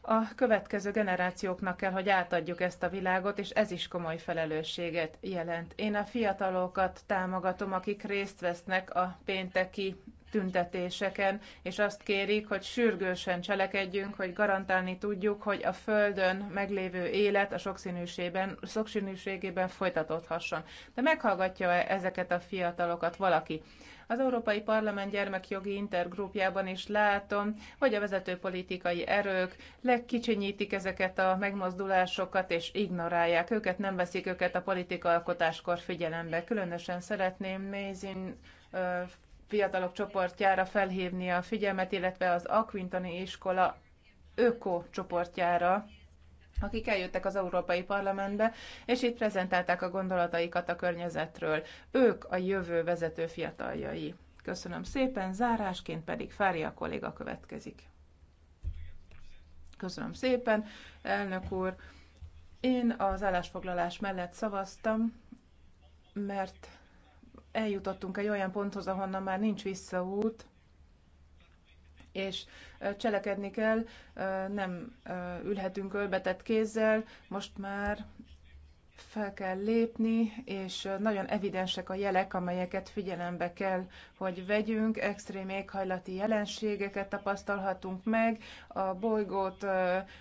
A következő generációknak kell, hogy átadjuk ezt a világot, és ez is komoly felelősséget jelent. Én a fiatalokat támogatom, akik részt vesznek a pénteki tüntetéseken, és azt kérik, hogy sürgősen cselekedjünk, hogy garantálni tudjuk, hogy a Földön meglévő élet a sokszínűségében, sokszínűségében folytatódhasson. De meghallgatja -e ezeket a fiatalokat valaki? Az Európai Parlament gyermekjogi intergrupjában is látom, hogy a vezető politikai erők legkicsinyítik ezeket a megmozdulásokat és ignorálják őket, nem veszik őket a politika alkotáskor figyelembe. Különösen szeretném Mézin fiatalok csoportjára felhívni a figyelmet, illetve az Aquintani iskola öko csoportjára, akik eljöttek az Európai Parlamentbe, és itt prezentálták a gondolataikat a környezetről. Ők a jövő vezető fiataljai. Köszönöm szépen, zárásként pedig Fária kolléga következik. Köszönöm szépen, elnök úr. Én az állásfoglalás mellett szavaztam, mert eljutottunk egy olyan ponthoz, ahonnan már nincs visszaút, és cselekedni kell, nem ülhetünk ölbetett kézzel, most már fel kell lépni, és nagyon evidensek a jelek, amelyeket figyelembe kell, hogy vegyünk. Extrém éghajlati jelenségeket tapasztalhatunk meg, a bolygót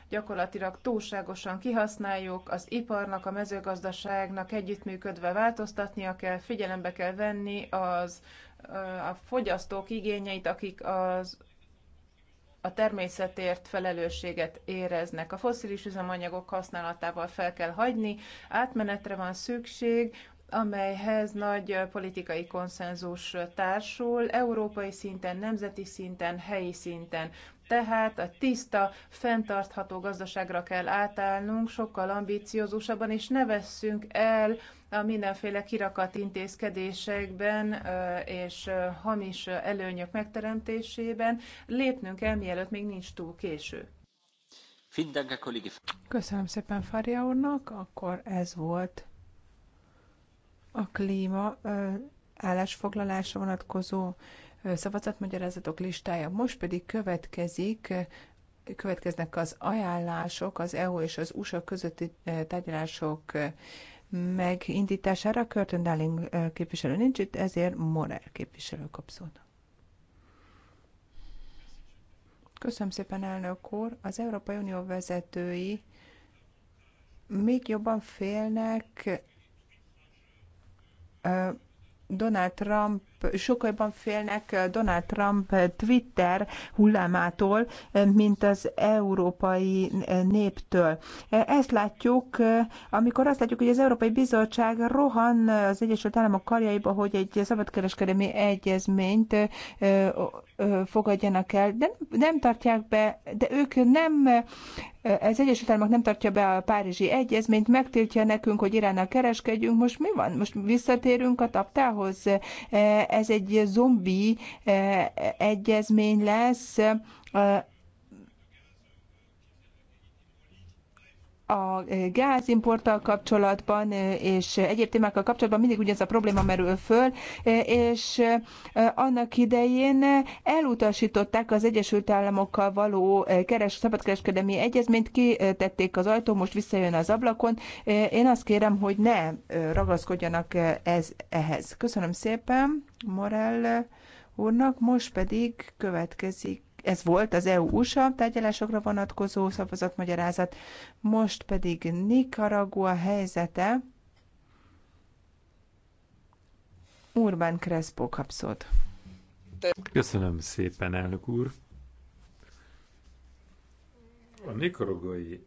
gyakorlatilag túlságosan kihasználjuk, az iparnak, a mezőgazdaságnak együttműködve változtatnia kell, figyelembe kell venni az a fogyasztók igényeit, akik az a természetért felelősséget éreznek. A foszilis üzemanyagok használatával fel kell hagyni, átmenetre van szükség, amelyhez nagy politikai konszenzus társul, európai szinten, nemzeti szinten, helyi szinten. Tehát a tiszta, fenntartható gazdaságra kell átállnunk, sokkal ambíciózusabban, és ne vesszünk el a mindenféle kirakat intézkedésekben és hamis előnyök megteremtésében. Lépnünk el, mielőtt még nincs túl késő. Köszönöm szépen Fária úrnak, akkor ez volt a klíma állásfoglalásra vonatkozó szavazatmagyarázatok listája. Most pedig következik következnek az ajánlások az EU és az USA közötti e, tárgyalások e, megindítására. Curtin Darling e, képviselő nincs itt, ezért Morel képviselő kap szót. Köszönöm szépen, elnök úr! Az Európai Unió vezetői még jobban félnek Donald Trump sokkal jobban félnek eh, Donald Trump eh, Twitter hullámától, eh, mint az európai néptől. Ezt látjuk, amikor azt látjuk, hogy az Európai Bizottság rohan az Egyesült Államok karjaiba, hogy egy szabadkereskedelmi egyezményt fogadjanak el, de nem tartják be, de ők nem az Egyesült Államok nem tartja be a Párizsi Egyezményt, megtiltja nekünk, hogy Iránnal kereskedjünk. Most mi van? Most visszatérünk a taptához? ez egy zombi eh, egyezmény lesz, eh, a gázimporttal kapcsolatban és egyéb témákkal kapcsolatban mindig ugyanaz a probléma merül föl, és annak idején elutasították az Egyesült Államokkal való keres, szabadkereskedelmi egyezményt, kitették az ajtó, most visszajön az ablakon. Én azt kérem, hogy ne ragaszkodjanak ez, ehhez. Köszönöm szépen Morell úrnak, most pedig következik ez volt az EU-USA tárgyalásokra vonatkozó szavazatmagyarázat, most pedig Nicaragua helyzete. Urbán Crespo kapszót. Köszönöm szépen, elnök úr. A nikaragai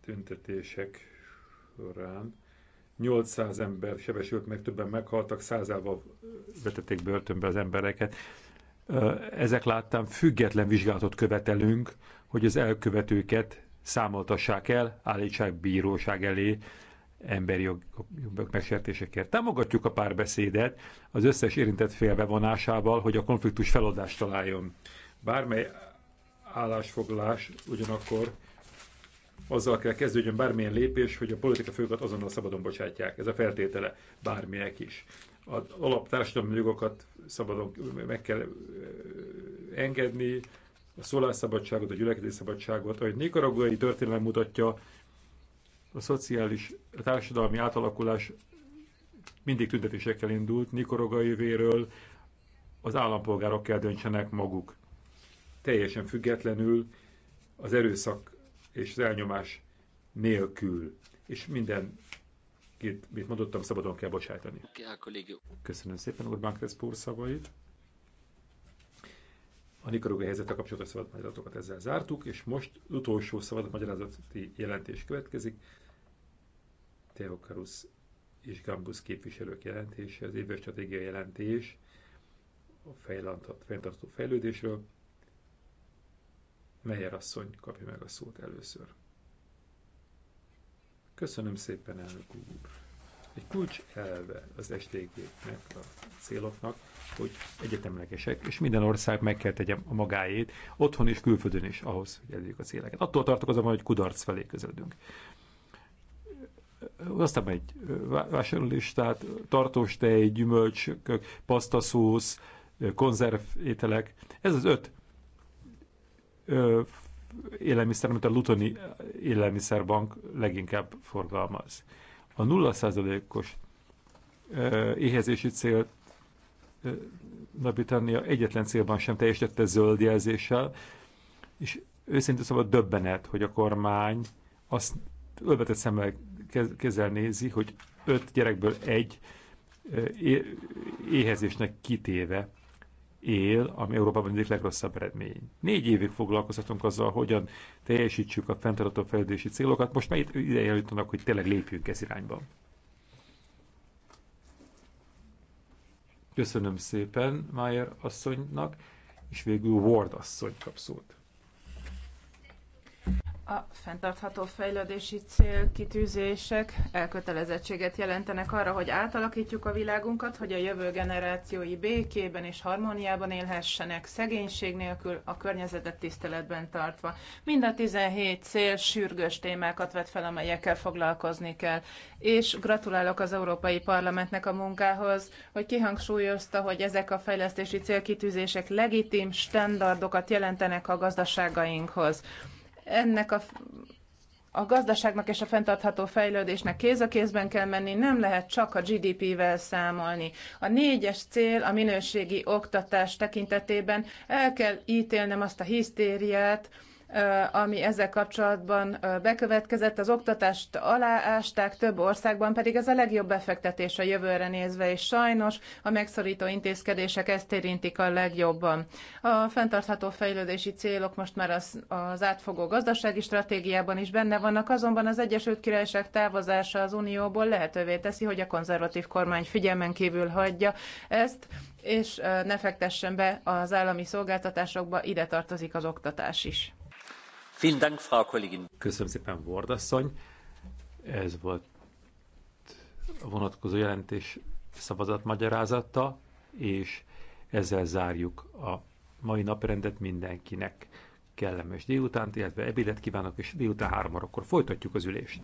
tüntetések során 800 ember sebesült, meg többen meghaltak, százával vetették börtönbe az embereket ezek láttán független vizsgálatot követelünk, hogy az elkövetőket számoltassák el, állítsák bíróság elé emberi jogok megsértésekért. Támogatjuk a párbeszédet az összes érintett fél bevonásával, hogy a konfliktus feloldást találjon. Bármely állásfoglás ugyanakkor azzal kell kezdődjön bármilyen lépés, hogy a politika főkat azonnal szabadon bocsátják. Ez a feltétele bármilyen is az alaptársadalmi jogokat szabadon meg kell engedni, a szólásszabadságot, a gyülekezés szabadságot, ahogy nikaragói történelem mutatja, a szociális, a társadalmi átalakulás mindig tüntetésekkel indult, Nikoroga jövőről az állampolgárok kell döntsenek maguk. Teljesen függetlenül az erőszak és az elnyomás nélkül, és minden mit mondottam, szabadon kell bocsájtani. Köszönöm szépen Orbán Kreszpúr szavait. A Nikarugai helyzetre kapcsolatos szabadmagyarázatokat ezzel zártuk, és most utolsó szabadmagyarázati jelentés következik. Teokarus és Gambus képviselők jelentése, az éves stratégia jelentés a fenntartó fejlődésről. Meyer asszony kapja meg a szót először. Köszönöm szépen, elnök úr. Egy kulcs elve az STG-nek, a céloknak, hogy egyetemlegesek, és minden ország meg kell tegye a magáét, otthon és külföldön is ahhoz, hogy elérjük a céleket. Attól tartok azonban, hogy kudarc felé közeledünk aztán egy vásárlistát, tartós tej, gyümölcsök, pasztaszósz, konzervételek. Ez az öt élelmiszer, amit a Lutoni élelmiszerbank leginkább forgalmaz. A 0%-os éhezési cél Nagy-Britannia egyetlen célban sem teljesítette zöld jelzéssel, és őszintén szóval döbbenet, hogy a kormány azt ölbetett szemmel kezel nézi, hogy öt gyerekből egy éhezésnek kitéve él, ami Európában egyik legrosszabb eredmény. Négy évig foglalkozhatunk azzal, hogyan teljesítsük a fenntartható fejlődési célokat. Most már itt ideje hogy tényleg lépjünk ez irányba. Köszönöm szépen Mayer asszonynak, és végül Ward asszony kap szót. A fenntartható fejlődési célkitűzések elkötelezettséget jelentenek arra, hogy átalakítjuk a világunkat, hogy a jövő generációi békében és harmóniában élhessenek, szegénység nélkül, a környezetet tiszteletben tartva. Mind a 17 cél sürgős témákat vet fel, amelyekkel foglalkozni kell. És gratulálok az Európai Parlamentnek a munkához, hogy kihangsúlyozta, hogy ezek a fejlesztési célkitűzések legitim standardokat jelentenek a gazdaságainkhoz ennek a a gazdaságnak és a fenntartható fejlődésnek kéz a kézben kell menni, nem lehet csak a GDP-vel számolni. A négyes cél a minőségi oktatás tekintetében el kell ítélnem azt a hisztériát, ami ezzel kapcsolatban bekövetkezett, az oktatást aláásták több országban, pedig ez a legjobb befektetés a jövőre nézve, és sajnos a megszorító intézkedések ezt érintik a legjobban. A fenntartható fejlődési célok most már az, az átfogó gazdasági stratégiában is benne vannak, azonban az Egyesült Királyság távozása az Unióból lehetővé teszi, hogy a konzervatív kormány figyelmen kívül hagyja ezt, és ne fektessen be az állami szolgáltatásokba, ide tartozik az oktatás is. Köszönöm szépen, Vordasszony. Ez volt a vonatkozó jelentés szavazat magyarázata, és ezzel zárjuk a mai naprendet mindenkinek. Kellemes délutánt, illetve ebédet kívánok, és délután három órakor folytatjuk az ülést.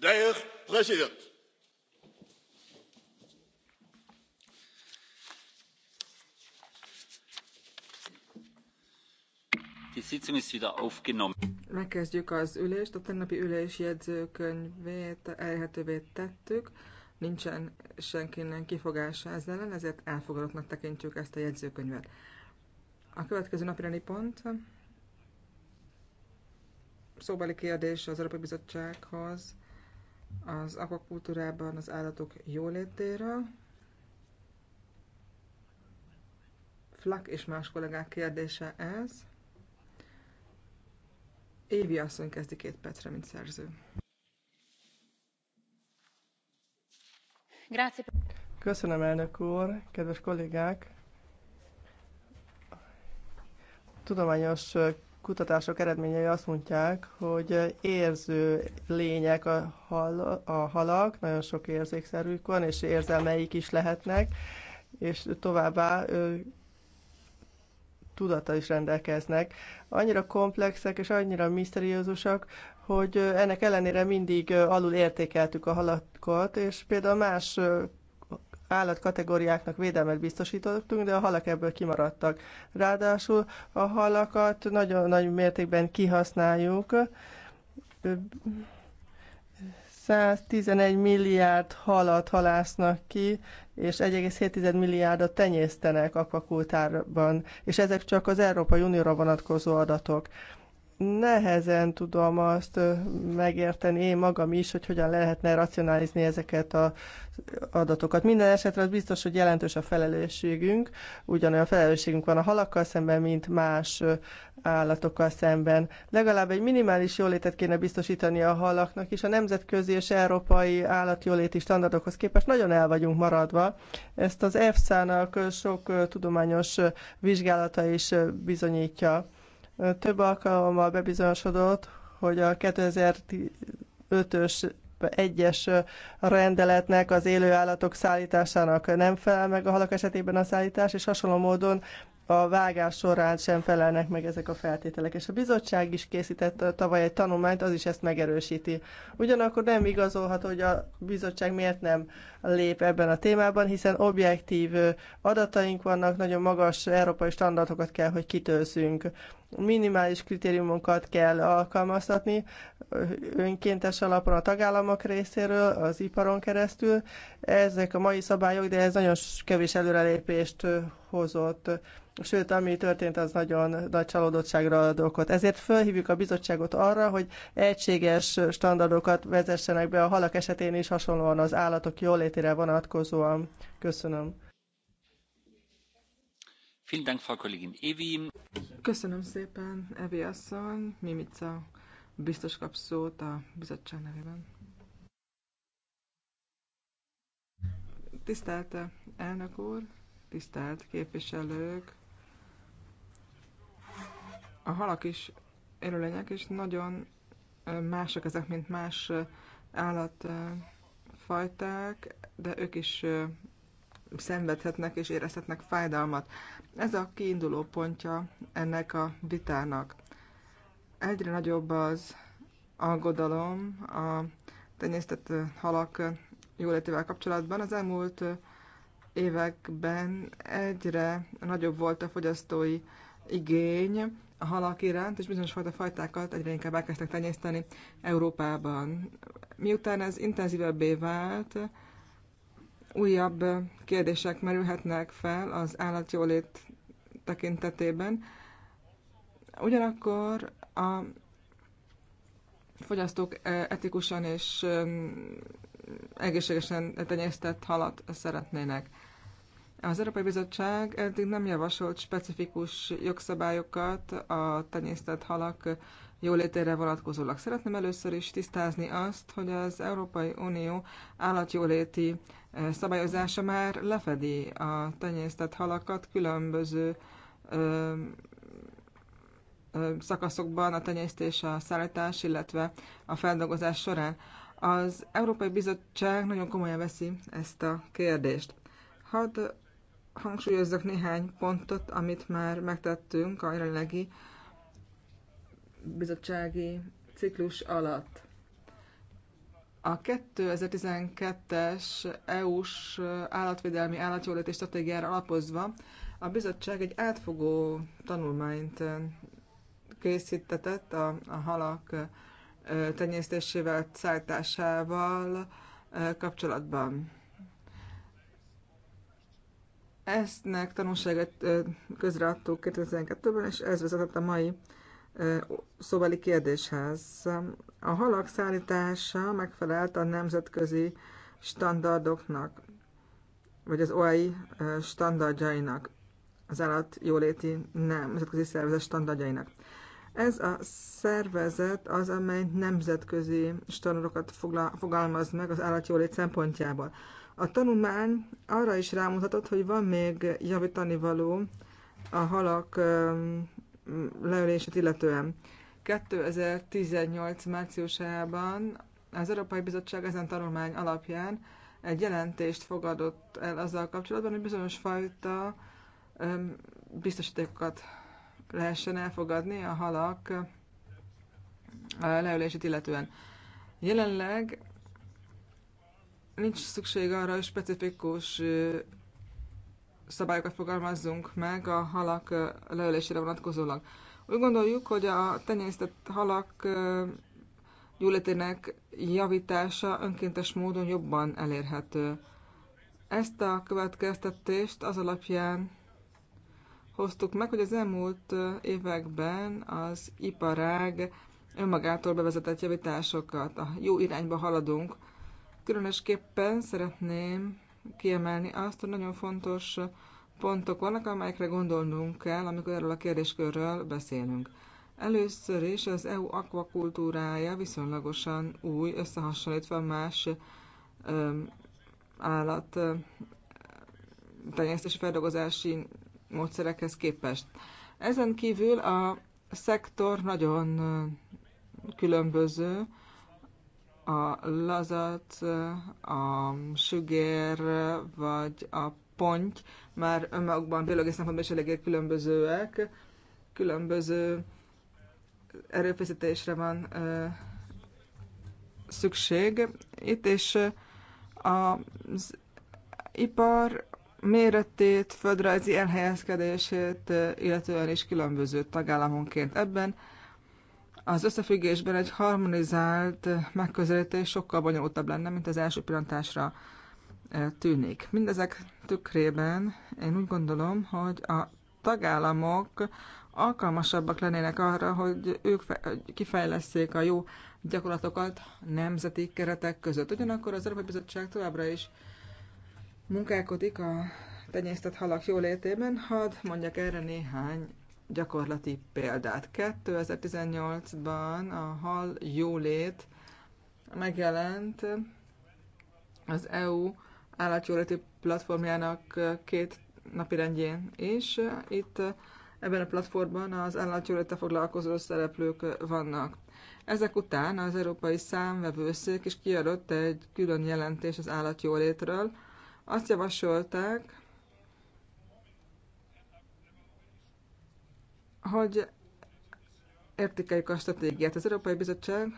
dear president megkezdjük az ülést a tegnapi ülés jegyzőkönyvét elhetővé tettük nincsen senkinek kifogása ezzel ellen ezért elfogadottnak tekintjük ezt a jegyzőkönyvet a következő napirendi pont szóbeli kérdés az Európai Bizottsághoz az akvakultúrában az állatok jólétéről. Flak és más kollégák kérdése ez. Évi asszony kezdi két percre, mint szerző. Köszönöm, elnök úr, kedves kollégák! Tudományos kutatások eredményei azt mondják, hogy érző lények a, hal, a halak, nagyon sok érzékszerűk van, és érzelmeik is lehetnek, és továbbá tudata is rendelkeznek. Annyira komplexek és annyira miszteriózusak, hogy ennek ellenére mindig alul értékeltük a halakat, és például más állatkategóriáknak védelmet biztosítottunk, de a halak ebből kimaradtak. Ráadásul a halakat nagyon nagy mértékben kihasználjuk. 111 milliárd halat halásznak ki, és 1,7 milliárdot tenyésztenek akvakultárban, és ezek csak az Európai Unióra vonatkozó adatok nehezen tudom azt megérteni én magam is, hogy hogyan lehetne racionalizni ezeket az adatokat. Minden esetre az biztos, hogy jelentős a felelősségünk, ugyanolyan felelősségünk van a halakkal szemben, mint más állatokkal szemben. Legalább egy minimális jólétet kéne biztosítani a halaknak, és a nemzetközi és európai állatjóléti standardokhoz képest nagyon el vagyunk maradva. Ezt az EFSA-nak sok tudományos vizsgálata is bizonyítja több alkalommal bebizonyosodott, hogy a 2005-ös egyes rendeletnek az élő állatok szállításának nem felel meg a halak esetében a szállítás, és hasonló módon a vágás során sem felelnek meg ezek a feltételek. És a bizottság is készített tavaly egy tanulmányt, az is ezt megerősíti. Ugyanakkor nem igazolható, hogy a bizottság miért nem lép ebben a témában, hiszen objektív adataink vannak, nagyon magas európai standardokat kell, hogy kitőzzünk. Minimális kritériumokat kell alkalmaztatni önkéntes alapon a tagállamok részéről, az iparon keresztül. Ezek a mai szabályok, de ez nagyon kevés előrelépést hozott. Sőt, ami történt, az nagyon nagy csalódottságra ad okot. Ezért fölhívjuk a bizottságot arra, hogy egységes standardokat vezessenek be a halak esetén is, hasonlóan az állatok jólétére vonatkozóan. Köszönöm. Köszönöm szépen, Evi asszony. Mimica biztos kap szót a bizottság nevében. Tisztelt elnök úr, tisztelt képviselők, a halak is élőlények, és nagyon mások ezek, mint más állatfajták, de ők is szenvedhetnek és érezhetnek fájdalmat. Ez a kiinduló pontja ennek a vitának. Egyre nagyobb az aggodalom a tenyésztett halak jólétével kapcsolatban. Az elmúlt években egyre nagyobb volt a fogyasztói igény a halak iránt, és bizonyos fajta fajtákat egyre inkább elkezdtek tenyészteni Európában. Miután ez intenzívebbé vált, újabb kérdések merülhetnek fel az állatjólét tekintetében. Ugyanakkor a fogyasztók e, etikusan és e, egészségesen tenyésztett halat szeretnének. Az Európai Bizottság eddig nem javasolt specifikus jogszabályokat a tenyésztett halak jólétére vonatkozólag. Szeretném először is tisztázni azt, hogy az Európai Unió állatjóléti eh, szabályozása már lefedi a tenyésztett halakat különböző ö, eh, ö, eh, szakaszokban a tenyésztés, a szállítás, illetve a feldolgozás során. Az Európai Bizottság nagyon komolyan veszi ezt a kérdést. Hadd hangsúlyozzak néhány pontot, amit már megtettünk a jelenlegi bizottsági ciklus alatt. A 2012-es EU-s állatvédelmi állatjóléti stratégiára alapozva a bizottság egy átfogó tanulmányt készítetett a, a halak tenyésztésével, szállításával kapcsolatban. Eztnek tanulságot közreadtuk 2012-ben, és ez vezetett a mai szóbeli kérdéshez. A halak szállítása megfelelt a nemzetközi standardoknak, vagy az OAI e standardjainak, az állatjóléti nemzetközi szervezet standardjainak. Ez a szervezet az, amely nemzetközi standardokat foglal, fogalmaz meg az állatjólét szempontjából. A tanulmány arra is rámutatott, hogy van még javítani való a halak leölését illetően. 2018 márciusában az Európai Bizottság ezen tanulmány alapján egy jelentést fogadott el azzal kapcsolatban, hogy bizonyos fajta biztosítékokat lehessen elfogadni a halak leölését illetően. Jelenleg nincs szükség arra, hogy specifikus szabályokat fogalmazzunk meg a halak leölésére vonatkozólag. Úgy gondoljuk, hogy a tenyésztett halak gyúlétének javítása önkéntes módon jobban elérhető. Ezt a következtetést az alapján hoztuk meg, hogy az elmúlt években az iparág önmagától bevezetett javításokat, a jó irányba haladunk. Különösképpen szeretném kiemelni azt, hogy nagyon fontos pontok vannak, amelyekre gondolnunk kell, amikor erről a kérdéskörről beszélünk. Először is az EU akvakultúrája viszonylagosan új, összehasonlítva más állat öm, tenyésztési feldolgozási módszerekhez képest. Ezen kívül a szektor nagyon különböző, a lazac, a sügér vagy a ponty már önmagukban biológiai szempontból is eléggé különbözőek, különböző erőfeszítésre van ö, szükség itt, és az ipar méretét, földrajzi elhelyezkedését, illetően is különböző tagállamonként ebben az összefüggésben egy harmonizált megközelítés sokkal bonyolultabb lenne, mint az első pillantásra eh, tűnik. Mindezek tükrében én úgy gondolom, hogy a tagállamok alkalmasabbak lennének arra, hogy ők kifejleszték a jó gyakorlatokat nemzeti keretek között. Ugyanakkor az Európai Bizottság továbbra is munkálkodik a tenyésztett halak jólétében. Hadd mondjak erre néhány gyakorlati példát. 2018-ban a hal jólét megjelent az EU állatjóléti platformjának két napi rendjén is. Itt ebben a platformban az állatjóléte foglalkozó szereplők vannak. Ezek után az Európai Számvevőszék is kiadott egy külön jelentés az állatjólétről. Azt javasolták, hogy értékeljük a stratégiát. Az Európai Bizottság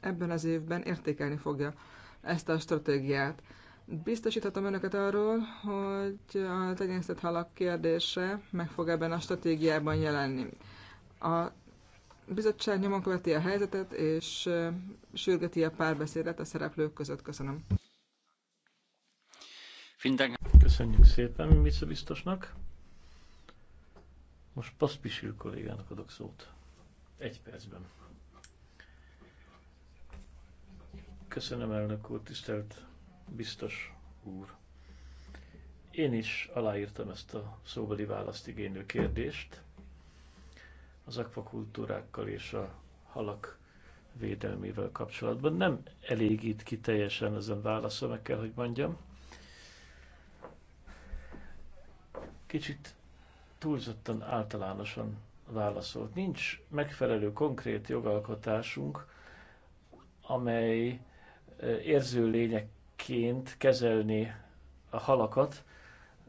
ebben az évben értékelni fogja ezt a stratégiát. Biztosíthatom önöket arról, hogy a tenyésztett halak kérdése meg fog ebben a stratégiában jelenni. A bizottság nyomon követi a helyzetet, és sürgeti a párbeszédet a szereplők között. Köszönöm. Köszönjük szépen biztosnak? Most Paszpisil kollégának adok szót. Egy percben. Köszönöm, elnök úr, tisztelt biztos úr. Én is aláírtam ezt a szóbeli választ igénylő kérdést. Az akvakultúrákkal és a halak védelmével kapcsolatban. Nem elégít ki teljesen ezen válaszom, meg kell, hogy mondjam. Kicsit túlzottan általánosan válaszolt. Nincs megfelelő konkrét jogalkotásunk, amely e, érző lényekként kezelni a halakat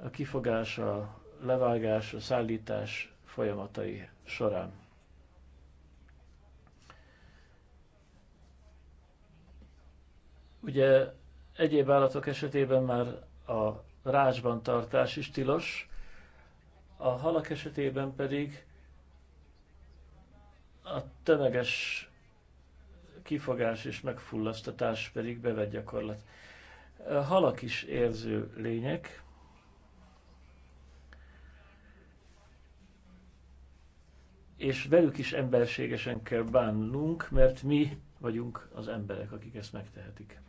a kifogás, a levágás, a szállítás folyamatai során. Ugye egyéb állatok esetében már a rázsban tartás is tilos, a halak esetében pedig a tömeges kifogás és megfullasztatás pedig bevett gyakorlat. A halak is érző lények, és velük is emberségesen kell bánnunk, mert mi vagyunk az emberek, akik ezt megtehetik.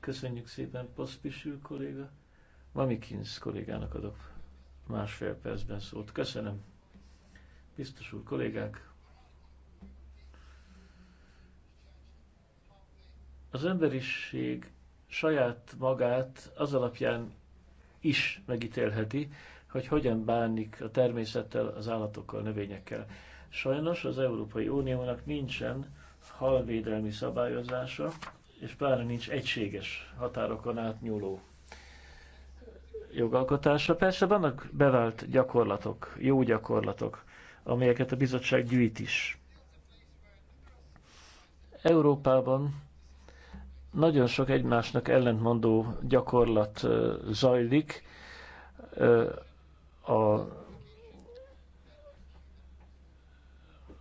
Köszönjük szépen, Poszpisű kolléga. Mamikins kollégának adok másfél percben szólt Köszönöm. Biztos úr, kollégák! Az emberiség saját magát az alapján is megítélheti, hogy hogyan bánik a természettel, az állatokkal, növényekkel. Sajnos az Európai Uniónak nincsen halvédelmi szabályozása, és pláne nincs egységes határokon átnyúló jogalkotásra. Persze vannak bevált gyakorlatok, jó gyakorlatok, amelyeket a bizottság gyűjt is. Európában nagyon sok egymásnak ellentmondó gyakorlat zajlik. A,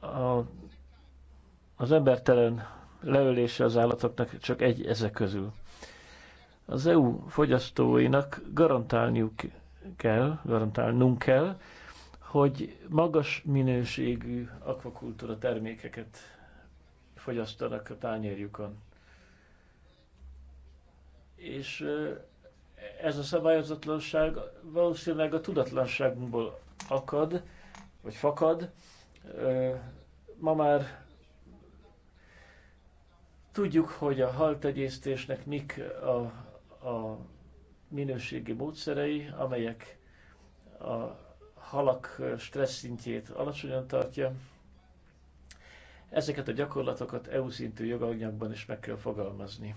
a, az embertelen leölése az állatoknak csak egy ezek közül az EU fogyasztóinak garantálniuk kell, garantálnunk kell, hogy magas minőségű akvakultúra termékeket fogyasztanak a tányérjukon. És eh, ez a szabályozatlanság valószínűleg a tudatlanságunkból akad, vagy fakad. Eh, ma már tudjuk, hogy a haltegyésztésnek mik a a minőségi módszerei, amelyek a halak stressz szintjét alacsonyan tartja. Ezeket a gyakorlatokat EU szintű joganyagban is meg kell fogalmazni.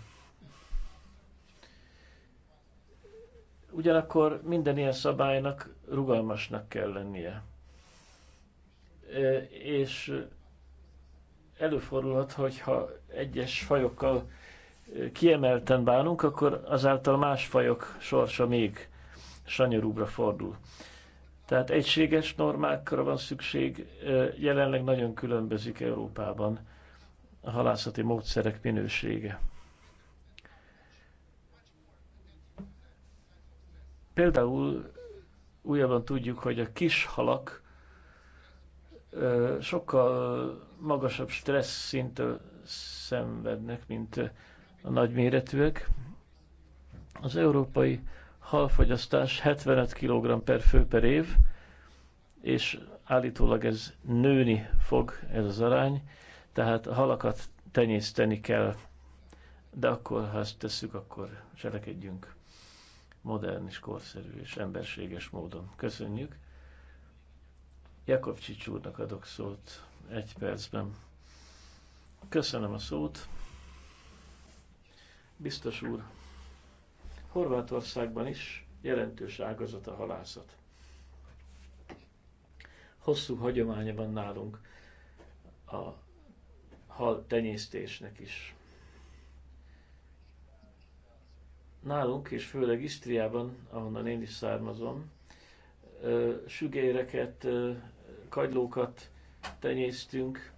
Ugyanakkor minden ilyen szabálynak rugalmasnak kell lennie. E, és előfordulhat, hogyha egyes fajokkal kiemelten bánunk, akkor azáltal más fajok sorsa még sanyarúbra fordul. Tehát egységes normákra van szükség, jelenleg nagyon különbözik Európában a halászati módszerek minősége. Például újabban tudjuk, hogy a kis halak sokkal magasabb stressz szintől szenvednek, mint a nagyméretűek. Az európai halfogyasztás 75 kg per fő per év, és állítólag ez nőni fog, ez az arány, tehát a halakat tenyészteni kell, de akkor, ha ezt tesszük, akkor cselekedjünk modern és korszerű és emberséges módon. Köszönjük! Jakob Csicsúrnak adok szót egy percben. Köszönöm a szót! Biztos úr, Horvátországban is jelentős ágazat a halászat. Hosszú hagyománya van nálunk a hal tenyésztésnek is. Nálunk, és főleg Isztriában, ahonnan én is származom, sügéreket, kagylókat tenyésztünk,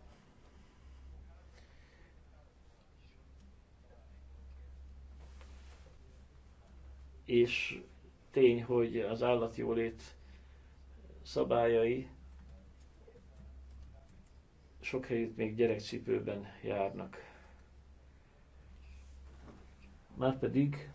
és tény, hogy az állatjólét szabályai sok helyütt még gyerekcipőben járnak. Márpedig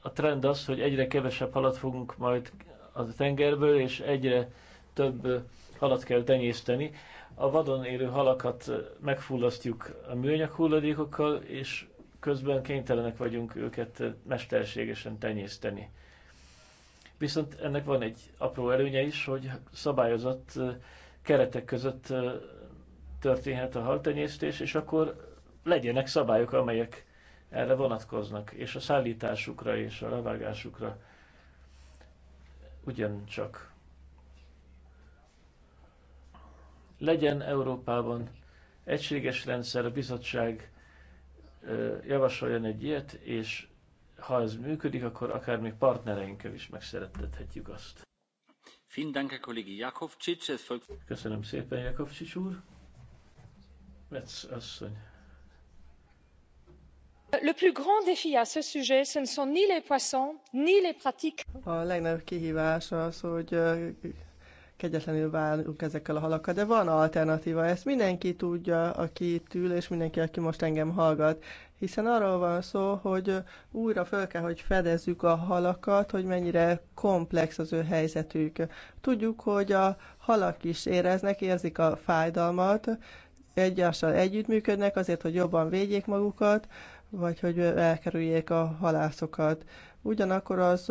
a trend az, hogy egyre kevesebb halat fogunk majd a tengerből, és egyre több halat kell tenyészteni. A vadon élő halakat megfullasztjuk a műanyag hulladékokkal, és közben kénytelenek vagyunk őket mesterségesen tenyészteni. Viszont ennek van egy apró előnye is, hogy szabályozott keretek között történhet a haltenyésztés, és akkor legyenek szabályok, amelyek erre vonatkoznak, és a szállításukra és a levágásukra ugyancsak. Legyen Európában egységes rendszer, a bizottság javasoljon egy ilyet, és ha ez működik, akkor akár még partnereinkkel is megszerettethetjük azt. Köszönöm szépen, Jakovcsics úr. Metz asszony. Le plus grand défi à ce sujet, ce ne sont ni les poissons, ni les pratiques. A legnagyobb kihívás az, hogy kegyetlenül válunk ezekkel a halakkal, de van alternatíva, ezt mindenki tudja, aki itt ül, és mindenki, aki most engem hallgat, hiszen arról van szó, hogy újra föl kell, hogy fedezzük a halakat, hogy mennyire komplex az ő helyzetük. Tudjuk, hogy a halak is éreznek, érzik a fájdalmat, egyással együttműködnek azért, hogy jobban védjék magukat, vagy hogy elkerüljék a halászokat. Ugyanakkor az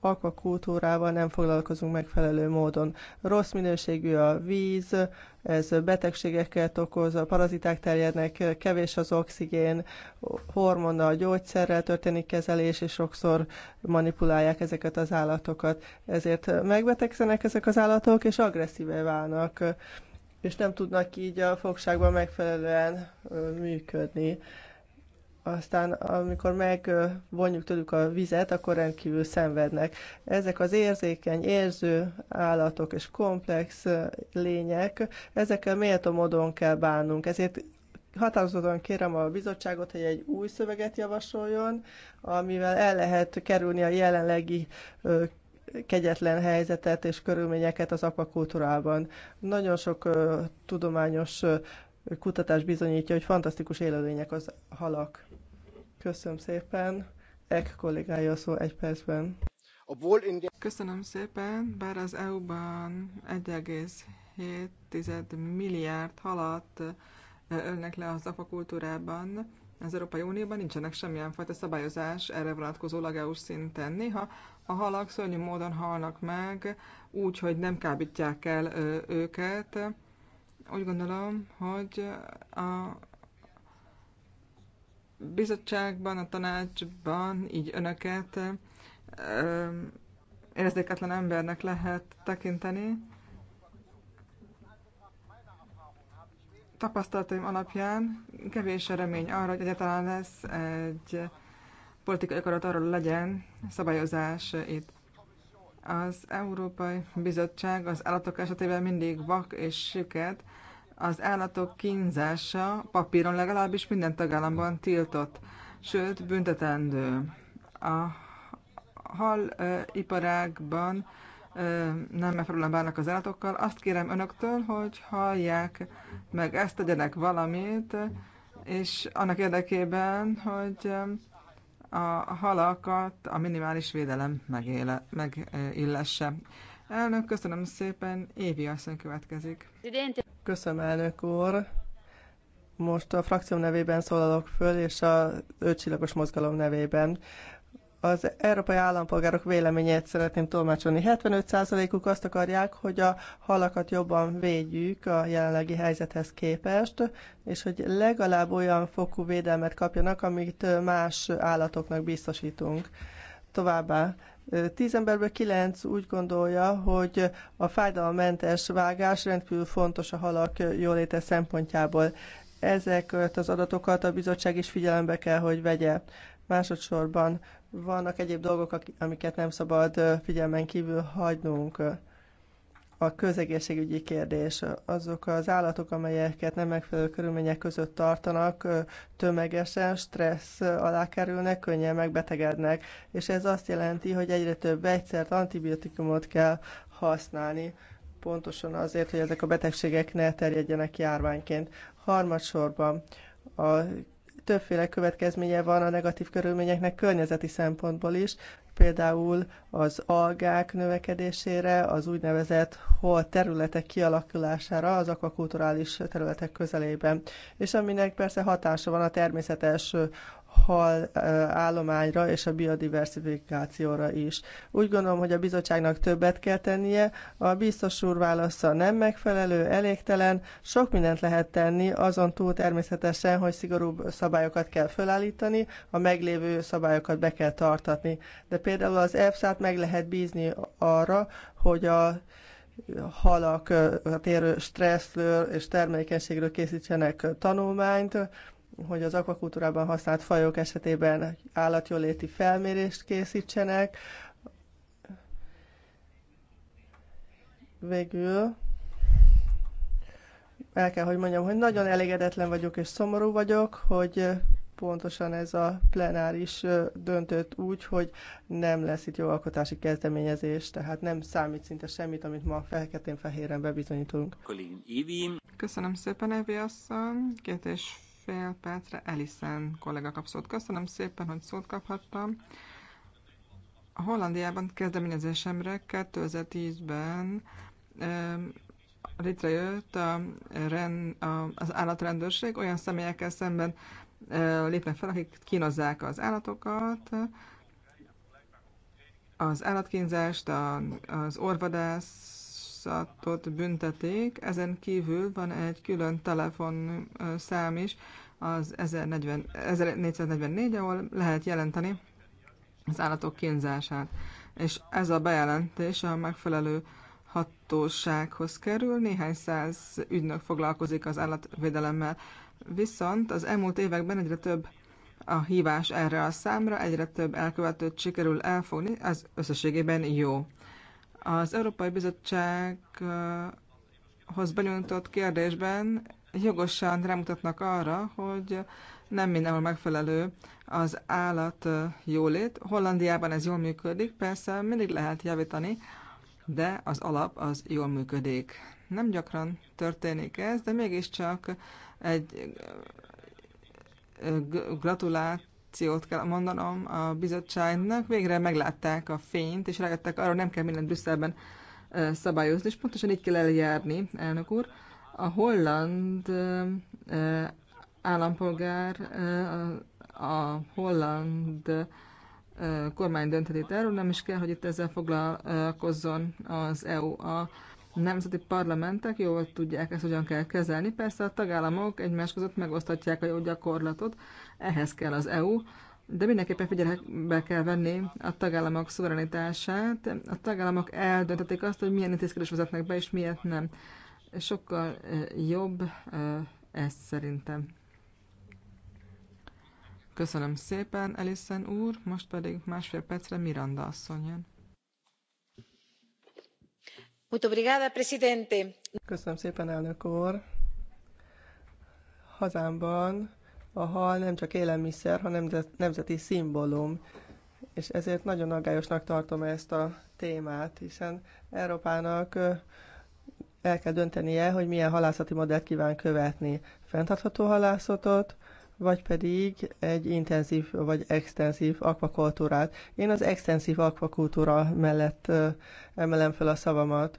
akvakultúrával nem foglalkozunk megfelelő módon. Rossz minőségű a víz, ez betegségeket okoz, a paraziták terjednek, kevés az oxigén, hormonnal, gyógyszerrel történik kezelés, és sokszor manipulálják ezeket az állatokat. Ezért megbetegszenek ezek az állatok, és agresszíve válnak és nem tudnak így a fogságban megfelelően működni aztán amikor megvonjuk tőlük a vizet, akkor rendkívül szenvednek. Ezek az érzékeny, érző állatok és komplex lények, ezekkel méltó módon kell bánnunk. Ezért határozottan kérem a bizottságot, hogy egy új szöveget javasoljon, amivel el lehet kerülni a jelenlegi kegyetlen helyzetet és körülményeket az akvakultúrában. Nagyon sok tudományos kutatás bizonyítja, hogy fantasztikus élőlények az halak. Köszönöm szépen. Ek kollégája szó egy percben. Köszönöm szépen, bár az EU-ban 1,7 milliárd halat ölnek le az apakultúrában, az Európai Unióban nincsenek semmilyen fajta szabályozás erre vonatkozólag EU szinten. Néha a halak szörnyű módon halnak meg, úgy, hogy nem kábítják el őket, úgy gondolom, hogy a bizottságban, a tanácsban így önöket érzéketlen embernek lehet tekinteni. Tapasztalataim alapján kevés a remény arra, hogy egyáltalán lesz egy politikai akarat arról legyen szabályozás itt. Az Európai Bizottság az állatok esetében mindig vak és süket. Az állatok kínzása papíron legalábbis minden tagállamban tiltott, sőt büntetendő. A haliparágban nem megfelelően bánnak az állatokkal. Azt kérem önöktől, hogy hallják meg ezt, tegyenek valamit, és annak érdekében, hogy a halakat a minimális védelem megéle, megillesse. Elnök, köszönöm szépen, Évi asszony következik. Köszönöm, elnök úr. Most a frakcióm nevében szólalok föl, és a ötcsillagos mozgalom nevében. Az európai állampolgárok véleményét szeretném tolmácsolni. 75%-uk azt akarják, hogy a halakat jobban védjük a jelenlegi helyzethez képest, és hogy legalább olyan fokú védelmet kapjanak, amit más állatoknak biztosítunk. Továbbá 10 emberből kilenc úgy gondolja, hogy a fájdalommentes vágás rendkívül fontos a halak jóléte szempontjából. Ezeket az adatokat a bizottság is figyelembe kell, hogy vegye. Másodszorban vannak egyéb dolgok, amiket nem szabad figyelmen kívül hagynunk. A közegészségügyi kérdés. Azok az állatok, amelyeket nem megfelelő körülmények között tartanak, tömegesen stressz alá kerülnek, könnyen megbetegednek, és ez azt jelenti, hogy egyre több egyszert antibiotikumot kell használni pontosan azért, hogy ezek a betegségek ne terjedjenek járványként. Harmadsorban a többféle következménye van a negatív körülményeknek környezeti szempontból is, például az algák növekedésére, az úgynevezett hol területek kialakulására az akvakulturális területek közelében, és aminek persze hatása van a természetes hal állományra és a biodiversifikációra is. Úgy gondolom, hogy a bizottságnak többet kell tennie, a biztos úr válasza nem megfelelő, elégtelen, sok mindent lehet tenni, azon túl természetesen, hogy szigorúbb szabályokat kell felállítani, a meglévő szabályokat be kell tartatni. De például az EFSA-t meg lehet bízni arra, hogy a halak térő stresszről és termelékenységről készítsenek tanulmányt, hogy az akvakultúrában használt fajok esetében állatjóléti felmérést készítsenek. Végül el kell, hogy mondjam, hogy nagyon elégedetlen vagyok és szomorú vagyok, hogy pontosan ez a plenáris döntött úgy, hogy nem lesz itt jogalkotási kezdeményezés, tehát nem számít szinte semmit, amit ma feketén-fehéren bebizonyítunk. Köszönöm szépen, Evi asszony. Két és fél percre Elisen kollega kap szót. Köszönöm szépen, hogy szót kaphattam. A Hollandiában kezdeményezésemre 2010-ben létrejött a, ren, a, az állatrendőrség, olyan személyekkel szemben lépnek fel, akik kínozzák az állatokat, az állatkínzást, a, az orvadász hálózatot büntetik, ezen kívül van egy külön telefonszám is, az 1444, ahol lehet jelenteni az állatok kínzását. És ez a bejelentés a megfelelő hatósághoz kerül, néhány száz ügynök foglalkozik az állatvédelemmel. Viszont az elmúlt években egyre több a hívás erre a számra, egyre több elkövetőt sikerül elfogni, ez összességében jó. Az Európai Bizottsághoz benyújtott kérdésben jogosan rámutatnak arra, hogy nem mindenhol megfelelő az állat jólét. Hollandiában ez jól működik, persze mindig lehet javítani, de az alap az jól működik. Nem gyakran történik ez, de mégiscsak egy gratulát reakciót kell mondanom a bizottságnak. Végre meglátták a fényt, és rájöttek arra, hogy nem kell mindent Brüsszelben szabályozni, és pontosan így kell eljárni, elnök úr. A holland állampolgár, a holland kormány döntheti erről, nem is kell, hogy itt ezzel foglalkozzon az EU. A nemzeti parlamentek jól tudják ezt, hogyan kell kezelni. Persze a tagállamok egymás között megosztatják a jó gyakorlatot, ehhez kell az EU, de mindenképpen figyelembe kell venni a tagállamok szuverenitását. A tagállamok eldöntetik azt, hogy milyen intézkedés vezetnek be, és miért nem. Sokkal jobb ez szerintem. Köszönöm szépen, eliszen úr, most pedig másfél percre Miranda asszony jön. Köszönöm szépen, elnök úr. Hazámban a hal nem csak élelmiszer, hanem nemzeti szimbólum, és ezért nagyon aggályosnak tartom ezt a témát, hiszen Európának el kell döntenie, hogy milyen halászati modellt kíván követni. Fenntartható halászatot, vagy pedig egy intenzív vagy extenzív akvakultúrát. Én az extenzív akvakultúra mellett emelem fel a szavamat.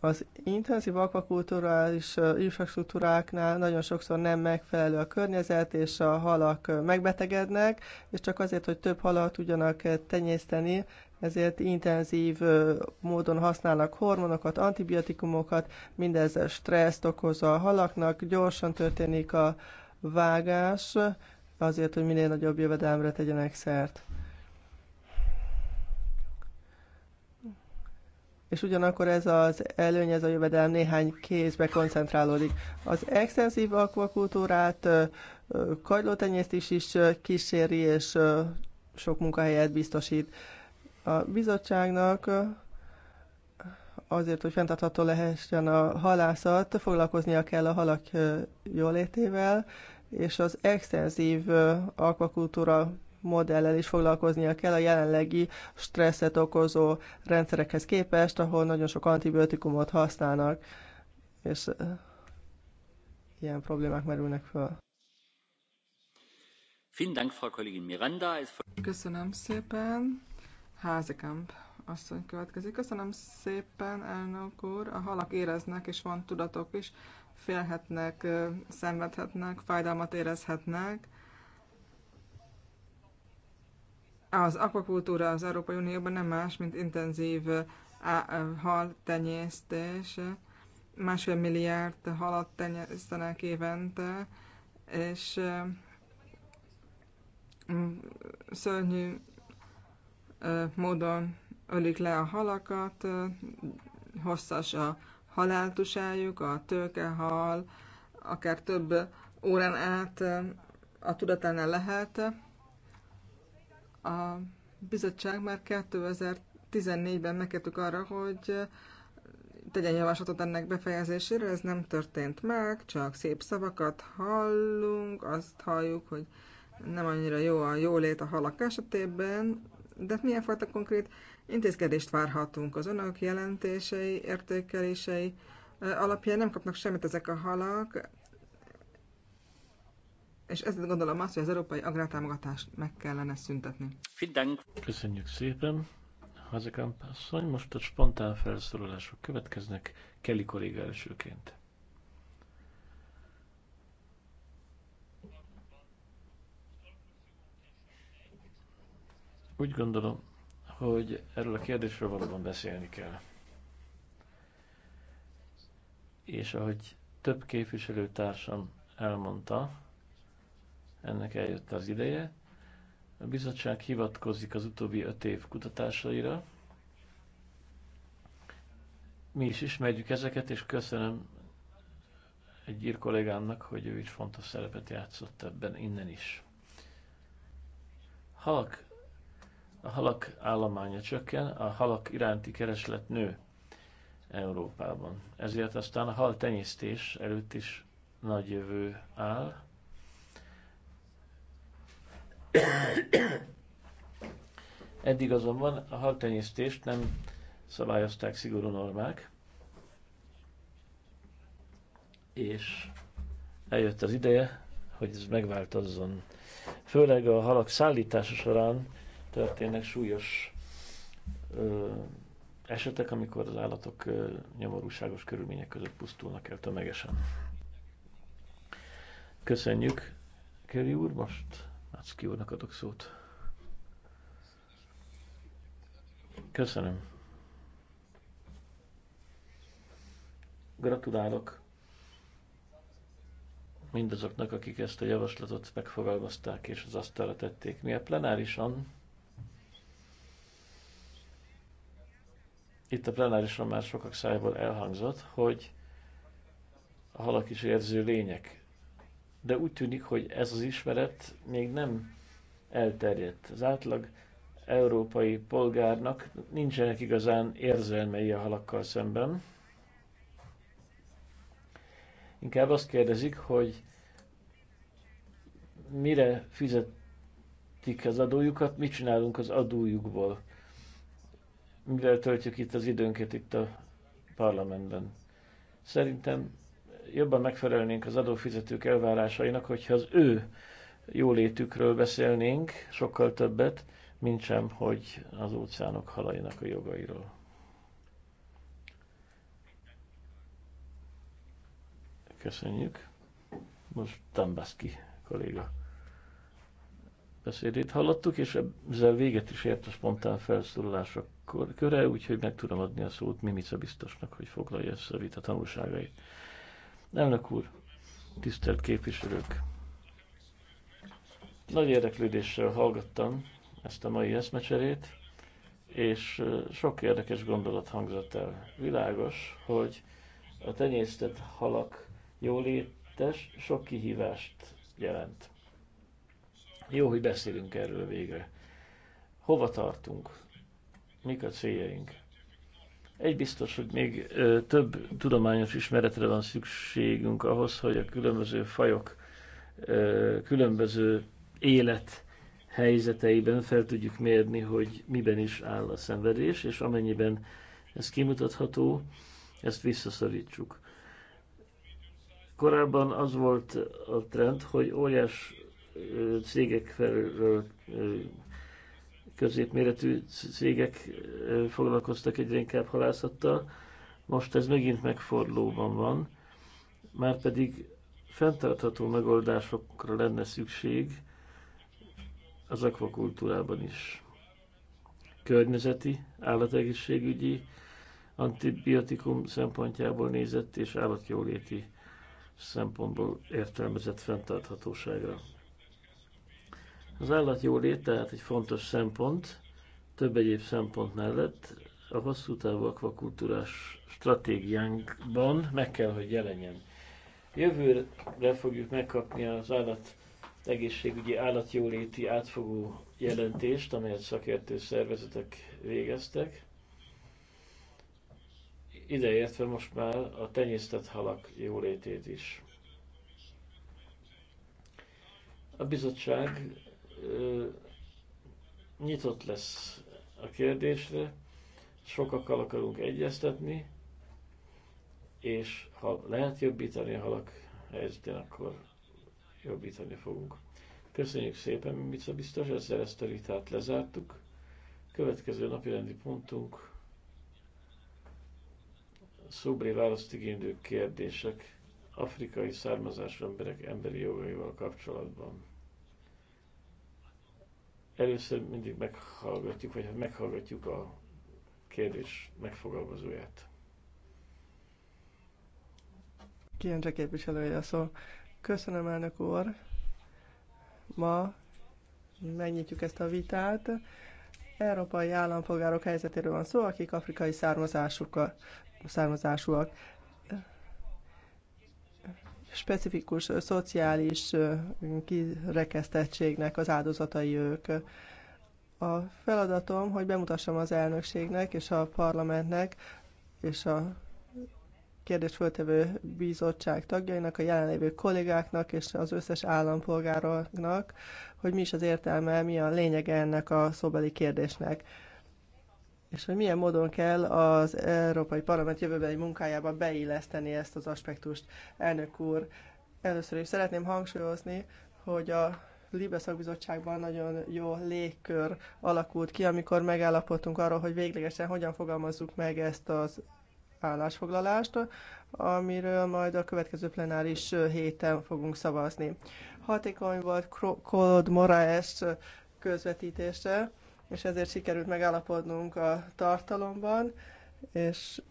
Az intenzív akvakulturális infrastruktúráknál nagyon sokszor nem megfelelő a környezet, és a halak megbetegednek, és csak azért, hogy több halat tudjanak tenyészteni, ezért intenzív módon használnak hormonokat, antibiotikumokat, mindez stresszt okoz a halaknak, gyorsan történik a vágás, azért, hogy minél nagyobb jövedelemre tegyenek szert. és ugyanakkor ez az előny, ez a jövedelem néhány kézbe koncentrálódik. Az extenzív akvakultúrát kagylótenyésztés is kíséri, és sok munkahelyet biztosít. A bizottságnak azért, hogy fenntartható lehessen a halászat, foglalkoznia kell a halak jólétével, és az extenzív akvakultúra modellel is foglalkoznia kell a jelenlegi stresszet okozó rendszerekhez képest, ahol nagyon sok antibiotikumot használnak, és ilyen problémák merülnek fel. Köszönöm szépen. Házikamp asszony következik. Köszönöm szépen, elnök úr. A halak éreznek, és van tudatok is. Félhetnek, szenvedhetnek, fájdalmat érezhetnek Az akvakultúra az Európai Unióban nem más, mint intenzív hal tenyésztés. Másfél milliárd halat tenyésztenek évente, és szörnyű módon ölik le a halakat, hosszas a haláltusájuk, a tőkehal, akár több órán át a tudatánál lehet, a bizottság már 2014-ben megkértük arra, hogy tegyen javaslatot ennek befejezésére, ez nem történt meg, csak szép szavakat hallunk, azt halljuk, hogy nem annyira jó a jólét a halak esetében, de milyen fajta konkrét intézkedést várhatunk? Az önök jelentései, értékelései eh, alapján nem kapnak semmit ezek a halak, és ezt gondolom azt, hogy az európai agrártámogatást meg kellene szüntetni. Köszönjük szépen, Hazekamp asszony. Most a spontán felszólalások következnek, Kelly kolléga elsőként. Úgy gondolom, hogy erről a kérdésről valóban beszélni kell. És ahogy több képviselőtársam elmondta, ennek eljött az ideje. A bizottság hivatkozik az utóbbi öt év kutatásaira. Mi is ismerjük ezeket, és köszönöm egy ír kollégámnak, hogy ő is fontos szerepet játszott ebben innen is. Halak, a halak állománya csökken, a halak iránti kereslet nő Európában. Ezért aztán a hal tenyésztés előtt is nagy jövő áll. Eddig azonban a haltenyésztést nem szabályozták szigorú normák, és eljött az ideje, hogy ez megváltozzon. Főleg a halak szállítása során történnek súlyos ö, esetek, amikor az állatok ö, nyomorúságos körülmények között pusztulnak el tömegesen. Köszönjük, Köri úr, most Hát úrnak adok szót. Köszönöm. Gratulálok mindazoknak, akik ezt a javaslatot megfogalmazták és az asztalra tették. Mi a plenárisan, itt a plenárisan már sokak szájból elhangzott, hogy a halak is érző lények de úgy tűnik, hogy ez az ismeret még nem elterjedt. Az átlag európai polgárnak nincsenek igazán érzelmei a halakkal szemben. Inkább azt kérdezik, hogy mire fizetik az adójukat, mit csinálunk az adójukból, mivel töltjük itt az időnket itt a parlamentben. Szerintem jobban megfelelnénk az adófizetők elvárásainak, hogyha az ő jólétükről beszélnénk sokkal többet, mint sem, hogy az óceánok halainak a jogairól. Köszönjük. Most Tambaszki kolléga beszédét hallottuk, és ezzel véget is ért a spontán felszólalások köre, úgyhogy meg tudom adni a szót Mimica biztosnak, hogy foglalja össze a vita tanulságait. Elnök úr, tisztelt képviselők! Nagy érdeklődéssel hallgattam ezt a mai eszmecserét, és sok érdekes gondolat hangzott el. Világos, hogy a tenyésztett halak jólétes sok kihívást jelent. Jó, hogy beszélünk erről végre. Hova tartunk? Mik a céljaink? Egy biztos, hogy még több tudományos ismeretre van szükségünk ahhoz, hogy a különböző fajok különböző élet helyzeteiben fel tudjuk mérni, hogy miben is áll a szenvedés, és amennyiben ez kimutatható, ezt visszaszorítsuk. Korábban az volt a trend, hogy óriás cégek felől középméretű cégek foglalkoztak egyre inkább halászattal. Most ez megint megfordulóban van, már pedig fenntartható megoldásokra lenne szükség az akvakultúrában is. Környezeti, állategészségügyi, antibiotikum szempontjából nézett és állatjóléti szempontból értelmezett fenntarthatóságra. Az lét, tehát egy fontos szempont, több egyéb szempont mellett a hosszú távú akvakultúrás stratégiánkban meg kell, hogy jelenjen. Jövőre fogjuk megkapni az állat egészségügyi állatjóléti átfogó jelentést, amelyet szakértő szervezetek végeztek. Ideértve most már a tenyésztett halak jólétét is. A bizottság nyitott lesz a kérdésre, sokakkal akarunk egyeztetni, és ha lehet jobbítani a halak helyzetén, akkor jobbítani fogunk. Köszönjük szépen, Mica biztos, ezzel ezt a vitát lezártuk. Következő napi rendi pontunk szobré választ igénylő kérdések afrikai származású emberek emberi jogaival kapcsolatban. Először mindig meghallgatjuk, vagy meghallgatjuk a kérdés megfogalmazóját. Kiencse képviselője a szó. Köszönöm, elnök úr. Ma megnyitjuk ezt a vitát. Európai állampolgárok helyzetéről van szó, akik afrikai származásúak specifikus szociális kirekesztettségnek az áldozatai ők. A feladatom, hogy bemutassam az elnökségnek és a parlamentnek és a kérdésföltevő bizottság tagjainak, a jelenlévő kollégáknak és az összes állampolgároknak, hogy mi is az értelme, mi a lényege ennek a szóbeli kérdésnek és hogy milyen módon kell az Európai Parlament jövőbeli munkájába beilleszteni ezt az aspektust. Elnök úr, először is szeretném hangsúlyozni, hogy a Libe szakbizottságban nagyon jó légkör alakult ki, amikor megállapodtunk arról, hogy véglegesen hogyan fogalmazzuk meg ezt az állásfoglalást, amiről majd a következő plenáris héten fogunk szavazni. Hatékony volt Claude Moraes közvetítése, és ezért sikerült megállapodnunk a tartalomban, és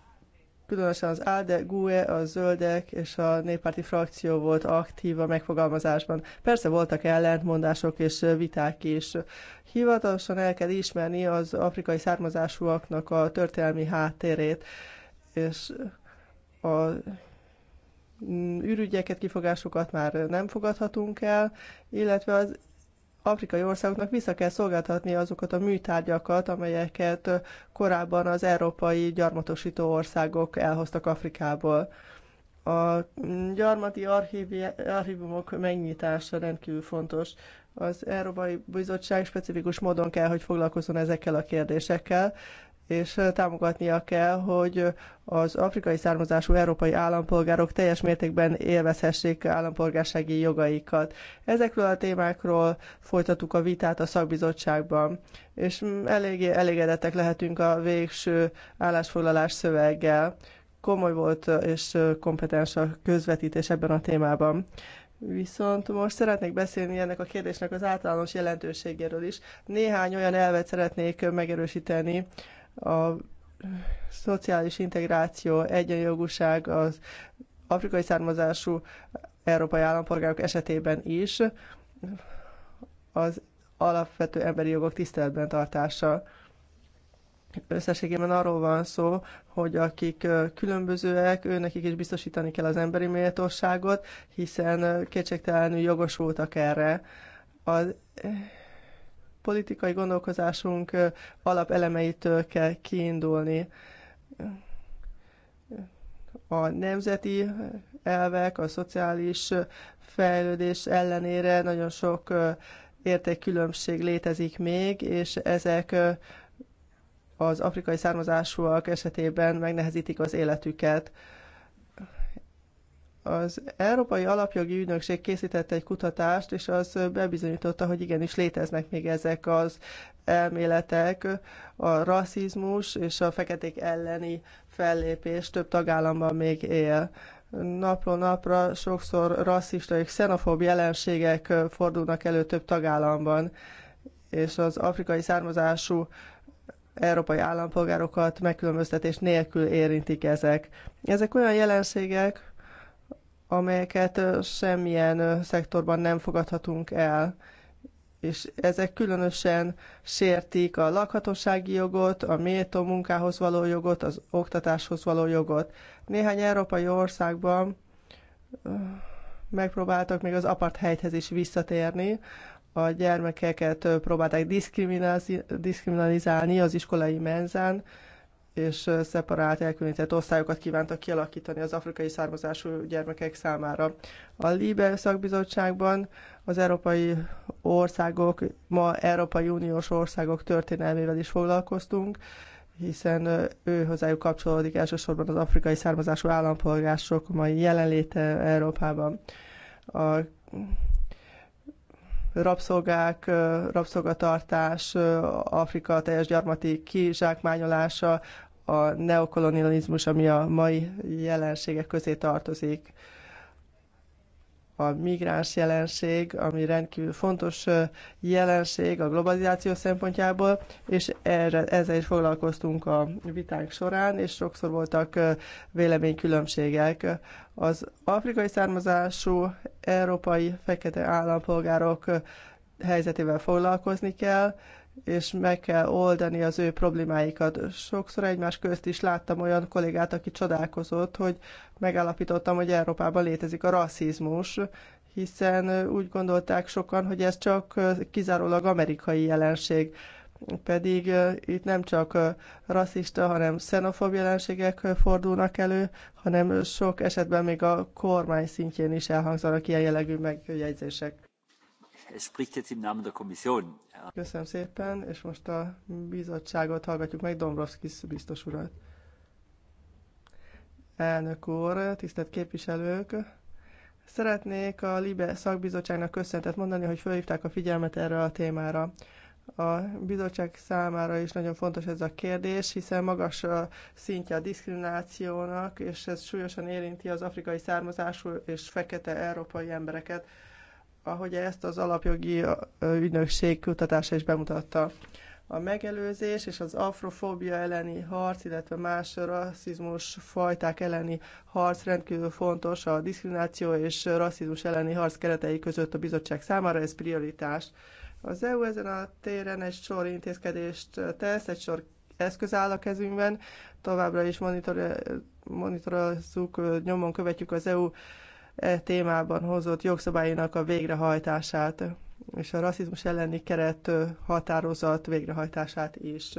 különösen az ALDE, GUE, a Zöldek és a néppárti frakció volt aktív a megfogalmazásban. Persze voltak ellentmondások és viták is. Hivatalosan el kell ismerni az afrikai származásúaknak a történelmi háttérét, és a ürügyeket, kifogásokat már nem fogadhatunk el, illetve az afrikai országoknak vissza kell szolgáltatni azokat a műtárgyakat, amelyeket korábban az európai gyarmatosító országok elhoztak Afrikából. A mm, gyarmati archívumok megnyitása rendkívül fontos. Az Európai Bizottság specifikus módon kell, hogy foglalkozzon ezekkel a kérdésekkel, és támogatnia kell, hogy az afrikai származású európai állampolgárok teljes mértékben élvezhessék állampolgársági jogaikat. Ezekről a témákról folytattuk a vitát a szakbizottságban, és eléggé elégedettek lehetünk a végső állásfoglalás szöveggel. Komoly volt és kompetens a közvetítés ebben a témában. Viszont most szeretnék beszélni ennek a kérdésnek az általános jelentőségéről is. Néhány olyan elvet szeretnék megerősíteni, a szociális integráció, egyenjogúság az afrikai származású európai állampolgárok esetében is az alapvető emberi jogok tiszteletben tartása. Összességében arról van szó, hogy akik különbözőek, őnekik is biztosítani kell az emberi méltóságot, hiszen kétségtelenül jogosultak erre. Az politikai gondolkozásunk alapelemeitől kell kiindulni. A nemzeti elvek, a szociális fejlődés ellenére nagyon sok értékkülönbség létezik még, és ezek az afrikai származásúak esetében megnehezítik az életüket. Az Európai Alapjogi Ügynökség készítette egy kutatást, és az bebizonyította, hogy igenis léteznek még ezek az elméletek, a rasszizmus és a feketék elleni fellépés több tagállamban még él napról napra sokszor rasszista és xenofób jelenségek fordulnak elő több tagállamban, és az afrikai származású európai állampolgárokat megkülönböztetés nélkül érintik ezek. Ezek olyan jelenségek, amelyeket semmilyen szektorban nem fogadhatunk el. És ezek különösen sértik a lakhatósági jogot, a méltó munkához való jogot, az oktatáshoz való jogot. Néhány európai országban megpróbáltak még az apartheidhez is visszatérni, a gyermekeket próbálták diszkriminalizálni az iskolai menzán, és szeparált, elkülönített osztályokat kívántak kialakítani az afrikai származású gyermekek számára. A Libe szakbizottságban az európai országok, ma Európai Uniós országok történelmével is foglalkoztunk, hiszen ő hozzájuk kapcsolódik elsősorban az afrikai származású állampolgárok mai jelenléte Európában. A rabszolgák, rabszolgatartás, Afrika teljes gyarmati kizsákmányolása, a neokolonializmus, ami a mai jelenségek közé tartozik. A migráns jelenség, ami rendkívül fontos jelenség a globalizáció szempontjából, és erre, ezzel is foglalkoztunk a vitánk során, és sokszor voltak véleménykülönbségek. Az afrikai származású európai fekete állampolgárok helyzetével foglalkozni kell, és meg kell oldani az ő problémáikat. Sokszor egymás közt is láttam olyan kollégát, aki csodálkozott, hogy megállapítottam, hogy Európában létezik a rasszizmus, hiszen úgy gondolták sokan, hogy ez csak kizárólag amerikai jelenség. Pedig itt nem csak rasszista, hanem xenofób jelenségek fordulnak elő, hanem sok esetben még a kormány szintjén is elhangzanak ilyen jellegű megjegyzések. Köszönöm szépen, és most a bizottságot hallgatjuk meg, Dombrovskis biztos urat. Elnök úr, tisztelt képviselők! Szeretnék a LIBE szakbizottságnak köszöntet mondani, hogy felhívták a figyelmet erre a témára. A bizottság számára is nagyon fontos ez a kérdés, hiszen magas a szintje a diszkriminációnak, és ez súlyosan érinti az afrikai származású és fekete európai embereket ahogy ezt az alapjogi ügynökség kutatása is bemutatta. A megelőzés és az afrofóbia elleni harc, illetve más rasszizmus fajták elleni harc rendkívül fontos a diszkrimináció és rasszizmus elleni harc keretei között a bizottság számára, ez prioritás. Az EU ezen a téren egy sor intézkedést tesz, egy sor eszköz áll a kezünkben, továbbra is monitorozzuk, nyomon követjük az EU e témában hozott jogszabálynak a végrehajtását és a rasszizmus elleni keret határozat végrehajtását is.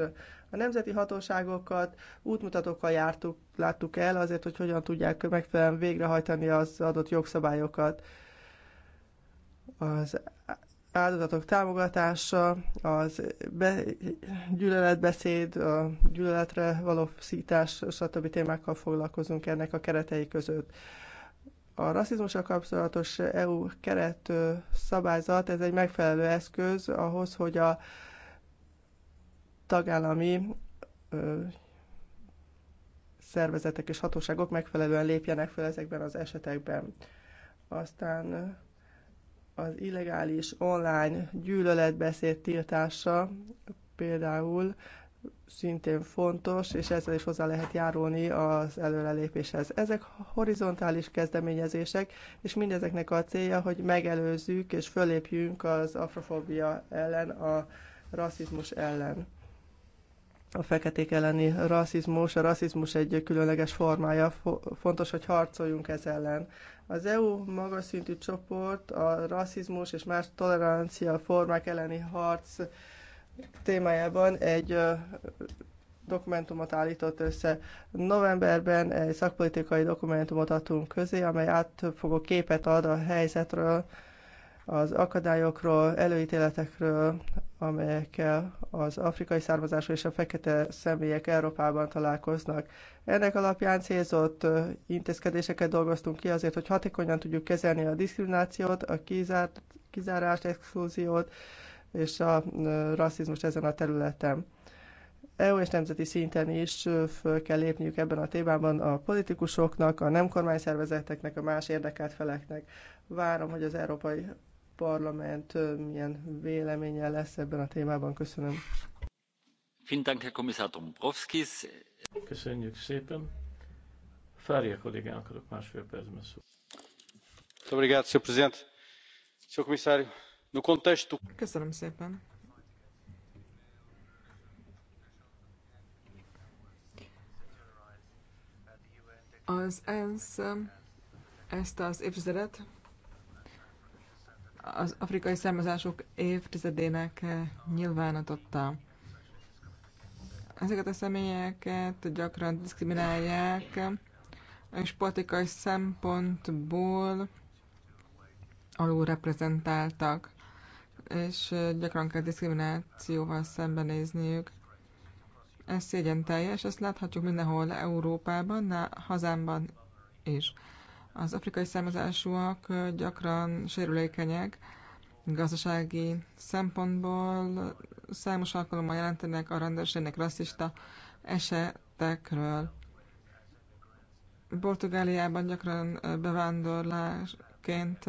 A nemzeti hatóságokat útmutatókkal jártuk, láttuk el azért, hogy hogyan tudják megfelelően végrehajtani az adott jogszabályokat. Az áldozatok támogatása, az be, gyűlöletbeszéd, a gyűlöletre való szítás, stb. témákkal foglalkozunk ennek a keretei között. A rasszizmussal kapcsolatos EU keret szabályzat, ez egy megfelelő eszköz ahhoz, hogy a tagállami szervezetek és hatóságok megfelelően lépjenek fel ezekben az esetekben. Aztán az illegális online gyűlöletbeszéd tiltása például szintén fontos, és ezzel is hozzá lehet járulni az előrelépéshez. Ezek horizontális kezdeményezések, és mindezeknek a célja, hogy megelőzzük és fölépjünk az afrofobia ellen, a rasszizmus ellen. A feketék elleni rasszizmus, a rasszizmus egy különleges formája, fontos, hogy harcoljunk ez ellen. Az EU magas szintű csoport a rasszizmus és más tolerancia formák elleni harc témájában egy dokumentumot állított össze. Novemberben egy szakpolitikai dokumentumot adtunk közé, amely átfogó képet ad a helyzetről, az akadályokról, előítéletekről, amelyekkel az afrikai származású és a fekete személyek Európában találkoznak. Ennek alapján célzott intézkedéseket dolgoztunk ki azért, hogy hatékonyan tudjuk kezelni a diszkriminációt, a kizárt, kizárást, exkluziót, és a rasszizmus ezen a területen. EU és nemzeti szinten is föl kell lépniük ebben a témában a politikusoknak, a nem kormányszervezeteknek, a más érdekelt feleknek. Várom, hogy az Európai Parlament milyen véleménye lesz ebben a témában. Köszönöm. Köszönjük szépen. Fárja kollégának adok másfél percben szót. Obrigado, Sr. Presidente. Sr. Comissário, No contexto... Köszönöm szépen. Az ENSZ ezt az évtizedet az afrikai származások évtizedének nyilvánította. Ezeket a személyeket gyakran diszkriminálják, és politikai szempontból alulreprezentáltak és gyakran kell diszkriminációval szembenézniük. Ez szégyen teljes, ezt láthatjuk mindenhol Európában, na, hazámban is. Az afrikai származásúak gyakran sérülékenyek, gazdasági szempontból számos alkalommal jelentenek a rendőrségnek rasszista esetekről. Portugáliában gyakran bevándorlásként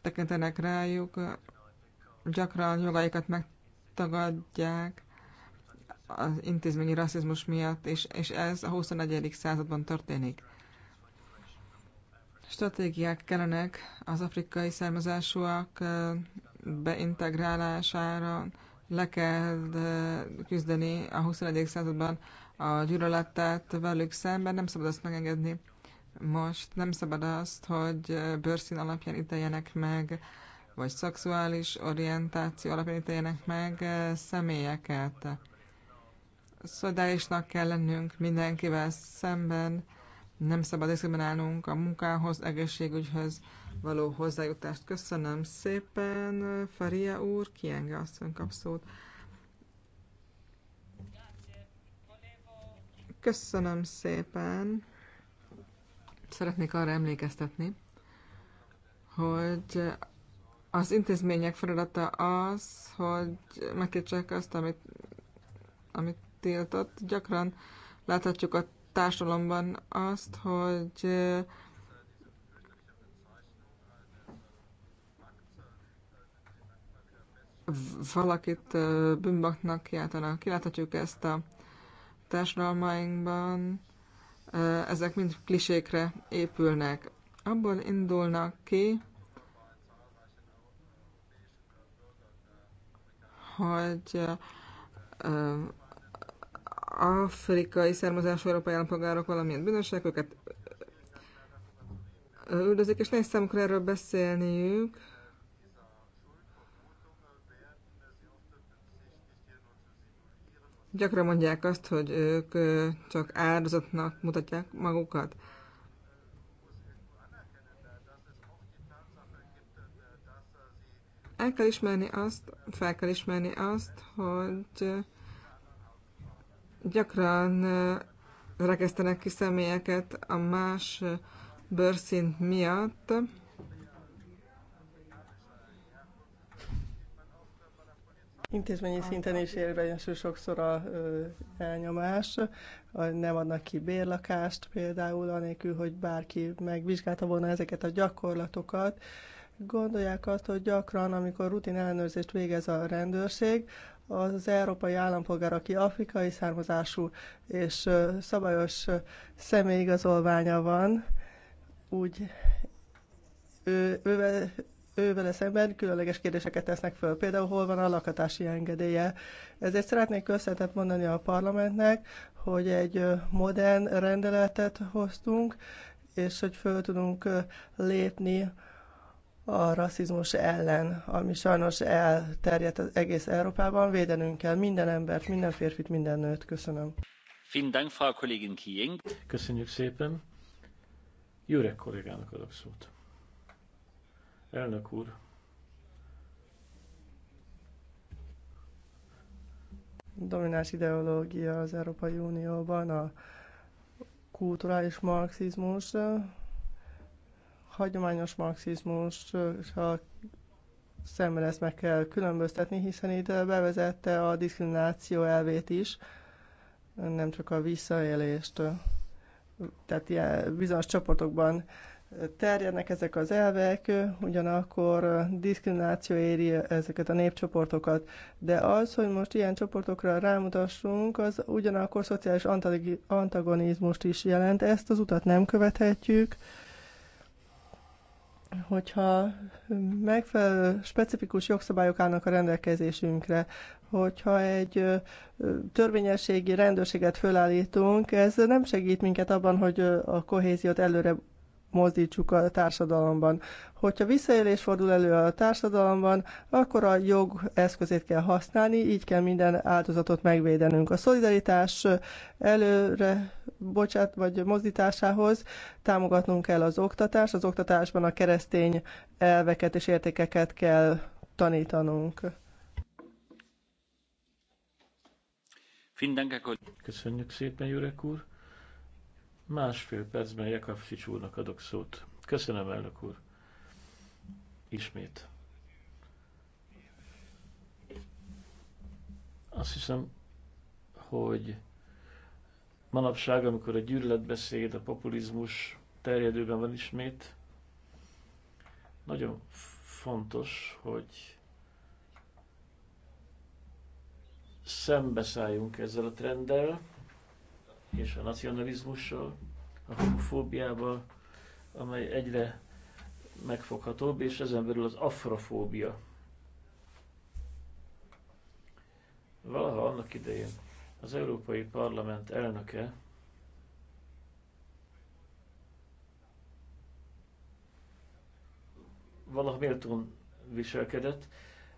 tekintenek rájuk, gyakran jogaikat megtagadják az intézményi rasszizmus miatt, és, és ez a 21. században történik. Stratégiák kellenek az afrikai származásúak beintegrálására, le kell küzdeni a 21. században a gyűlöletet velük szemben, nem szabad azt megengedni most, nem szabad azt, hogy bőrszín alapján ítéljenek meg vagy szexuális orientáció alapján ítéljenek meg eh, személyeket. Szodálisnak kell lennünk mindenkivel szemben, nem szabad diszkriminálnunk a munkához, egészségügyhöz való hozzájutást. Köszönöm szépen, Faria úr, kienge a kap szót. Köszönöm szépen. Szeretnék arra emlékeztetni, hogy az intézmények feladata az, hogy megkétsek azt, amit, amit tiltott. Gyakran láthatjuk a társadalomban azt, hogy valakit bűnbaknak kiáltanak. Kiláthatjuk ezt a társadalmainkban. Ezek mind klisékre épülnek. Abból indulnak ki, hogy afrikai származású európai állampolgárok valamilyen bűnösek, őket üldözik, és nehéz számukra erről beszélniük. Gyakran mondják azt, hogy ők csak áldozatnak mutatják magukat. El kell ismerni azt, fel kell ismerni azt, hogy gyakran rekesztenek ki személyeket a más bőrszint miatt, Intézményi szinten is érvényesül sokszor a ö, elnyomás, nem adnak ki bérlakást például, anélkül, hogy bárki megvizsgálta volna ezeket a gyakorlatokat, gondolják azt, hogy gyakran, amikor rutin ellenőrzést végez a rendőrség, az európai állampolgár, aki afrikai származású és szabályos személyigazolványa van, úgy ő, ő, ővele szemben különleges kérdéseket tesznek föl. Például hol van a lakatási engedélye. Ezért szeretnék összetett mondani a parlamentnek, hogy egy modern rendeletet hoztunk, és hogy föl tudunk lépni a rasszizmus ellen, ami sajnos elterjedt az egész Európában. Védenünk kell minden embert, minden férfit, minden nőt. Köszönöm. Köszönjük szépen. Jurek kollégának adok szót. Elnök úr. Domináns ideológia az Európai Unióban a kulturális marxizmus, hagyományos marxizmus ha szemben ezt meg kell különböztetni, hiszen itt bevezette a diszkrimináció elvét is, nem csak a visszaélést. Tehát ilyen bizonyos csoportokban terjednek ezek az elvek, ugyanakkor diszkrimináció éri ezeket a népcsoportokat. De az, hogy most ilyen csoportokra rámutassunk, az ugyanakkor szociális antagonizmust is jelent. Ezt az utat nem követhetjük, hogyha megfelelő specifikus jogszabályok állnak a rendelkezésünkre, hogyha egy törvényességi rendőrséget fölállítunk, ez nem segít minket abban, hogy a kohéziót előre mozdítsuk a társadalomban. Hogyha visszaélés fordul elő a társadalomban, akkor a jog eszközét kell használni, így kell minden áldozatot megvédenünk. A szolidaritás előre, bocsát, vagy mozdításához támogatnunk kell az oktatást, az oktatásban a keresztény elveket és értékeket kell tanítanunk. Köszönjük szépen, Jurek úr! Másfél percben Jakabszics úrnak adok szót. Köszönöm, elnök úr. Ismét. Azt hiszem, hogy manapság, amikor a gyűlöletbeszéd, a populizmus terjedőben van ismét, nagyon fontos, hogy szembeszálljunk ezzel a trenddel, és a nacionalizmussal, a homofóbiával, amely egyre megfoghatóbb, és ezen belül az afrofóbia. Valaha annak idején az Európai Parlament elnöke valaha méltón viselkedett,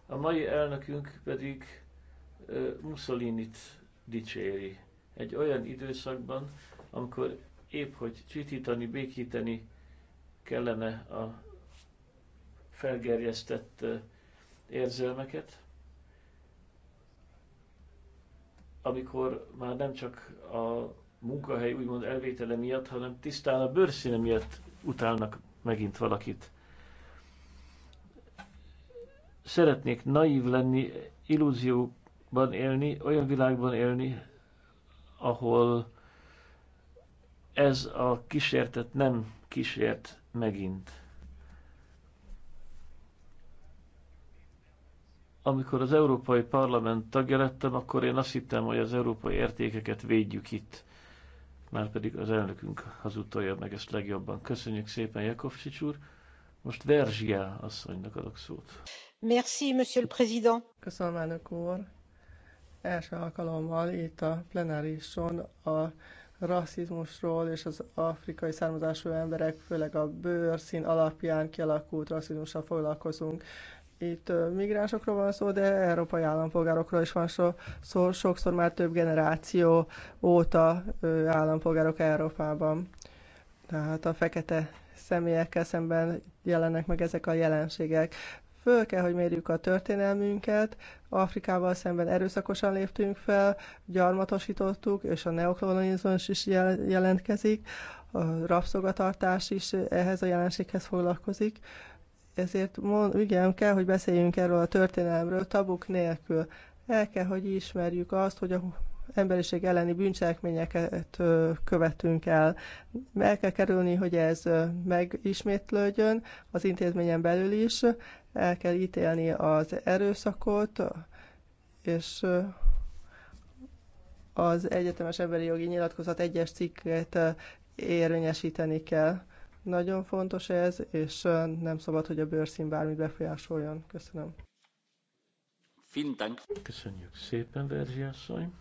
a mai elnökünk pedig Mussolini-t dicséri egy olyan időszakban, amikor épp hogy csitítani, békíteni kellene a felgerjesztett érzelmeket, amikor már nem csak a munkahely úgymond elvétele miatt, hanem tisztán a bőrszíne miatt utálnak megint valakit. Szeretnék naív lenni, illúzióban élni, olyan világban élni, ahol ez a kísértet nem kísért megint. Amikor az Európai Parlament tagja lettem, akkor én azt hittem, hogy az európai értékeket védjük itt. Márpedig az elnökünk utolja meg ezt legjobban. Köszönjük szépen, Jakovcsics úr. Most Verzsia asszonynak adok szót. Merci, monsieur le président. Köszönöm, elnök úr első alkalommal itt a plenárison a rasszizmusról és az afrikai származású emberek, főleg a bőrszín alapján kialakult rasszizmussal foglalkozunk. Itt migránsokról van szó, de európai állampolgárokról is van szó. szó sokszor már több generáció óta állampolgárok Európában. Tehát a fekete személyekkel szemben jelennek meg ezek a jelenségek. Föl kell, hogy mérjük a történelmünket. Afrikával szemben erőszakosan léptünk fel, gyarmatosítottuk, és a neokolonizmus is jelentkezik. A rabszolgatartás is ehhez a jelenséghez foglalkozik ezért mond, igen, kell, hogy beszéljünk erről a történelemről tabuk nélkül. El kell, hogy ismerjük azt, hogy a emberiség elleni bűncselekményeket követünk el. El kell kerülni, hogy ez megismétlődjön az intézményen belül is, el kell ítélni az erőszakot, és az egyetemes emberi jogi nyilatkozat egyes cikket érvényesíteni kell. Nagyon fontos ez, és nem szabad, hogy a bőrszín bármit befolyásoljon. Köszönöm. Köszönjük szépen, Verzi asszony.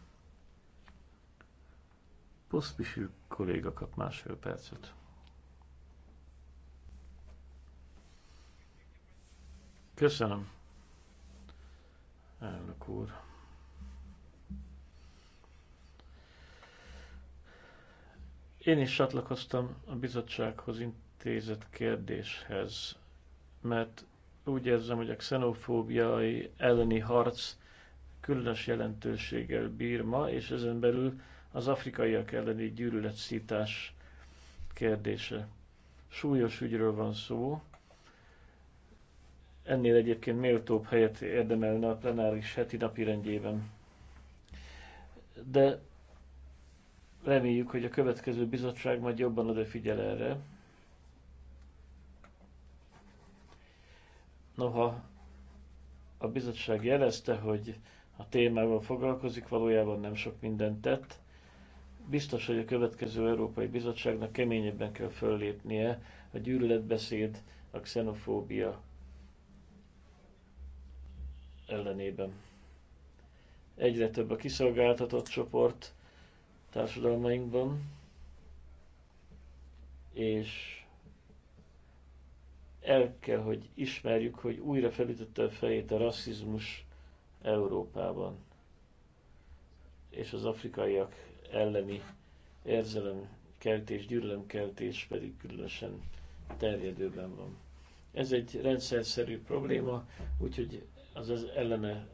Poszpisű kolléga kap másfél percet. Köszönöm, elnök úr. Én is csatlakoztam a bizottsághoz intézett kérdéshez, mert úgy érzem, hogy a xenofóbiai elleni harc különös jelentőséggel bír ma, és ezen belül az afrikaiak elleni gyűlöletszítás kérdése. Súlyos ügyről van szó, ennél egyébként méltóbb helyet érdemelne a plenáris heti napirendjében. De reméljük, hogy a következő bizottság majd jobban odafigyel erre. Noha a bizottság jelezte, hogy a témával foglalkozik, valójában nem sok mindent tett, Biztos, hogy a következő Európai Bizottságnak keményebben kell föllépnie a gyűlöletbeszéd, a xenofóbia ellenében. Egyre több a kiszolgáltatott csoport társadalmainkban, és el kell, hogy ismerjük, hogy újra felütötte a fejét a rasszizmus Európában és az afrikaiak elleni érzelemkeltés, gyűlölemkeltés pedig különösen terjedőben van. Ez egy rendszerszerű probléma, úgyhogy az, az ellene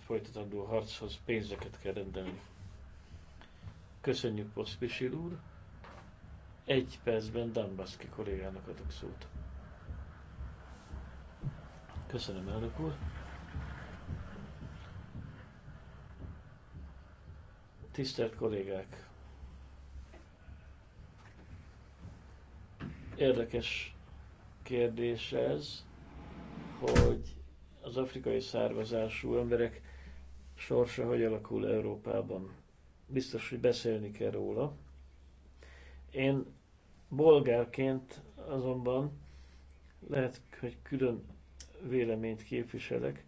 folytatandó harchoz pénzeket kell rendelni. Köszönjük Poszpisil úr! Egy percben Dambaszki kollégának adok szót. Köszönöm, elnök úr! Tisztelt kollégák! Érdekes kérdés ez, hogy az afrikai származású emberek sorsa hogy alakul Európában. Biztos, hogy beszélni kell róla. Én bolgárként azonban lehet, hogy külön véleményt képviselek,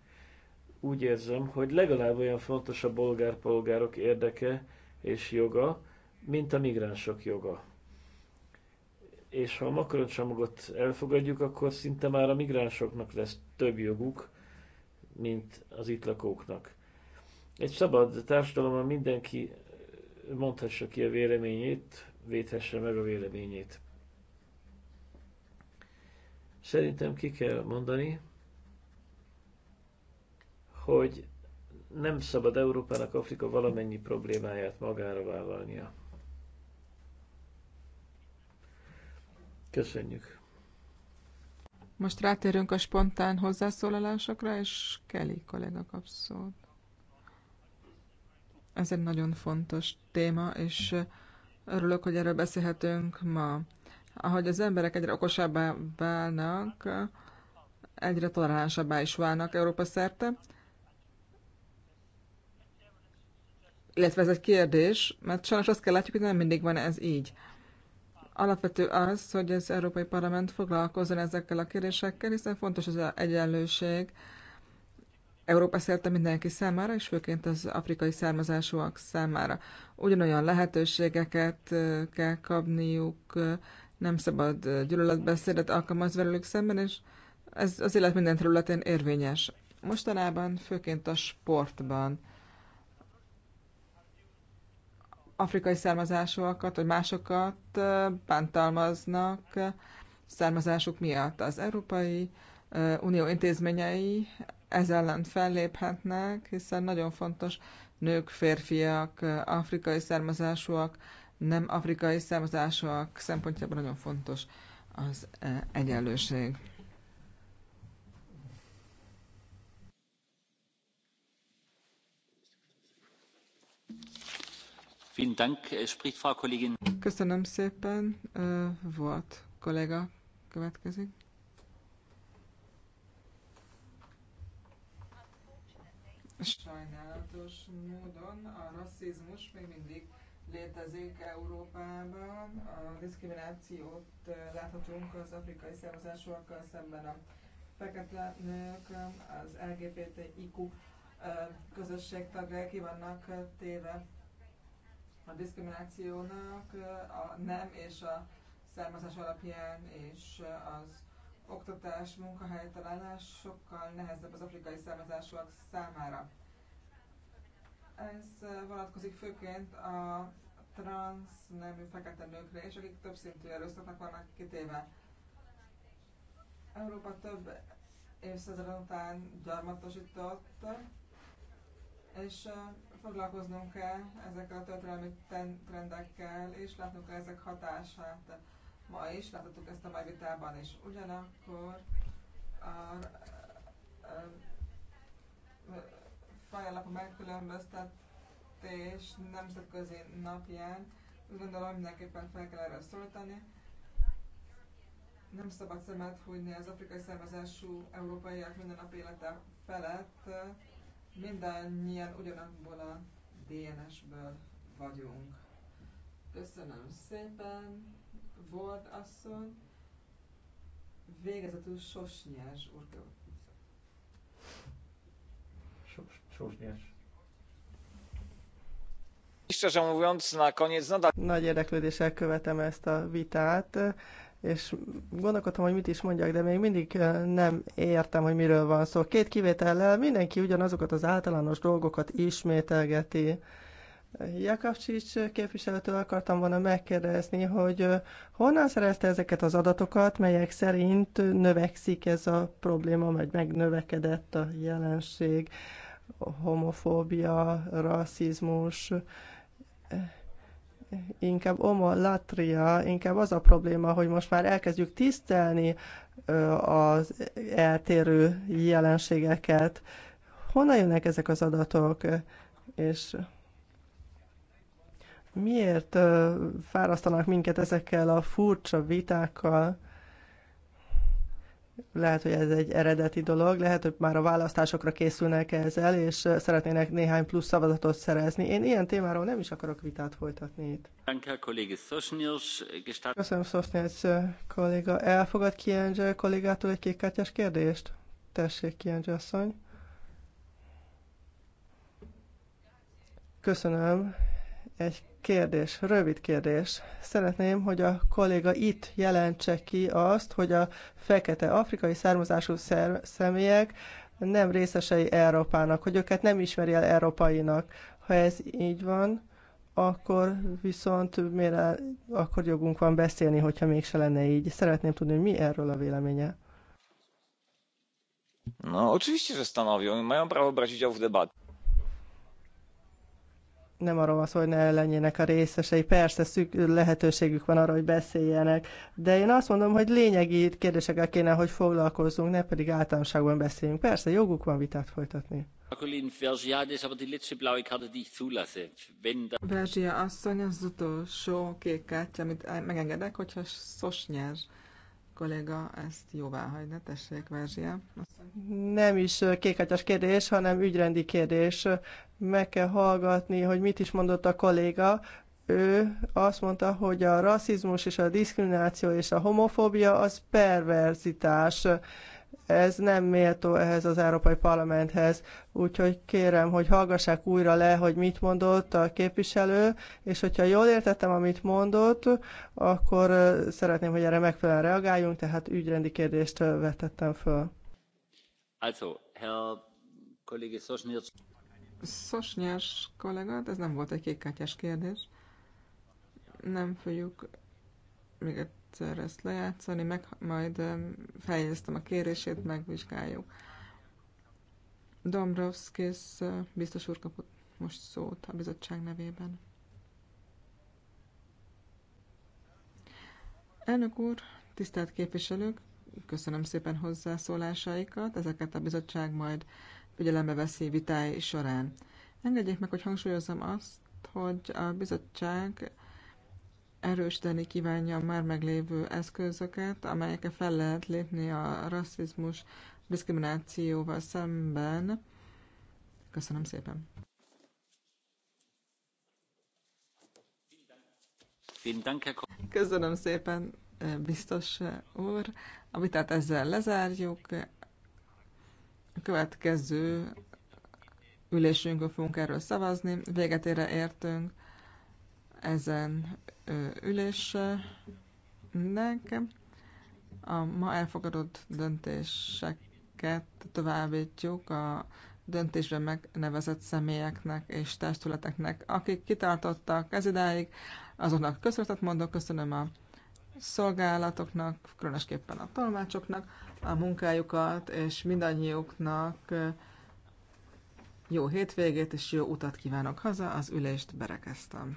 úgy érzem, hogy legalább olyan fontos a bolgár polgárok érdeke és joga, mint a migránsok joga. És ha a makroncsomagot elfogadjuk, akkor szinte már a migránsoknak lesz több joguk, mint az itt lakóknak. Egy szabad társadalomban mindenki mondhassa ki a véleményét, védhesse meg a véleményét. Szerintem ki kell mondani, hogy nem szabad Európának Afrika valamennyi problémáját magára vállalnia. Köszönjük. Most rátérünk a spontán hozzászólalásokra, és Kelly kollega kap szót. Ez egy nagyon fontos téma, és örülök, hogy erről beszélhetünk ma. Ahogy az emberek egyre okosabbá válnak, egyre toleránsabbá is válnak Európa szerte, illetve ez egy kérdés, mert sajnos azt kell látjuk, hogy nem mindig van ez így. Alapvető az, hogy az Európai Parlament foglalkozzon ezekkel a kérdésekkel, hiszen fontos az egyenlőség Európa szerte mindenki számára, és főként az afrikai származásúak számára. Ugyanolyan lehetőségeket kell kapniuk, nem szabad gyűlöletbeszédet alkalmaz velük szemben, és ez az élet minden területén érvényes. Mostanában, főként a sportban afrikai származásúakat vagy másokat bántalmaznak származásuk miatt. Az Európai Unió intézményei ez ellen felléphetnek, hiszen nagyon fontos nők, férfiak, afrikai származásúak, nem afrikai származásúak szempontjából nagyon fontos az egyenlőség. Köszönöm szépen. Volt kollega következik. Sajnálatos módon a rasszizmus még mindig létezik Európában. A diszkriminációt láthatunk az afrikai származásúakkal szemben a fekete nők, az LGBTIQ közösség tagjai ki vannak téve a diszkriminációnak a nem és a származás alapján és az oktatás, munkahely találás sokkal nehezebb az afrikai származásúak számára. Ez vonatkozik főként a trans nemű fekete nőkre és akik többszintű erőszaknak vannak kitéve. Európa több évszázadon után gyarmatosított, és foglalkoznunk kell ezekkel a történelmi trendekkel, és látnunk kell ezek hatását ma is, láthatjuk ezt a mai vitában is. Ugyanakkor a a megkülönböztetés nemzetközi napján úgy gondolom mindenképpen fel kell erről szólítani. Nem szabad szemet hújni az afrikai származású európaiak mindennapi élete felett, mindannyian ugyanabból a DNS-ből vagyunk. Köszönöm szépen, Ward asszony. Végezetül Sosnyás úr na Sos, Sosnyás. Nagy érdeklődéssel követem ezt a vitát és gondolkodtam, hogy mit is mondjak, de még mindig eh, nem értem, hogy miről van szó. Két kivétellel mindenki ugyanazokat az általános dolgokat ismételgeti. Jakabcsics képviselőtől akartam volna megkérdezni, hogy eh, honnan szerezte ezeket az adatokat, melyek szerint növekszik ez a probléma, vagy megnövekedett a jelenség, homofóbia, rasszizmus, eh, inkább latria, inkább az a probléma, hogy most már elkezdjük tisztelni az eltérő jelenségeket. Honnan jönnek ezek az adatok? És miért fárasztanak minket ezekkel a furcsa vitákkal? lehet, hogy ez egy eredeti dolog, lehet, hogy már a választásokra készülnek ezzel, és szeretnének néhány plusz szavazatot szerezni. Én ilyen témáról nem is akarok vitát folytatni itt. Köszönöm, Szosznyec kolléga. Elfogad Kienzső kollégától egy kékkártyás kérdést? Tessék, Kienzső asszony. Köszönöm. Egy Kérdés, rövid kérdés. Szeretném, hogy a kolléga itt jelentse ki azt, hogy a fekete afrikai származású személyek nem részesei Európának, hogy őket nem ismeri el európainak. Ha ez így van, akkor viszont mire, akkor jogunk van beszélni, hogyha mégse lenne így. Szeretném tudni, hogy mi erről a véleménye. No, oczywiście, że stanowią. Mają prawo brać udział w debacie nem arról van szó, hogy ne lennének a részesei. Persze szük, lehetőségük van arra, hogy beszéljenek, de én azt mondom, hogy lényegi kérdésekkel kéne, hogy foglalkozzunk, ne pedig általánosságban beszéljünk. Persze joguk van vitát folytatni. Hát Verzsia asszony az utolsó kék kártya, amit megengedek, hogyha szos nyer kolléga ezt jóvá hagyna. Tessék, Verzsia. Nem is kékhatyas kérdés, hanem ügyrendi kérdés. Meg kell hallgatni, hogy mit is mondott a kolléga. Ő azt mondta, hogy a rasszizmus és a diszkrimináció és a homofóbia az perverzitás ez nem méltó ehhez az Európai Parlamenthez. Úgyhogy kérem, hogy hallgassák újra le, hogy mit mondott a képviselő, és hogyha jól értettem, amit mondott, akkor szeretném, hogy erre megfelelően reagáljunk, tehát ügyrendi kérdést vetettem föl. Also, Herr Kollege Sosnyers. Sosnyers kollega, ez nem volt egy kékkártyás kérdés. Nem fogjuk még egyszer ezt lejátszani, meg majd feljegyeztem a kérését, megvizsgáljuk. Dombrovskis biztos úr kapott most szót a bizottság nevében. Elnök úr, tisztelt képviselők, köszönöm szépen hozzászólásaikat, ezeket a bizottság majd figyelembe veszi vitái során. Engedjék meg, hogy hangsúlyozom azt, hogy a bizottság erősíteni kívánja a már meglévő eszközöket, amelyekkel fel lehet lépni a rasszizmus diszkriminációval szemben. Köszönöm szépen! Köszönöm szépen, biztos úr. A vitát ezzel lezárjuk. A következő ülésünkön fogunk erről szavazni. Véget ére értünk ezen ülésnek. A ma elfogadott döntéseket továbbítjuk a döntésben megnevezett személyeknek és testületeknek, akik kitartottak ez idáig, azoknak köszönetet mondok, köszönöm a szolgálatoknak, különösképpen a tolmácsoknak, a munkájukat, és mindannyiuknak jó hétvégét és jó utat kívánok haza, az ülést berekeztem.